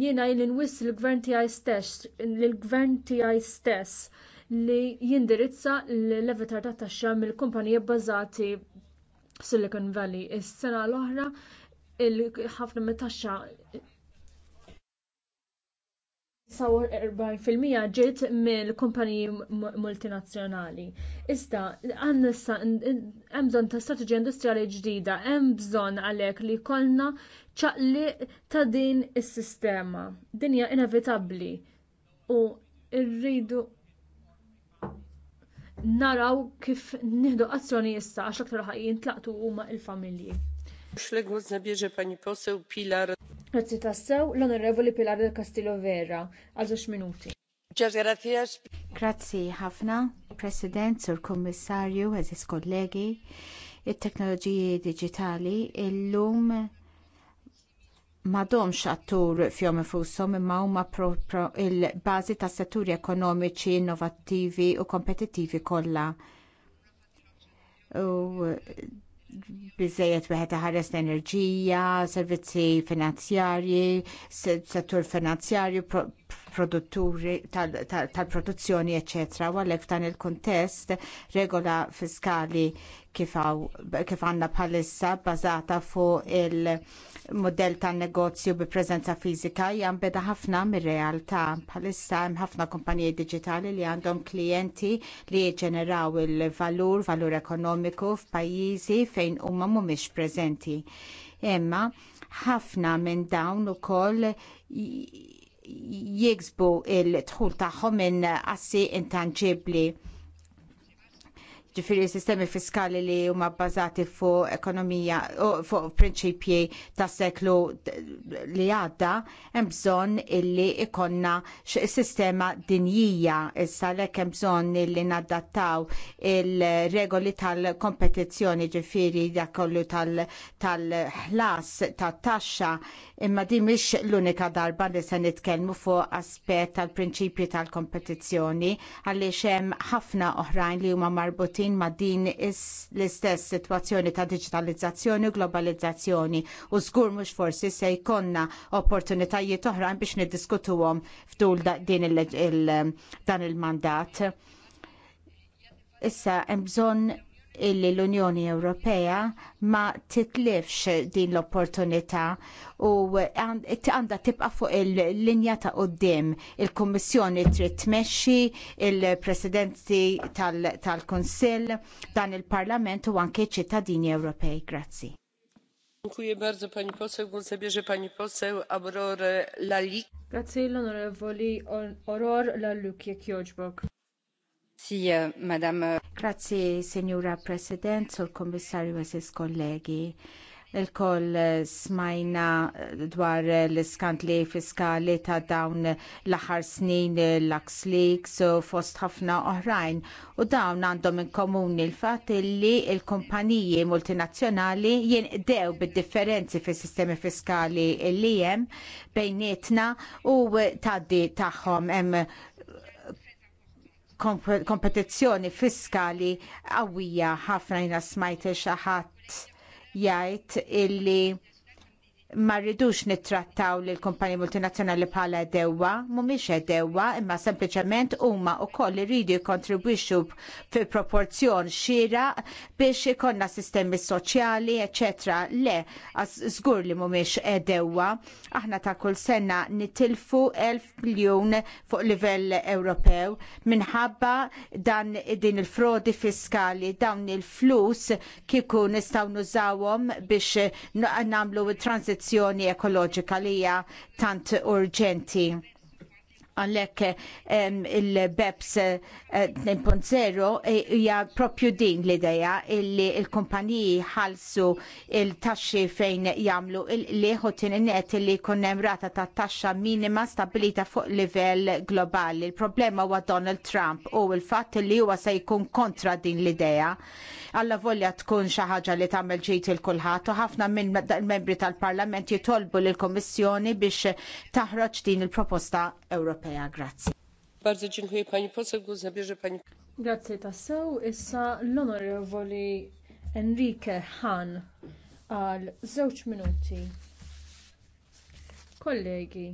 Jiena jien inwiss il-gvern tiegħi stess, il-gvern tiegħi stess li jindirizza l-levitar ta' taxxa mill-kumpanija bbażati Silicon Valley. Is-sena l-oħra ħafna mit-taxxa mija ġiet mill-kumpaniji multinazzjonali. Iżda għannissa hemm bżonn ta' strateġija industrijali ġdida, hemm bżonn għalhekk li jkollna ċaqli ta' din is-sistema. Dinja inevitabbli u rridu naraw kif nihdu azzjoni issa għax aktar ħajjin tlaqtu huma il-familji. Xlegwa zabieġe pani posew Pilar. Grazzi tassew l-Onorevoli Pilar del Castillo Vera għal żewġ minuti. Grazzi ħafna, President, Sur Kommissarju, eżis kollegi, il teknoloġiji digitali illum madomx attur fjom infushom imma huma il-bażi ta' setturi ekonomiċi innovattivi u kompetittivi kollha. U biżejjed wieħed ħares l-enerġija, servizzi finanzjarji, settur finanzjarju, produtturi tal-produzzjoni, eċetera. U f'dan il kontest regola fiskali kif għandna bħalissa bbażata fuq il- modell ta' negozju bi preżenza fiżika hija beda ħafna mir-realtà. Bħalissa hemm ħafna kumpaniji diġitali li għandhom klijenti li jiġġeneraw il-valur, valur ekonomiku f'pajjiżi fejn huma mhumiex preżenti. Imma ħafna minn dawn ukoll jiksbu il-dħul tagħhom minn assi intangibbli ġifiri sistemi fiskali li huma bbażati fuq ekonomija u fuq prinċipji tas seklu li għadda hemm bżonn illi ikonna sistema dinjija issa għalhekk hemm bżonn illi nadattaw il-regoli tal-kompetizzjoni ġifiri dakollu tal-ħlas tat-taxxa imma din mhix l-unika darba li se nitkellmu fuq aspett tal-prinċipji tal-kompetizzjoni għaliex hemm ħafna oħrajn li huma marbutin maqsutin ma' din l-istess sitwazzjoni ta' digitalizzazzjoni u globalizzazzjoni u żgur mhux forsi se jkollna opportunitajiet oħrajn biex niddiskutuhom ftul din il dan il-mandat. Issa hemm bżonn illi l-Unjoni Ewropea ma titlifx din l-opportunità u għandha tibqa fuq il-linja ta' qoddim il-Kummissjoni trid tmexxi il-Presidenti tal-Kunsill dan il-Parlament u anke ċittadini Ewropej. Grazzi. Dziękuję bardzo pani poseł. Głos zabierze pani poseł Aurora Lalik. Grazie l'onorevoli Auror Lalik, jak Eh, madam. Grazie, Signora President, commissario e Esis kollegi. Il-koll eh, smajna eh, dwar l-iskantli fiskali ta' dawn l-aħar snin l-Lux Leaks u fost ħafna oħrajn u dawn għandhom inkomuni l-fat li l-kumpaniji multinazzjonali jindew bid-differenzi fis sistemi fiskali l-lijem bejnietna u taddi tagħhom hemm kompetizzjoni fiskali qawwija ħafna jina smajt xi ħadd jgħid illi ma rridux nittrattaw l kumpani multinazzjonali bħala dewa, mhumiex dewa, imma sempliċement huma wkoll rridu jikkontribwixxu fi proporzjon xira biex ikonna sistemi soċjali, eċetera. Le, żgur li mhumiex dewa, aħna ta' kull sena nitilfu 1000 miljun fuq livell Ewropew minħabba dan din il-frodi fiskali, dawn il-flus kieku nistgħu nużawhom biex nagħmlu it-transit tranzizzjoni ekoloġika li hija tant urġenti għalek il-BEPS 2.0 eh, eh, hija propju din l-ideja illi il-kumpaniji ħalsu il-taxxi fejn jagħmlu il-liħu tininet illi hemm rata ta' taxxa minima stabilita fuq livell globali. Il-problema huwa Donald Trump u l-fatt li huwa se jkun kontra din l-ideja. Alla volja tkun xi ħaġa li tagħmel ġejt il kulħadd u ħafna minn membri tal-Parlament jitolbu lill-Kummissjoni biex taħroġ din il-proposta Ewropea. Ewropea. Grazzi. Bardzo dziękuję pani poseł. Głos zabierze pani. Grazzi tassew. Issa l-onorevoli Enrique Han għal żewġ minuti. Kollegi,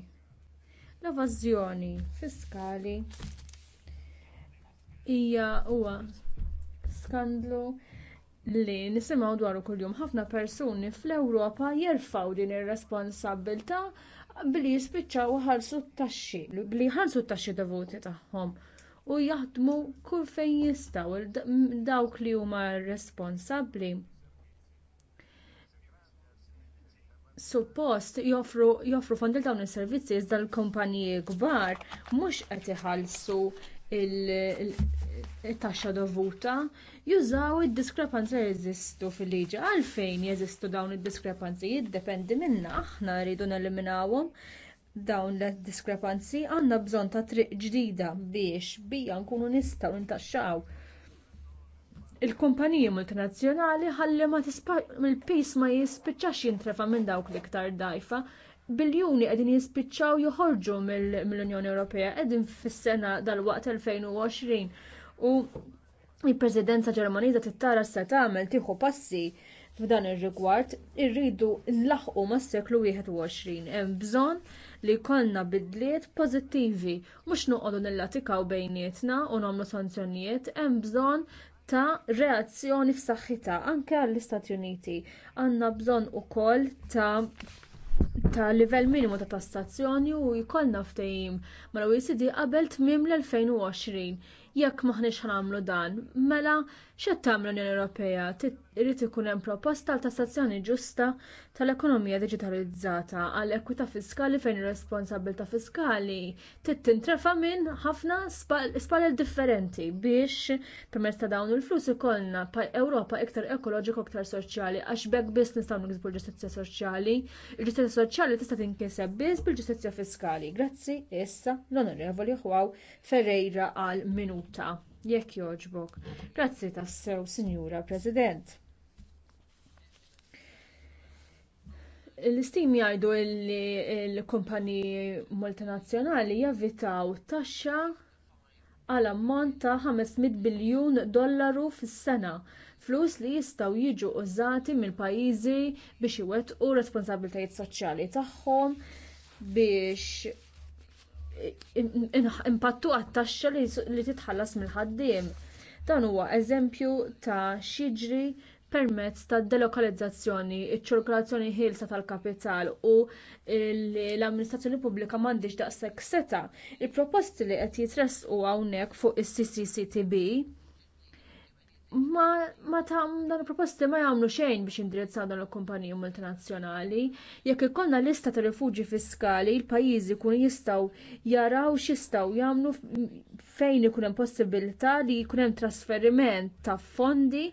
l-evażjoni fiskali hija huwa skandlu li nisimgħu dwaru kuljum ħafna persuni fl-Ewropa jerfgħu din ir-responsabbiltà billi jispiċċaw ħalsu t-taxxi, billi ħalsu t-taxxi devuti tagħhom u jaħdmu kull fejn jistgħu dawk li huma responsabbli. Suppost joffru, joffru fondil dawn is-servizzi iżda l-kumpaniji kbar mhux qed iħallsu il-, il it-taxxa dovuta jużaw id-diskrepanzi li jeżistu fil-liġi. Għalfejn jeżistu dawn id-diskrepanzi jiddependi minna aħna rridu neliminawhom dawn l-diskrepanzi għandna bżonn ta' triq ġdida biex bija nkunu nistgħu ntaxxaw il-kumpaniji multinazzjonali ħalli ma il-pis ma jispiċċax jintrefa minn dawk l-iktar dgħajfa biljuni qegħdin jispiċċaw joħorġu mill-Unjoni Ewropea qegħdin fis-sena dal-waqt 2020 u il-Presidenza Ġermaniza tittara se tagħmel tieħu passi f'dan ir-rigward irridu nlaħqu mas-seklu 21 hemm bżonn li jkollna bidliet pożittivi mhux noqogħdu nillatikaw bejnietna u nagħmlu sanzjonijiet hemm bżonn ta' reazzjoni f'saħħitha anke għall-Istati Uniti. Għandna bżonn ukoll ta' ta' livell minimu ta' tassazzjoni u jkollna ftehim mal-OECD qabel tmiem l-2020 jekk maħniex ħanamlu dan, mela X'qed tagħmel l-Unjoni Ewropea irid ikun hemm proposta għal tassazzjoni ġusta tal-ekonomija diġitalizzata għal ekwità fiskali fejn ir-responsabilità fiskali trid tintrefa' minn ħafna spallel differenti biex permezz ta' dawn il-flus ikollna Ewropa iktar ekoloġika u iktar soċjali għax bekk biss nistgħu niksbu l-ġustizzja soċjali. Il-ġustizzja soċjali tista' tinkiseb biss bil-ġustizzja fiskali. Grazzi issa l-Onorevoli Juaw Ferreira għal minuta jekk jogħġbok. Grazzi tassew, Sinjura President. L-istim jgħidu li l-kumpaniji multinazzjonali javitaw taxxa għal ammont ta' 500 biljun dollaru fis-sena, flus li jistgħu jiġu użati mill-pajjiżi biex iwettqu r responsabbiltajiet soċjali tagħhom biex impattu għat-taxxa li titħallas mill-ħaddiem. Dan huwa eżempju ta' xiġri permezz tad delokalizzazzjoni, iċ-ċirkolazzjoni ħielsa tal-kapital u l-amministrazzjoni pubblika m'għandix daqshekk seta. Il-proposti li qed jitressqu hawnhekk fuq is-CCCTB ma, ma tam dan proposti ma jagħmlu xejn biex indirizzaw dan il-kumpaniji multinazzjonali. Jekk ikollna lista ta' rifugi fiskali, il-pajjiżi kun jistgħu jaraw x'jistgħu jagħmlu fejn ikun hemm possibilità li jkun hemm trasferiment ta' fondi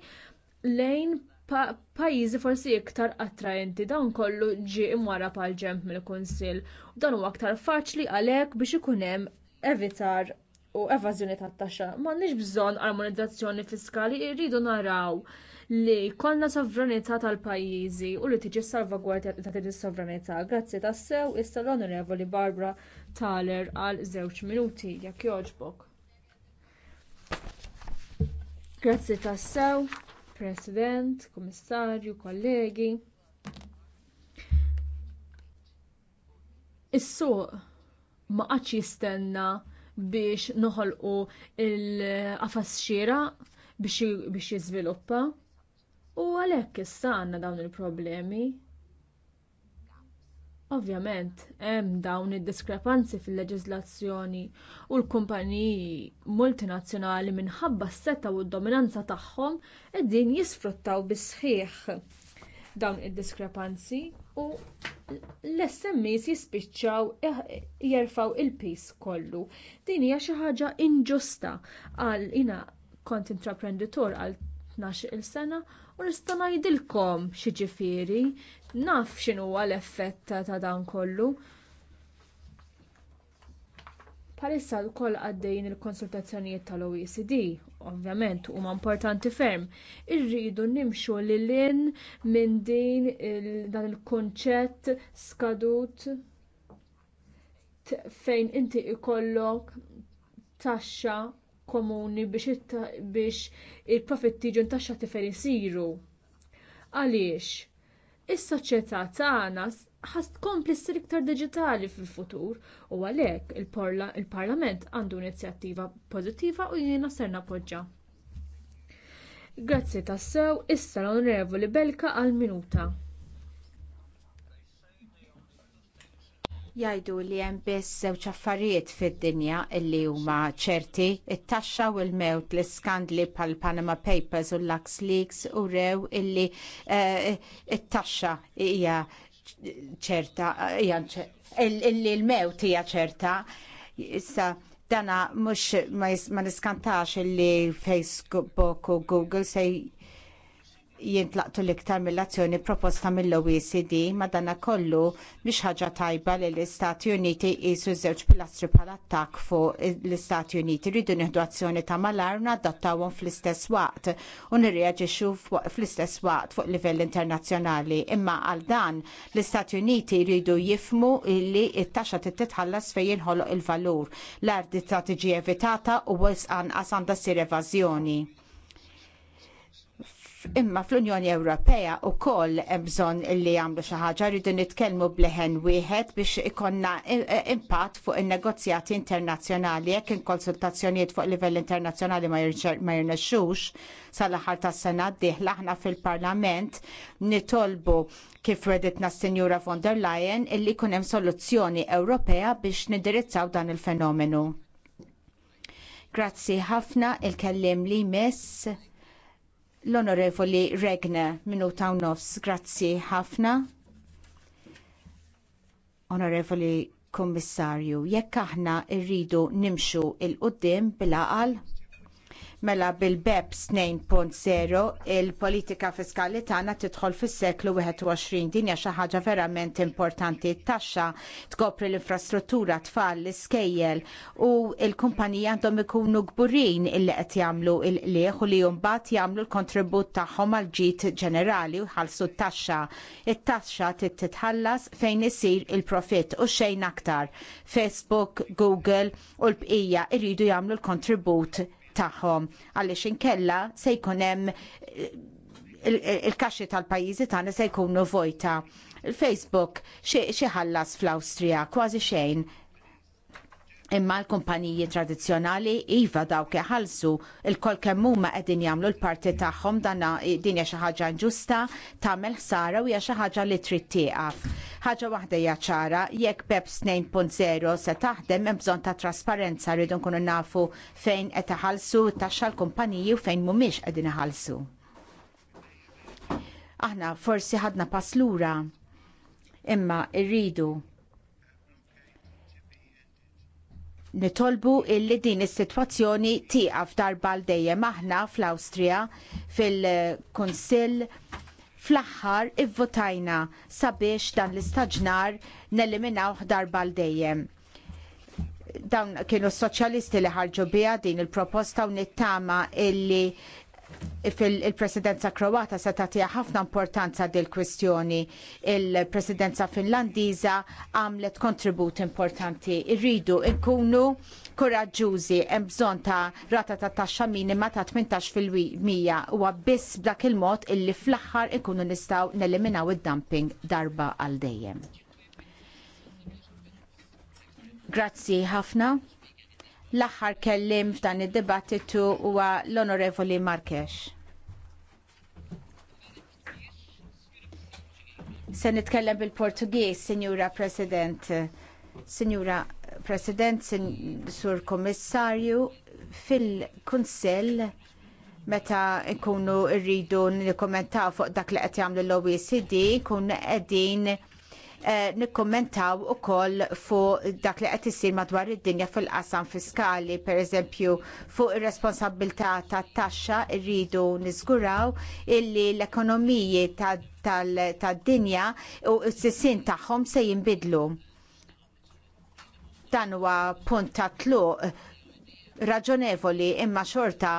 lejn pajjiżi forsi iktar attrajenti dawn kollu ġie imwara pal ġemp mill-Kunsill dan huwa aktar faċli għalhekk biex ikun hemm evitar u evażjoni tat-taxxa. M'għandniex bżonn armonizzazzjoni fiskali, irridu naraw li kollna sovranità tal-pajjiżi u li tiġi salvagwardja ta' din is-sovranità. Grazzi tassew issa l-Onorevoli Barbara Thaler għal żewġ minuti jekk jogħġbok. Grazzi tassew, President, Kummissarju, kollegi. Is-suq ma qatx jistenna biex noħolqu il-qafas xira biex jiżviluppa. U għalhekk issa għandna dawn il-problemi. Ovvjament, hemm dawn id-diskrepanzi fil-leġiżlazzjoni u l-kumpaniji multinazzjonali minħabba s-setta u d-dominanza tagħhom qegħdin jisfruttaw bi sħiħ dawn id-diskrepanzi u l sms jispiċċaw eh, jerfaw il-pis kollu. Din hija xi ħaġa inġusta għal ina kont intraprenditor għal 12 il sena u nista' ngħidilkom xi ġifieri naf x'inhu l-effett ta' dan kollu Bħalissa koll għaddejjin il-konsultazzjonijiet tal-OECD, ovvjament huma importanti ferm, irridu nimxu lil lin minn din dan il-konċett skadut fejn inti jkollok taxxa komuni biex il-profitti ġun taxxati fejn isiru. Għaliex? Is-soċjetà tagħna ħas tkompli ssir iktar digitali fil-futur u għalhekk il-Parlament għandu inizjattiva pożittiva u jiena ser nappoġġja. Grazzi tassew, issa l-Onorevoli Belka għal minuta. Jajdu li hemm biss żewġ affarijiet fid-dinja illi huma ċerti, it-taxxa u l-mewt l-iskandli bħal Panama Papers u l-Lux Leaks u rew illi eh, it-taxxa hija ċerta, eh, il-mewt hija ċerta. Issa, dana mux ma niskantax li Facebook u Google se jintlaqtu l-iktar mill-azzjoni proposta mill-OECD madana kollu biex ħaġa tajba li l-Istati Uniti jisu żewġ pilastri bħal attak fuq l-Istati Uniti rridu nieħdu azzjoni ta' malar nadattawhom fl-istess waqt u nirreaġixxu fl-istess waqt fuq livell internazzjonali. Imma għal dan l-Istati Uniti jridu jifmu li t-taxxa titħallas fejn jinħoloq il-valur. L-ardi ta' tiġi evitata u wisq anqas għandha ssir evażjoni imma fl-Unjoni Ewropea u koll bżon li għamlu xaħġa rridu nitkelmu bleħen wieħed biex ikonna impatt fuq il-negozjati internazjonali jekk in-konsultazzjonijiet fuq livell internazjonali ma jirnexxux sal-aħħar tas-sena d aħna fil-Parlament nitolbu kif reditna s-Sinjura von der Leyen illi kun hemm soluzzjoni Ewropea biex nindirizzaw dan il-fenomenu. Grazzi ħafna il-kellim li miss l-Onorevoli Regna minuta Tawnofs, nofs. Grazzi ħafna. Onorevoli Kommissarju, jekk aħna rridu nimxu il-qoddim bil-aqal Mela bil-BEPS 2.0 il-politika fiskali tagħna tidħol fis-seklu 21 din hija xi ħaġa verament importanti. Taxxa tkopri l-infrastruttura tfal l-iskejjel u l-kumpanija għandhom ikunu gburin illi qed jagħmlu l lieħ u li mbagħad jagħmlu l-kontribut tagħhom għal ġid ġenerali u ħallsu t-taxxa. It-taxxa titħallas fejn isir il-profitt u xejn aktar. Facebook, Google u l-bqija irridu jagħmlu l-kontribut tagħhom għaliex inkella se jkun hemm eh, eh, il-kaxxi tal-pajjiżi tagħna se jkunu vojta. Il-Facebook xi ħallas fl-Awstrija kważi xejn imma l-kumpaniji tradizzjonali iva dawk iħallsu il-kol huma qegħdin jagħmlu l-parti tagħhom dana din hija xi ħaġa ġusta tagħmel ħsara u hija xi ħaġa li trid tieqaf. Ħaġa waħda hija ċara jekk Peps 2.0 se taħdem hemm bżonn ta' trasparenza rridu nkunu nafu fejn qed iħallsu t-taxxa l-kumpaniji u fejn mhumiex qegħdin iħallsu. Aħna forsi ħadna pass lura imma rridu Nitolbu illi din is-sitwazzjoni tieqaf darba l dejjem aħna fl-Awstrija fil-Kunsill fl-aħħar ivvotajna sabiex dan l-istaġnar neliminaw darba l dejjem dawn kienu soċjalisti li ħarġu biha din il-proposta u nittama illi fil presidenza kroata se tagħtiha ħafna importanza dil kwistjoni il-presidenza finlandiża għamlet kontribut importanti. Irridu nkunu koraġġużi hemm bżonn ta' rata ta' taxxa minima ta' 18 fil-mija huwa biss b'dak il-mod illi fl-aħħar ikunu nistgħu neliminaw id-dumping darba għal dejjem. Grazzi ħafna. L-aħħar kellim f'dan id-dibattitu huwa l-Onorevoli Markex. Se nitkellem bil-Portugiż, Sinjura President. Sinjura President, Sur Kommissarju, fil-Kunsell meta nkunu rridu nikkommentaw fuq dak li qed jagħmlu l-OECD, kun qegħdin Eh, nikkommentaw ukoll fuq dak li qed madwar id-dinja fil-qasam fiskali, pereżempju fuq ir-responsabilità tat-taxxa rridu niżguraw illi l-ekonomiji tad-dinja u s-sissin tagħhom se jinbidlu. Dan huwa punt ta' tluq raġonevoli imma xorta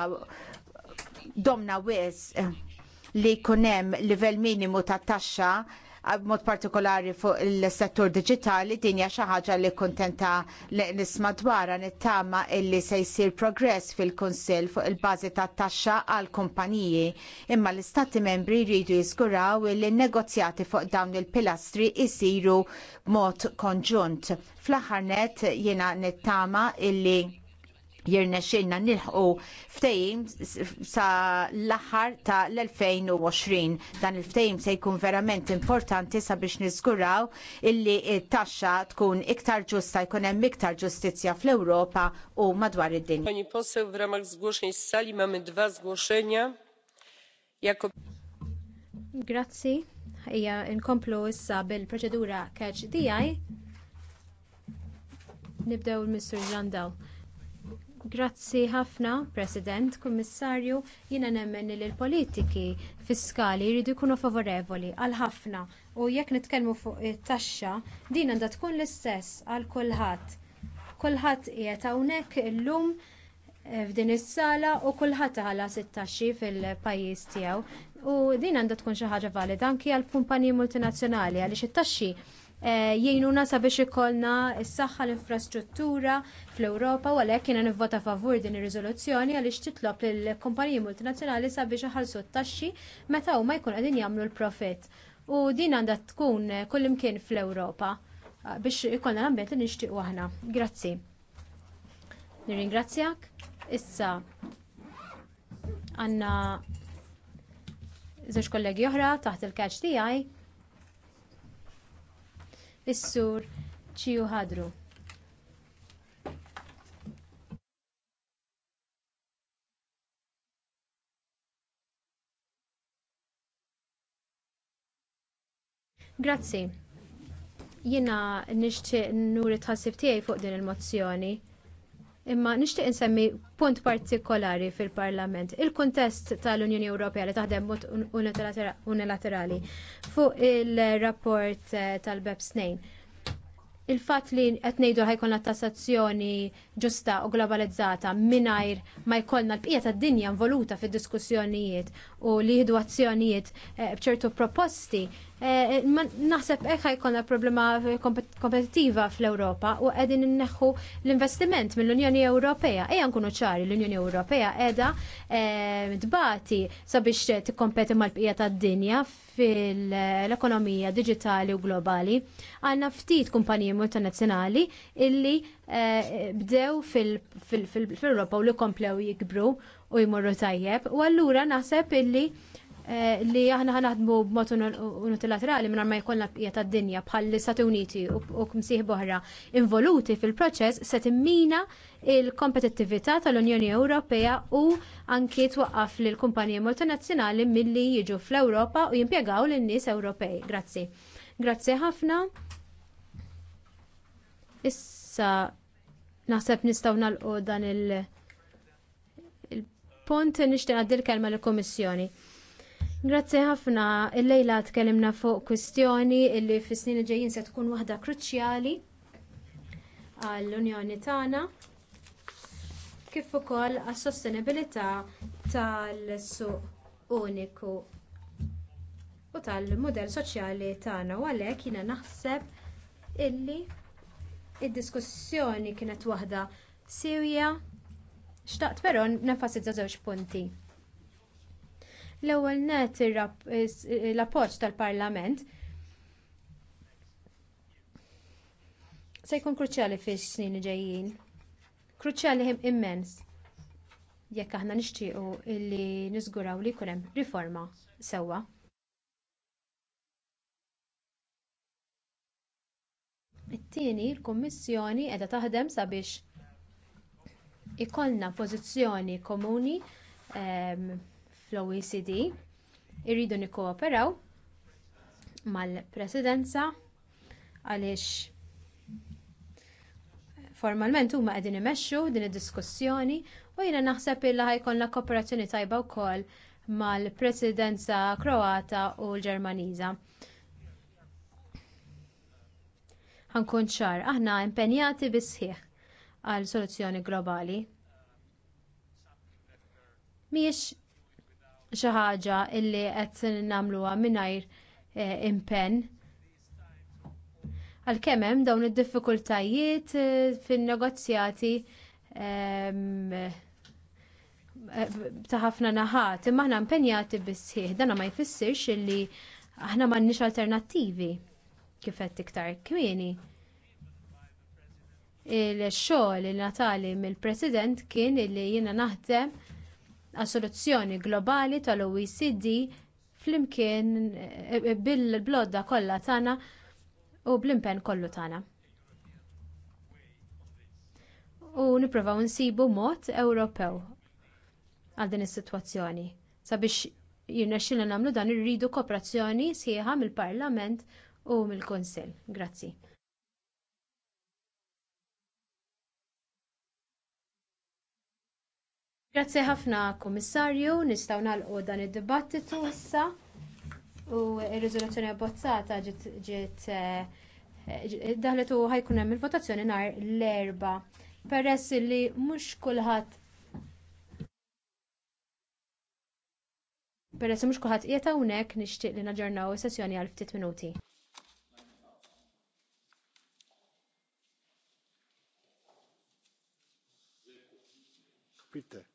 domna wis li jkun hemm livell minimu tat taxxa b'mod partikolari fuq il-settur digitali din hija xi ħaġa li kuntenta li nisma' dwarha nittama illi se jsir progress fil-Kunsill fuq il-bażi tat-taxxa għal kumpaniji imma l-istati membri jridu jiżguraw li n-negozjati fuq dawn il-pilastri jsiru b'mod konġunt. Fl-aħħar nett jiena nittama illi jirne xilna nilħu ftejim sa l aħħar ta' l-2020. Dan il-ftejim se jkun verament importanti sabiex niżguraw illi t-taxxa tkun iktar ġusta jkun hemm iktar ġustizzja fl-Ewropa u madwar id-dinja. Pani poseł, w ramach zgłoszeń z sali mamy dwa zgłoszenia. Jako... Grazzi. Ija nkomplu issa bil-proċedura catch DI. Nibdew il-Mr. Jandal. Grazzi ħafna, President, Kummissarju, jiena nemmen li l-politiki fiskali jridu jkunu favorevoli għal ħafna u jekk nitkellmu fuq it-taxxa din għandha tkun l-istess għal kulħadd. Kulħadd qiegħed hawnhekk illum eh, f'din is-sala u kulħadd ħallas it-taxxi fil-pajjiż tiegħu u din għandha tkun xi ħaġa valida anke għall kumpaniji multinazzjonali għaliex it-taxxi Eh, jgħinuna sabiex ikollna s-saħħa l-infrastruttura fl-Ewropa u għalhekk jiena nivvota favur din ir-riżoluzzjoni għaliex titlob lill kumpaniji multinazzjonali sabiex iħallsu t-taxxi meta huma jkun qegħdin jagħmlu l-profit. U din għandha tkun kullimkien fl-Ewropa ah, biex ikollna l-ambjent li nixtiequ aħna. Grazzi. Nirringrazzjak. Issa għandna żewġ kollegi oħra taħt il-kaċ tiegħi is-sur ċiju ħadru. Grazzi. Jiena nixtieq nuri tħassib tiegħi fuq din il-mozzjoni. Imma nixtieq insemmi punt partikolari fil-Parlament. Il-kuntest tal-Unjoni Ewropea li taħdem mod unilaterali fuq il-rapport eh, tal-BEPS Snejn. Il-fatt li qed ngħidu ħajkun tassazzjoni ġusta u globalizzata mingħajr ma jkollna l-bqija tad-dinja involuta fid-diskussjonijiet u li jieħdu azzjonijiet eh, b'ċertu proposti Eh, eh, naħseb eħħa jkonna problema kompetitiva fl-Ewropa u qegħdin inneħħu l-investiment mill-Unjoni Ewropea. Ejja nkunu ċari l-Unjoni Ewropea qiegħda eh, dbati sabiex tikkompeti mal-bqija tad-dinja fil-ekonomija digitali u globali. Għandna ftit kumpaniji multinazzjonali illi bdew fil europa u li komplew jikbru u jmorru tajjeb. U allura naħseb illi Eh, li aħna ħanaħdmu b'mod unilaterali minn ma jkollna bqija tad-dinja bħal l-Istati Uniti u msieħ oħra involuti fil-proċess se timmina il-kompetittività tal-Unjoni Ewropea u anki twaqqaf lil kumpaniji multinazzjonali milli jiġu fl-Ewropa u jimpjegaw lin-nies Ewropej. Grazzi. Grazzi ħafna. Issa naħseb nistgħu nagħlqu dan il- punt nixtieq għaddi l-kelma lill-Kummissjoni. Grazzi ħafna, il-lejla tkellimna fuq kwistjoni illi fis-snin ġejjin se tkun waħda kruċjali għall-Unjoni tagħna kif ukoll għas-sostenibilità tal-suq uniku u tal-mudell soċjali tagħna u għalhekk jiena naħseb illi id-diskussjoni kienet waħda sewja xtaqt però nenfasizza żewġ punti. L-ewwel nett l-appoġġ tal-Parlament se jkun kruċjali fis-snin ġejjin. Kruċjali immens jekk aħna nixtiequ illi niżguraw li jkun hemm riforma sewwa. It-tieni l-Kummissjoni qiegħda taħdem sabiex ikollna pożizzjoni komuni ehm, fl-OECD irridu nikkooperaw mal-Presidenza għaliex formalment huma qegħdin imexxu din id-diskussjoni u jiena naħseb illa ħajkollna kooperazzjoni tajba wkoll mal-Presidenza Kroata u l-Ġermaniża. Ħankun ċar, aħna impenjati bisħieħ għal soluzzjoni globali. Miex xi ħaġa illi qed nagħmluha mingħajr eh, impenn. Għalkemm hemm dawn id-diffikultajiet eh, fin-negozjati ehm, eh, ta' ħafna naħat, imma aħna impenjati bis-sħiħ, dana ma jfissirx illi aħna m'għandniex alternattivi kif qed iktar kmieni. Il-xogħol il-natali mill-President kien illi jiena naħdem għas soluzzjoni globali tal-OECD flimkien eh, bil-blodda kollha tagħna u bl-impenn kollu tagħna. U nippruvaw nsibu mod Ewropew għal din is-sitwazzjoni sabiex jirnexxilna nagħmlu dan irridu kooperazzjoni sħiħa mill-Parlament u mill-Kunsill. Grazzi. Grazzi ħafna Komissarju. nistgħu nagħlqu dan id-dibattitu issa u r-riżoluzzjoni abbozzata ġiet eh, daħlet u ħajkun hemm il-votazzjoni nhar l-erba. Peress li mhux kulħadd Peress li mhux kulħadd qiegħed hawnhekk nixtieq li naġġornaw is-sessjoni għal ftit minuti. Peter.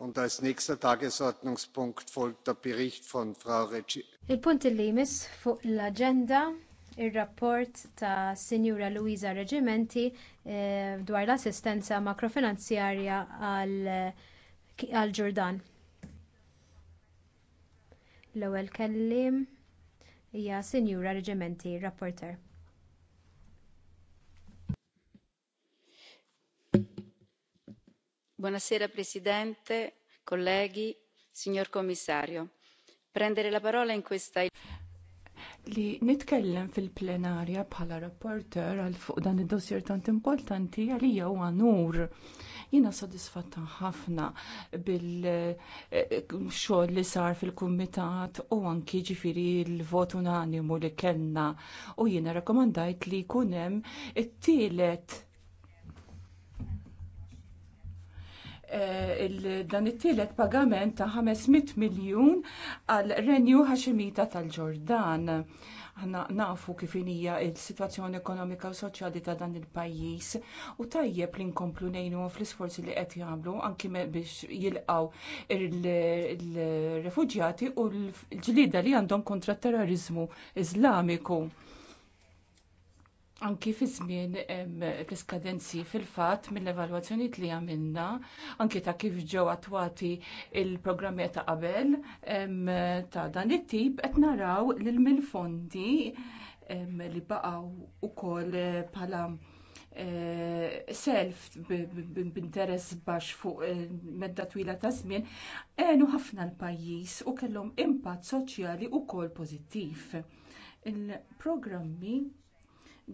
Il-punt li jmiss fuq l-agenda ir-rapport ta' Sinjura Luisa Reġimenti eh, dwar l-assistenza makrofinanzjarja għal Ġordan. L-ewwel kelliem hija Sinjura Reġimenti, rapporter. signor presidente onorevoli colleghi signor commissario prendere la parola in questa. li nitkellem fil-plenarja bħala rapporteur għal fuq dan id-dossier tant importanti għalija huwa nur. Jiena sodisfatta ħafna bil-xogħol li sar fil-kumitat u anki ġifiri l-vot unanimu li kellna u jiena rakkomandajt li jkun hemm it-tielet Eh, dan it-tielet pagament ta' 500 miljun għal renju ħaximita tal-Ġordan. Għanna nafu kif hija il-situazzjoni ekonomika u soċjali ta' dan il-pajjiż u tajjeb li nkomplu ngħinu fl-isforzi li qed jagħmlu anki biex jilqaw il-refuġjati u l-ġlida li għandhom kontra terrorizmu iżlamiku Anki fi żmien l-iskadenzi fil-fatt mill-evalwazzjonijiet li għamilna, anki ta' kif ġew attwati il-programmi ta' qabel ta' dan it-tip qed naraw lil mill-fondi li baqgħu ukoll bħala e, self b'interess baxx fuq e, medda twila ta' żmien għenu ħafna l-pajjiż u kellhom impatt soċjali wkoll pożittiv. Il-programmi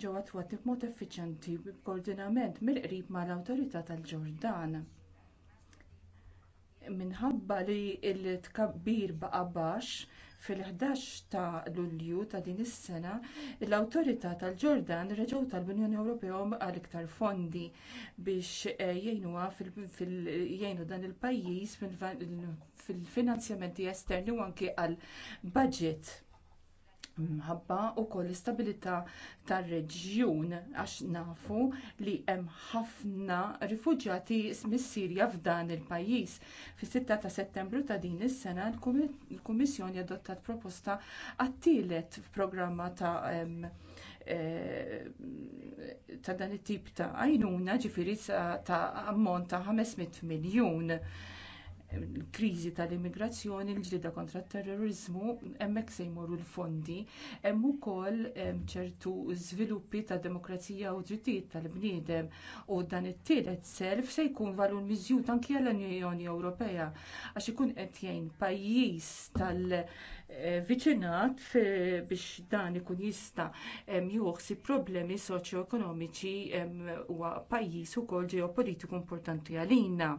ġew attwati b'mod effiċjenti b'koordinament mill-qrib mal-awtorità tal-Ġordan. Minħabba li l-tkabbir baqa' baxx fil-11 ta' Lulju ta' din is-sena, l-awtorità tal-Ġordan reġgħu tal-Unjoni Ewropea għal iktar fondi biex eh, jgħinuha jgħinu dan il-pajjiż fil-finanzjamenti esterni u anke għall budget mħabba wkoll l-istabilità tar-reġjun għax nafu li hemm ħafna rifuġjati mis-Sirja f'dan il-pajjiż. Fis-6 ta' Settembru ta' din is-sena l-Kummissjoni adottat proposta għat-tielet programma ta' e, ta' dan it-tip ta' għajnuna ġifiri ta' ammont ta' 500 miljun kriżi tal-immigrazzjoni, l-ġlida kontra t terrorizmu, hemmhekk se jmorru l-fondi, hemm ukoll ċertu żviluppi ta' demokrazija u drittijiet tal-bniedem u dan it-tielet self se jkun valur miżjud anki għall-Unjoni Ewropea għax ikun qed jgħin pajjiż tal-viċinat biex dan ikun jista' joħsi problemi soċjo-ekonomiċi huwa pajjiż ukoll ġeopolitiku importanti għalina.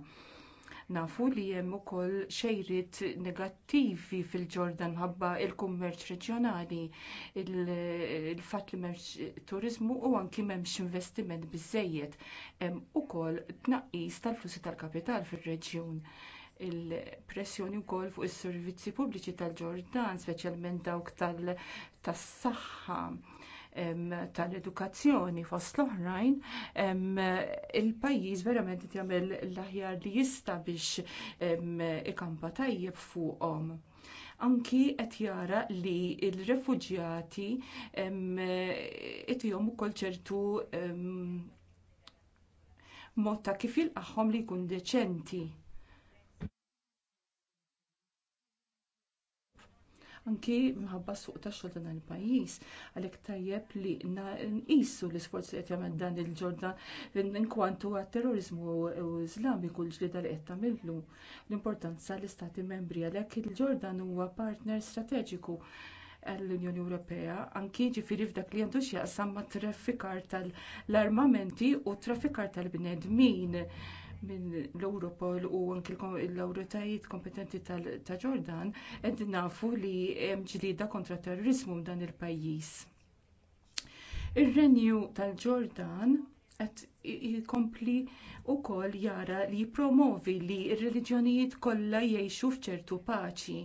Nafu li hemm ukoll xejriet negattivi fil-ġordan ħabba il-kummerċ reġjonali, il-fatt li m'hemmx turiżmu u anki m'hemmx investiment biżżejjed. Hemm ukoll tnaqqis tal-flussi tal-kapital fir-reġjun il-pressjoni wkoll fuq is-servizzi pubbliċi tal-Ġordan, speċjalment dawk tal-saħħa. tal tas saħħa tal-edukazzjoni fost l-oħrajn, il-pajjiż verament jagħmel l-aħjar li jista' biex ikampa tajjeb fuqhom. Anki qed jara li l-refuġjati itihom ukoll ċertu mod ta' kif jilqahom li jkun deċenti anki minħabba suq tax xogħol dan il-pajjiż. Għalhekk tajjeb li nqisu l-isforzi qed jagħmel dan il-ġordan inkwantu għat-terrorizmu Iżlamiku l-ġlieda li qed tagħmillu. L-importanza l-Istati Membri għalhekk il-Ġordan huwa partner strateġiku għall-Unjoni Ewropea, anki ġifiri f'dak li għandu xjaqsam ma' traffikar tal-armamenti u traffikar tal-bnedmin minn l-Europol u anki l awritajiet kompetenti ta' Ġordan qed nafu li hemm ġlieda kontra terrorizmu dan il-pajjiż. Ir-renju tal-Ġordan qed jkompli wkoll jara li jippromovi li r-reliġjonijiet kollha jgħixu f'ċertu paċi.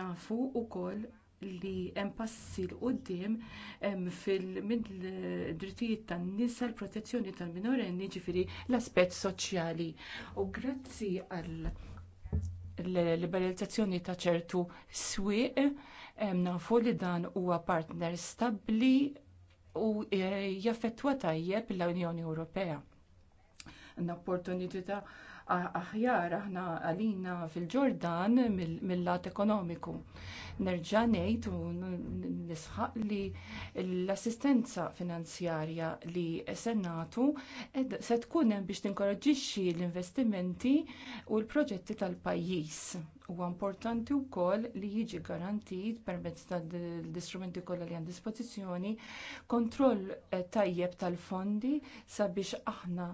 Nafu wkoll li hemm passi l qudiem fil-drittijiet tan-nisa l-protezzjoni tal-minorenni ġifieri l-aspett soċjali. U grazzi għall liberalizzazzjoni ta' ċertu swieq nafu li dan huwa partner stabbli u eh, jaffettwa tajjeb l-Unjoni Ewropea. N-opportunità aħjar aħna għalina fil-ġordan mill-lat ekonomiku. Nerġa' ngħid u nisħaq li l-assistenza finanzjarja li se nagħtu se tkun hemm biex tinkoraġixxi l-investimenti u l-proġetti tal-pajjiż Huwa importanti wkoll li jiġi garantit permezz tal-istrumenti kollha li għand dispożizzjoni kontroll eh, tajjeb tal-fondi sabiex aħna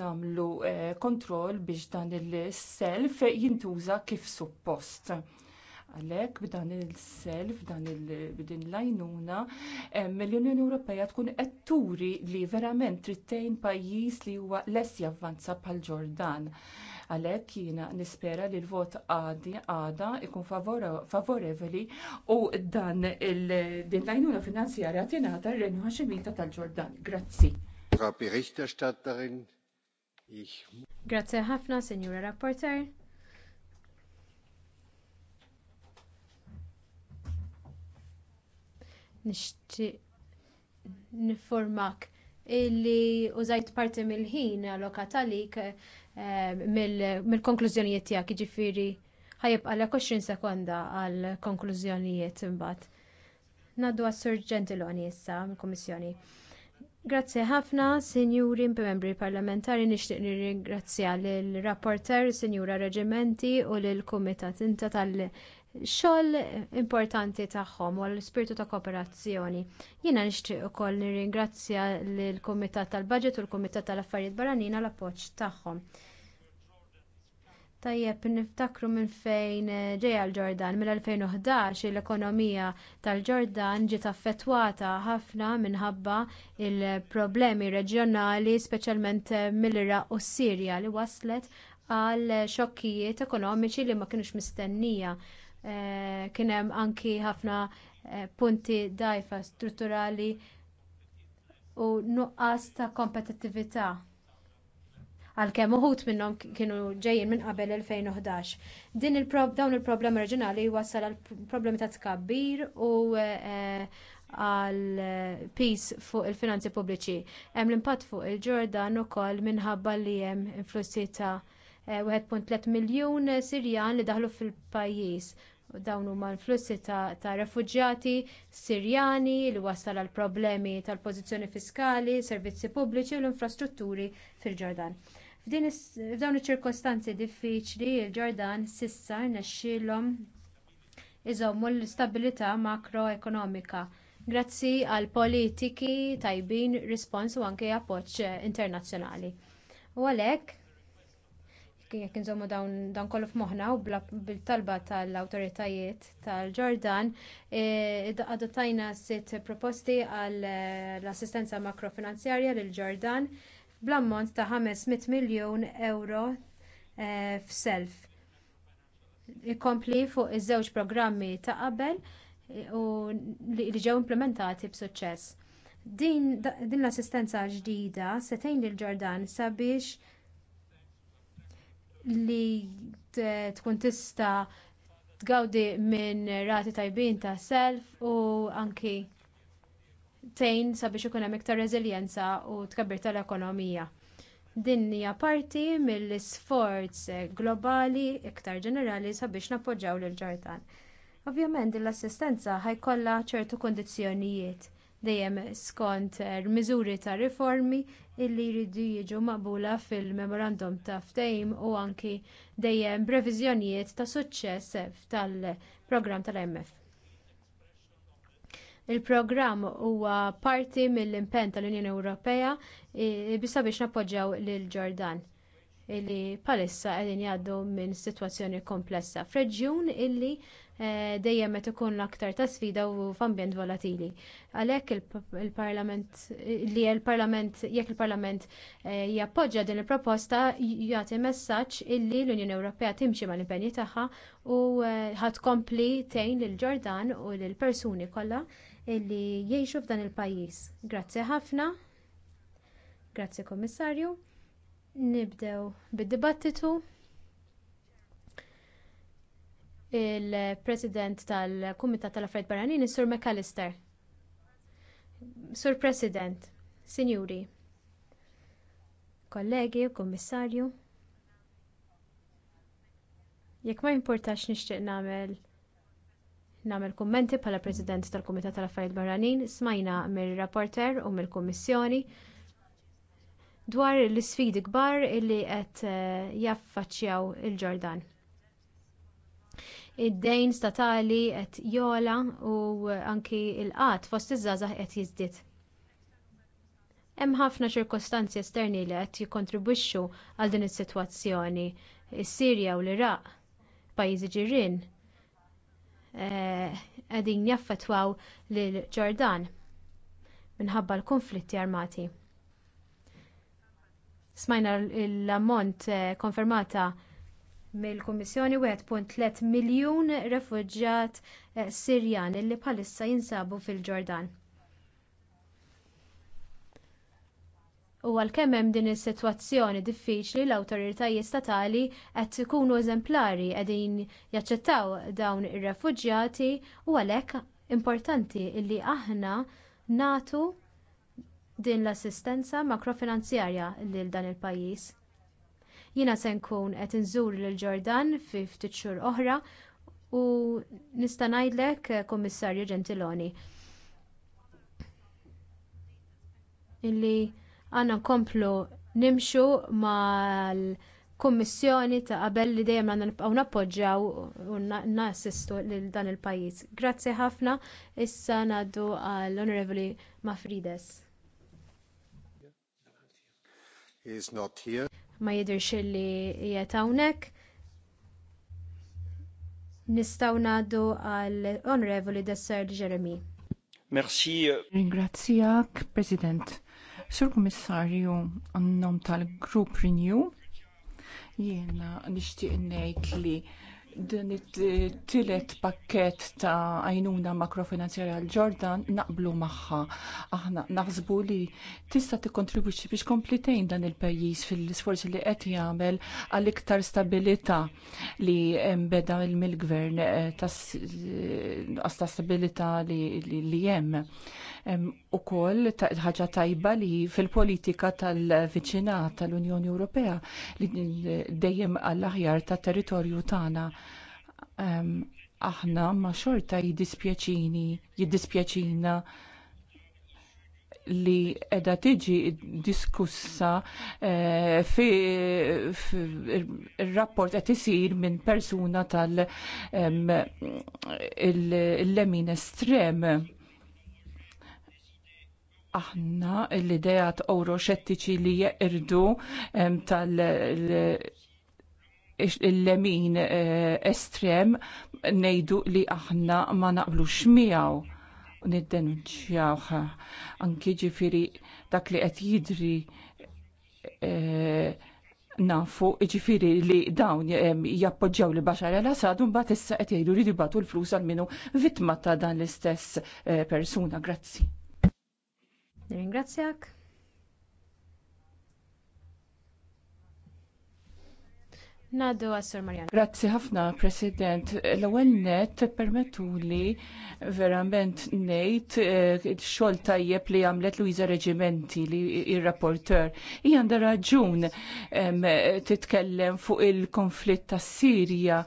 nagħmlu eh, kontroll biex dan il-self jintuża kif suppost għalek b'dan il-self, dan il-bidin lajnuna, eh, l-Unjoni Ewropea tkun qed turi li verament trittejn pajjiż li huwa less javvanza bħal Ġordan. Għalhekk jiena nispera li l-vot għada ikun favorevoli u dan din l-għajnuna finanzjarja tingħata r-Renju Ħaxemita tal-Ġordan. Grazzi. Grazie ħafna, Signora Rapporter. nixtieq niformak illi użajt parti mill-ħin allokat għalik eh, mill-konklużjonijiet tiegħek, jiġifieri ħajibqa' lek 20 sekonda għal konklużjonijiet imbagħad. Naddu għas-Sur Gentiloni issa mill-Kummissjoni. Grazzi ħafna, Sinjuri membri parlamentari, nixtieq nirringrazzja lill rapporter Sinjura Reġimenti u lill kumitat Inta tal- xogħol importanti tagħhom u l-ispirtu ta' kooperazzjoni. Jiena nixtieq ukoll nirringrazzja lill kumitat tal-Baġit u l-Kumitat tal-Affarijiet Barranin għall appoġġ tagħhom. Tajjeb niftakru minn fejn ġejja l-Ġordan mill-2011 l-ekonomija tal-Ġordan ġiet affettwata ħafna minħabba l problemi reġjonali speċjalment mill-Iraq u s Sirja li waslet għal xokkijiet ekonomiċi li ma kinux mistennija. Eh, kien hemm anki ħafna eh, punti dajfa strutturali u nuqqas ta' kompetittività għalkemm uħut minnhom kienu ġejjin minn qabel 2011. Din il dawn il-problemi reġjonali wassal għal problemi ta' tkabbir u eh, għal pis fuq il-finanzi pubbliċi. Hemm l-impatt fuq il-Ġordan ukoll minħabba li hemm influssi ta' 1.3 eh, miljun Sirjan li daħlu fil-pajjiż. Dawn huma l-flussi ta', ta refuġjati Sirjani li wasal għal problemi tal-pożizzjoni fiskali, servizzi pubbliċi u l-infrastrutturi fil-Ġordan. F'dawn iċ-ċirkostanzi diffiċli il-Ġordan sissa rnexxielhom iżommu l-istabilità makroekonomika grazzi għal politiki tajbin rispons u anke appoġġ internazzjonali. U għalhekk jekk inżommu dawn kollu f'moħħna u bil-talba tal-awtoritajiet tal-Ġordan e, adottajna sitt proposti għall e, assistenza makrofinanzjarja lil Ġordan bl-ammont ta' 500 miljun euro e, f'self. Ikompli fuq iż-żewġ programmi ta' qabel u li ġew implementati b'suċċess. Din, din l-assistenza ġdida setejn lil ġordan sabiex li tkun tista tgawdi minn rati tajbin ta' self u anki tgħin sabiex ikun hemm iktar reżiljenza u tkabbir tal-ekonomija. Din hija parti mill-isforz globali iktar ġenerali sabiex nappoġġjaw lil ġartan Ovvjament din l-assistenza ħajkollha ċertu kundizzjonijiet dejjem skont eh, miżuri ta' riformi illi jridu jiġu maqbula fil-memorandum ta' ftehim u anki dejjem previżjonijiet ta' suċċess tal-programm tal-IMF. Il-programm huwa parti mill-impenn tal-Unjoni Ewropea eh, bisa biex nappoġġjaw lil Ġordan illi bħalissa qegħdin jgħaddu minn sitwazzjoni komplessa f'reġjun illi Eh, dejjem qed ikun l-aktar ta' sfida u f'ambjent volatili. Għalhekk il-Parlament li l-Parlament jekk il-Parlament eh, jappoġġa din il-proposta jagħti messaġġ illi l-Unjoni Ewropea timxi mal-impenji tagħha u eh, ħadd kompli tgħin lil Ġordan u lil persuni kollha illi jgħixu f'dan il-pajjiż. Grazzi ħafna. Grazzi Kommissarju. Nibdew bid-dibattitu il-President tal-Kumitat tal-Affarijiet Barranin, Sur McAllister. Sur President, Sinjuri, kollegi, kummissarju, jekk ma jimportax nixtieq nagħmel nagħmel kummenti bħala President tal-Kumitat tal-Affarijiet Barranin smajna mir-rapporter u mill-Kummissjoni dwar l-isfidi kbar li qed eh, jaffaċċjaw il-Ġordan id-dejn statali qed jola u anki l-qatt fost iż-żgħażagħ qed jiżdied. Hemm ħafna ċirkostanzi esterni li qed jikkontribwixxu għal din is-sitwazzjoni. Is-Sirja u l-Iraq, pajjiżi ġirien, eh, qegħdin jaffettwaw lil Ġordan minħabba l-konflitti armati. Smajna l-ammont eh, konfermata mill-Kummissjoni 1.3 miljun refuġġjat eh, Sirjan li bħalissa jinsabu fil-Ġordan. U għalkemm hemm din is-sitwazzjoni diffiċli l-awtoritajiet statali qed ikunu eżemplari qegħdin jaċċettaw dawn ir-refuġjati u għalhekk importanti li aħna nagħtu din l-assistenza makrofinanzjarja lil dan il-pajjiż. Jiena se nkun qed inżur lil Ġordan fi ftit xhur oħra u nista' ngħidlek eh, Kummissarju Gentiloni illi għandna nkomplu nimxu mal-Kummissjoni ta' qabel li dejjem għandna nibqgħu nappoġġjaw u nassistu lil dan il-pajjiż. Grazzi ħafna, issa ngħaddu għall onorevoli Mafrides. He is not here ma jidhirx illi qiegħed hawnhekk. Nistgħu ngħaddu għall Onorevoli Dessert Jeremy. Merci. Euh, Ringrazzjak, President. Sur Kummissarju, għannom tal-Grupp Renew, jiena nixtieq ngħid li din it-tielet pakket ta' għajnuna makrofinanzjarja għal ġordan naqblu magħha. Aħna naħsbu li tista' tikkontribwixxi biex komplitejn dan il-pajjiż fil-isforzi li qed jagħmel għal iktar stabilità li mbeda mill-gvern eh, eh, ta' stabilità li hemm ukoll ħagġa tajba li fil-politika tal vicina tal-Unjoni Ewropea li dejjem għall-aħjar tat territorju tagħna aħna ma xorta jiddispjaċini, jiddispjaċina li edha tiġi diskussa eh, fi, il rapport qed isir minn persuna tal-lemin estrem aħna l-idejat euroxettiċi li jeqrdu tal- l lemin eh, estrem nejdu li aħna ma naqblux miegħu niddenunċjawħa. Anki ġifiri dak li qed jidri eh, nafu ġifiri li dawn jappoġġaw li baxar għal asad un bat issa qed jgħidu li dibatu l-flus għal minu vittma ta' dan l-istess eh, persuna. Grazzi. Nirringrazzjak. Nadu għassur Marjan. Grazzi ħafna, President. L-ewel net permettu li verament nejt eh, xol tajjeb li għamlet Luisa Reġimenti li il-rapporter. Hija raġun titkellem fuq il-konflitt ta' Sirja,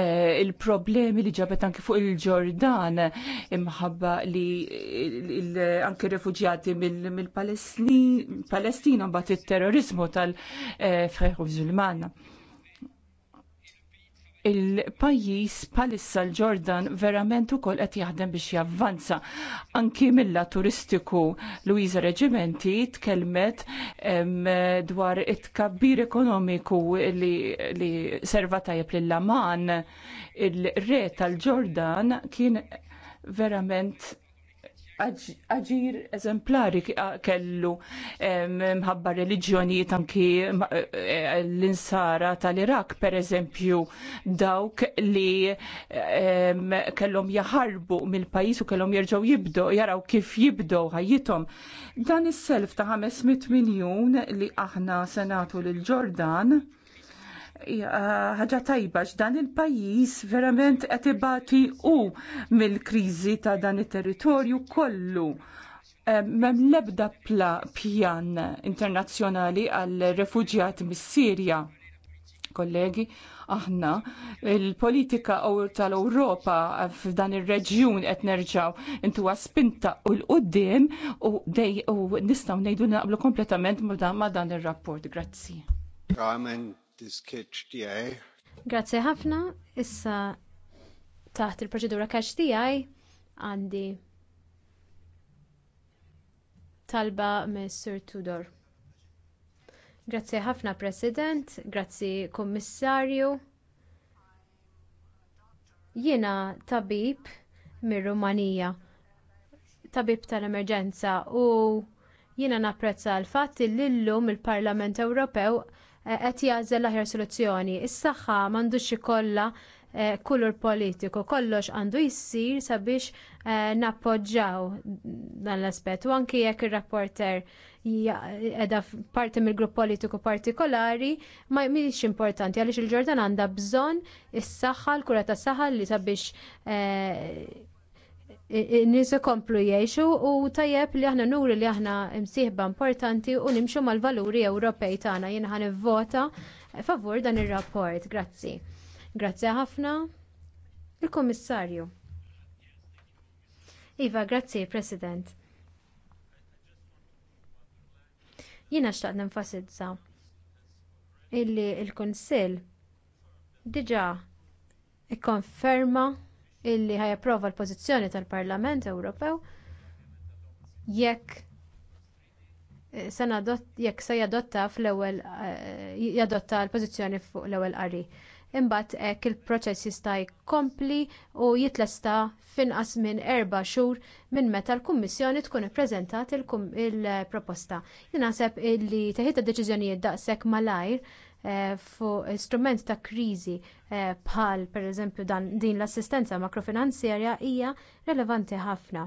eh, il-problemi li ġabet anki fuq il-Ġordan imħabba li anki refugjati mill-Palestina mbagħad it-terrorizmu tal-Frejħu eh, Zulmana il-pajjiż palissa l-Ġordan verament ukoll qed jaħdem biex javvanza. Anki milla turistiku Luisa Reġimenti tkellmet dwar it-kabbir ekonomiku li, li serva tajjeb lill-Aman. Il-re tal-Ġordan kien verament aġir eżemplari kellu mħabba reliġjonijiet anki e, e, l-insara tal-Irak per eżempju dawk li kellhom jaħarbu mill-pajis u kellhom jerġgħu jibdo, jaraw kif jibdo ħajjithom. Dan is-self ta' 500 miljun li aħna senatu lil Ġordan Eh, ħaġa tajba x'dan il-pajjiż verament qed ibati u mill-kriżi ta' dan it-territorju kollu. Eh, Mem lebda pla pjan internazzjonali għal refugjati mis-Sirja. Kollegi, aħna il-politika tal-Ewropa f'dan ir-reġjun qed nerġgħu ntuwa spinta u l-qudiem u dej u nistgħu ngħidu naqblu kompletament ma' dan ir-rapport. Grazzi this catch Grazie ħafna, issa taħt il-proċedura kaċ DI għandi talba mis Sir Tudor. Grazzi ħafna President, grazzi Kommissarju. Jiena tabib mir-Rumanija, tabib tal-emerġenza u jiena napprezza l-fatt li llum il-Parlament Ewropew qed jażel l-aħjar soluzzjoni. Is-saħħa m'għandux ikollha eh, kulur politiku, kollox għandu jissir sabiex eh, nappoġġaw dan l-aspett. U anki jekk ir-rapporter edha parti mill-grupp politiku partikolari, ma mhix importanti għaliex il-Ġordan għandha bżonn is-saħħa, l-kura tas saħħa li sabiex eh, Nis ikomplu jgħixu u tajjeb li aħna nuri li aħna msieħba importanti u nimxu mal-valuri Ewropej tagħna jien ħan vota favur dan ir-rapport. Grazzi. Grazzi ħafna. Il-Kummissarju. Iva, grazzi, President. Jiena xtaqt nenfasizza illi l-Kunsill diġà ikkonferma illi ħajapprova l-pożizzjoni tal-Parlament Ewropew jekk eh, jekk se jadotta fl-ewwel eh, jadotta l-pożizzjoni fuq l-ewwel qari. Imbagħad hekk il-proċess jista' jkompli u jitlesta f'inqas minn erba' xhur minn meta l-Kummissjoni tkun ippreżentat il-proposta. Jien naħseb illi teħid deċiżjonijiet daqshekk malajr Eh, fuq strument ta' kriżi eh, bħal pereżempju din l-assistenza makrofinanzjarja hija relevanti ħafna.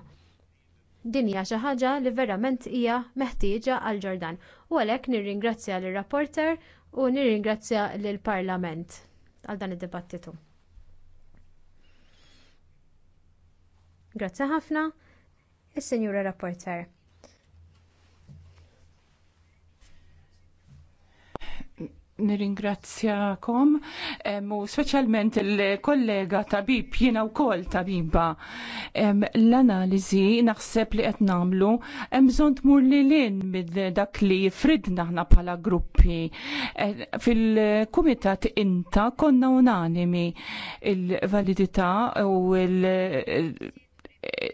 Din hija xi ħaġa li verament hija meħtieġa għal Ġordan u għalhekk nirringrazzja lir rapporter u nirringrazzja lill Parlament għal dan id-dibattitu. Grazzi ħafna, is-Sinjura Rapporter. nirringrazzjakom u speċjalment il-kollega tabib jiena wkoll tabiba. L-analiżi naħseb li qed nagħmlu mur bżonn tmur li lin minn dak li fridna aħna bħala gruppi. Fil-kumitat inta konna unanimi il-validità u il-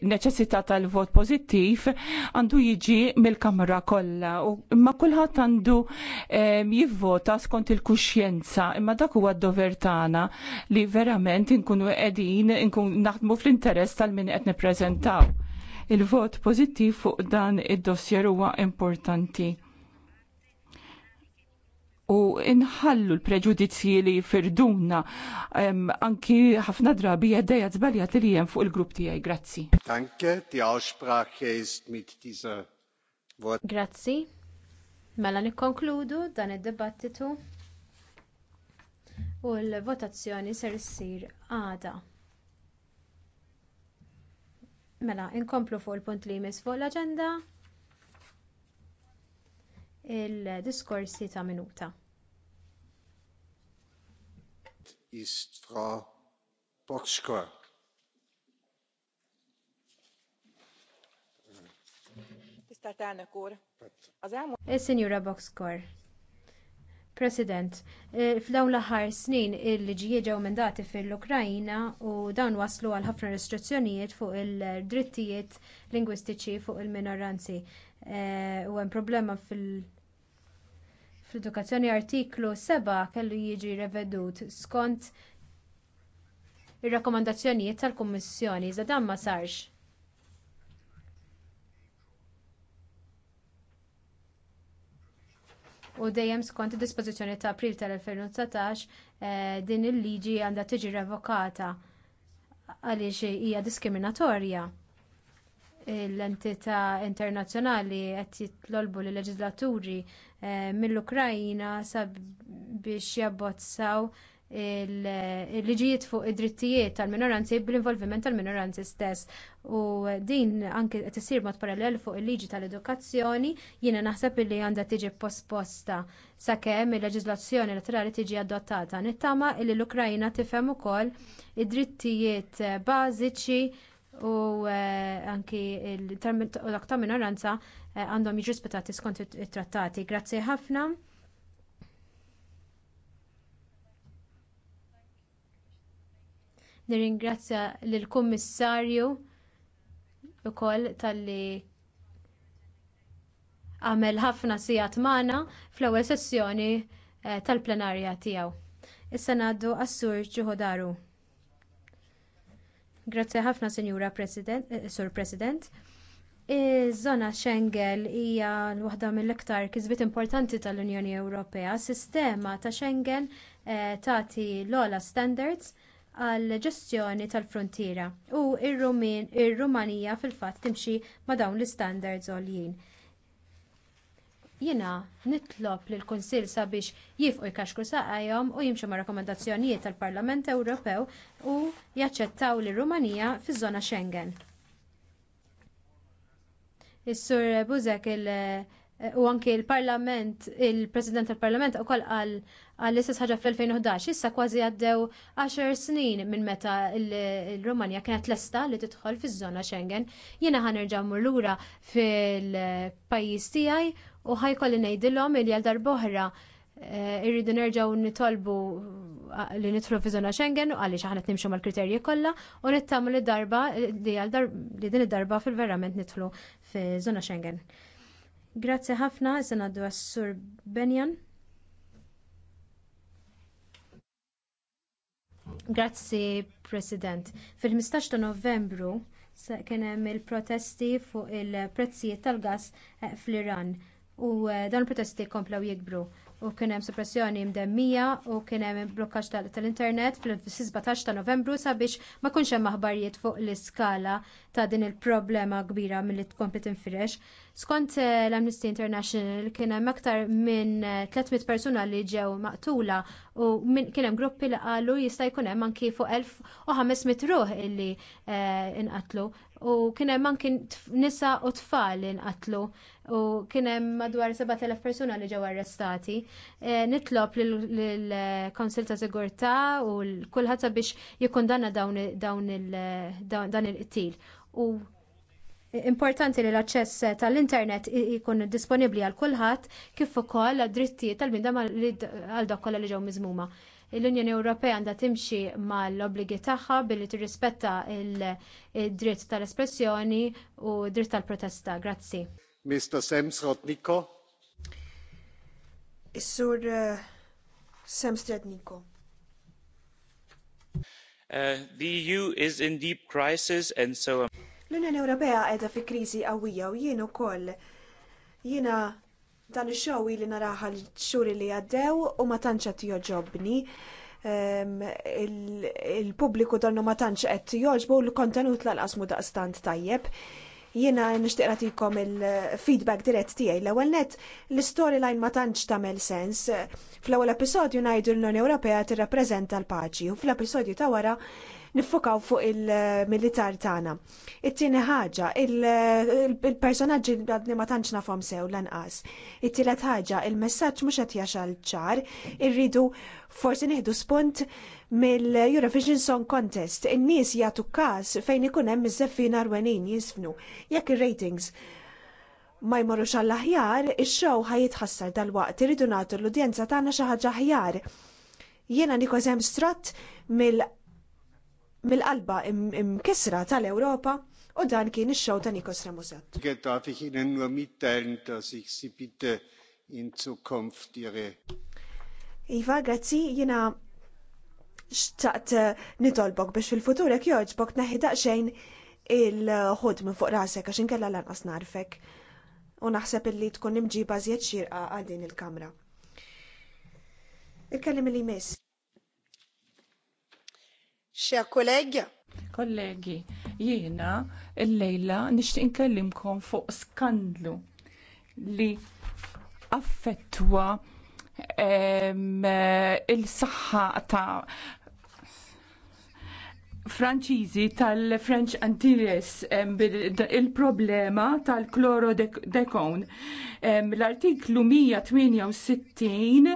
neċessità tal-vot pozittiv għandu jiġi mill-kamra kollha u imma kulħadd għandu ehm, jivvota skont il-kuxjenza imma dak huwa d-dover tagħna li verament inkunu qegħdin inkun naħdmu fl-interess tal-min qed nippreżentaw. Il-vot pozittiv fuq dan id-dossier huwa importanti u inħallu l-preġudizzji li firduna anki ħafna drabi għaddeja zbalja li jem fuq il-grupp tijaj. Grazzi. Danke, ti Aussprache ist mit dieser Wort. Grazzi. Mela nikkonkludu dan id-dibattitu u l-votazzjoni ser issir għada. Mela, inkomplu fuq il-punt li jmiss fuq l-agenda il-diskorsi ta' minuta. Ist Frau Boxkor. Tisztelt elnök úr! Az elmúlt... Eh, Signora Boxkor. President, eh, f'dawn l-aħħar snin il-liġijiet ġew mendati fil-Ukrajna u dawn waslu għal ħafna restrizzjonijiet fuq il-drittijiet lingwistiċi fuq il-minoranzi. Eh, u hemm problema fil- Fl-edukazzjoni artiklu 7 kellu jiġi revedut skont ir-rakkomandazzjonijiet tal-Kummissjoni iżda dan ma sarx. U dejjem skont id-dispożizzjoni ta' April tal-2019 eh, din il-liġi għandha tiġi revokata għaliex hija diskriminatorja. L-entità internazzjonali qed jitlolbu lill leġislaturi Eh, mill-Ukrajina sabiex jabbozzaw eh, il-liġijiet fuq id-drittijiet tal-minoranzi bl-involviment tal-minoranzi stess. U din anke qed issir mod parallel fuq il-liġi tal-edukazzjoni jiena naħseb li għandha tiġi posposta sakemm il-leġiżlazzjoni elettorali tiġi adottata. Nittama li l-Ukrajna tifhem ukoll id-drittijiet bażiċi u eh, anki l-aktar minoranza eh, għandhom jiġu rispettati skont it-trattati. Grazzi ħafna. Nirringrazzja lill-Kummissarju wkoll talli għamel ħafna sigħat magħna fl-ewwel sessjoni eh, tal-plenarja tiegħu. Issa ngħaddu għas-Sur Ġuħu Grazzi ħafna, Sinjura President, eh, Sur President. Iż-żona Schengen hija waħda mill-iktar kisbiet importanti tal-Unjoni Ewropea. Sistema ta' Schengen eh, tagħti l-ola standards għal ġestjoni tal-frontiera u r rumanija fil-fatt timxi ma' dawn l-istandards għoljin. Jiena nitlob lill kunsill sabiex jifqu jkaxkru saqajhom u jimxu ma' rakkomandazzjonijiet tal-Parlament Ewropew u jaċċettaw li rumanija fiż-żona Schengen. Is-Sur Buzek il- u anke il-Parlament, il-President tal-Parlament ukoll qal għall-istess ħaġa fl-2011, issa kważi għaddew 10 snin minn meta il-Rumanija kienet lesta li tidħol fiż-żona Schengen. Jiena ħanerġa' mmur lura fil-pajjiż tiegħi u ħajkolli ngħidilhom il għal darboħra eh, irridu nerġgħu nitolbu eh, li nidħlu fi żona Schengen u għaliex aħna nimxu mal-kriterji kollha u nittamu li darba li din id-darba fil-verament nidħlu fi żona Schengen. Grazzi ħafna, issa ngħaddu għas-Sur Benjan. Grazzi, President. Fil-15 ta' Novembru kien hemm il-protesti fuq il-prezzijiet tal-gas eh, fl-Iran u eh, dan il-protesti komplew jikbru u kien hemm suppressjoni mdemmija u kien hemm blokkaġġ tal-internet fl 17 ta' Novembru sabiex ma kunx hemm aħbarijiet fuq l-iskala ta' din il-problema kbira milli tkompli tinfirex. Skont eh, l-Amnesty International kien hemm aktar minn 300 eh, persuna li ġew maqtula u kien hemm gruppi li qalu jista' jkun hemm anki fuq 1500 ruħ illi inqatlu u kien hemm anki nisa u tfal inqatlu u kien hemm madwar 7000 persuna li ġew arrestati. E, nitlob lill-Konsil e, ta' Sigurtà u kulħadd sabiex jikkundanna dawn e, il-qtil. U importanti li l-aċċess tal-internet ikun disponibbli għal kulħadd kif ukoll għad-drittijiet tal-bindama għal dak kollha li ġew miżmuma. L-Unjoni Ewropea għandha timxi mal-obbligi tagħha billi tirrispetta l dritt tal-espressjoni u dritt tal-protesta. Grazzi. Mr. Is-sur uh, uh the EU is in deep crisis and so L-Unjoni Ewropea qiegħda fi kriżi qawwija u jien ukoll jiena dan ix-show li naraha l-xhur li għaddew u ma tantx qed joġobni. Ehm, il-pubbliku il donnu ma tantx qed jogħġbu l-kontenut lanqas m'hu daqstant tajjeb. Jiena nixtieq nagħtikom il-feedback dirett tiegħi. L-ewwel net l-storyline ma tantx tagħmel sens. Fl-ewwel episodju ngħidu l-Unjoni Ewropea tirrappreżenta l-paċi u fl-episodju ta' wara niffokaw fuq il-militar tagħna. It-tieni ħaġa, il-personaġġi li ma tantx nafhom sew lanqas. It-tielet ħaġa, il-messaġġ mhux qed jaxal ċar, irridu forsi nieħdu spunt mill-Eurovision Song Contest. In-nies jagħtu każ fejn ikun hemm iż-żeffina jisfnu. Jekk ir-ratings ma jmorrux għall-aħjar, ix-show ħajitħassar dal-waqt irridu nagħtu l-udjenza tagħna xi ħaġa aħjar. Jiena Nikos strat mill mill-qalba imkisra tal-Ewropa u dan kien ix-xew ta' Nikos Ramuzat. in Zukunft Iva, grazzi, jina xtaqt eh, nitolbok biex fil-futur jek joġbok naħi daqxejn il-ħod minn fuq rasek għax inkella lanqas narfek u naħseb illi tkun imġiba zjed xirqa din il-kamra. Il-kellim li Chers kollegja? kollegi, jiena l-lejla nixtieq inkellimkom fuq skandlu li affettwa il-saħħa ta' Franċiżi tal-French Antilles il-problema tal dekon. L-artiklu 168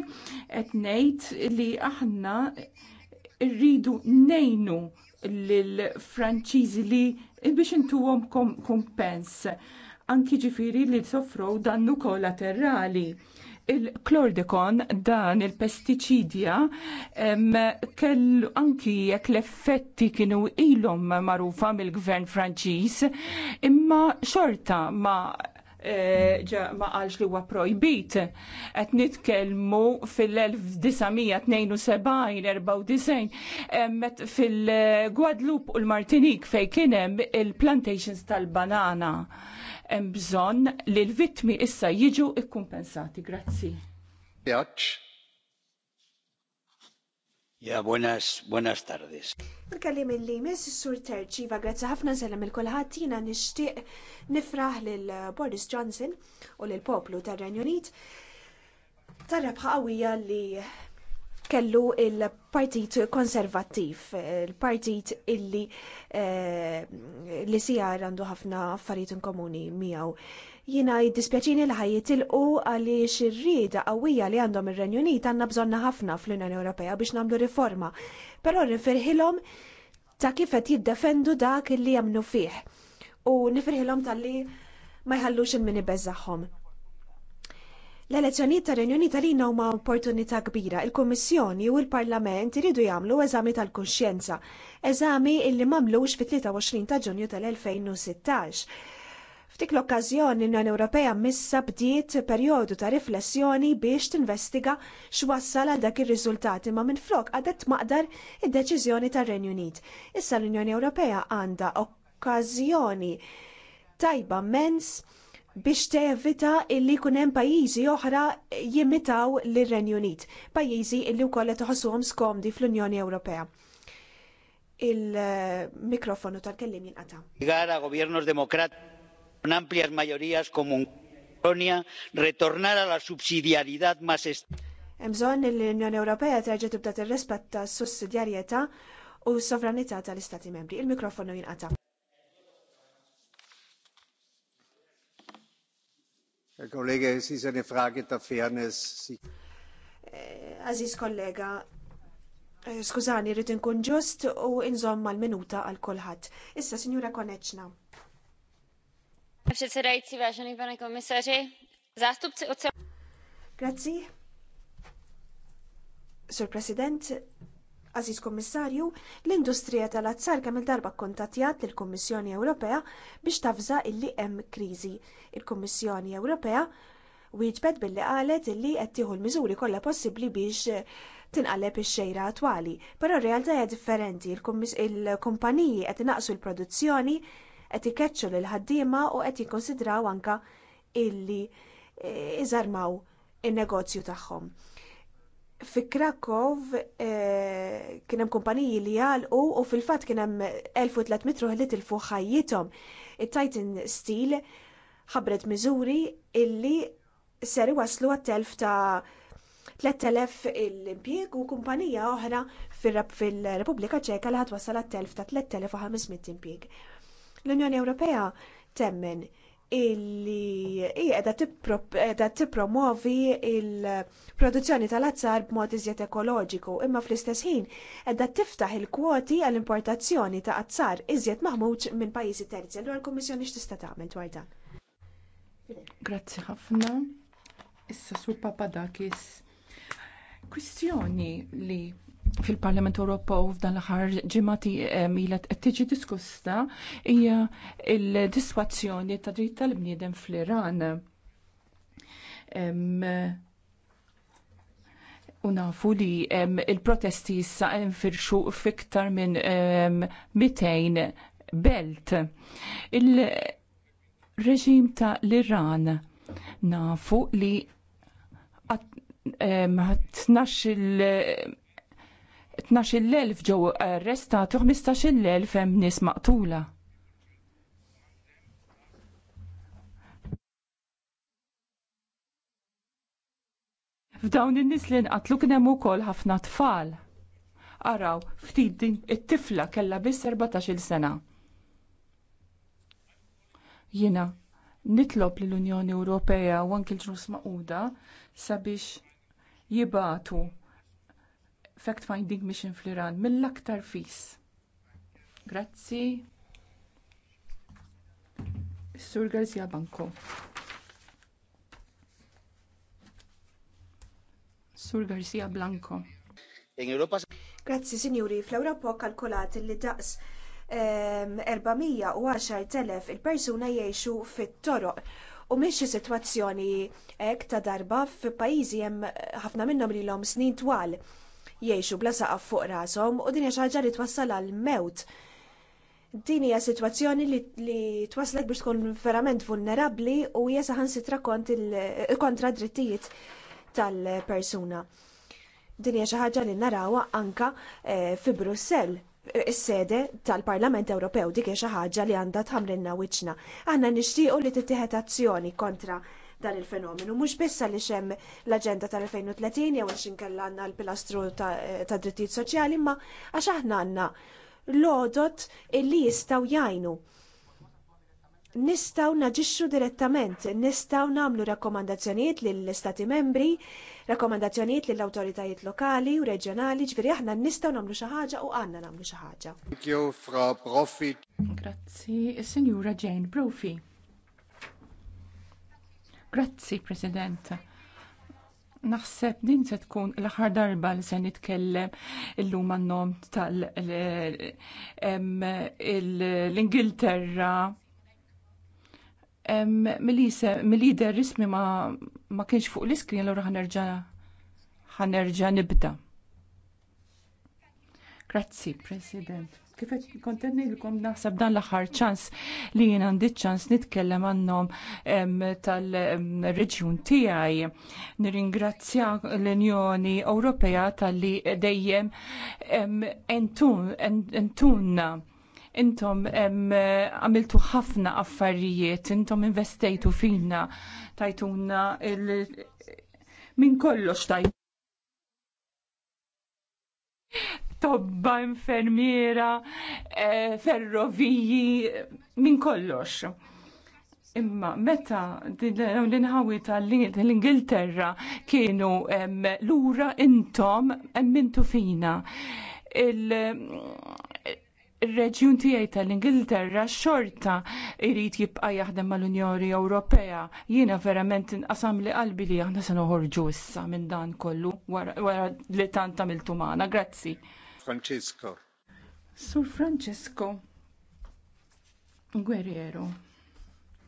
etnejt li aħna rridu nejnu lill-Franċiżi li biex intuhom kumpens anki ġifiri li soffrow dannu kollaterali. il klordekon dan il-pestiċidja kellu anki jekk l-effetti kienu ilhom magħrufa mill-gvern Franċiż imma xorta ma Eh, ma qalx li huwa projbit. Qed nitkellmu fil-1972-94 fil-Guadeloupe u l-Martinik fejn kien hemm il-plantations tal-banana. Hemm bżonn li l-vittmi issa jiġu ikkumpensati. Grazzi. Jaċ. Ja, buenas, buenas tardes. Nkellim il-li mis sur terċiva grazzi ħafna sellem il-kulħadd jiena nixtieq nifraħ lil Boris Johnson u lil poplu tar-Renju Unit tar-rebħa li kellu il-Partit Konservattiv, il-partit illi eh, li sijar għandu ħafna affarijiet in komuni miegħu. Jina jiddispjaċini l-ħajiet il għaliex ir xirrida qawwija li għandhom ir-Renju Unit għandna bżonna ħafna fl-Unjoni Ewropea biex nagħmlu riforma. Però nifirħilhom ta' kif qed jiddefendu dak li jamnu fih. U nifirħilhom tal-li ma jħallux il-mini beżaħħom. L-elezzjonijiet ta' Renju Unit għalina huma opportunità kbira. Il-Kummissjoni u l-Parlament iridu jagħmlu eżami tal-kuxjenza, eżami illi m'amlux fit-23 ta' Ġunju tal-2016 F'dik l-okkażjoni l-Unjoni Ewropea missa bdiet perjodu ta' riflessjoni biex tinvestiga x'wassal għal dak ir-riżultati ma' minflok għadet maqdar id-deċiżjoni tar-Renju Unit. Issa l-Unjoni Ewropea għandha okkażjoni tajba mens biex tevita illi hemm pajjiżi oħra jimitaw lir-Renju Unit, pajjiżi illi wkoll qed iħossuhom skomdi fl-Unjoni Ewropea. Il-mikrofonu tal-kellim jinqata'. Gara, governos demokrat con amplias mayorías como en polonia retornar a la subsidiariedad más Hemm bżonn li l-Unjoni Ewropea terġa' tibda tirrispetta s-sussidjarjetà u s-sovranità tal-Istati Membri. Il-mikrofonu jinqata'. Herr Kollege, es ist eine Frage der Fairness. Eh, Aziz kollega, eh, skużani, rrid inkun ġust u inżomm mal-minuta għal kulħadd. Issa, Sinjura Koneċna. Předsedající, vážený pane komisaři, zástupci Grazzi. Sur President, Aziz Kommissarju, l-industrija tal-azzar kemm il-darba kontatjat lill-Kummissjoni Ewropea biex tafża illi hemm kriżi. Il-Kummissjoni Ewropea wieġbet billi qalet illi qed tieħu l-miżuri kollha possibbli biex tinqaleb ix-xejra attwali, però r-realtà hija differenti. Il-kumpaniji qed inaqsu l-produzzjoni qed ikeċċu lil ħaddiema u qed jikkonsidraw anke illi eh, iżarmaw in-negozju tagħhom. Fi Krakow eh, kien hemm kumpaniji li jgħalqu u fil-fatt kien hemm 1300 ruħ il ħajjithom. It-Titan Steel ħabbret miżuri illi ser waslu għat-telf ta' 3000 l-impjieg u kumpanija oħra fil-Repubblika Ċeka li ħadd għat-telf ta' 3500 impjieg. L-Unjoni Ewropea temmen illi qiegħda tippromovi il-produzzjoni tal-azzar b'mod iżjed ekoloġiku, imma fl-istess ħin qiegħda tiftaħ il-kwoti għall-importazzjoni ta' azzar iżjed maħmuġ minn pajjiżi terzi. Allura l-Kummissjoni x'tista' tagħmel dwar dan? Grazzi ħafna. Issa sur Papadakis. Kwistjoni li fil-Parlament Ewropew f'dan l-aħħar ġimgħati milet qed tiġi diskussa hija l-diswazzjoni ta' dritt tal-bniedem fl-Iran. U nafu li il-protesti issa infirxu fiktar minn 200 belt. Il-reġim ta' l-Iran nafu li il 12.000 ġew arrestati u 15.000 hemm nies maqtula. F'dawn in-nies li nqatlu kien hemm ukoll ħafna tfal. Araw, ftit din it-tifla kellha biss 14-il sena. Jiena nitlob lill unjoni Ewropea u anki l-ġus Maquda sabiex jibatu fact-finding mission fl-Iran mill-aktar fis. Grazzi. Sur Garzia Banco. Sur Garzia Blanco. Grazzi, sinjuri, fl-Ewropa kalkulat li daqs 410.000 ehm, il-persuna jgħixu fit-toroq. U miex situazzjoni ek ta' darba f'pajjiżi hemm ħafna minnhom lilhom snin twal jiexu bla saqaf fuq rashom u din hija xi ħaġa li twassal għal mewt. Din hija sitwazzjoni li, li twasslek biex tkun verament vulnerabbli u hija saħansitra kontra drittijiet tal-persuna. Din hija xi ħaġa li narawha anka e, fi Brussell is-sede tal-Parlament Ewropew dik hija xi ħaġa li għandha tħamrinna wiċċna. Aħna nixtiequ li tittieħed azzjoni kontra dan il-fenomenu. Mhux biss li xem l-Aġenda tal-2030 jew għax inkella għandna l-pilastru ta' drittijiet soċjali, imma għax aħna għandna l-odot illi jistgħu jgħinu. Nistgħu naġixxu direttament, nistgħu nagħmlu rakkomandazzjonijiet lill-Istati membri, rakkomandazzjonijiet lill awtoritajiet lokali u reġjonali, ġifieri aħna nistgħu nagħmlu xi ħaġa u għandna nagħmlu xi ħaġa. Grazzi, sinjura Jane Brophy. Grazzi, President. Naħseb din se tkun l-aħħar darba li se nitkellem illum għannom tal-Ingilterra mill-lider rismi ma, kienx fuq l-iskrin l-għura ħanerġa nibda. Grazzi, President. Kif qed kontenilkom naħseb dan l-aħħar ċans li jien għandi ċans nitkellem għannom tal-reġjun tiegħi. Nirringrazzja l-Unjoni Ewropea tal-li dejjem entunna intom għamiltu ħafna affarijiet, intom investejtu fina, tajtuna minn kollox tajt tobba, infermiera, eh, ferroviji, minn kollox. Imma meta l-inħawi tal-Ingilterra kienu lura intom emmintu fina. Il-reġjun tiegħi tal-Ingilterra xorta jrid jibqa' jaħdem mal-Unjoni Ewropea. Jiena verament inqasam li qalbi li aħna se noħorġu issa minn dan kollu wara li tant tagħmiltu magħna. Grazzi. Francesco. Sur Francesco Guerriero.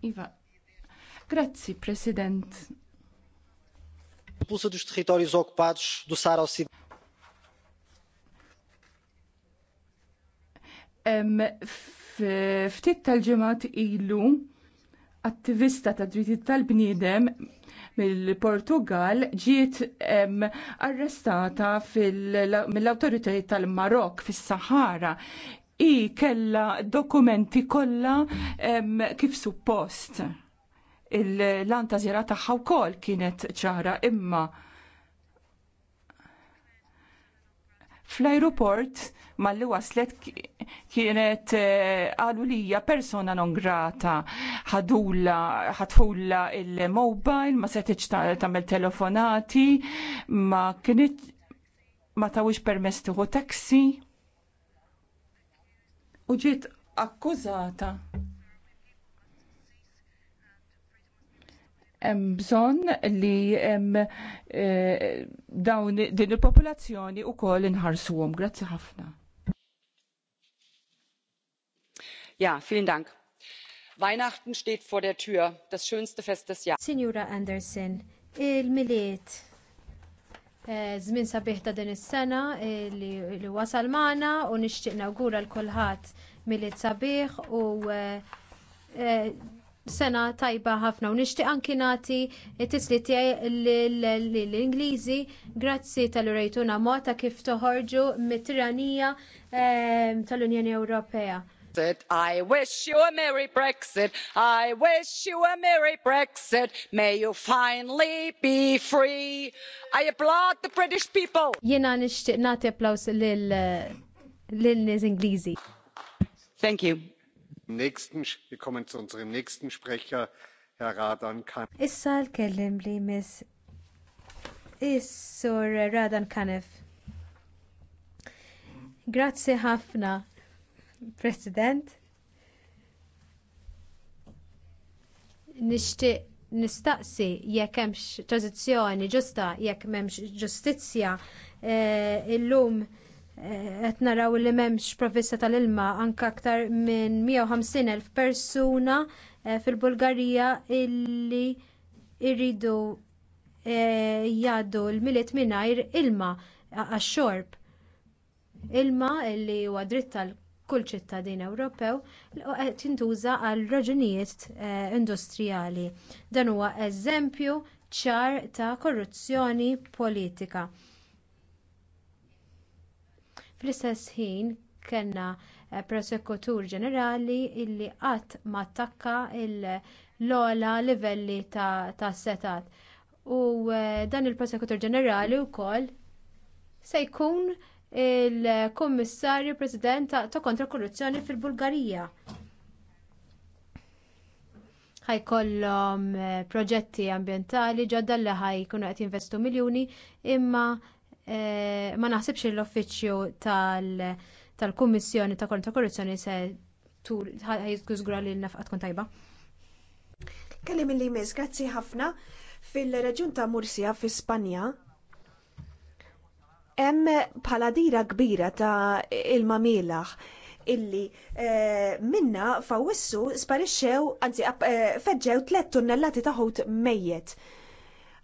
Iva. Grazzi, President. Pulso dos territórios ocupados do Sahara Ocidental. Ftit tal-ġemat ilu attivista ta' dritti tal-bniedem mill-Portugal ġiet arrestata mill-autoritajiet tal-Marok fis-Sahara i kella dokumenti kollha kif suppost. Il-lanta zjara tagħha wkoll kienet ċara imma Fl-aeroport malli waslet kienet eh, għalu lija persona non grata ħadulla ħatfulla il-mobile ma setiċ tamel telefonati ma kienet ma tawix permess tieħu taxi u ġiet akkużata hemm bżonn li hemm eh, dawn din il-popolazzjoni wkoll inħarsuhom. Grazzi ħafna. Ja, vielen Dank. Weihnachten steht vor der Tür, das schönste Fest des Jahres. Signora Anderson, il-miliet eh, żmien sabiħ ta' din is-sena eh, li wasal magħna u nixtieq nawgura l kulħadd miliet sabiħ u eh, sena tajba ħafna u nixtieq anki nagħti t-tisli tiegħi l-Ingliżi grazzi tal-urejtuna mod ta' kif toħorġu mit-tiranija ehm, tal-Unjoni Ewropea. I wish you a merry Brexit. I wish you a merry Brexit. May you finally be free. I applaud the British people. Jiena nixtieq nagħti applaus lil lil Ingliżi. Thank you. Issa l-kellim li miss issur sur Radan Kanef. Grazzi ħafna, President. Nixtieq nistaqsi jekk hemmx tranzizzjoni ġusta, jekk m'hemmx ġustizzja eh, illum qed naraw li m'hemmx provvista tal-ilma anke aktar minn 150,000 persuna eh, fil-Bulgarija illi jridu eh, jgħaddu l-miliet mingħajr ilma għax-xorb. Ilma illi huwa dritt tal kull ċittadin Ewropew qed jintuża għal raġunijiet eh, industrijali. Dan huwa eżempju ċar ta' korruzzjoni politika. Fl-istess ħin kellna eh, prosekutur ġenerali illi qatt ma attakka l-ogħla livelli ta' setat. U eh, dan il-prosekutur ġenerali wkoll se jkun il-Kummissarju President ta' kontra korruzzjoni fil-Bulgarija. Ħajkollhom eh, proġetti ambjentali ġodda li ħajkunu qed jinvestu miljuni imma Eh, ma naħsibx l-uffiċċju tal-Kummissjoni ta' kontra korruzzjoni se tur żgura li nafqat tkun tajba. Kellim li jmiss, grazzi ħafna fil-reġjun ta' Mursija fi Spanja. Hemm bħala dira kbira ta' il-mamilaħ illi eh, minna fawissu sparixxew, anzi eh, feġġew tliet tunnellati ta' ħut mejjet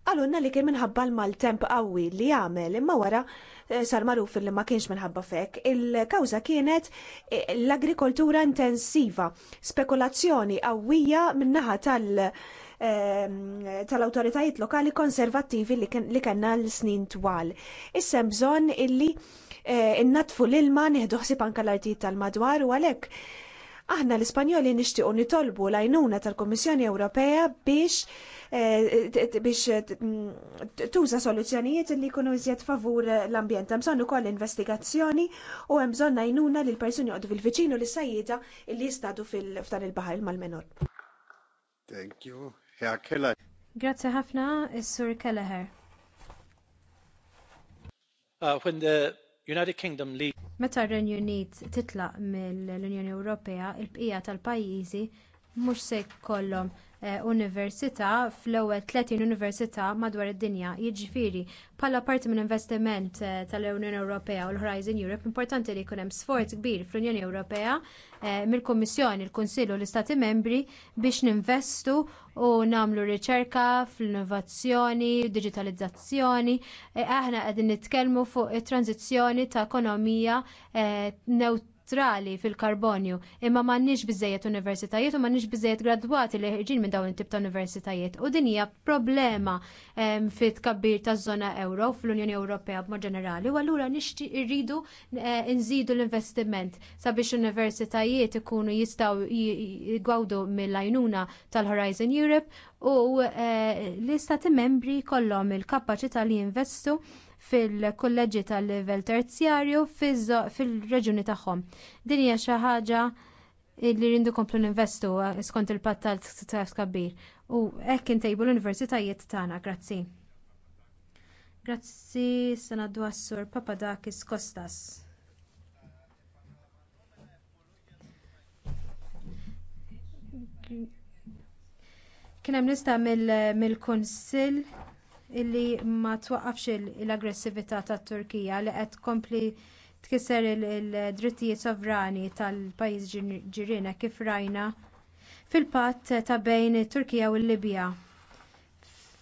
għalunna li kien minħabba l-maltemp qawwi li għamel imma wara eh, sar maruf li ma kienx minħabba fek. Il-kawza kienet eh, l-agrikoltura intensiva, spekulazzjoni qawwija minnaħa tal- ehm, tal-autoritajiet lokali konservattivi li kanna l-snin twal. Issem bżon illi eh, innatfu l-ilma nieħdu ħsib anka l-artijiet tal-madwar u għalhekk Aħna l-Ispanjoli nixtiequ nitolbu l-għajnuna tal kummissjoni Ewropea biex eh, biex eh, tuża soluzzjonijiet li jkunu iżjed favur l-ambjent. Hemm bżonn ukoll investigazzjoni u hemm bżonn għajnuna lil persuni joqgħdu fil-viċinu li sajjieda li jistadu f'dan il-baħar mal-menor. Thank you. Herr Keller. Grazie ħafna, is-Sur Kelleher. Uh, when the United Kingdom li Meta r-Renju Unit titlaq mill-Unjoni Ewropea, il-bqija tal-pajjiżi mhux se jkollhom Eh, università fl-ewwel 30 università madwar id-dinja. Jiġifieri bħala parti minn investiment eh, tal-Unjoni Ewropea u l-Horizon Europe importanti li jkun hemm sforz kbir fl-Unjoni Ewropea eh, mill-Kummissjoni, il-Kunsill u l-Istati Membri biex ninvestu u nagħmlu riċerka fl-innovazzjoni, digitalizzazzjoni. Aħna qegħdin nitkellmu fuq it-tranzizzjoni ta' ekonomija magistrali fil-karbonju imma m'għandniex biżżejjed universitajiet u m'għandniex biżżejjed gradwati li ħirġin minn dawn it-tip ta' universitajiet u din hija problema fit tkabbir taż-żona euro fl-Unjoni Ewropea b'mod ġenerali u allura irridu e, nżidu l-investiment sabiex universitajiet ikunu jistgħu jgawdu mill-għajnuna tal-Horizon Europe u e, l-istati membri kollom il-kapaċità li jinvestu fil-kolleġġi tal-livell terzjarju fil-reġuni tagħhom. Din hija xi ħaġa li rindu komplu ninvestu eh, skont il-patt tal kabbir. U hekk intejbu l-universitajiet tagħna, grazzi. Grazzi sanaddu assur sur Papadakis Kostas. Kien hemm nista' mill-Kunsill mil illi ma twaqqafx l-aggressività tat-Turkija li qed tkompli tkisser il-drittijiet sovrani tal-pajjiż ġirien kif rajna fil-patt ta' bejn it-Turkija u l-Libja.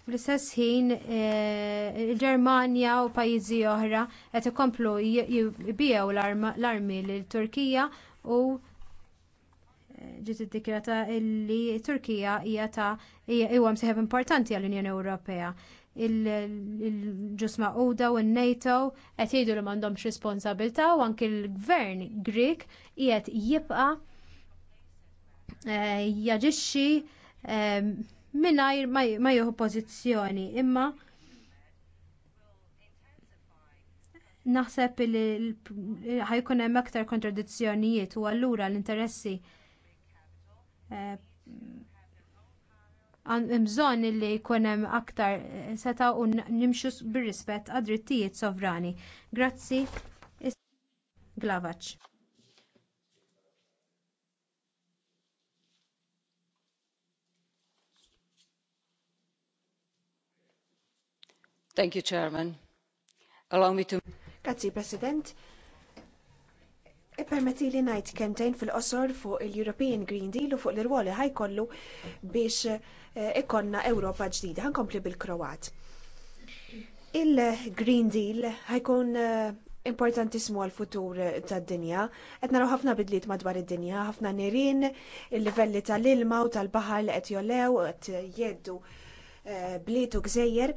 Fl-istess ħin eh, il-Ġermanja u pajjiżi oħra qed ikomplu jbiegħu l-armi lil Turkija u eh, ġiet iddikjata li Turkija hija ta' huwa importanti għall-Unjoni Ewropea il-ġusma Uda u n-NATO qed jgħidu li m'għandhomx responsabilità u anki l-gvern Grik qiegħed jibqa' eh, jaġixxi eh, mingħajr ma jieħu pożizzjoni imma naħseb li ħajkun hemm aktar kontradizzjonijiet u allura l-interessi eh, bżonn li jkun hemm aktar eh, seta' u nimxu bir-rispett għad drittijiet sovrani. Grazzi. Glavac. Thank you, Chairman. Allow me to... Grazzi, President. Ippermetti li ngħid kentejn fil-qosor fuq il-European Green Deal u fuq l-irwoli ħajkollu biex ikonna Ewropa ġdida. Ħankompli bil-Kroat. Il-Green Deal ħajkun eh, importantissimu għal futur tad dinja Qed naraw ħafna bidliet madwar id-dinja, ħafna nirien, il-livelli tal-ilma u tal-baħar li qed jolew, qed jeddu eh, bliet u gżejjer.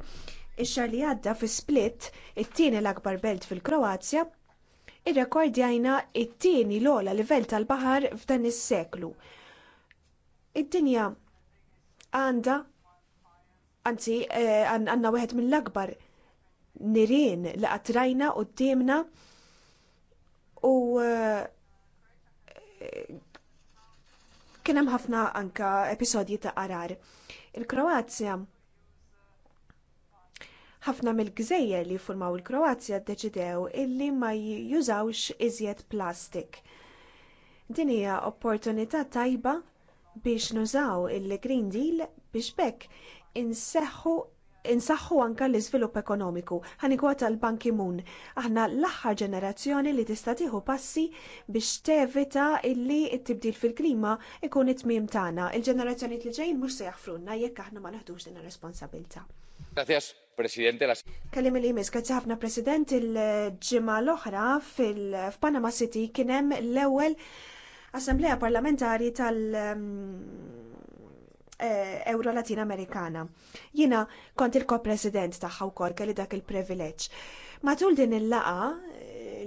Ix-xahar li għadda fi Split, it-tieni l-akbar belt fil-Kroazja, irrekordjajna it-tieni l-ogħla livell tal-baħar f'dan is-seklu. Id-dinja għanda anzi eh, għandna wieħed mill-akbar nirien li u d qudiemna u eh, kien hemm ħafna anka episodji ta' qarar. Il-Kroazja ħafna mill-gżejjer li ffurmaw il-Kroazja ddeċidew illi ma jużawx iżjed plastik. Din hija opportunità tajba biex nużaw il-Green Deal biex bekk inseħħu Insaħħu anke l-iżvilupp ekonomiku. Ħanikwata l-Ban Ki-moon. Aħna l-aħħar ġenerazzjoni li tista' tieħu passi biex tevita illi t-tibdil fil-klima ikun it-tmiem tagħna. Il-ġenerazzjoni li ġejjin mhux se jaħfrunna jekk aħna ma naħdux din ir-responsabilità. Grazie Presidente. Kallim il-imis, grazzi ħafna President, il-ġimgħa l-oħra fil-Panama City kien hemm l-ewwel Assembleja Parlamentari tal- ehm, eh, Euro Latin Amerikana. Jina kont il-ko-president tagħha wkoll kelli dak il-privileġġ. Matul din il-laqa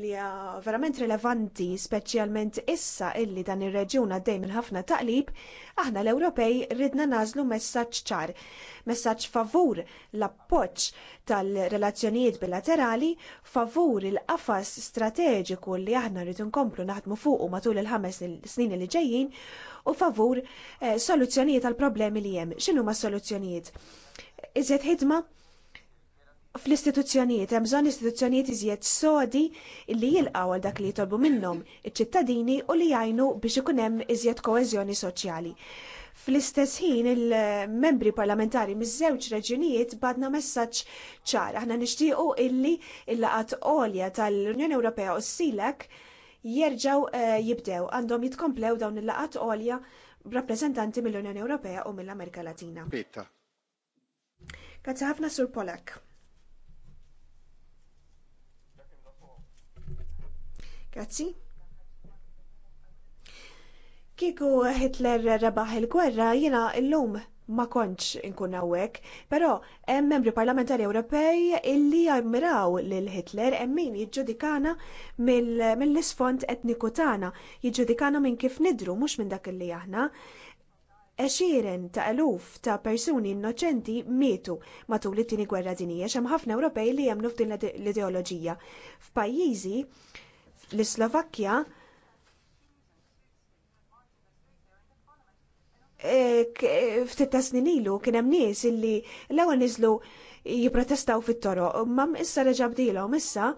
li hija verament rilevanti, speċjalment issa illi dan ir-reġjun għaddej minn ħafna taqlib, aħna l-Ewropej ridna nażlu messaġġ ċar, messaġġ favur l-appoġġ tal-relazzjonijiet bilaterali, favur il-qafas strateġiku li aħna rridu nkomplu naħdmu fuqu matul il-ħames snin li ġejjin u favur eh, soluzzjonijiet għall problemi li hemm. X'inhuma soluzzjonijiet? Iżjed ħidma fl-istituzzjonijiet, hemm bżonn istituzzjonijiet iżjed sodi li jilqgħu għal dak li jitolbu minnhom iċ-ċittadini u li jgħinu biex ikun hemm iżjed koeżjoni soċjali. Fl-istess ħin il-membri parlamentari miż-żewġ reġunijiet badna messaġġ ċar. Aħna nixtiequ illi l-laqat għolja tal-Unjoni Ewropea u s-Silek jerġaw eh, jibdew għandhom jitkomplew dawn il-laqat għolja rappreżentanti mill-Unjoni Ewropea u mill-Amerika Latina. Grazie ħafna Sur Polak. Grazzi. Kieku Hitler rebaħ il-gwerra jiena illum ma kontx inkun hawnhekk, però hemm membri parlamentari Ewropej illi jammiraw lil Hitler hemm min jiġġudikana mill-isfond etniku tagħna, jiġġudikana minn kif nidru mhux minn dak illi aħna. Eċiren ta' eluf ta' persuni innoċenti mietu matul it-tieni gwerra dinija x'hemm ħafna Ewropej li jemnu f'din l-ideoloġija. F'pajjiżi l-Slovakkja eh, ftit ta' snin ilu kien hemm nies illi l-ewwel niżlu jipprotestaw fit-toroq, ma issa reġa' bdilhom issa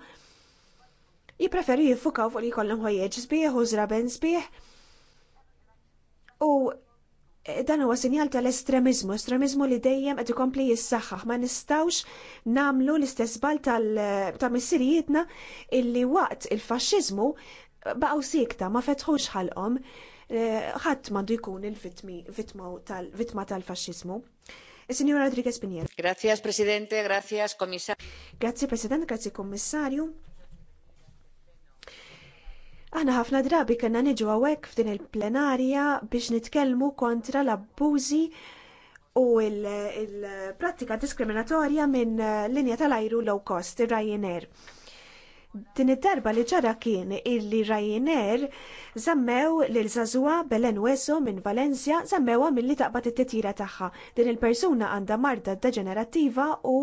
jippreferu jiffukaw fuq li jkollhom ħwejjeġ sbieħ u żraben sbieħ u dan huwa sinjal tal-estremizmu, estremizmu li dejjem qed ikompli jissaħħaħ ma nistgħux nagħmlu l-istess bal ta' missirijietna illi waqt il-faxxiżmu baqgħu sikta ma fetħux ħalqhom eh, ħadd m'għandu jkun il-vittma tal-faxxiżmu. is Rodriguez Pinier. Grazie, Presidente, grazie, Commissario. Grazie, President, grazie, Kommissarju. Aħna ħafna drabi kena niġu għawek f'din il-plenarja biex nitkellmu kontra l-abbużi u l prattika diskriminatorja minn eh, linja tal-ajru low cost, Ryanair. Din id-darba li ġara kien illi Ryanair zammew lil Zazua Belen Weso minn Valencia zammewa mill-li taqbad it-titira tagħha. Din il-persuna għandha marda deġenerattiva u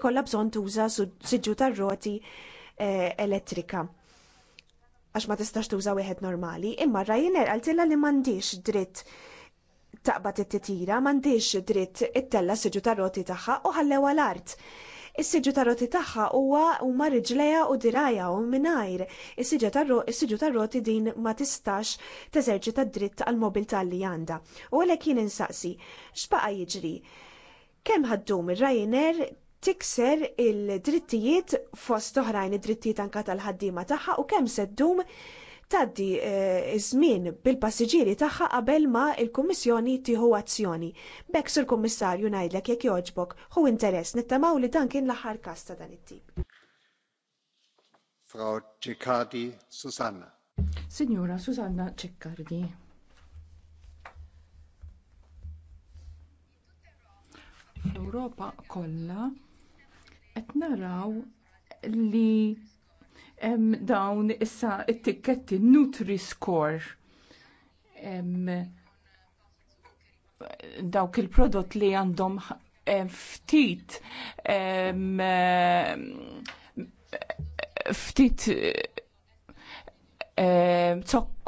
ikollha bżonn tuża siġġu tar-roti eh, elettrika għax ma tistax tuża wieħed normali, imma Ryanair għaltilla li m'għandix dritt taqbad it-titira, m'għandix dritt it-tella siġu tar-roti tagħha u ħallew l-art. Is-siġu tar-roti tagħha huwa huma riġleja u diraja u mingħajr. Is-siġu tar-roti din ma tistax teżerċita dritt għal mobilità li għandha. U għalhekk jien insaqsi, x'baqa' jiġri? Kemm ħaddum ir-Ryanair tikser il-drittijiet fost oħrajn id-drittijiet anka tal-ħaddiema tagħha u kemm se ddum taddi eh, iż-żmien bil-passiġġieri tagħha qabel ma l-Kummissjoni tieħu azzjoni. Bekk sur kummissarju ngħidlek jekk jogħġbok, hu interess nittamaw li dan kien l-aħħar każ ta' dan it-tip. Frau Ciccardi Susanna. Signora Susanna Ciccardi. Europa kollha qed naraw li hemm dawn issa it-tikketti Nutri-Score dawk il-prodott li għandhom ftit ftit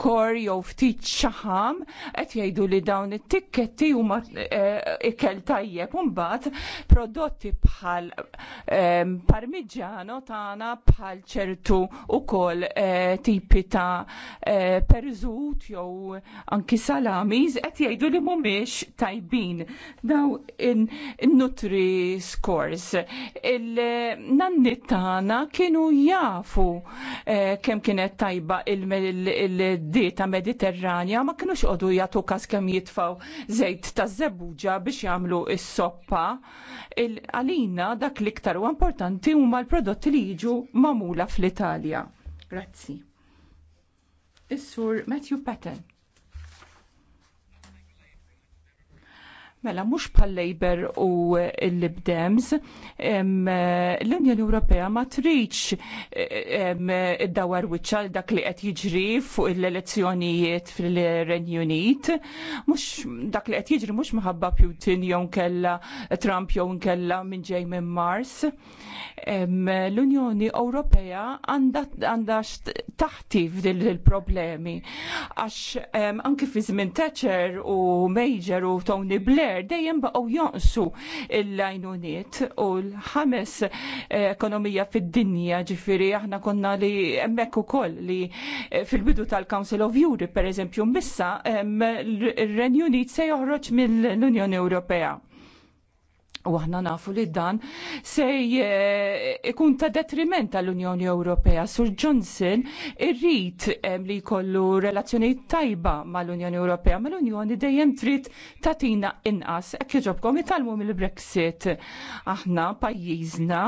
kor jew ftit xaħam qed jgħidu li dawn it-tikketti huma eh, ikel tajjeb u mbagħad prodotti bħal eh, parmigiano tagħna bħal ċertu ukoll eh, tipi ta' perżut jew anki salamis qed jgħidu li mhumiex tajbin. Daw in-nutri scores. Il-nanni tagħna kienu jafu kemm kienet tajba il dieta mediterranja ma kienux qodu jagħtu każ kemm jitfaw żejt taż-żebbuġa biex jagħmlu s-soppa. Għalina dak l-iktar u importanti huma l-prodotti li jiġu magħmula fl-Italja. Grazzi. Is-sur Matthew Patton. Mela, mhux pal labor u l-Libdems, l-Unjoni Ewropea ma triċ id-dawar wiċċa dak li qed jiġri fuq l-elezzjonijiet fil-Renju Unit, mhux dak li qed jiġri mhux maħabba Putin jew nkella Trump jew nkella minn ġej minn Mars. L-Unjoni Ewropea għandha taħti f'dil il-problemi għax anke fi żmien Thatcher u Major u Tony Blair ser dejjem baqgħu jonqsu l-għajnuniet u l-ħames eh, ekonomija fid-dinja ġifieri aħna konna li hemmhekk ukoll li eh, fil-bidu tal-Council of Europe pereżempju missa ir-Renju Unit se joħroġ mill-Unjoni Ewropea U aħna nafu li dan se ikun ta' detriment tal-Unjoni Ewropea. Sur Johnson irrid li jkollu relazzjonijiet tajba mal-Unjoni Ewropea, mal-Unjoni dejjem trid tatina inqas. Ekk iġobkom italmu mill-Brexit. Aħna pajjiżna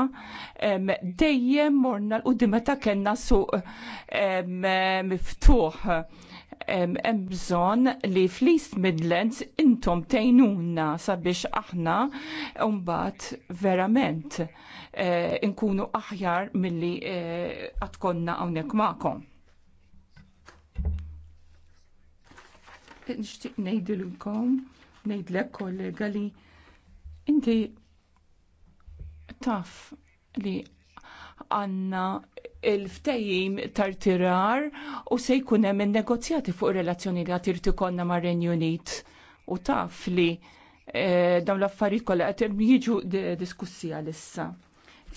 dejjem morna l ta kellna suq miftuħ hemm bżonn li fl-East Midlands intom tejnuna sabiex aħna mbagħad verament eh, inkunu aħjar milli eh, għatkonna konna hawnhekk magħkom. Nixtieq ngħidilkom, ngħidlek kollega li inti taf li għanna il-ftejjim tar-tirar u se jkun hemm negozjati fuq ir-relazzjoni li għatir tikonna mar renju Unit u taf li eh, dawn l-affarijiet kollha qed jiġu diskussi għalissa.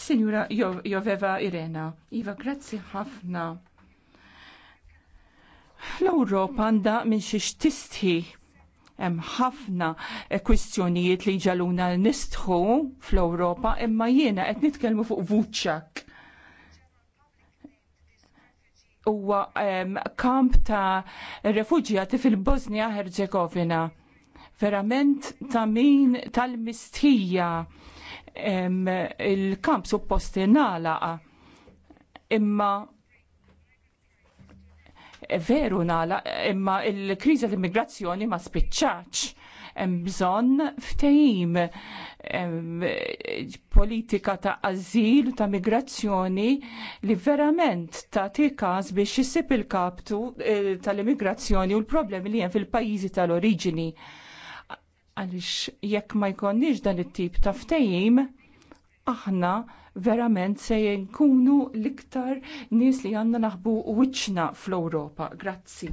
Sinjura Joveva Irena, Iva, grazzi ħafna. L-Ewropa għandha minn xi tistħi hemm ħafna eh, kwistjonijiet li ġaluna nistħu fl-Ewropa imma jiena qed nitkellmu fuq vuċċak huwa kamp ta' refuġjati fil-Bosnia Herzegovina. Verament ta' min tal-mistija il-kamp supposti nalaqa imma veru nala imma il-kriża l-immigrazzjoni ma spiċċaċ hemm bżonn ftehim politika ta' azil, ta' migrazzjoni li verament tagħti każ biex jisib il-kaptu eh, tal-immigrazzjoni u l-problemi li hemm fil-pajjiżi tal-oriġini. Għaliex jekk ma jkollniex dan it-tip ta' ftehim, aħna verament se jinkunu l-iktar nies li għandna naħbu wiċċna fl-Ewropa. Grazzi.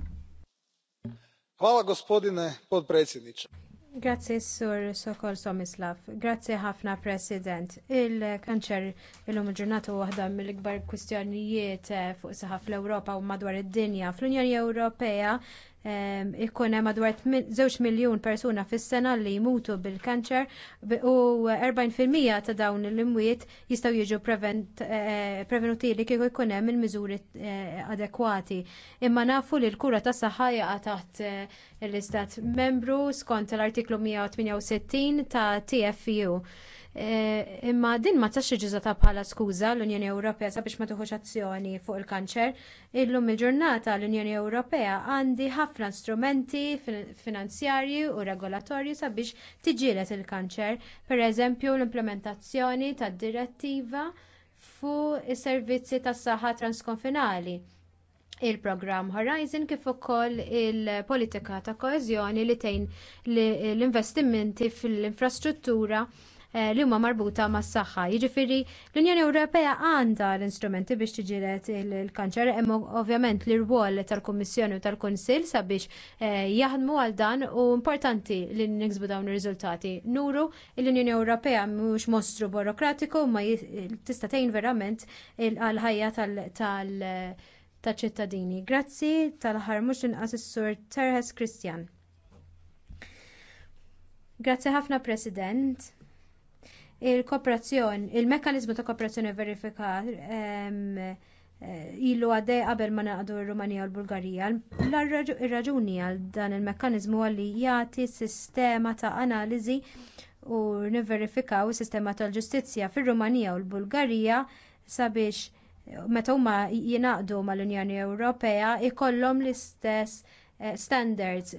Hvala gospodine podpredsjedniče. Grazzi Sur Sokol Somislav. Grazzi ħafna President. Il-kanċer illum il-ġurnata waħda mill-ikbar kwistjonijiet eh, fuq saħaf fl-Ewropa u madwar id-dinja. Fl-Unjoni Ewropea ikun hemm madwar 2 miljun persuna fis-sena li jmutu bil-kanċer u 40% ta' dawn l-imwiet jistgħu jiġu e, e, prevenuti li kieku jkun hemm il-miżuri e, adekwati. Imma nafu li l-kura tas saħħa jaqa' taħt l-Istat membru skont l-artiklu 168 ta' TFU. Eh, imma din ma tax iġiżata bħala skuża l-Unjoni Ewropea sabiex ma tuħux azzjoni fuq il-kanċer. Illum il-ġurnata l-Unjoni Ewropea għandi ħafna strumenti finanzjarji u regolatorji sabiex tiġilet il-kanċer, pereżempju l-implementazzjoni tad-direttiva fuq is-servizzi tas-saħħa transkonfinali il-programm Horizon kif ukoll il-politika ta' koeżjoni li tgħin l-investimenti fl-infrastruttura Eh, li huma marbuta mas saħħa Jiġifieri l-Unjoni Ewropea għandha l-instrumenti biex tiġilet il-kanċer, imma ovvjament l-irwol tal-Kummissjoni u tal-Kunsill sabiex eh, jaħdmu għal dan u importanti li niksbu dawn ir-riżultati. Nuru l-Unjoni Ewropea mhux mostru burokratiku ma tista' tgħin verament għal ħajja tal- ta' ċittadini. Grazzi tal-ħar mhux inqas is-sur Terhes Christian. Grazzi ħafna President. Il-kooperazzjoni, il-mekkanizmu ta' kooperazzjoni verifikat eh, ilu għaddej qabel ma naqdu r-Rumanija u l-Bulgarija. Ir-raġuni għal dan il-mekkanizmu għalli jagħti sistema ta' analiżi u niverifikaw is-sistema tal-ġustizzja fir-Rumanija u l-Bulgarija sabiex meta huma jingħaqdu mal-Unjoni Ewropea ikollhom l-istess Eh, standards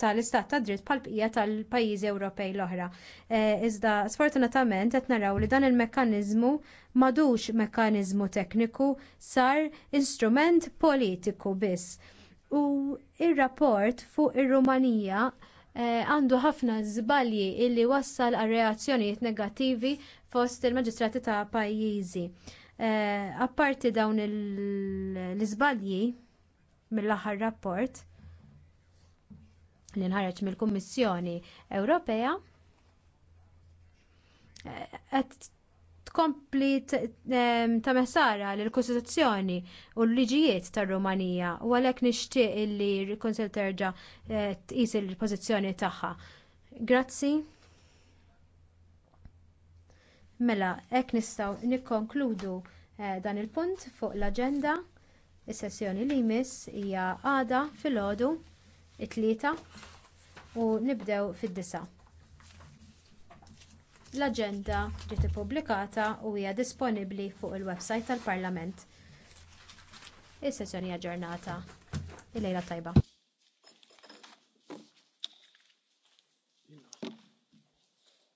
tal-istat ta' dritt pal bqija tal-pajjiżi Ewropej l-oħra. Eh, iżda sfortunatament qed naraw li dan il-mekkaniżmu m'għadux mekkaniżmu tekniku sar instrument politiku biss. U ir-rapport fuq ir-Rumanija eh, għandu ħafna żbalji illi wassal għal reazzjonijiet negattivi fost il-maġistrati ta' pajjiżi. Apparti dawn l-iżbalji mill-aħħar rapport, li nħareġ mill-Kummissjoni Ewropea eh, qed tkompli ta' mesara lill kostituzzjoni u l-liġijiet tar-Rumanija u għalhekk nixtieq illi l-Kunsill terġa' eh, tqis il-pożizzjoni tagħha. Grazzi. Mela, hekk nistgħu nikkonkludu eh, dan il-punt fuq l-aġenda. Is-sessjoni li jmiss hija għada filgħodu it-tlieta u nibdew fid-disa' l-aġenda ġiet ippubblikata u hija disponibbli fuq il-website tal-parlament is-sessjoni ġurnata il-lejla tajba